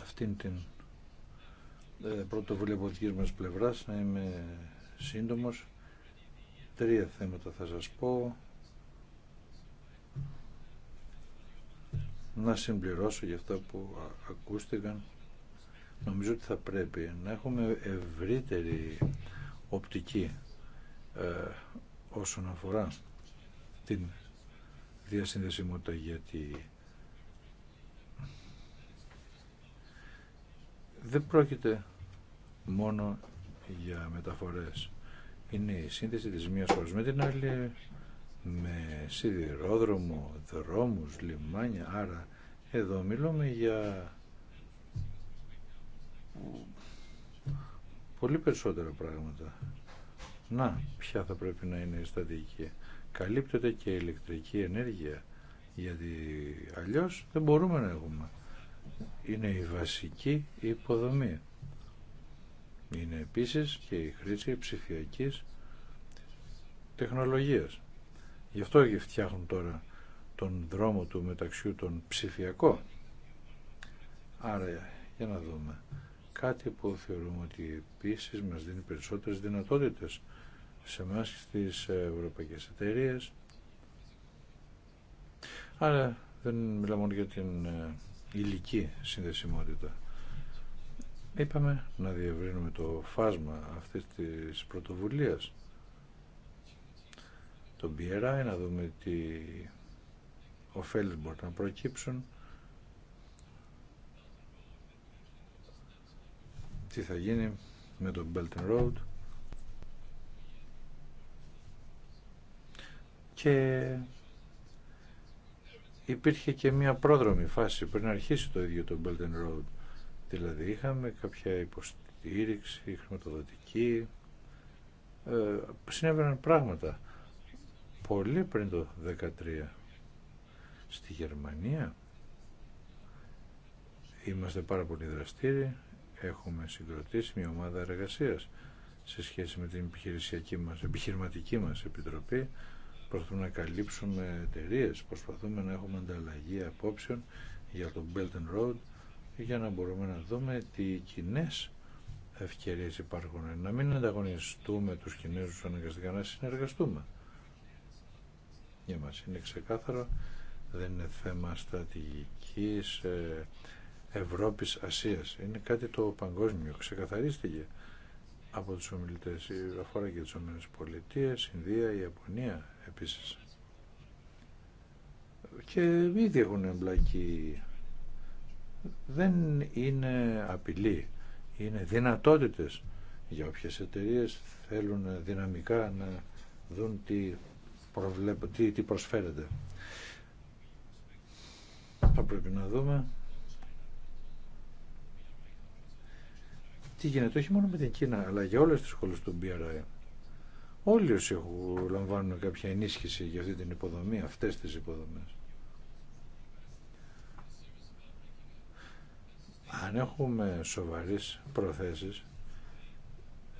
αυτήν την ε, πρωτοβουλία από δική μας πλευράς να είμαι σύντομος Τρία θέματα θα σας πω. Να συμπληρώσω για αυτά που ακούστηκαν. Νομίζω ότι θα πρέπει να έχουμε ευρύτερη οπτική ε, όσον αφορά την διασυνδεσιμότητα γιατί δεν πρόκειται μόνο για μεταφορές είναι η σύνδεση της μίας χώρας με την άλλη με σιδηρόδρομο, δρόμους, λιμάνια, άρα εδώ μιλούμε για πολύ περισσότερα πράγματα. Να, ποια θα πρέπει να είναι η στατική. Καλύπτεται και η ηλεκτρική ενέργεια, γιατί αλλιώς δεν μπορούμε να έχουμε. Είναι η βασική υποδομή είναι επίσης και η χρήση ψηφιακής τεχνολογίας. Γι' αυτό και φτιάχνουν τώρα τον δρόμο του μεταξύ των ψηφιακό. Άρα, για να δούμε. Κάτι που θεωρούμε ότι επίσης μας δίνει περισσότερες δυνατότητες σε εμάς και στις ευρωπαϊκές εταιρείες. Άρα, δεν μιλάμε μόνο για την ε, υλική συνδεσιμότητα. Είπαμε να διευρύνουμε το φάσμα αυτής της πρωτοβουλίας. Το BRI, να δούμε τι ωφέλη μπορεί να προκύψουν, τι θα γίνει με το Belt and Road και υπήρχε και μια πρόδρομη φάση πριν αρχίσει το ίδιο το Belt and Road Δηλαδή είχαμε κάποια υποστήριξη, χρηματοδοτική, ε, συνέβαιναν πράγματα πολύ πριν το 2013. Στη Γερμανία είμαστε πάρα πολύ δραστήριοι, έχουμε συγκροτήσει μια ομάδα εργασίας σε σχέση με την επιχειρησιακή μας, επιχειρηματική μας επιτροπή. Προσπαθούμε να καλύψουμε εταιρείε, προσπαθούμε να έχουμε ανταλλαγή απόψεων για το Belt and Road για να μπορούμε να δούμε τι κοινέ ευκαιρίες υπάρχουν. Να μην ανταγωνιστούμε τους Κινέζους αναγκαστικά, να συνεργαστούμε. Για μας είναι ξεκάθαρο, δεν είναι θέμα στρατηγικής ε, Ευρώπης-Ασίας. Είναι κάτι το παγκόσμιο, ξεκαθαρίστηκε από τους ομιλητές. Αφορά και τις Ομένες Πολιτείες, Ινδία, Ιαπωνία επίσης. Και ήδη έχουν εμπλακεί δεν είναι απειλή, είναι δυνατότητες για όποιες εταιρείε θέλουν δυναμικά να δουν τι, τι, προσφέρεται. Θα πρέπει να δούμε τι γίνεται όχι μόνο με την Κίνα αλλά για όλες τις σχολές του BRI. Όλοι όσοι λαμβάνουν κάποια ενίσχυση για αυτή την υποδομή, αυτές τις υποδομές. αν έχουμε σοβαρές προθέσεις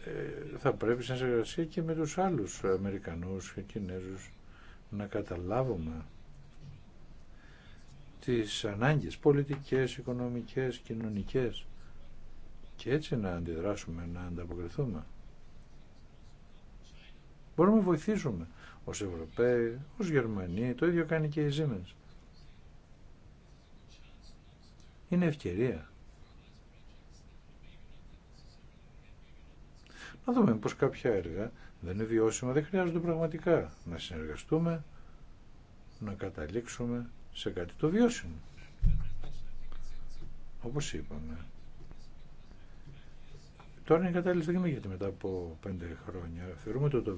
ε, θα πρέπει σε συνεργασία και με τους άλλους Αμερικανούς και Κινέζους να καταλάβουμε τις ανάγκες πολιτικές, οικονομικές, κοινωνικές και έτσι να αντιδράσουμε, να ανταποκριθούμε. Μπορούμε να βοηθήσουμε ως Ευρωπαίοι, ως Γερμανοί, το ίδιο κάνει και η Ζημενς. Είναι ευκαιρία να δούμε πως κάποια έργα δεν είναι βιώσιμα, δεν χρειάζονται πραγματικά να συνεργαστούμε, να καταλήξουμε σε κάτι το βιώσιμο. Όπως είπαμε. Τώρα είναι κατάλληλη στιγμή γιατί μετά από πέντε χρόνια θεωρούμε το, το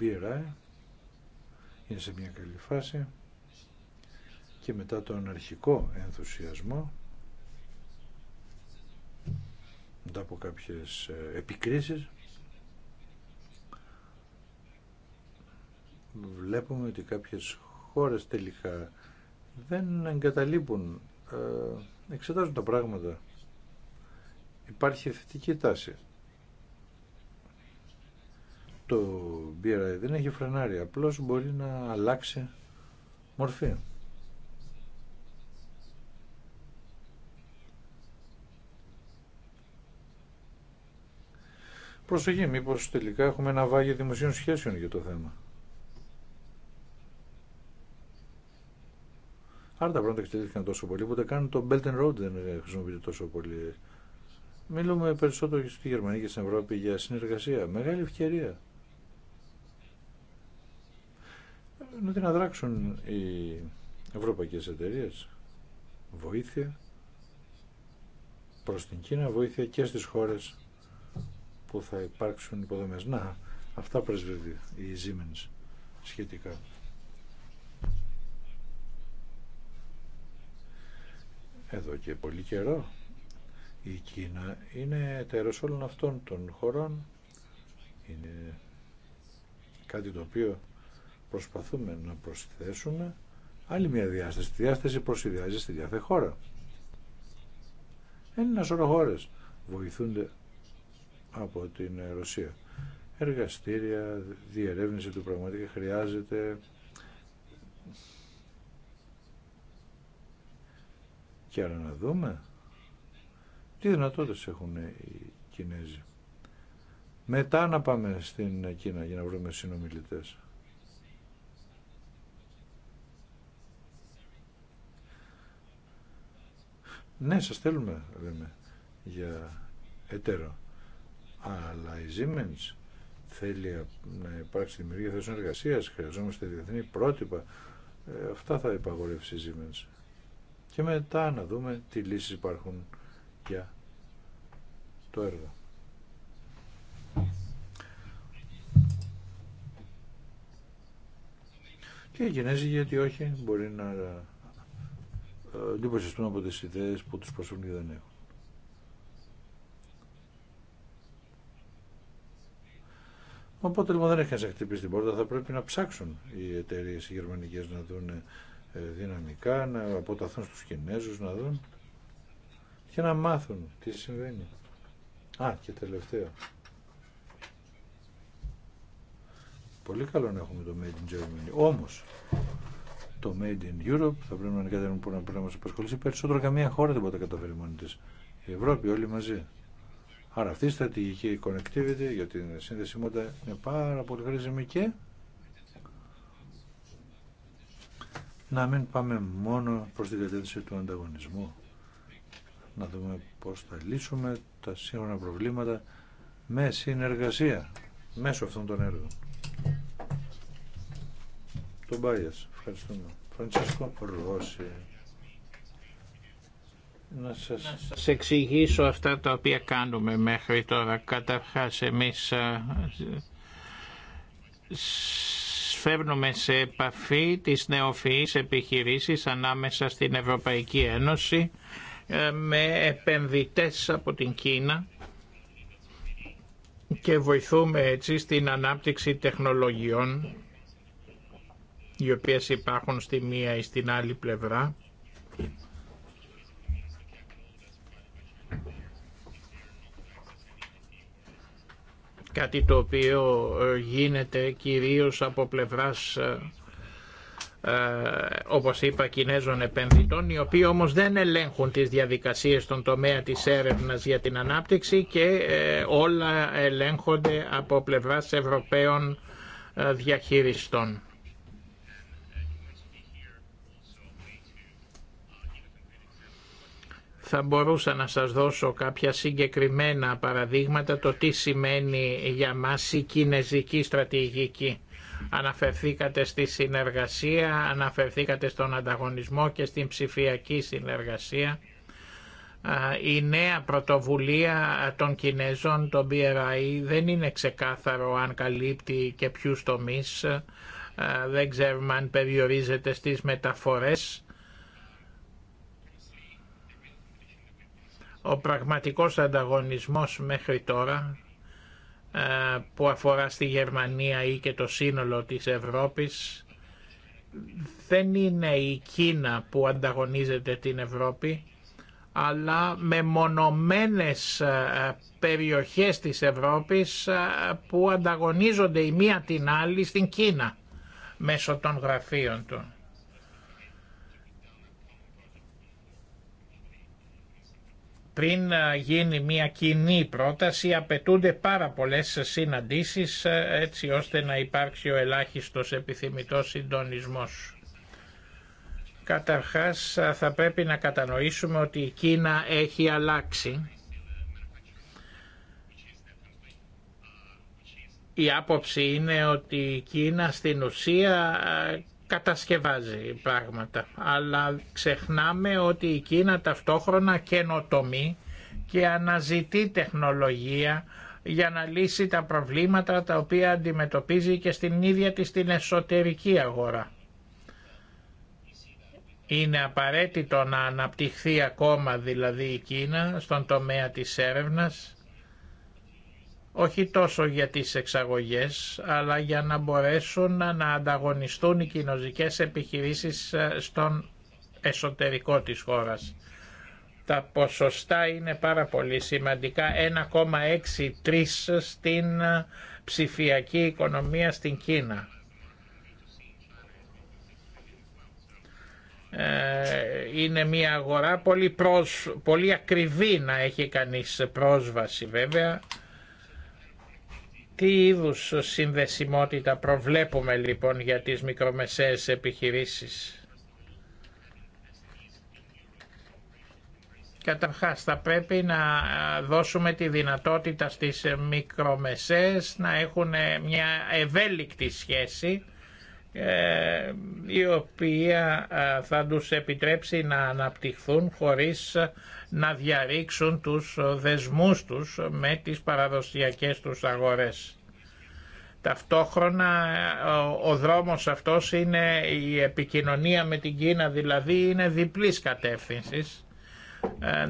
BRI είναι σε μια καλή φάση και μετά τον αρχικό ενθουσιασμό μετά από κάποιες ε, επικρίσεις βλέπουμε ότι κάποιες χώρες τελικά δεν εγκαταλείπουν, ε, εξετάζουν τα πράγματα. Υπάρχει θετική τάση. Το BRI δεν έχει φρενάρει, απλώς μπορεί να αλλάξει μορφή. Προσοχή, μήπως τελικά έχουμε ένα βάγιο δημοσίων σχέσεων για το θέμα. Άρα τα πράγματα εξελίχθηκαν τόσο πολύ, οπότε κάνουν το Belt and Road δεν χρησιμοποιείται τόσο πολύ. Μιλούμε περισσότερο στη Γερμανία και στην Ευρώπη για συνεργασία. Μεγάλη ευκαιρία. Να την αδράξουν οι ευρωπαϊκές εταιρείε. Βοήθεια προς την Κίνα, βοήθεια και στις χώρες που θα υπάρξουν υποδομές. Να, αυτά πρεσβεύει η Siemens σχετικά. Εδώ και πολύ καιρό η Κίνα είναι τέρο όλων αυτών των χωρών. Είναι κάτι το οποίο προσπαθούμε να προσθέσουμε άλλη μια διάσταση. Τη διάσταση προσυδειάζει στη διάθε χώρα. ένα σωρό χώρες. Βοηθούνται από την Ρωσία. Εργαστήρια, διερεύνηση του πραγματικά χρειάζεται και άρα να δούμε τι δυνατότητες έχουν οι Κινέζοι. Μετά να πάμε στην Κίνα για να βρούμε συνομιλητές. Ναι, σας θέλουμε, λέμε, για εταίρο αλλά η Siemens θέλει να υπάρξει δημιουργία θέσεων εργασία, χρειαζόμαστε διεθνή πρότυπα. Ε, αυτά θα υπαγορεύσει η Siemens. Και μετά να δούμε τι λύσεις υπάρχουν για το έργο. Και οι Κινέζοι γιατί όχι μπορεί να εντυπωσιαστούν από τις ιδέες που τους προσφέρουν και δεν έχουν. Οπότε λοιπόν δεν έχει να χτυπήσει την πόρτα, θα πρέπει να ψάξουν οι εταιρείε οι γερμανικές να δουν ε, δυναμικά, να αποταθούν στου Κινέζους, να δουν και να μάθουν τι συμβαίνει. Α, και τελευταίο. Πολύ καλό να έχουμε το Made in Germany. Όμως, το Made in Europe θα πρέπει να είναι κάτι που να, πρέπει να μας απασχολήσει περισσότερο καμία χώρα δεν μπορεί να καταφέρει μόνη τη. Η Ευρώπη όλοι μαζί. Άρα αυτή η στρατηγική connectivity για την συνδεση μόντα είναι πάρα πολύ χρήσιμη και να μην πάμε μόνο προς την κατεύθυνση του ανταγωνισμού. Να δούμε πώς θα λύσουμε τα σύγχρονα προβλήματα με συνεργασία μέσω αυτών των έργων. Το Μπάιας, ευχαριστούμε να σας... εξηγήσω αυτά τα οποία κάνουμε μέχρι τώρα. Καταρχάς εμείς ε, φέρνουμε σε επαφή τις νεοφυείς επιχειρήσεις ανάμεσα στην Ευρωπαϊκή Ένωση ε, με επενδυτές από την Κίνα και βοηθούμε έτσι στην ανάπτυξη τεχνολογιών οι οποίες υπάρχουν στη μία ή στην άλλη πλευρά κάτι το οποίο ε, γίνεται κυρίως από πλευράς ε, ε, όπως είπα Κινέζων επενδυτών οι οποίοι όμως δεν ελέγχουν τις διαδικασίες στον τομέα της έρευνας για την ανάπτυξη και όλα ελέγχονται από πλευράς Ευρωπαίων διαχειριστών. θα μπορούσα να σας δώσω κάποια συγκεκριμένα παραδείγματα το τι σημαίνει για μας η κινέζικη στρατηγική. Αναφερθήκατε στη συνεργασία, αναφερθήκατε στον ανταγωνισμό και στην ψηφιακή συνεργασία. Η νέα πρωτοβουλία των Κινέζων, το BRI, δεν είναι ξεκάθαρο αν καλύπτει και ποιους τομείς. Δεν ξέρουμε αν περιορίζεται στις μεταφορές Ο πραγματικός ανταγωνισμός μέχρι τώρα ε, που αφορά στη Γερμανία ή και το σύνολο της Ευρώπης δεν είναι η Κίνα που ανταγωνίζεται την Ευρώπη αλλά με μονομένες ε, περιοχές της Ευρώπης ε, που ανταγωνίζονται η μία την άλλη στην Κίνα μέσω των γραφείων του. πριν γίνει μια κοινή πρόταση απαιτούνται πάρα πολλές συναντήσεις έτσι ώστε να υπάρξει ο ελάχιστος επιθυμητός συντονισμός. Καταρχάς θα πρέπει να κατανοήσουμε ότι η Κίνα έχει αλλάξει. Η άποψη είναι ότι η Κίνα στην ουσία κατασκευάζει πράγματα. Αλλά ξεχνάμε ότι η Κίνα ταυτόχρονα καινοτομεί και αναζητεί τεχνολογία για να λύσει τα προβλήματα τα οποία αντιμετωπίζει και στην ίδια της την εσωτερική αγορά. Είναι απαραίτητο να αναπτυχθεί ακόμα δηλαδή η Κίνα στον τομέα της έρευνας όχι τόσο για τις εξαγωγές, αλλά για να μπορέσουν να ανταγωνιστούν οι κοινοζικές επιχειρήσεις ε, στον εσωτερικό της χώρας. Τα ποσοστά είναι πάρα πολύ σημαντικά, 1,63 στην ε, ψηφιακή οικονομία στην Κίνα. Ε, είναι μια αγορά πολύ, πολύ ακριβή να έχει κανείς πρόσβαση βέβαια τι είδους συνδεσιμότητα προβλέπουμε λοιπόν για τις μικρομεσαίες επιχειρήσεις. Καταρχάς θα πρέπει να δώσουμε τη δυνατότητα στις μικρομεσαίες να έχουν μια ευέλικτη σχέση ε, η οποία ε, θα τους επιτρέψει να αναπτυχθούν χωρίς ε, να διαρρήξουν τους δεσμούς τους με τις παραδοσιακές τους αγορές. Ταυτόχρονα ο δρόμος αυτός είναι η επικοινωνία με την Κίνα δηλαδή είναι διπλής κατεύθυνσης.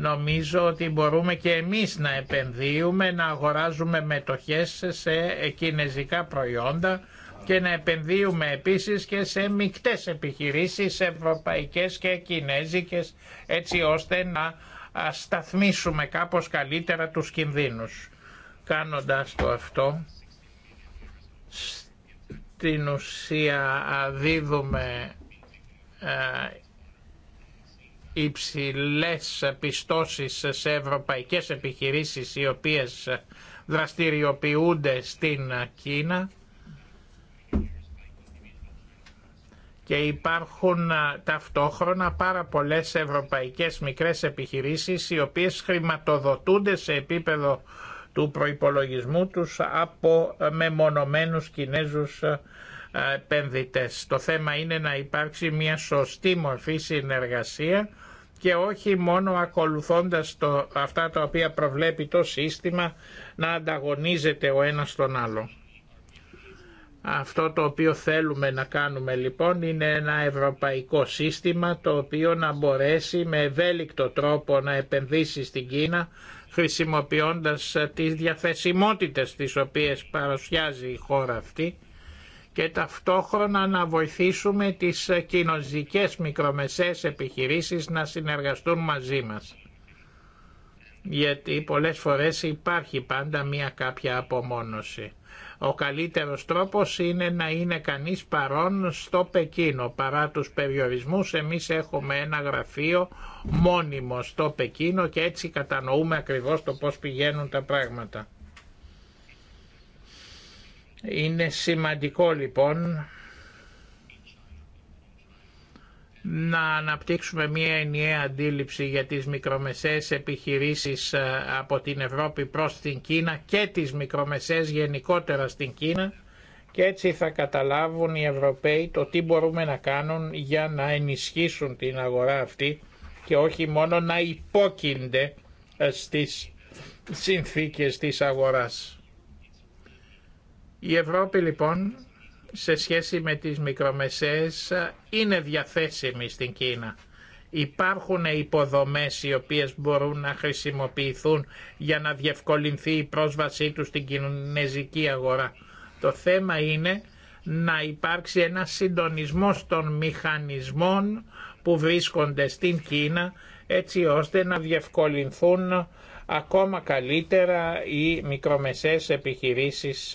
Νομίζω ότι μπορούμε και εμείς να επενδύουμε, να αγοράζουμε μετοχές σε κινέζικα προϊόντα και να επενδύουμε επίσης και σε μικτές επιχειρήσεις ευρωπαϊκές και κινέζικες έτσι ώστε να σταθμίσουμε κάπως καλύτερα τους κινδύνους. Κάνοντας το αυτό, στην ουσία δίδουμε υψηλές πιστώσεις σε ευρωπαϊκές επιχειρήσεις οι οποίες δραστηριοποιούνται στην Κίνα και υπάρχουν ταυτόχρονα πάρα πολλές ευρωπαϊκές μικρές επιχειρήσεις οι οποίες χρηματοδοτούνται σε επίπεδο του προϋπολογισμού τους από μεμονωμένους Κινέζους επενδυτές. Το θέμα είναι να υπάρξει μια σωστή μορφή συνεργασία και όχι μόνο ακολουθώντας το, αυτά τα οποία προβλέπει το σύστημα να ανταγωνίζεται ο ένας τον άλλο. Αυτό το οποίο θέλουμε να κάνουμε λοιπόν είναι ένα ευρωπαϊκό σύστημα το οποίο να μπορέσει με ευέλικτο τρόπο να επενδύσει στην Κίνα χρησιμοποιώντας τις διαθεσιμότητες τις οποίες παρουσιάζει η χώρα αυτή και ταυτόχρονα να βοηθήσουμε τις κοινοζικές μικρομεσαίες επιχειρήσεις να συνεργαστούν μαζί μας. Γιατί πολλές φορές υπάρχει πάντα μία κάποια απομόνωση. Ο καλύτερος τρόπος είναι να είναι κανείς παρόν στο Πεκίνο. Παρά τους περιορισμούς εμείς έχουμε ένα γραφείο μόνιμο στο Πεκίνο και έτσι κατανοούμε ακριβώς το πώς πηγαίνουν τα πράγματα. Είναι σημαντικό λοιπόν να αναπτύξουμε μια ενιαία αντίληψη για τις μικρομεσαίες επιχειρήσεις ε, από την Ευρώπη προς την Κίνα και τις μικρομεσαίες γενικότερα στην Κίνα και έτσι θα καταλάβουν οι Ευρωπαίοι το τι μπορούμε να κάνουν για να ενισχύσουν την αγορά αυτή και όχι μόνο να υπόκεινται ε, στις συνθήκες της αγοράς. Η Ευρώπη λοιπόν σε σχέση με τις μικρομεσαίες είναι διαθέσιμη στην Κίνα. Υπάρχουν υποδομές οι οποίες μπορούν να χρησιμοποιηθούν για να διευκολυνθεί η πρόσβασή τους στην κινέζικη αγορά. Το θέμα είναι να υπάρξει ένα συντονισμός των μηχανισμών που βρίσκονται στην Κίνα έτσι ώστε να διευκολυνθούν ακόμα καλύτερα οι μικρομεσαίες επιχειρήσεις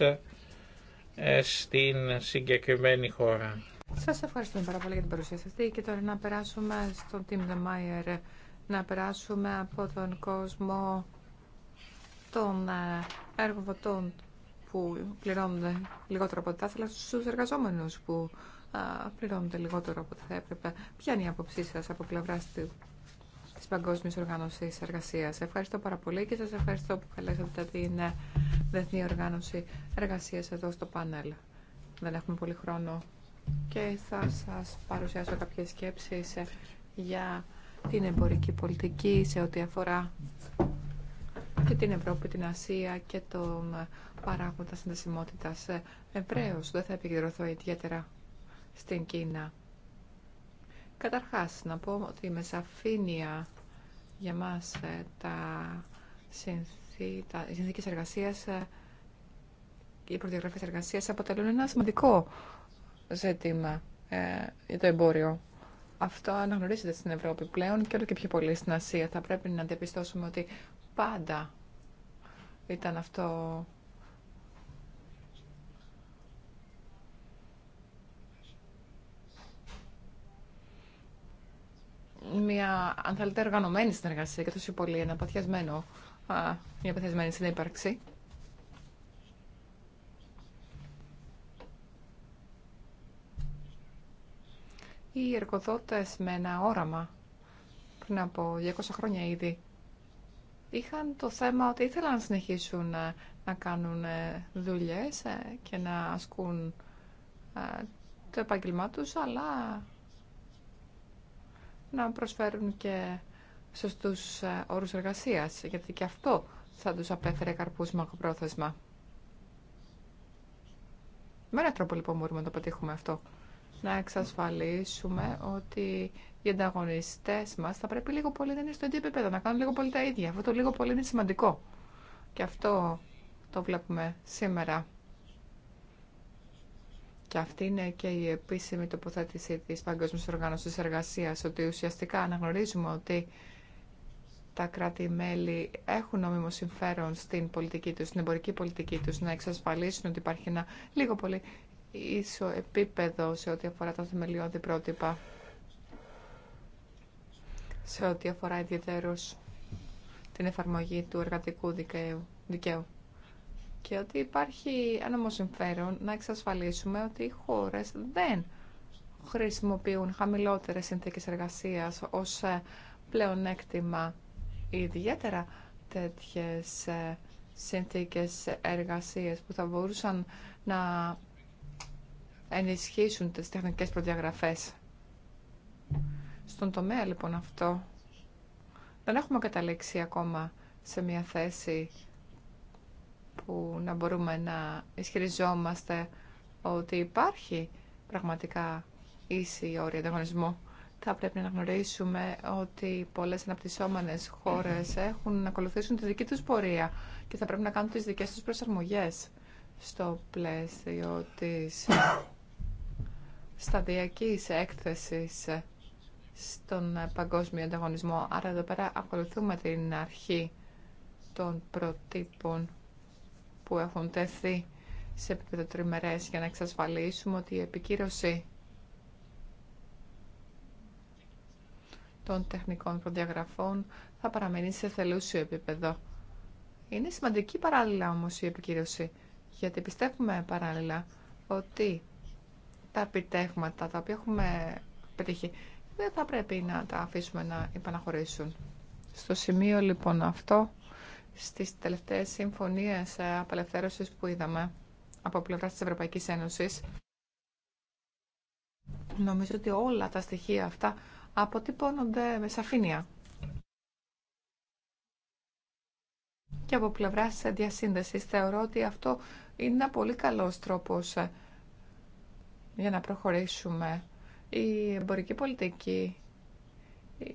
ε, στην συγκεκριμένη χώρα. Σας ευχαριστούμε πάρα πολύ για την παρουσία σας και τώρα να περάσουμε στον Τιμ να περάσουμε από τον κόσμο των ε, εργοδοτών που πληρώνονται λιγότερο από ό,τι θα ήθελα στους εργαζόμενους που ε, πληρώνονται λιγότερο από ό,τι θα έπρεπε. Ποια είναι η άποψή σας από πλευρά του της Παγκόσμιας Οργάνωσης Εργασίας. Ευχαριστώ πάρα πολύ και σας ευχαριστώ που καλέσατε την ε, Δεθνή Οργάνωση Εργασίας εδώ στο πάνελ. Δεν έχουμε πολύ χρόνο και θα σας παρουσιάσω κάποιες σκέψεις ε, για την εμπορική πολιτική σε ό,τι αφορά και την Ευρώπη, την Ασία και τον παράγοντα συνδεσιμότητα ε, ευρέως. Δεν θα επικεντρωθώ ιδιαίτερα στην Κίνα. Καταρχάς, να πω ότι με σαφήνεια για μας ε, τα τα, οι συνθήκες εργασίας και ε, οι προδιαγραφές εργασίας αποτελούν ένα σημαντικό ζήτημα ε, για το εμπόριο. Αυτό αναγνωρίζεται στην Ευρώπη πλέον και όλο και πιο πολύ στην Ασία. Θα πρέπει να διαπιστώσουμε ότι πάντα ήταν αυτό μια, αν θέλετε, οργανωμένη συνεργασία και τόσο πολύ ένα παθιασμένο, α, μια παθιασμένη συνύπαρξη. Οι εργοδότες με ένα όραμα πριν από 200 χρόνια ήδη είχαν το θέμα ότι ήθελαν να συνεχίσουν ε, να κάνουν ε, δουλειές ε, και να ασκούν το επάγγελμά τους, αλλά να προσφέρουν και σωστούς ε, όρους εργασίας, γιατί και αυτό θα τους απέφερε καρπούς μακροπρόθεσμα. Με έναν τρόπο λοιπόν μπορούμε να το πετύχουμε αυτό. Να εξασφαλίσουμε ότι οι ανταγωνιστέ μα θα πρέπει λίγο πολύ να είναι στο ίδιο επίπεδο, να κάνουν λίγο πολύ τα ίδια. Αυτό το λίγο πολύ είναι σημαντικό. Και αυτό το βλέπουμε σήμερα. Και αυτή είναι και η επίσημη τοποθέτηση της παγκόσμιου Οργάνωση εργασία, ότι ουσιαστικά αναγνωρίζουμε ότι τα κράτη-μέλη έχουν νόμιμο συμφέρον στην πολιτική του, στην εμπορική πολιτική του, να εξασφαλίσουν ότι υπάρχει ένα λίγο πολύ ίσο επίπεδο σε ό,τι αφορά τα θεμελιώδη πρότυπα, σε ό,τι αφορά ιδιαίτερω την εφαρμογή του εργατικού δικαίου και ότι υπάρχει ένα συμφέρον να εξασφαλίσουμε ότι οι χώρες δεν χρησιμοποιούν χαμηλότερες συνθήκες εργασίας ως ε, πλεονέκτημα ιδιαίτερα τέτοιες ε, συνθήκες εργασίες που θα μπορούσαν να ενισχύσουν τις τεχνικές προδιαγραφές. Στον τομέα λοιπόν αυτό δεν έχουμε καταλήξει ακόμα σε μια θέση που να μπορούμε να ισχυριζόμαστε ότι υπάρχει πραγματικά ίση όρια ανταγωνισμού. Θα πρέπει να γνωρίσουμε ότι πολλές αναπτυσσόμενες χώρες έχουν να ακολουθήσουν τη δική τους πορεία και θα πρέπει να κάνουν τις δικές τους προσαρμογές στο πλαίσιο της σταδιακής έκθεσης στον παγκόσμιο ανταγωνισμό. Άρα εδώ πέρα ακολουθούμε την αρχή των προτύπων που έχουν τεθεί σε επίπεδο τριμερές για να εξασφαλίσουμε ότι η επικύρωση των τεχνικών προδιαγραφών θα παραμείνει σε θελούσιο επίπεδο. Είναι σημαντική παράλληλα όμως η επικύρωση, γιατί πιστεύουμε παράλληλα ότι τα επιτέχματα τα οποία έχουμε πετύχει δεν θα πρέπει να τα αφήσουμε να υπαναχωρήσουν. Στο σημείο λοιπόν αυτό στις τελευταίες συμφωνίες ε, απελευθέρωσης που είδαμε από πλευράς της Ευρωπαϊκής Ένωσης. Νομίζω ότι όλα τα στοιχεία αυτά αποτυπώνονται με σαφήνεια. Και από πλευράς διασύνδεσης θεωρώ ότι αυτό είναι ένα πολύ καλός τρόπος ε, για να προχωρήσουμε. Η εμπορική πολιτική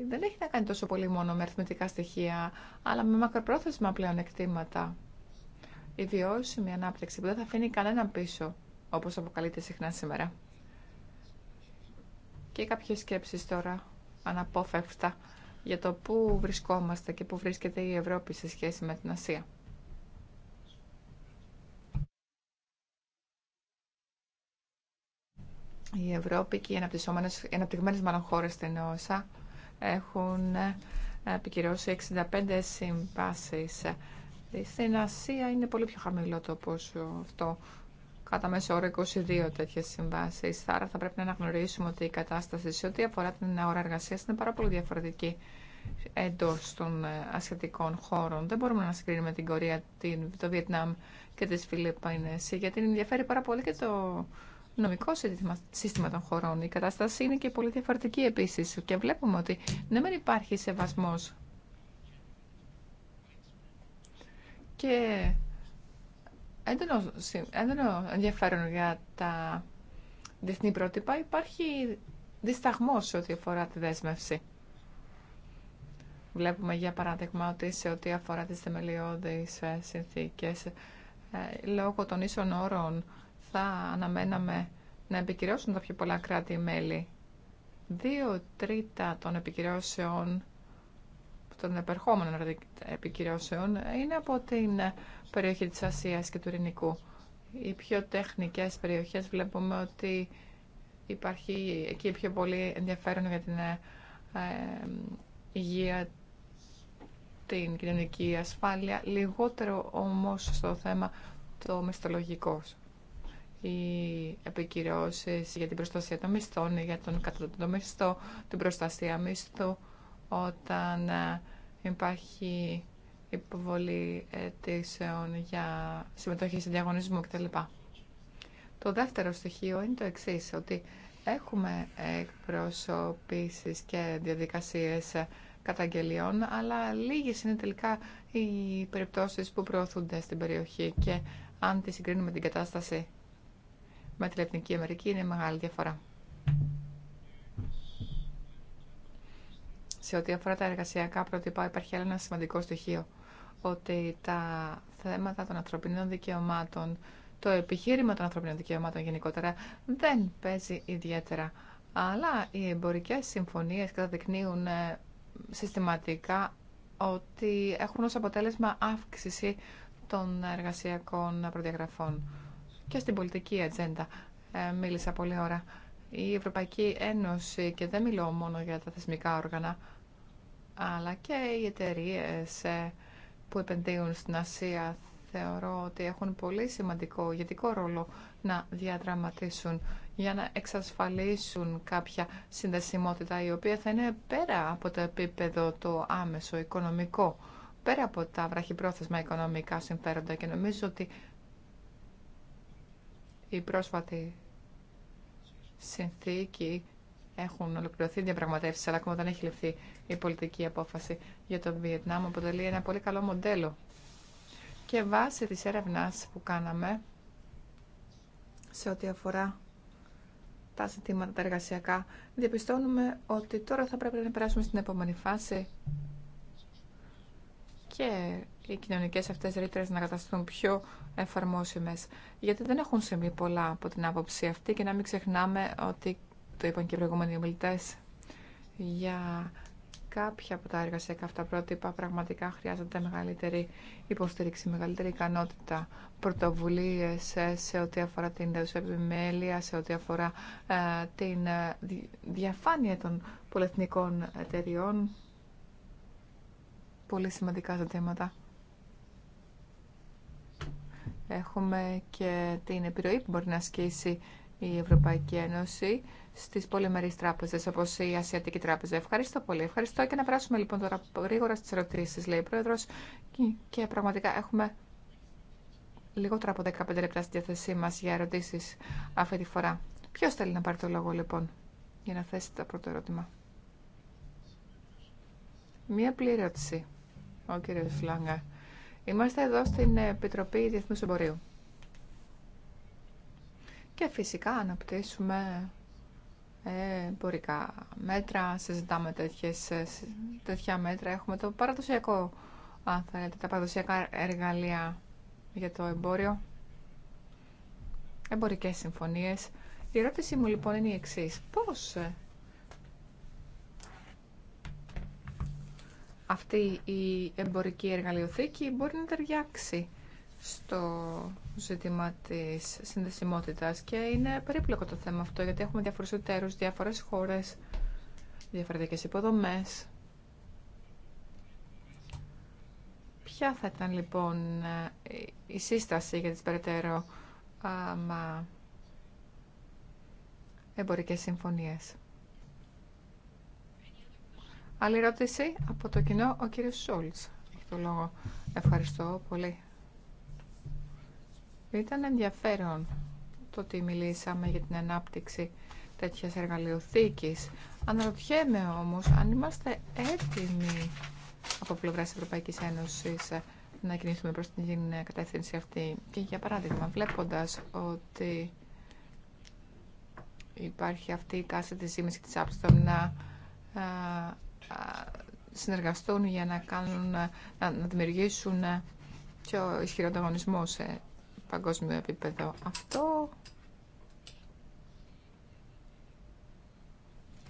δεν έχει να κάνει τόσο πολύ μόνο με αριθμητικά στοιχεία, αλλά με μακροπρόθεσμα πλέον εκτήματα. Η βιώσιμη ανάπτυξη που δεν θα αφήνει κανέναν πίσω, όπως αποκαλείται συχνά σήμερα. Και κάποιες σκέψεις τώρα, αναπόφευκτα, για το πού βρισκόμαστε και πού βρίσκεται η Ευρώπη σε σχέση με την Ασία. Η Ευρώπη και οι αναπτυγμένες μάλλον χώρες στην ΕΟΣΑ έχουν ε, επικυρώσει 65 συμβάσεις. Στην Ασία είναι πολύ πιο χαμηλό το πόσο αυτό. Κατά μέσο όρο 22 τέτοιες συμβάσεις. Άρα θα πρέπει να αναγνωρίσουμε ότι η κατάσταση σε ό,τι αφορά την αγορά εργασία είναι πάρα πολύ διαφορετική εντό των ε, ασιατικών χώρων. Δεν μπορούμε να συγκρίνουμε την Κορία, το Βιετνάμ και τι Φιλιππίνες, γιατί ενδιαφέρει πάρα πολύ και το νομικό σύστημα, των χωρών. Η κατάσταση είναι και πολύ διαφορετική επίση. και βλέπουμε ότι ναι μεν υπάρχει σεβασμό. και έντονο, ενδιαφέρον για τα διεθνή πρότυπα υπάρχει δισταγμό σε ό,τι αφορά τη δέσμευση. Βλέπουμε για παράδειγμα ότι σε ό,τι αφορά τις θεμελιώδεις ε, συνθήκες ε, λόγω των ίσων όρων θα αναμέναμε να επικυρώσουν τα πιο πολλά κράτη-μέλη. Δύο τρίτα των επικυρώσεων, των επερχόμενων επικυρώσεων, είναι από την περιοχή της Ασίας και του Ειρηνικού. Οι πιο τεχνικές περιοχές βλέπουμε ότι υπάρχει εκεί πιο πολύ ενδιαφέρον για την ε, υγεία, την κοινωνική ασφάλεια, λιγότερο όμως στο θέμα το μεστολογικός οι επικυρώσεις για την προστασία των μισθών, για τον κατώτατο μισθό, την προστασία μισθού, όταν ε, υπάρχει υποβολή αιτήσεων για συμμετοχή σε διαγωνισμό κτλ. Το δεύτερο στοιχείο είναι το εξή: ότι έχουμε εκπροσωπήσεις και διαδικασίες καταγγελιών, αλλά λίγες είναι τελικά οι περιπτώσεις που προωθούνται στην περιοχή και αν τη συγκρίνουμε την κατάσταση με τη Λατινική Αμερική είναι μεγάλη διαφορά. Σε ό,τι αφορά τα εργασιακά πρότυπα υπάρχει άλλο ένα σημαντικό στοιχείο ότι τα θέματα των ανθρωπινών δικαιωμάτων, το επιχείρημα των ανθρωπινών δικαιωμάτων γενικότερα δεν παίζει ιδιαίτερα. Αλλά οι εμπορικέ συμφωνίε καταδεικνύουν ε, συστηματικά ότι έχουν ως αποτέλεσμα αύξηση των εργασιακών προδιαγραφών και στην πολιτική ατζέντα. Ε, μίλησα πολύ ώρα. Η Ευρωπαϊκή Ένωση, και δεν μιλώ μόνο για τα θεσμικά όργανα, αλλά και οι εταιρείε ε, που επενδύουν στην Ασία, θεωρώ ότι έχουν πολύ σημαντικό ηγετικό ρόλο να διαδραματίσουν για να εξασφαλίσουν κάποια συνδεσιμότητα η οποία θα είναι πέρα από το επίπεδο το άμεσο οικονομικό, πέρα από τα βραχυπρόθεσμα οικονομικά συμφέροντα και νομίζω ότι η πρόσφατη συνθήκη έχουν ολοκληρωθεί διαπραγματεύσει, αλλά ακόμα δεν έχει ληφθεί η πολιτική απόφαση για το Βιετνάμ. Αποτελεί ένα πολύ καλό μοντέλο. Και βάσει τη έρευνα που κάναμε σε ό,τι αφορά τα ζητήματα τα εργασιακά, διαπιστώνουμε ότι τώρα θα πρέπει να περάσουμε στην επόμενη φάση και οι κοινωνικές αυτές ρήτρες να καταστούν πιο εφαρμόσιμες. Γιατί δεν έχουν συμβεί πολλά από την άποψη αυτή και να μην ξεχνάμε ότι, το είπαν και οι προηγούμενοι ομιλητέ για κάποια από τα εργασιακά αυτά πρότυπα πραγματικά χρειάζονται μεγαλύτερη υποστήριξη, μεγαλύτερη ικανότητα, πρωτοβουλίε ε, σε ό,τι αφορά την επιμέλεια, σε ό,τι αφορά ε, την ε, διαφάνεια των πολυεθνικών εταιριών πολύ σημαντικά ζητήματα. Έχουμε και την επιρροή που μπορεί να ασκήσει η Ευρωπαϊκή Ένωση στι πολυμερεί τράπεζε, όπω η Ασιατική Τράπεζα. Ευχαριστώ πολύ. Ευχαριστώ και να περάσουμε λοιπόν τώρα γρήγορα στι ερωτήσει, λέει η Πρόεδρο. Και πραγματικά έχουμε λιγότερα από 15 λεπτά στη διάθεσή μα για ερωτήσει αυτή τη φορά. Ποιο θέλει να πάρει το λόγο λοιπόν για να θέσει το πρώτο ερώτημα. Μία πλήρη ερώτηση ο Είμαστε εδώ στην Επιτροπή Διεθνού Εμπορίου. Και φυσικά αναπτύσσουμε ε, εμπορικά μέτρα, συζητάμε τέτοιες, ε, τέτοια μέτρα. Έχουμε το παραδοσιακό, αν θέλετε, τα παραδοσιακά εργαλεία για το εμπόριο, εμπορικές συμφωνίες. Η ερώτησή μου λοιπόν είναι η εξής. Πώς ε, αυτή η εμπορική εργαλειοθήκη μπορεί να ταιριάξει στο ζήτημα της συνδεσιμότητας και είναι περίπλοκο το θέμα αυτό γιατί έχουμε διάφορους διάφορες χώρες, διαφορετικές υποδομές. Ποια θα ήταν λοιπόν η σύσταση για τις περαιτέρω εμπορικές συμφωνίες. Άλλη ερώτηση από το κοινό, ο κύριος Σόλτς. Έχει το λόγο. Ευχαριστώ πολύ. Ήταν ενδιαφέρον το ότι μιλήσαμε για την ανάπτυξη τέτοιας εργαλειοθήκης. Αναρωτιέμαι όμως αν είμαστε έτοιμοι από πλευράς Ευρωπαϊκής Ένωσης να κινηθούμε προς την κατεύθυνση αυτή. Και για παράδειγμα, βλέποντας ότι υπάρχει αυτή η τάση της ζήμησης της να συνεργαστούν για να, κάνουν, να, δημιουργήσουν πιο ισχυρό ανταγωνισμό σε παγκόσμιο επίπεδο. Αυτό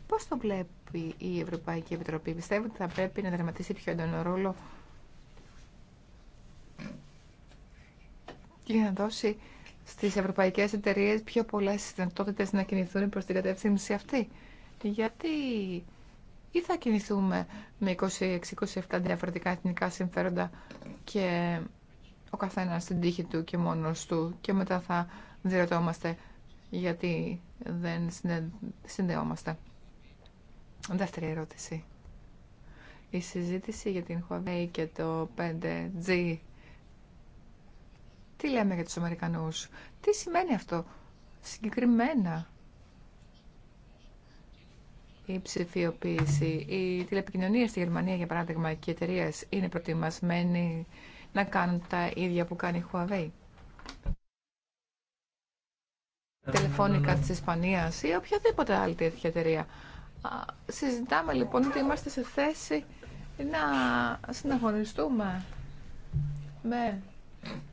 πώς το βλέπει η Ευρωπαϊκή Επιτροπή. Πιστεύω ότι θα πρέπει να δραματίσει πιο έντονο ρόλο και να δώσει στις ευρωπαϊκές εταιρείες πιο πολλές δυνατότητες να κινηθούν προς την κατεύθυνση αυτή. Γιατί ή θα κινηθούμε με 26-27 διαφορετικά εθνικά συμφέροντα και ο καθένα στην τύχη του και μόνος του και μετά θα διερωτώμαστε γιατί δεν συνδεόμαστε. Δεύτερη ερώτηση. Η συζήτηση για την Huawei και το 5G. Τι λέμε για τους Αμερικανούς. Τι σημαίνει αυτό συγκεκριμένα η ψηφιοποίηση. η τηλεπικοινωνία στη Γερμανία, για παράδειγμα, και οι εταιρείε είναι προτιμασμένοι να κάνουν τα ίδια που κάνει η Huawei. Τηλεφώνικα τη Ισπανία ή οποιαδήποτε άλλη τέτοια εταιρεία. Συζητάμε λοιπόν ότι είμαστε σε θέση να συναγωνιστούμε με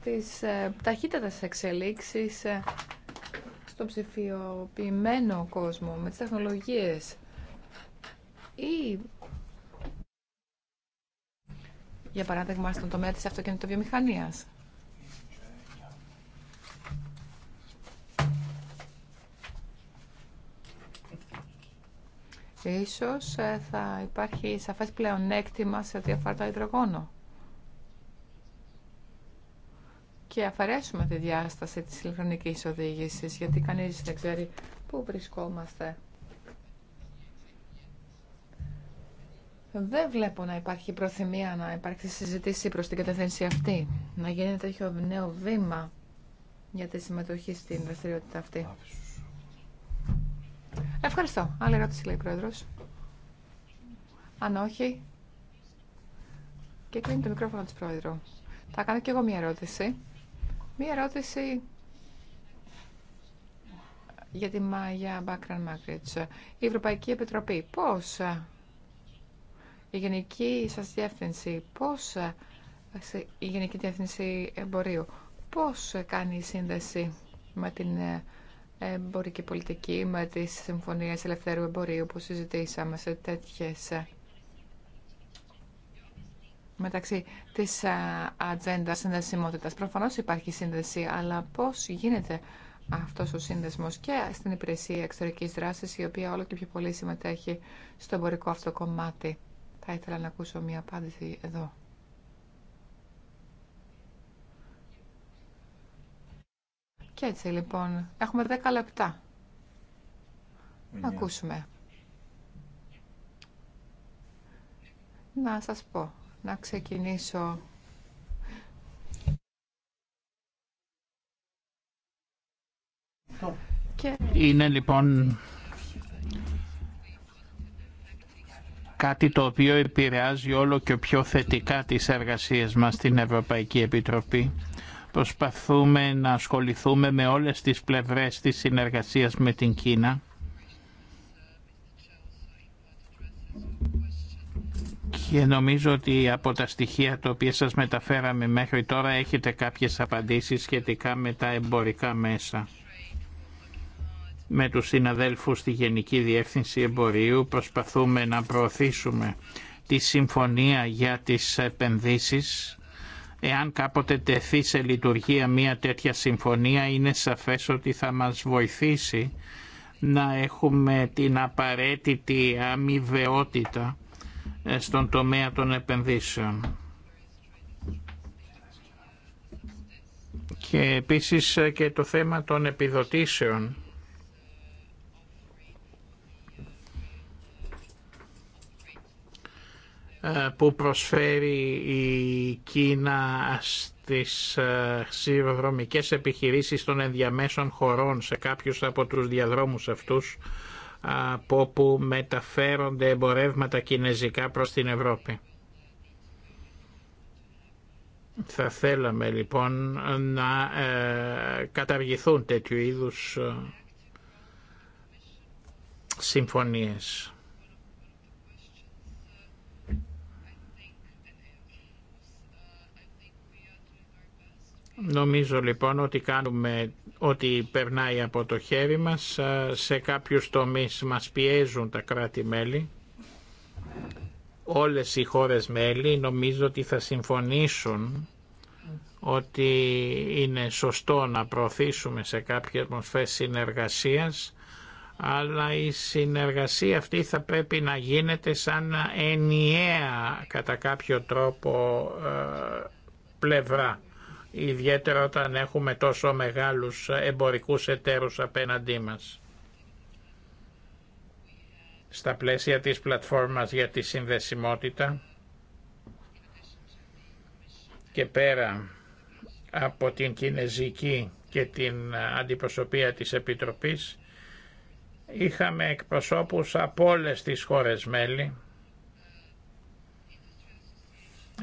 τις ε, ταχύτατες εξελίξεις ε, στον ψηφιοποιημένο κόσμο, με τις τεχνολογίες. Ή, για παράδειγμα, στον τομέα της αυτοκινητοβιομηχανίας. Ίσως ε, θα υπάρχει σαφές πλεονέκτημα σε ό,τι αφορά το υδρογόνο. Και αφαιρέσουμε τη διάσταση της ηλεκτρονικής οδήγησης, γιατί κανείς δεν ξέρει πού βρισκόμαστε. Δεν βλέπω να υπάρχει προθυμία να υπάρξει συζήτηση προς την κατεύθυνση αυτή, να γίνεται τέτοιο νέο βήμα για τη συμμετοχή στην δραστηριότητα αυτή. Ευχαριστώ. Άλλη ερώτηση λέει ο Πρόεδρος. Αν όχι, και κλείνει το μικρόφωνο της Πρόεδρου. Θα κάνω και εγώ μία ερώτηση. Μία ερώτηση για τη Μάγια Μπάκραν Μάκριτς. Η Ευρωπαϊκή Επιτροπή πώς η γενική σας διεύθυνση, πώς η Γενική Διεύθυνση Εμπορίου, πώς κάνει η σύνδεση με την ε, εμπορική πολιτική, με τις συμφωνίες ελευθέρου εμπορίου που συζητήσαμε σε τέτοιες ε, μεταξύ της ε, ατζέντα συνδεσιμότητας. Προφανώς υπάρχει σύνδεση, αλλά πώς γίνεται αυτός ο σύνδεσμος και στην υπηρεσία εξωτερικής δράσης, η οποία όλο και πιο πολύ συμμετέχει στο εμπορικό αυτό κομμάτι. Θα ήθελα να ακούσω μια απάντηση εδώ. Και έτσι λοιπόν, έχουμε 10 λεπτά. Να ναι. ακούσουμε. Να σας πω, να ξεκινήσω Είναι λοιπόν κάτι το οποίο επηρεάζει όλο και πιο θετικά τις εργασίες μας στην Ευρωπαϊκή Επιτροπή. Προσπαθούμε να ασχοληθούμε με όλες τις πλευρές της συνεργασίας με την Κίνα. Και νομίζω ότι από τα στοιχεία τα οποία σας μεταφέραμε μέχρι τώρα έχετε κάποιες απαντήσεις σχετικά με τα εμπορικά μέσα με τους συναδέλφους στη Γενική Διεύθυνση Εμπορίου προσπαθούμε να προωθήσουμε τη συμφωνία για τις επενδύσεις. Εάν κάποτε τεθεί σε λειτουργία μια τέτοια συμφωνία είναι σαφές ότι θα μας βοηθήσει να έχουμε την απαραίτητη αμοιβαιότητα ε, στον τομέα των επενδύσεων. Και επίσης ε, και το θέμα των επιδοτήσεων Ε, που προσφέρει η Κίνα στις ε, σιδηροδρομικές επιχειρήσεις των ενδιαμέσων χωρών σε κάποιους από τους διαδρόμους αυτούς από όπου μεταφέρονται εμπορεύματα κινέζικα προς την Ευρώπη. Θα θέλαμε λοιπόν να ε, καταργηθούν τέτοιου είδους συμφωνίες. Νομίζω λοιπόν ότι κάνουμε ότι περνάει από το χέρι μας. Σε κάποιους τομείς μας πιέζουν τα κράτη-μέλη. Όλες οι χώρες μέλη νομίζω ότι θα συμφωνήσουν ότι είναι σωστό να προωθήσουμε σε κάποιες μορφές συνεργασίας αλλά η συνεργασία αυτή θα πρέπει να γίνεται σαν ενιαία κατά κάποιο τρόπο ε, πλευρά ιδιαίτερα όταν έχουμε τόσο μεγάλους εμπορικούς εταίρους απέναντί μας. Στα πλαίσια της πλατφόρμας για τη συνδεσιμότητα και πέρα από την Κινεζική και την αντιπροσωπεία της Επιτροπής είχαμε εκπροσώπους από όλες τις χώρες μέλη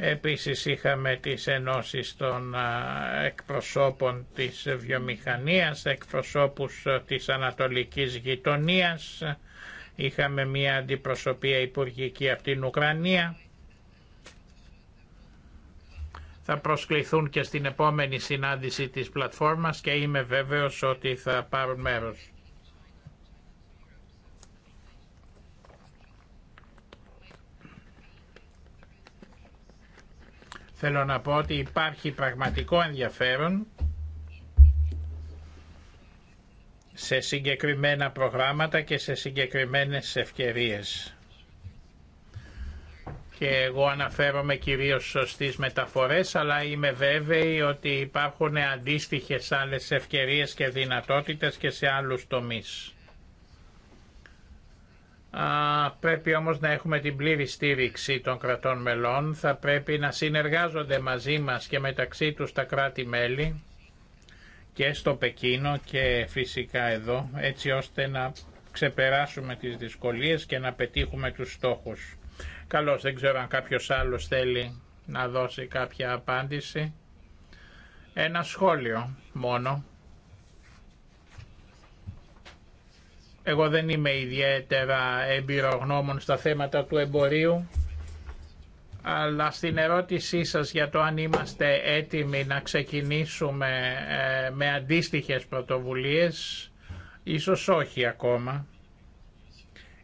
Επίσης είχαμε τις ενώσεις των εκπροσώπων της βιομηχανίας, εκπροσώπους της Ανατολικής Γειτονίας, είχαμε μια αντιπροσωπεία υπουργική από την Ουκρανία. Θα προσκληθούν και στην επόμενη συνάντηση της πλατφόρμας και είμαι βέβαιος ότι θα πάρουν μέρος. Θέλω να πω ότι υπάρχει πραγματικό ενδιαφέρον σε συγκεκριμένα προγράμματα και σε συγκεκριμένες ευκαιρίες. Και εγώ αναφέρομαι κυρίως σωστής μεταφορές, αλλά είμαι βέβαιη ότι υπάρχουν αντίστοιχες άλλες ευκαιρίες και δυνατότητες και σε άλλους τομείς πρέπει όμως να έχουμε την πλήρη στήριξη των κρατών μελών. Θα πρέπει να συνεργάζονται μαζί μας και μεταξύ τους τα κράτη-μέλη και στο Πεκίνο και φυσικά εδώ, έτσι ώστε να ξεπεράσουμε τις δυσκολίες και να πετύχουμε τους στόχους. Καλώς, δεν ξέρω αν κάποιος άλλος θέλει να δώσει κάποια απάντηση. Ένα σχόλιο μόνο. Εγώ δεν είμαι ιδιαίτερα εμπειρογνώμων στα θέματα του εμπορίου, αλλά στην ερώτησή σας για το αν είμαστε έτοιμοι να ξεκινήσουμε ε, με αντίστοιχες πρωτοβουλίες, ίσως όχι ακόμα.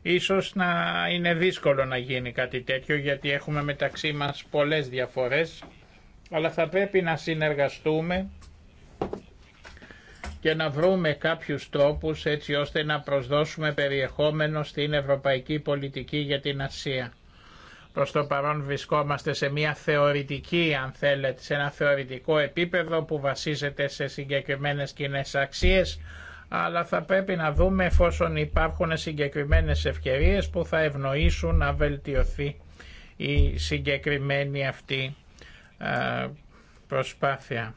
Ίσως να είναι δύσκολο να γίνει κάτι τέτοιο γιατί έχουμε μεταξύ μας πολλές διαφορές, αλλά θα πρέπει να συνεργαστούμε και να βρούμε κάποιους τρόπους έτσι ώστε να προσδώσουμε περιεχόμενο στην ευρωπαϊκή πολιτική για την Ασία. Προς το παρόν βρισκόμαστε σε μια θεωρητική, αν θέλετε, σε ένα θεωρητικό επίπεδο που βασίζεται σε συγκεκριμένες κοινέ αξίες, αλλά θα πρέπει να δούμε εφόσον υπάρχουν συγκεκριμένες ευκαιρίες που θα ευνοήσουν να βελτιωθεί η συγκεκριμένη αυτή ε, προσπάθεια.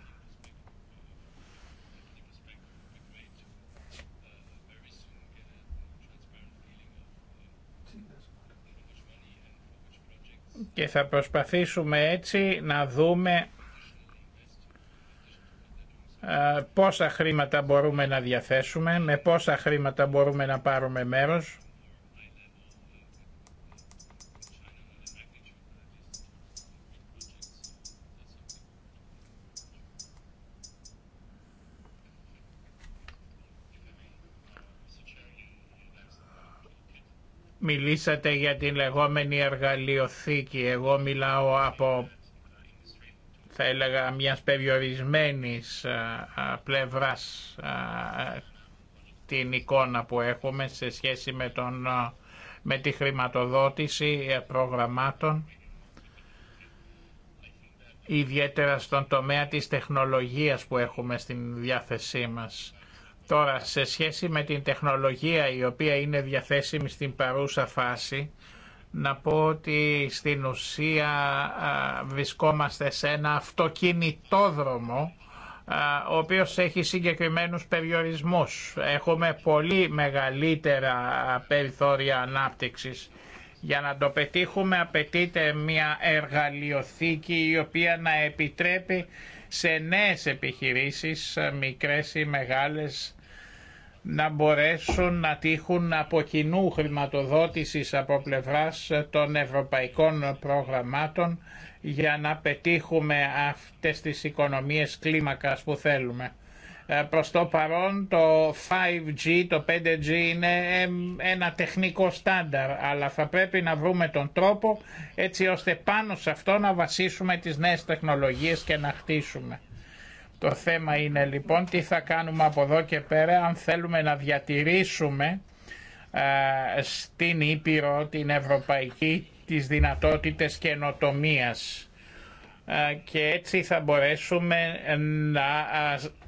και θα προσπαθήσουμε έτσι να δούμε πόσα χρήματα μπορούμε να διαθέσουμε, με πόσα χρήματα μπορούμε να πάρουμε μέρος Μιλήσατε για την λεγόμενη εργαλειοθήκη. Εγώ μιλάω από, θα έλεγα, μιας περιορισμένης πλευράς την εικόνα που έχουμε σε σχέση με, τον, με τη χρηματοδότηση ε, προγραμμάτων ιδιαίτερα στον τομέα της τεχνολογίας που έχουμε στην διάθεσή μας. Τώρα, σε σχέση με την τεχνολογία η οποία είναι διαθέσιμη στην παρούσα φάση, να πω ότι στην ουσία βρισκόμαστε σε ένα αυτοκινητόδρομο ο οποίος έχει συγκεκριμένους περιορισμούς. Έχουμε πολύ μεγαλύτερα περιθώρια ανάπτυξης. Για να το πετύχουμε απαιτείται μια εργαλειοθήκη η οποία να επιτρέπει σε νέες επιχειρήσεις, μικρές ή μεγάλες, να μπορέσουν να τύχουν από κοινού χρηματοδότησης από πλευράς των ευρωπαϊκών προγραμμάτων για να πετύχουμε αυτές τις οικονομίες κλίμακας που θέλουμε. Ε, προς το παρόν το 5G, το 5G είναι ε, ένα τεχνικό στάνταρ, αλλά θα πρέπει να βρούμε τον τρόπο έτσι ώστε πάνω σε αυτό να βασίσουμε τις νέες τεχνολογίες και να χτίσουμε. Το θέμα είναι λοιπόν τι θα κάνουμε από εδώ και πέρα αν θέλουμε να διατηρήσουμε ε, στην Ήπειρο την Ευρωπαϊκή τις δυνατότητες καινοτομίας και έτσι θα μπορέσουμε να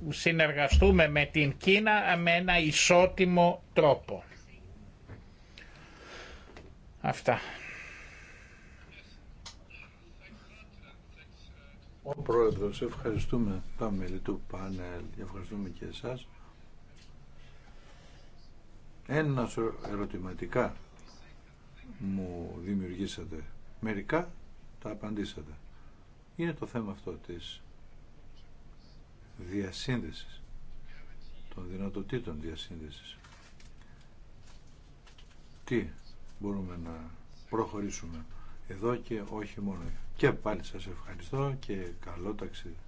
συνεργαστούμε με την Κίνα με ένα ισότιμο τρόπο. Αυτά. Ο Πρόεδρος, ευχαριστούμε τα μέλη του πάνελ, ευχαριστούμε και εσάς. Ένα ερωτηματικά μου δημιουργήσατε. Μερικά τα απαντήσατε είναι το θέμα αυτό της διασύνδεσης, των δυνατοτήτων διασύνδεσης. Τι μπορούμε να προχωρήσουμε εδώ και όχι μόνο. Και πάλι σας ευχαριστώ και καλό ταξίδι.